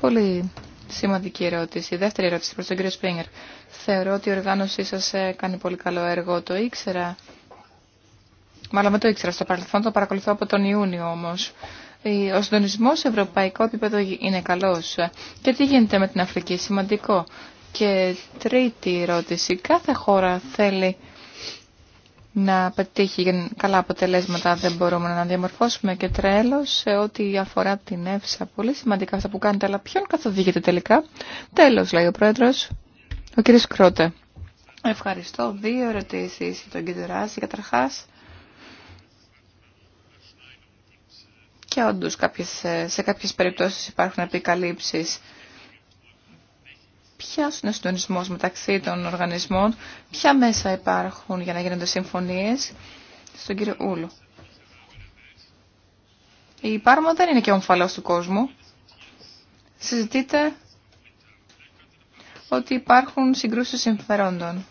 [SPEAKER 2] Πολύ σημαντική ερώτηση. Η δεύτερη ερώτηση προς τον κύριο Σπρίνγκερ. Θεωρώ ότι η οργάνωσή σας κάνει πολύ καλό έργο. Το ήξερα. Μάλλον με το ήξερα στο παρελθόν, το παρακολουθώ από τον Ιούνιο όμως ο συντονισμό σε ευρωπαϊκό επίπεδο είναι καλός. Και τι γίνεται με την Αφρική, σημαντικό. Και τρίτη ερώτηση. Κάθε χώρα θέλει να πετύχει καλά αποτελέσματα, δεν μπορούμε να διαμορφώσουμε. Και τρέλο, σε ό,τι αφορά την ΕΦΣΑ, πολύ σημαντικά αυτά που κάνετε, αλλά ποιον καθοδηγείτε τελικά. Τέλος, λέει ο Πρόεδρο, ο κ. Κρότε. Ευχαριστώ. Δύο ερωτήσει για τον κ. Ράση. Καταρχά, Και όντω ε, σε κάποιες περιπτώσεις υπάρχουν επικαλύψεις. Ποια είναι ο συντονισμό μεταξύ των οργανισμών, ποια μέσα υπάρχουν για να γίνονται συμφωνίες στον κύριο Ούλου. Η Πάρμα δεν είναι και ομφαλός του κόσμου. Συζητείτε ότι υπάρχουν συγκρούσεις συμφερόντων.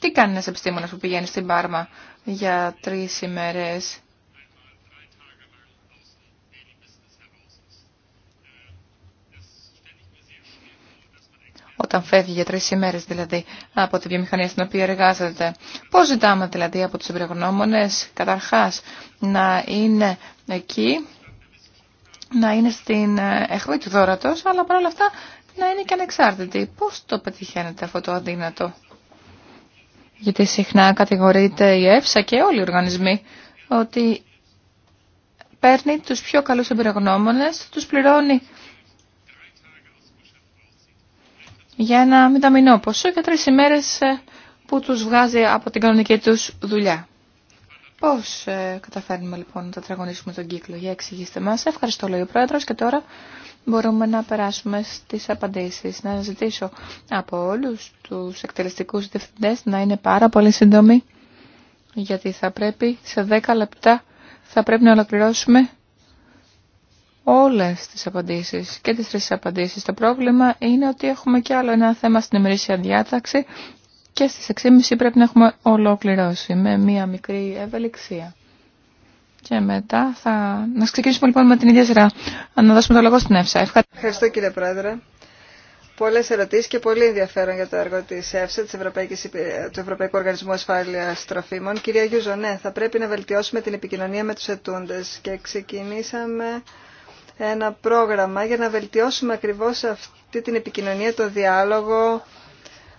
[SPEAKER 2] Τι κάνει ένας επιστήμονας που πηγαίνει στην Πάρμα για τρεις ημέρες όταν φεύγει για τρει ημέρε δηλαδή από τη βιομηχανία στην οποία εργάζεται. Πώ ζητάμε δηλαδή από του εμπειρογνώμονε καταρχά να είναι εκεί, να είναι στην ε, εχμή του δόρατο, αλλά παρόλα αυτά να είναι και ανεξάρτητοι. Πώ το πετυχαίνετε αυτό το αδύνατο γιατί συχνά κατηγορείται η ΕΦΣΑ και όλοι οι οργανισμοί ότι παίρνει τους πιο καλούς εμπειρογνώμονες, τους πληρώνει για ένα μηταμινό ποσό για τρεις ημέρες ε, που τους βγάζει από την κανονική τους δουλειά. Πώς ε, καταφέρνουμε λοιπόν να τραγωνίσουμε τον κύκλο, για εξηγήστε μας. Ευχαριστώ λέει ο Πρόεδρος και τώρα μπορούμε να περάσουμε στις απαντήσεις. Να ζητήσω από όλους τους εκτελεστικούς διευθυντές να είναι πάρα πολύ σύντομοι, γιατί θα πρέπει σε 10 λεπτά θα πρέπει να ολοκληρώσουμε όλες τις απαντήσεις και τις τρεις απαντήσεις. Το πρόβλημα είναι ότι έχουμε και άλλο ένα θέμα στην ημερήσια διάταξη και στις 6.30 πρέπει να έχουμε ολοκληρώσει με μία μικρή ευελιξία. Και μετά θα... Να ξεκινήσουμε λοιπόν με την ίδια σειρά. Να δώσουμε το λόγο στην ΕΦΣΑ. Ευχαριστώ,
[SPEAKER 3] Ευχαριστώ κύριε Πρόεδρε. Πολλέ ερωτήσει και πολύ ενδιαφέρον για το έργο τη ΕΦΣΑ, Ευρωπαϊκής, του Ευρωπαϊκού Οργανισμού Ασφάλεια Τροφίμων. Κυρία Γιούζο, ναι, θα πρέπει να βελτιώσουμε την επικοινωνία με του ετούντε και ξεκινήσαμε ένα πρόγραμμα για να βελτιώσουμε ακριβώ αυτή την επικοινωνία, το διάλογο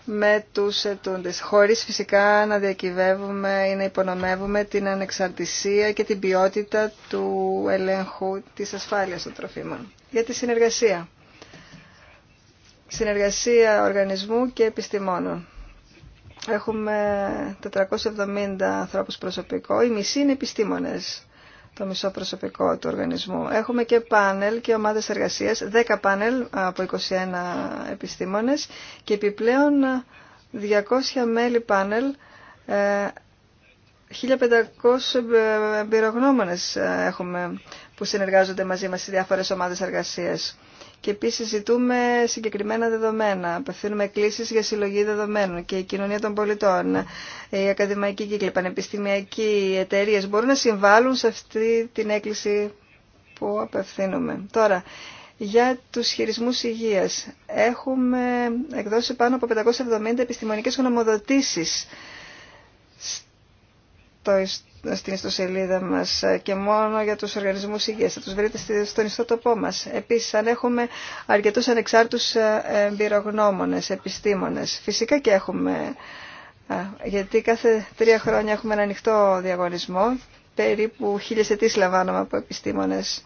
[SPEAKER 3] με τους ετούντες, χωρίς φυσικά να διακυβεύουμε ή να υπονομεύουμε την ανεξαρτησία και την ποιότητα του ελέγχου της ασφάλειας των τροφίμων. Για τη συνεργασία. Συνεργασία οργανισμού και επιστημόνων. Έχουμε 470 ανθρώπους προσωπικό, οι μισοί είναι επιστήμονες το μισό προσωπικό του οργανισμού. Έχουμε και πάνελ και ομάδες εργασίας, 10 πάνελ από 21 επιστήμονες και επιπλέον 200 μέλη πάνελ 1500 ε, εμπειρογνώμονες ε, έχουμε που συνεργάζονται μαζί μας σε διάφορες ομάδες εργασίας. Και επίση ζητούμε συγκεκριμένα δεδομένα. Απευθύνουμε κλήσει για συλλογή δεδομένων και η κοινωνία των πολιτών, οι ακαδημαϊκοί κύκλοι, πανεπιστημιακοί, εταιρείε μπορούν να συμβάλλουν σε αυτή την έκκληση που απευθύνουμε. Τώρα, για τους χειρισμούς υγείας. Έχουμε εκδώσει πάνω από 570 επιστημονικές γνωμοδοτήσεις στην ιστοσελίδα μας και μόνο για τους οργανισμούς υγείας. Θα τους βρείτε στον ιστότοπό μας. Επίσης, αν έχουμε αρκετούς ανεξάρτητους ε, εμπειρογνώμονες, επιστήμονες. Φυσικά και έχουμε, ε, γιατί κάθε τρία χρόνια έχουμε ένα ανοιχτό διαγωνισμό. Περίπου χίλιες αιτήσεις λαμβάνομαι από επιστήμονες.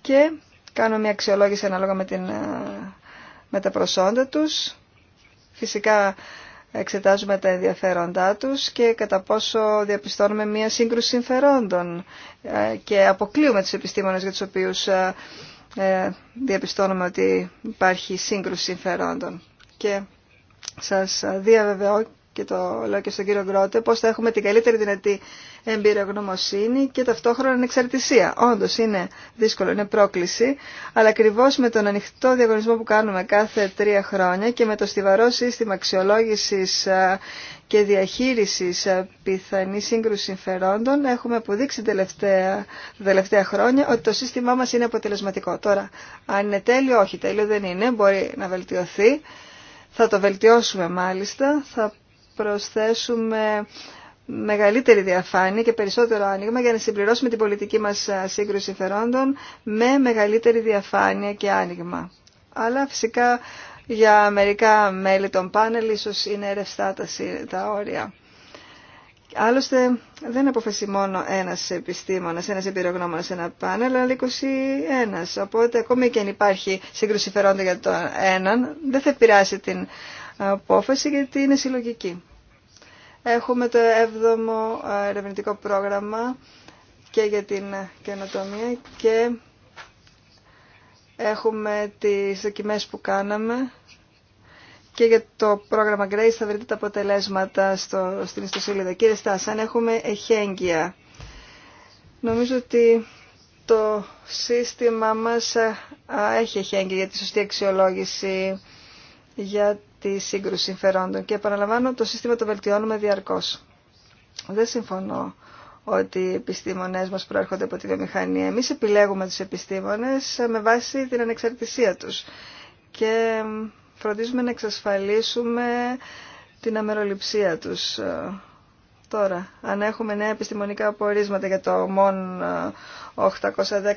[SPEAKER 3] Και κάνουμε μια αξιολόγηση ανάλογα με, την, ε, με τα προσόντα τους. Φυσικά εξετάζουμε τα ενδιαφέροντά τους και κατά πόσο διαπιστώνουμε μία σύγκρουση συμφερόντων ε, και αποκλείουμε τους επιστήμονες για τους οποίους ε, ε, διαπιστώνουμε ότι υπάρχει σύγκρουση συμφερόντων. Και σας διαβεβαιώ και το λέω και στον κύριο Γκρότε, πώς θα έχουμε την καλύτερη δυνατή εμπειρογνωμοσύνη και ταυτόχρονα ανεξαρτησία. Όντως είναι δύσκολο, είναι πρόκληση, αλλά ακριβώ με τον ανοιχτό διαγωνισμό που κάνουμε κάθε τρία χρόνια και με το στιβαρό σύστημα αξιολόγηση ε, και διαχείρισης ε, πιθανή σύγκρουση συμφερόντων έχουμε αποδείξει τα τελευταία, τελευταία χρόνια ότι το σύστημά μας είναι αποτελεσματικό. Τώρα, αν είναι τέλειο, όχι τέλειο δεν είναι, μπορεί να βελτιωθεί. Θα το βελτιώσουμε μάλιστα, θα προσθέσουμε μεγαλύτερη διαφάνεια και περισσότερο άνοιγμα για να συμπληρώσουμε την πολιτική μας σύγκρουση συμφερόντων με μεγαλύτερη διαφάνεια και άνοιγμα. Αλλά φυσικά για μερικά μέλη των πάνελ ίσως είναι ρευστά τα όρια. Άλλωστε δεν αποφασίζει μόνο ένας επιστήμονας, ένας εμπειρογνώμονας ένα πάνελ, αλλά 21. Οπότε ακόμη και αν υπάρχει σύγκρουση για τον έναν, δεν θα επηρεάσει την απόφαση γιατί είναι συλλογική. Έχουμε το 7ο ερευνητικό πρόγραμμα και για την καινοτομία και έχουμε τις δοκιμές που κάναμε και για το πρόγραμμα Grace θα βρείτε τα αποτελέσματα στο, στην ιστοσελίδα. Κύριε Στάσαν, έχουμε εχέγγυα. Νομίζω ότι το σύστημα μας έχει εχέγγυα για τη σωστή αξιολόγηση, για τη σύγκρουση συμφερόντων και επαναλαμβάνω το σύστημα το βελτιώνουμε διαρκώς. Δεν συμφωνώ ότι οι επιστήμονές μας προέρχονται από τη βιομηχανία. Εμείς επιλέγουμε τους επιστήμονες με βάση την ανεξαρτησία τους και φροντίζουμε να εξασφαλίσουμε την αμεροληψία τους. Τώρα, αν έχουμε νέα επιστημονικά απορίσματα για το ΜΟΝ 810,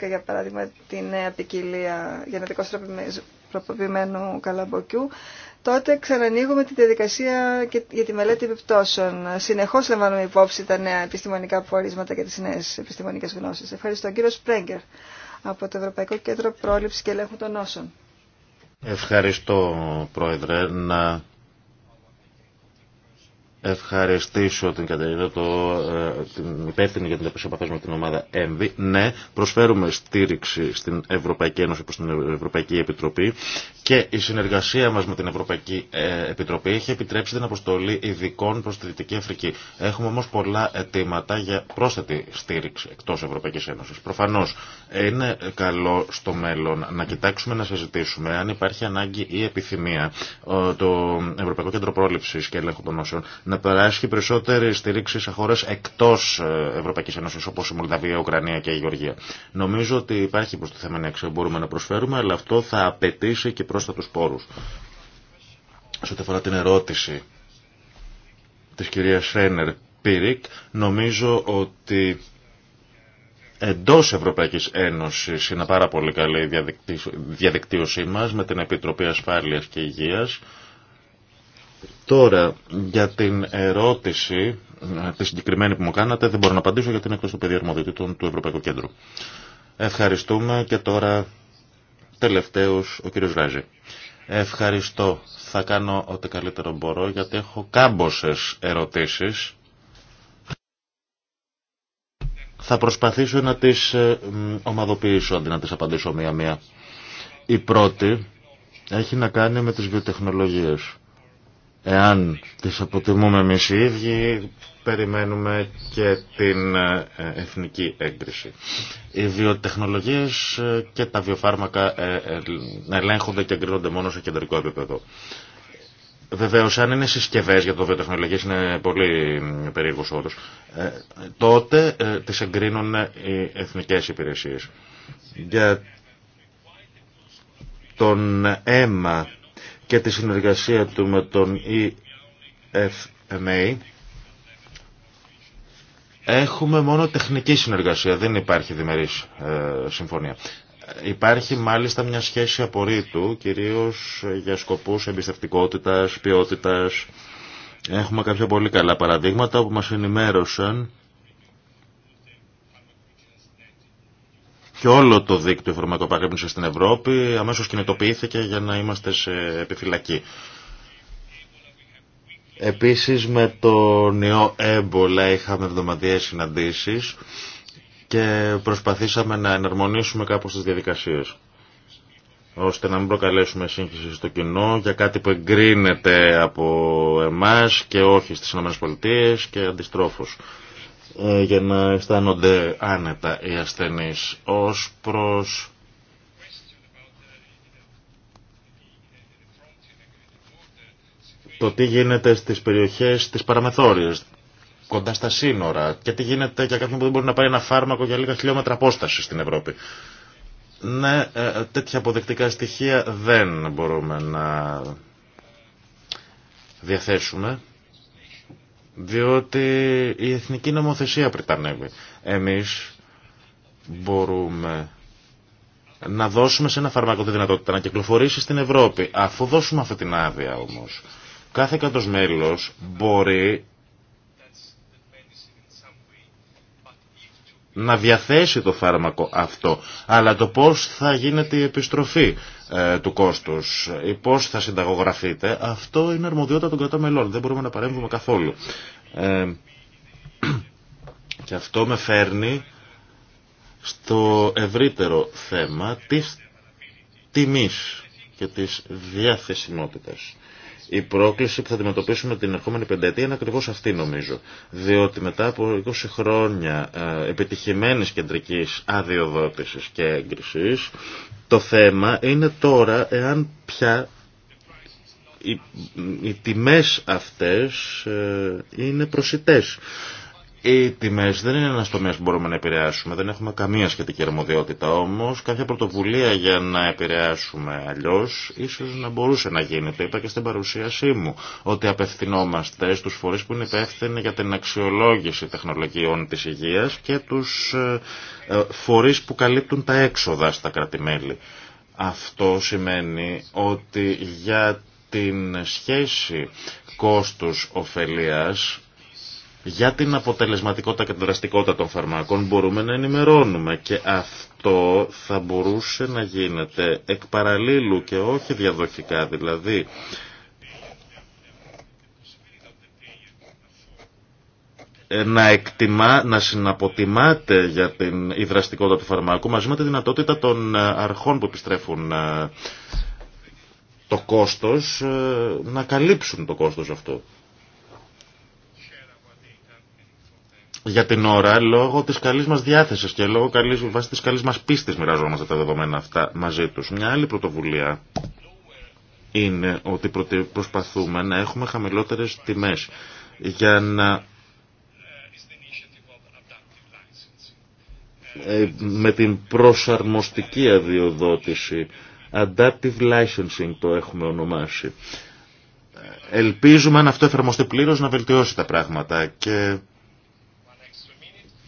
[SPEAKER 3] για παράδειγμα, τη νέα ποικιλία γενετικώς τροποποιημένου καλαμποκιού, τότε ξανανοίγουμε τη διαδικασία για τη μελέτη επιπτώσεων. Συνεχώς λαμβάνουμε υπόψη τα νέα επιστημονικά πορίσματα και τις νέες επιστημονικές γνώσεις. Ευχαριστώ. Κύριο Σπρέγκερ από το Ευρωπαϊκό Κέντρο Πρόληψης και Ελέγχου των Νόσων.
[SPEAKER 1] Ευχαριστώ Πρόεδρε. Να ευχαριστήσω την Κατερίνα, το, ε, την υπεύθυνη για την επαφή με την ομάδα ΕΜΒΗ. Ναι, προσφέρουμε στήριξη στην Ευρωπαϊκή Ένωση προς την Ευρωπαϊκή Επιτροπή και η συνεργασία μας με την Ευρωπαϊκή ε, Επιτροπή έχει επιτρέψει την αποστολή ειδικών προς τη Δυτική Αφρική. Έχουμε όμως πολλά αιτήματα για πρόσθετη στήριξη εκτός Ευρωπαϊκής Ένωσης. Προφανώς είναι καλό στο μέλλον να κοιτάξουμε να συζητήσουμε αν υπάρχει ανάγκη ή επιθυμία ε, το Ευρωπαϊκό Κέντρο Πρόληψης και Ελέγχου των Νόσεων να παράσχει περισσότερη στηρίξη σε χώρε εκτό ε, Ευρωπαϊκή Ένωση, όπω η Μολδαβία, η Ουκρανία και η Γεωργία. Νομίζω ότι υπάρχει προστιθέμενη αξία που μπορούμε να προσφέρουμε, αλλά αυτό θα απαιτήσει και πρόσθετου πόρου. Σε ό,τι αφορά την ερώτηση τη κυρία Φένερ Πίρικ, νομίζω ότι Εντό Ευρωπαϊκή Ένωση είναι πάρα πολύ καλή η διαδικτύωσή μα με την Επιτροπή Ασφάλεια και Υγεία Τώρα, για την ερώτηση, ε, τη συγκεκριμένη που μου κάνατε, δεν μπορώ να απαντήσω γιατί είναι εκτό του του Ευρωπαϊκού Κέντρου. Ευχαριστούμε και τώρα τελευταίος ο κύριος Ράζη. Ευχαριστώ. Θα κάνω ό,τι καλύτερο μπορώ γιατί έχω κάμποσες ερωτήσεις. Θα προσπαθήσω να τις ε, ομαδοποιήσω αντί να τις απαντήσω μία-μία. Η πρώτη έχει να κάνει με τις βιοτεχνολογίες. Εάν τις αποτιμούμε εμείς οι ίδιοι, περιμένουμε και την ε, εθνική έγκριση. Οι βιοτεχνολογίες ε, και τα βιοφάρμακα ε, ελέγχονται και εγκρίνονται μόνο σε κεντρικό επίπεδο. Βεβαίω, αν είναι συσκευέ για το βιοτεχνολογίε, είναι πολύ περίεργο όρο. τότε τις τι εγκρίνουν οι εθνικέ υπηρεσίε. Για τον αίμα και τη συνεργασία του με τον EFMA έχουμε μόνο τεχνική συνεργασία, δεν υπάρχει διμερής ε, συμφωνία. Υπάρχει μάλιστα μια σχέση απορρίτου, κυρίως για σκοπούς εμπιστευτικότητας, ποιότητας. Έχουμε κάποια πολύ καλά παραδείγματα που μας ενημέρωσαν Και όλο το δίκτυο φαρμακοπαγρύπνηση στην Ευρώπη αμέσως κινητοποιήθηκε για να είμαστε σε επιφυλακή. Επίσης με το νεό έμπολα είχαμε εβδομαδιαίες συναντήσεις και προσπαθήσαμε να εναρμονίσουμε κάπως τις διαδικασίες ώστε να μην προκαλέσουμε σύγχυση στο κοινό για κάτι που εγκρίνεται από εμάς και όχι στις ΗΠΑ και αντιστρόφως. Ε, για να αισθάνονται άνετα οι ασθενείς ως προς το τι γίνεται στις περιοχές της παραμεθόριας, κοντά στα σύνορα και τι γίνεται για κάποιον που δεν μπορεί να πάρει ένα φάρμακο για λίγα χιλιόμετρα απόσταση στην Ευρώπη. Ναι, ε, τέτοια αποδεκτικά στοιχεία δεν μπορούμε να διαθέσουμε. Διότι η εθνική νομοθεσία πριτανεύει. Εμείς μπορούμε να δώσουμε σε ένα φαρμακό τη δυνατότητα να κυκλοφορήσει στην Ευρώπη. Αφού δώσουμε αυτή την άδεια όμως, κάθε κατός μέλος μπορεί να διαθέσει το φάρμακο αυτό. Αλλά το πώς θα γίνεται η επιστροφή. Ε, του κόστους ή πώς θα συνταγογραφείτε, αυτό είναι αρμοδιότητα των κρατών Δεν μπορούμε να παρέμβουμε καθόλου. Ε, και αυτό με φέρνει στο ευρύτερο θέμα της τιμής και της διαθεσιμότητας. Η πρόκληση που θα αντιμετωπίσουμε την ερχόμενη πενταετία είναι ακριβώς αυτή νομίζω. Διότι μετά από 20 χρόνια ε, επιτυχημένης κεντρικής αδειοδότησης και έγκρισης, το θέμα είναι τώρα εάν πια οι, οι τιμές αυτές ε, είναι προσιτές. Οι τιμέ δεν είναι ένα τομέα που μπορούμε να επηρεάσουμε, δεν έχουμε καμία σχετική αρμοδιότητα. Όμω κάποια πρωτοβουλία για να επηρεάσουμε αλλιώ ίσω να μπορούσε να γίνεται. Είπα και στην παρουσίασή μου ότι απευθυνόμαστε στου φορεί που είναι υπεύθυνοι για την αξιολόγηση τεχνολογιών τη υγεία και του ε, ε, φορεί που καλύπτουν τα έξοδα στα κρατημέλη. Αυτό σημαίνει ότι για την σχέση κόστους ωφελίας για την αποτελεσματικότητα και την δραστικότητα των φαρμάκων μπορούμε να ενημερώνουμε και αυτό θα μπορούσε να γίνεται εκ παραλίλου και όχι διαδοχικά δηλαδή να, εκτιμά, να συναποτιμάται για την, η δραστικότητα του φαρμάκου μαζί με τη δυνατότητα των ε, αρχών που επιστρέφουν ε, το κόστος ε, να καλύψουν το κόστος αυτό. για την ώρα, λόγω της καλής μας διάθεσης και λόγω καλής, βάσει της καλής μας πίστης μοιραζόμαστε τα δεδομένα αυτά μαζί τους. Μια άλλη πρωτοβουλία είναι ότι προσπαθούμε να έχουμε χαμηλότερες τιμές για να ε, με την προσαρμοστική αδειοδότηση adaptive licensing το έχουμε ονομάσει ε, ελπίζουμε αν αυτό εφαρμοστεί πλήρως να βελτιώσει τα πράγματα και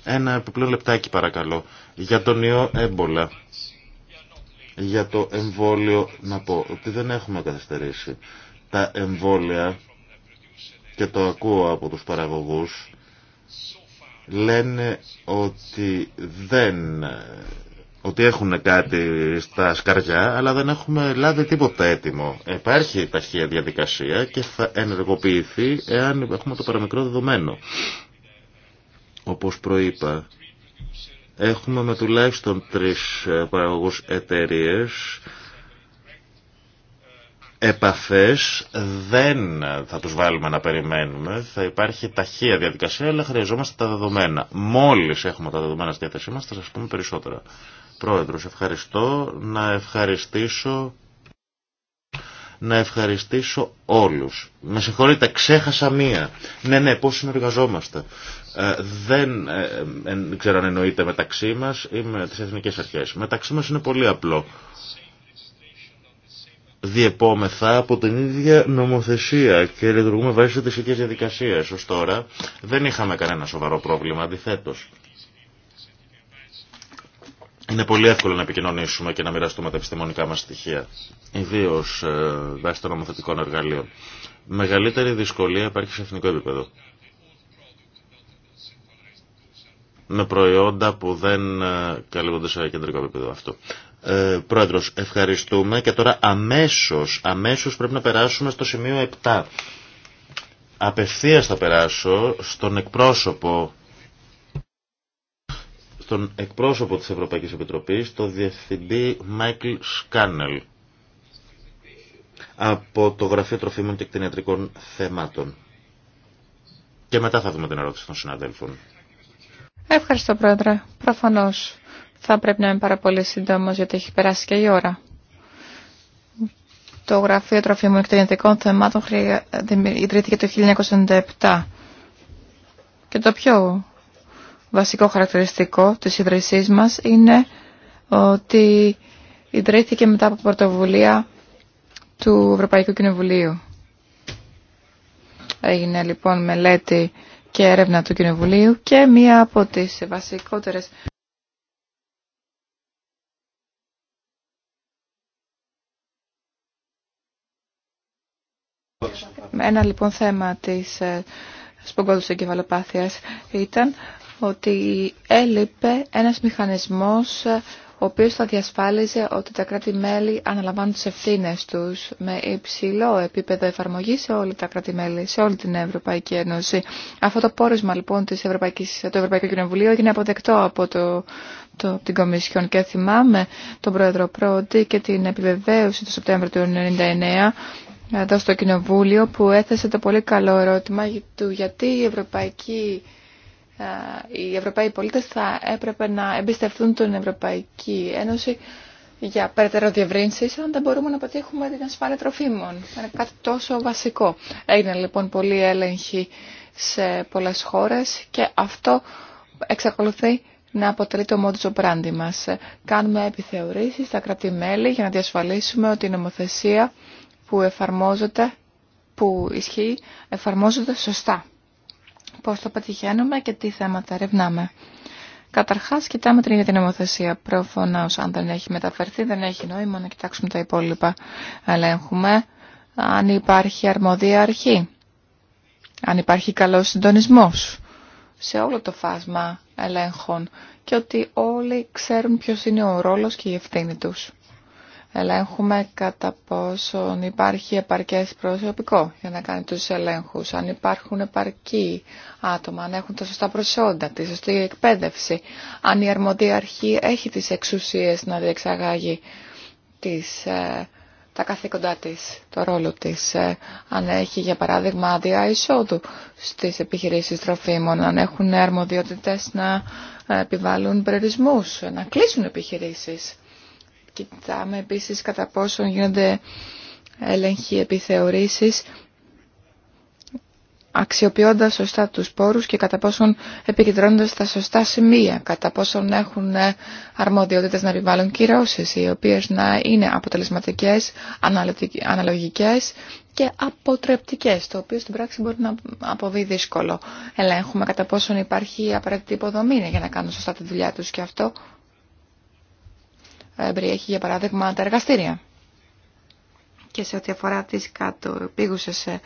[SPEAKER 1] ένα επιπλέον λεπτάκι παρακαλώ. Για τον ιό έμπολα. Για το εμβόλιο να πω ότι δεν έχουμε καθυστερήσει. Τα εμβόλια και το ακούω από τους παραγωγούς λένε ότι δεν ότι έχουν κάτι στα σκαριά, αλλά δεν έχουμε λάβει τίποτα έτοιμο. Υπάρχει ταχεία διαδικασία και θα ενεργοποιηθεί εάν έχουμε το παραμικρό δεδομένο. Όπως προείπα, έχουμε με τουλάχιστον τρεις ε, παραγωγούς εταιρείες επαφές δεν θα τους βάλουμε να περιμένουμε, θα υπάρχει ταχεία διαδικασία, αλλά χρειαζόμαστε τα δεδομένα. Μόλις έχουμε τα δεδομένα στη διάθεσή μας θα σας πούμε περισσότερα. Πρόεδρος, ευχαριστώ. Να ευχαριστήσω να ευχαριστήσω όλους. Με συγχωρείτε, ξέχασα μία. Ναι, ναι, πώς συνεργαζόμαστε. Ε, δεν ε, ε, ε, ξέρω αν εννοείται μεταξύ μας ή με τις εθνικές αρχές. Μεταξύ μας είναι πολύ απλό. Διεπόμεθα από την ίδια νομοθεσία και λειτουργούμε βάσει της ίδιας διαδικασίας. Ως τώρα δεν είχαμε κανένα σοβαρό πρόβλημα, αντιθέτως είναι πολύ εύκολο να επικοινωνήσουμε και να μοιραστούμε τα επιστημονικά μας στοιχεία, ιδίω ε, βάσει των νομοθετικών εργαλείων. Μεγαλύτερη δυσκολία υπάρχει σε εθνικό επίπεδο. Με προϊόντα που δεν ε, καλύπτονται σε κεντρικό επίπεδο αυτό. Ε, πρόεδρος, ευχαριστούμε και τώρα αμέσως, αμέσως πρέπει να περάσουμε στο σημείο 7. Απευθείας θα περάσω στον εκπρόσωπο τον εκπρόσωπο της Ευρωπαϊκής Επιτροπής, τον Διευθυντή Μάικλ Σκάνελ από το Γραφείο Τροφίμων και Εκτενιατρικών Θεμάτων. Και μετά θα δούμε την ερώτηση των συναδέλφων.
[SPEAKER 2] Ευχαριστώ Πρόεδρε. Προφανώς θα πρέπει να είμαι πάρα πολύ σύντομος γιατί έχει περάσει και η ώρα. Το Γραφείο Τροφίμων Εκτενιατρικών Θεμάτων ιδρύθηκε το 1997. Και το πιο βασικό χαρακτηριστικό της ίδρυσής μας είναι ότι ιδρύθηκε μετά από πρωτοβουλία του Ευρωπαϊκού Κοινοβουλίου. Έγινε λοιπόν μελέτη και έρευνα του Κοινοβουλίου και μία από τις βασικότερες Ένα λοιπόν θέμα της ε, σπογγόλου εγκεφαλοπάθειας ήταν ότι έλειπε ένας μηχανισμός ε, ο οποίος θα διασφάλιζε ότι τα κράτη-μέλη αναλαμβάνουν τις ευθύνες τους με υψηλό επίπεδο εφαρμογή σε όλα τα κράτη-μέλη, σε όλη την Ευρωπαϊκή Ένωση. Αυτό το πόρισμα λοιπόν της Ευρωπαϊκής, του Ευρωπαϊκού Κοινοβουλίου έγινε αποδεκτό από το, το, την Κομισιόν και θυμάμαι τον Πρόεδρο Πρώτη και την επιβεβαίωση του Σεπτέμβριου του 1999 εδώ στο Κοινοβούλιο που έθεσε το πολύ καλό ερώτημα του γιατί η Ευρωπαϊκή ε, οι Ευρωπαίοι πολίτες θα έπρεπε να εμπιστευτούν την Ευρωπαϊκή Ένωση για περαιτέρω διευρύνσει, αν δεν μπορούμε να πετύχουμε την ασφάλεια τροφίμων. Είναι κάτι τόσο βασικό. Έγινε λοιπόν πολύ έλεγχη σε πολλές χώρες και αυτό εξακολουθεί να αποτελεί το μόντζο πράντι μας. Κάνουμε επιθεωρήσεις στα κράτη-μέλη για να διασφαλίσουμε ότι η νομοθεσία που εφαρμόζεται, που ισχύει, εφαρμόζεται σωστά πώς το πετυχαίνουμε και τι θέματα ερευνάμε. Καταρχάς, κοιτάμε την ίδια την νομοθεσία. Προφανώς, αν δεν έχει μεταφερθεί, δεν έχει νόημα να κοιτάξουμε τα υπόλοιπα. Ελέγχουμε αν υπάρχει αρμόδια αρχή, αν υπάρχει καλός συντονισμός σε όλο το φάσμα ελέγχων και ότι όλοι ξέρουν ποιος είναι ο ρόλος και η ευθύνη τους ελέγχουμε κατά πόσον υπάρχει επαρκές προσωπικό για να κάνει τους ελέγχους, αν υπάρχουν επαρκή άτομα, αν έχουν τα σωστά προσόντα, τη σωστή εκπαίδευση, αν η αρμοδία αρχή έχει τις εξουσίες να διεξαγάγει τις, ε, τα καθήκοντά της, το ρόλο της, ε, αν έχει για παράδειγμα άδεια εισόδου στις επιχειρήσεις τροφίμων, αν έχουν αρμοδιότητες να επιβάλλουν περιορισμούς, να κλείσουν επιχειρήσεις. Κοιτάμε επίσης κατά πόσον γίνονται έλεγχοι επιθεωρήσεις αξιοποιώντας σωστά τους πόρους και κατά πόσον επικεντρώνονται στα σωστά σημεία, κατά πόσον έχουν αρμοδιότητες να επιβάλλουν κυρώσεις, οι οποίες να είναι αποτελεσματικές, αναλογικές και αποτρεπτικές, το οποίο στην πράξη μπορεί να αποβεί δύσκολο. Ελέγχουμε κατά πόσον υπάρχει απαραίτητη υποδομή για να κάνουν σωστά τη δουλειά τους και αυτό περιέχει για παράδειγμα τα εργαστήρια. Και σε ό,τι αφορά τις κάτω πήγουσες ε,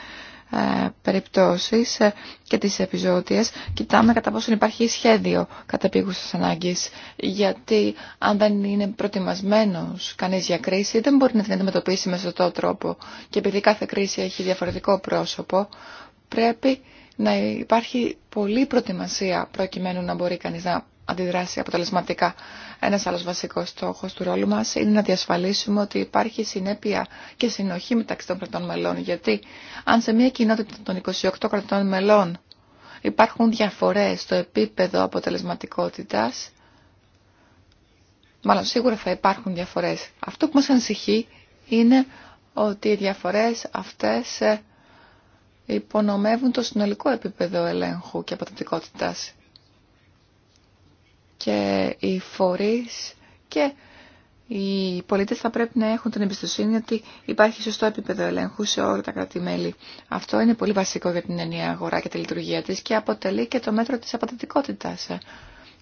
[SPEAKER 2] ε, περιπτώσεις ε, και τις επιζώτιες, κοιτάμε κατά πόσο υπάρχει σχέδιο κατά πήγουσες ανάγκης. Γιατί αν δεν είναι προετοιμασμένος κανείς για κρίση, δεν μπορεί να την αντιμετωπίσει με σωστό τρόπο. Και επειδή κάθε κρίση έχει διαφορετικό πρόσωπο, πρέπει να υπάρχει πολλή προετοιμασία προκειμένου να μπορεί κανείς να αντιδράσει αποτελεσματικά. Ένας άλλος βασικός στόχος του ρόλου μας είναι να διασφαλίσουμε ότι υπάρχει συνέπεια και συνοχή μεταξύ των κρατών μελών. Γιατί αν σε μια κοινότητα των 28 κρατών μελών υπάρχουν διαφορές στο επίπεδο αποτελεσματικότητας, μάλλον σίγουρα θα υπάρχουν διαφορές. Αυτό που μας ανησυχεί είναι ότι οι διαφορές αυτές ε, υπονομεύουν το συνολικό επίπεδο ελέγχου και αποτελεσματικότητας και οι φορείς και οι πολίτες θα πρέπει να έχουν την εμπιστοσύνη ότι υπάρχει σωστό επίπεδο ελέγχου σε όλα τα κράτη-μέλη. Αυτό είναι πολύ βασικό για την ενιαία αγορά και τη λειτουργία της και αποτελεί και το μέτρο της απαντητικότητας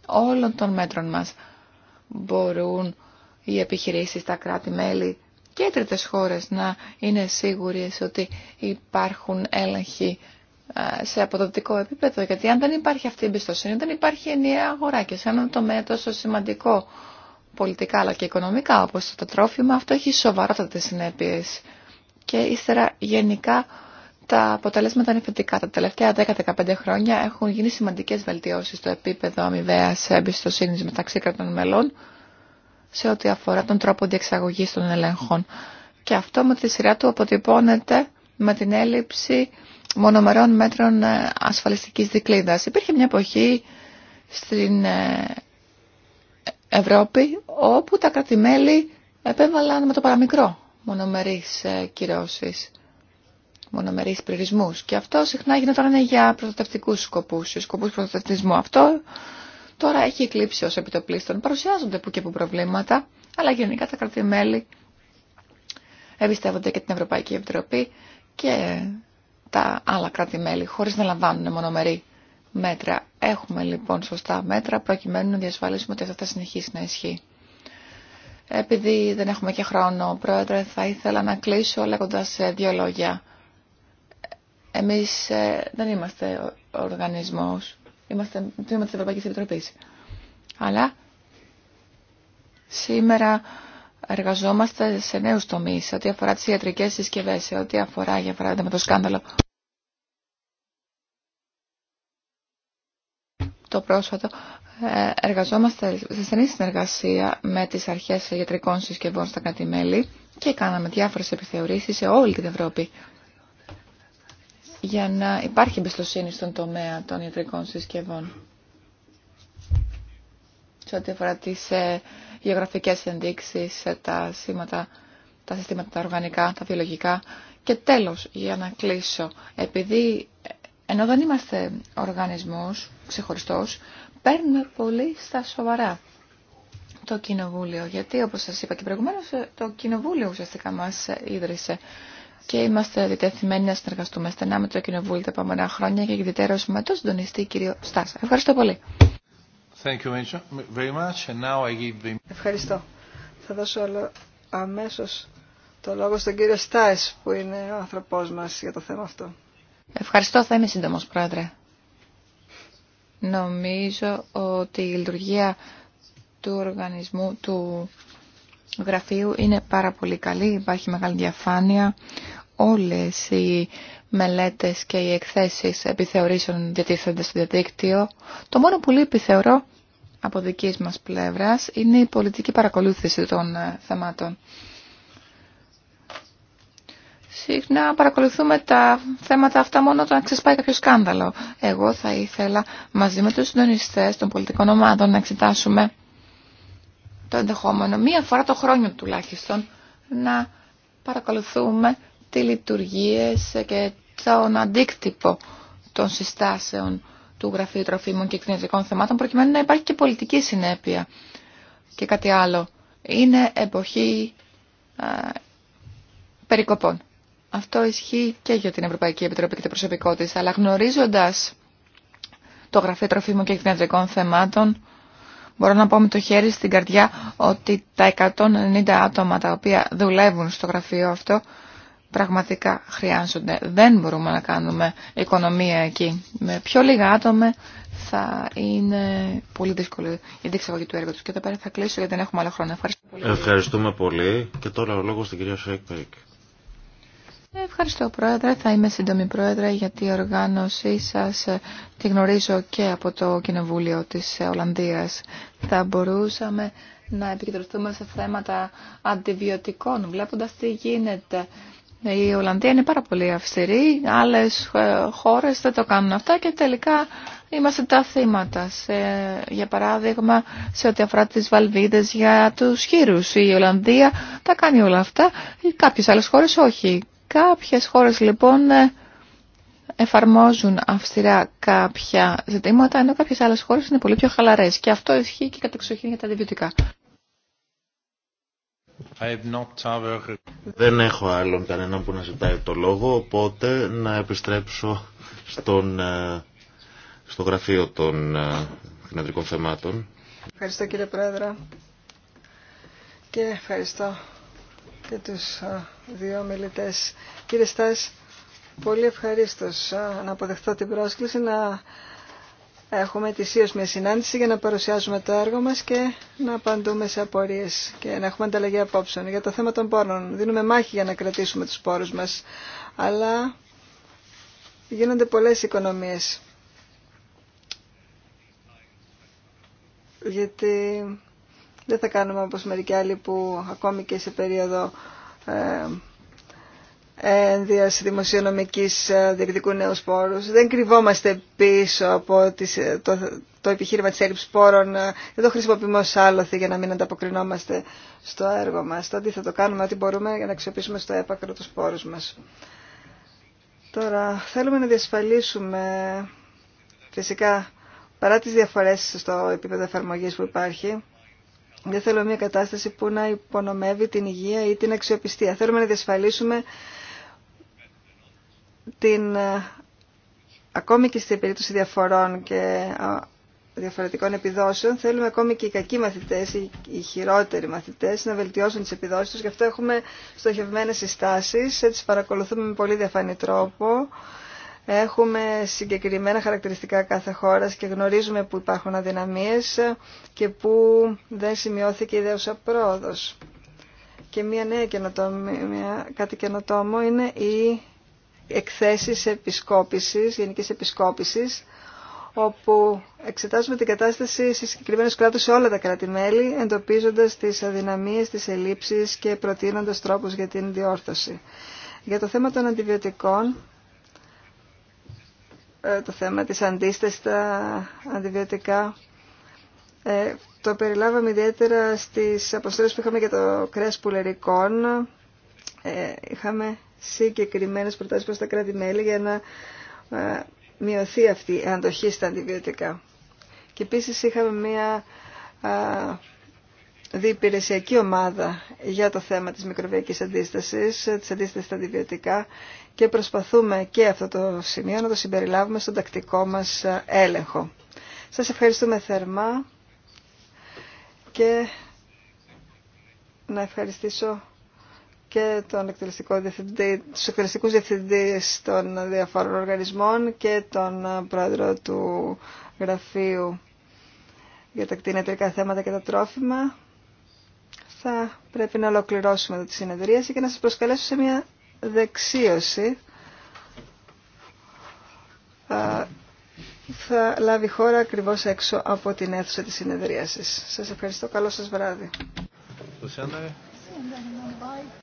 [SPEAKER 2] όλων των μέτρων μας. Μπορούν οι επιχειρήσεις, τα κράτη-μέλη και οι τρίτες χώρες να είναι σίγουρες ότι υπάρχουν έλεγχοι σε αποδοτικό επίπεδο, γιατί αν δεν υπάρχει αυτή η εμπιστοσύνη, δεν υπάρχει ενιαία αγορά και σε έναν τομέα τόσο σημαντικό πολιτικά αλλά και οικονομικά όπως το τρόφιμα, αυτό έχει σοβαρότατες συνέπειες. Και ύστερα γενικά τα αποτελέσματα είναι θετικά. Τα τελευταία 10-15 χρόνια έχουν γίνει σημαντικές βελτιώσεις στο επίπεδο αμοιβαίας εμπιστοσύνη μεταξύ κρατών μελών σε ό,τι αφορά τον τρόπο διεξαγωγής των ελέγχων. Και αυτό με τη σειρά του αποτυπώνεται με την έλλειψη μονομερών μέτρων ε, ασφαλιστικής δικλίδας. Υπήρχε μια εποχή στην ε, Ευρώπη όπου τα κρατημέλη επέβαλαν με το παραμικρό μονομερείς ε, κυρώσεις, μονομερείς πληρισμούς. Και αυτό συχνά γινόταν για προστατευτικούς σκοπούς, σκοπούς προστατευτισμού. Αυτό τώρα έχει εκλείψει ως επιτοπλίστων. Παρουσιάζονται που και που προβλήματα, αλλά γενικά τα κρατημέλη εμπιστεύονται και την Ευρωπαϊκή Επιτροπή και τα άλλα κράτη-μέλη χωρίς να λαμβάνουν μονομερή μέτρα. Έχουμε λοιπόν σωστά μέτρα προκειμένου να διασφαλίσουμε ότι αυτό θα συνεχίσει να ισχύει. Επειδή δεν έχουμε και χρόνο, Πρόεδρε, θα ήθελα να κλείσω λέγοντας ε, δύο λόγια. Εμείς ε, δεν είμαστε οργανισμός, είμαστε τμήμα της Ευρωπαϊκής Επιτροπής. Αλλά σήμερα εργαζόμαστε σε νέους τομείς, σε ό,τι αφορά τις ιατρικές συσκευές, σε ό,τι αφορά, για παράδειγμα, το σκάνδαλο. Το πρόσφατο, ε, εργαζόμαστε σε στενή συνεργασία με τις αρχές ιατρικών συσκευών στα κρατη και κάναμε διάφορες επιθεωρήσεις σε όλη την Ευρώπη για να υπάρχει εμπιστοσύνη στον τομέα των ιατρικών συσκευών σε ό,τι αφορά γεωγραφικέ γεωγραφικές ενδείξεις, ε, τα σήματα, τα συστήματα τα οργανικά, τα βιολογικά. Και τέλο, για να κλείσω, επειδή ε, ενώ δεν είμαστε οργανισμό ξεχωριστό, παίρνουμε πολύ στα σοβαρά το Κοινοβούλιο. Γιατί, όπω σα είπα και προηγουμένω, ε, το Κοινοβούλιο ουσιαστικά μα ίδρυσε και είμαστε διτεθειμένοι να συνεργαστούμε στενά με το Κοινοβούλιο τα επόμενα χρόνια και ιδιαίτερω με τον συντονιστή κύριο Στάσα. Ευχαριστώ πολύ. Ευχαριστώ.
[SPEAKER 3] Θα δώσω αμέσως το λόγο στον κύριο Στάις που είναι ο άνθρωπός μας για το θέμα αυτό.
[SPEAKER 2] Ευχαριστώ. Θα είμαι σύντομος, Πρόεδρε. Νομίζω ότι η λειτουργία του οργανισμού του γραφείου είναι πάρα πολύ καλή. Υπάρχει μεγάλη διαφάνεια. Όλες οι μελέτες και οι εκθέσεις επιθεωρήσεων διατίθενται στο διαδίκτυο. Το μόνο που λείπει θεωρώ από δικής μας πλευράς είναι η πολιτική παρακολούθηση των ε, θεμάτων. Συχνά παρακολουθούμε τα θέματα αυτά μόνο όταν ξεσπάει κάποιο σκάνδαλο. Εγώ θα ήθελα μαζί με τους συντονιστές των πολιτικών ομάδων να εξετάσουμε το ενδεχόμενο μία φορά το χρόνο τουλάχιστον να παρακολουθούμε τι λειτουργίες και τον αντίκτυπο των συστάσεων του Γραφείου Τροφίμων και Εκτινωτικών Θεμάτων προκειμένου να υπάρχει και πολιτική συνέπεια. Και κάτι άλλο. Είναι εποχή α, ε, περικοπών. Αυτό ισχύει και για την Ευρωπαϊκή Επιτροπή και το προσωπικό αλλά γνωρίζοντας το Γραφείο Τροφίμων και Εκτινωτικών Θεμάτων, μπορώ να πω με το χέρι στην καρδιά ότι τα 190 άτομα τα οποία δουλεύουν στο γραφείο αυτό πραγματικά χρειάζονται. Δεν μπορούμε να κάνουμε οικονομία εκεί. Με πιο λίγα άτομα θα είναι πολύ δύσκολο η διεξαγωγή του έργου του Και εδώ πέρα θα κλείσω γιατί δεν έχουμε άλλο χρόνο. Ευχαριστώ
[SPEAKER 1] πολύ. Ευχαριστούμε πολύ. Και τώρα ο λόγος στην κυρία Σέκπερικ.
[SPEAKER 2] Ευχαριστώ Πρόεδρε. Θα είμαι σύντομη Πρόεδρε γιατί η οργάνωσή σας ε, τη γνωρίζω και από το Κοινοβούλιο της ε, Ολλανδίας. Θα μπορούσαμε να επικεντρωθούμε σε θέματα αντιβιωτικών βλέποντας τι γίνεται η Ολλανδία είναι πάρα πολύ αυστηρή, άλλες ε, χώρες δεν το κάνουν αυτά και τελικά είμαστε τα θύματα. Σε, για παράδειγμα, σε ό,τι αφορά τις βαλβίδες για τους χείρους. Η Ολλανδία τα κάνει όλα αυτά, κάποιες άλλες χώρες όχι. Κάποιες χώρες λοιπόν ε, εφαρμόζουν αυστηρά κάποια ζητήματα, ενώ κάποιες άλλες χώρες είναι πολύ πιο χαλαρές. Και αυτό ισχύει και κατεξοχήν για τα αντιβιωτικά.
[SPEAKER 1] Δεν έχω άλλον κανέναν που να ζητάει το λόγο, οπότε να επιστρέψω στον, ε, στο γραφείο των ε, κοινωνικών θεμάτων.
[SPEAKER 3] Ευχαριστώ κύριε Πρόεδρε και ευχαριστώ και τους ε, δύο μιλητές. Κύριε Στάς, πολύ ευχαρίστως να αποδεχτώ την πρόσκληση να έχουμε ετησίως μια συνάντηση για να παρουσιάζουμε το έργο μας και να απαντούμε σε απορίες και να έχουμε ανταλλαγή απόψεων. Για το θέμα των πόρων δίνουμε μάχη για να κρατήσουμε τους πόρους μας, αλλά γίνονται πολλές οικονομίες. Γιατί δεν θα κάνουμε όπως μερικοί άλλοι που ακόμη και σε περίοδο ε, ένδυας δημοσιονομικής ε, διεκδικού νέου πόρου. Δεν κρυβόμαστε πίσω από ε, το, επιχείρημα της έλλειψης πόρων. Ε, εδώ χρησιμοποιούμε ως άλοθη για να μην ανταποκρινόμαστε στο έργο μας. Το κάνουμε ό,τι μπορούμε για να αξιοποιήσουμε στο έπακρο τους πόρους μας. Τώρα, θέλουμε να διασφαλίσουμε φυσικά παρά τις διαφορές στο επίπεδο εφαρμογή που υπάρχει, δεν θέλουμε μια κατάσταση που να υπονομεύει την υγεία ή την αξιοπιστία. Θέλουμε να διασφαλίσουμε την, ε, ακόμη και στην περίπτωση διαφορών και διαφορετικών επιδόσεων, θέλουμε ακόμη και οι κακοί μαθητές, οι χειρότεροι μαθητές, να βελτιώσουν τις επιδόσεις τους. Γι' αυτό έχουμε στοχευμένες συστάσεις, έτσι παρακολουθούμε με πολύ διαφανή τρόπο. Έχουμε συγκεκριμένα χαρακτηριστικά κάθε χώρα και γνωρίζουμε που υπάρχουν αδυναμίε και που δεν σημειώθηκε ιδέω πρόοδος. Και μια νέα κάτι καινοτόμο είναι η εκθέσεις επισκόπησης, γενικής επισκόπησης, όπου εξετάζουμε την κατάσταση σε συγκεκριμένου κράτου σε όλα τα κράτη-μέλη, εντοπίζοντα τι αδυναμίε, τι ελλείψει και προτείνοντα τρόπου για την διόρθωση. Για το θέμα των αντιβιωτικών, ε, το θέμα της αντίστασης στα αντιβιωτικά, ε, το περιλάβαμε ιδιαίτερα στις αποστρέψεις που είχαμε για το κρέας πουλερικών. Ε, είχαμε Συγκεκριμένε προτάσεις προ τα κράτη-μέλη για να ε, μειωθεί αυτή η αντοχή στα αντιβιωτικά. Και επίση είχαμε μια ε, διυπηρεσιακή ομάδα για το θέμα της μικροβιακής αντίστασης, ε, της αντίστασης στα αντιβιωτικά και προσπαθούμε και αυτό το σημείο να το συμπεριλάβουμε στον τακτικό μας έλεγχο. Σας ευχαριστούμε θερμά και να ευχαριστήσω και τον εκτελεστικό διευθυντή, τους εκτελεστικούς των διαφόρων οργανισμών και τον ε, πρόεδρο του γραφείου για τα κτηνιατρικά θέματα και τα τρόφιμα. Θα πρέπει να ολοκληρώσουμε εδώ τη συνεδρίαση και να σας προσκαλέσω σε μια δεξίωση. Θα λάβει χώρα ακριβώς έξω από την αίθουσα της συνεδρίασης. Σας ευχαριστώ. Καλό σας βράδυ.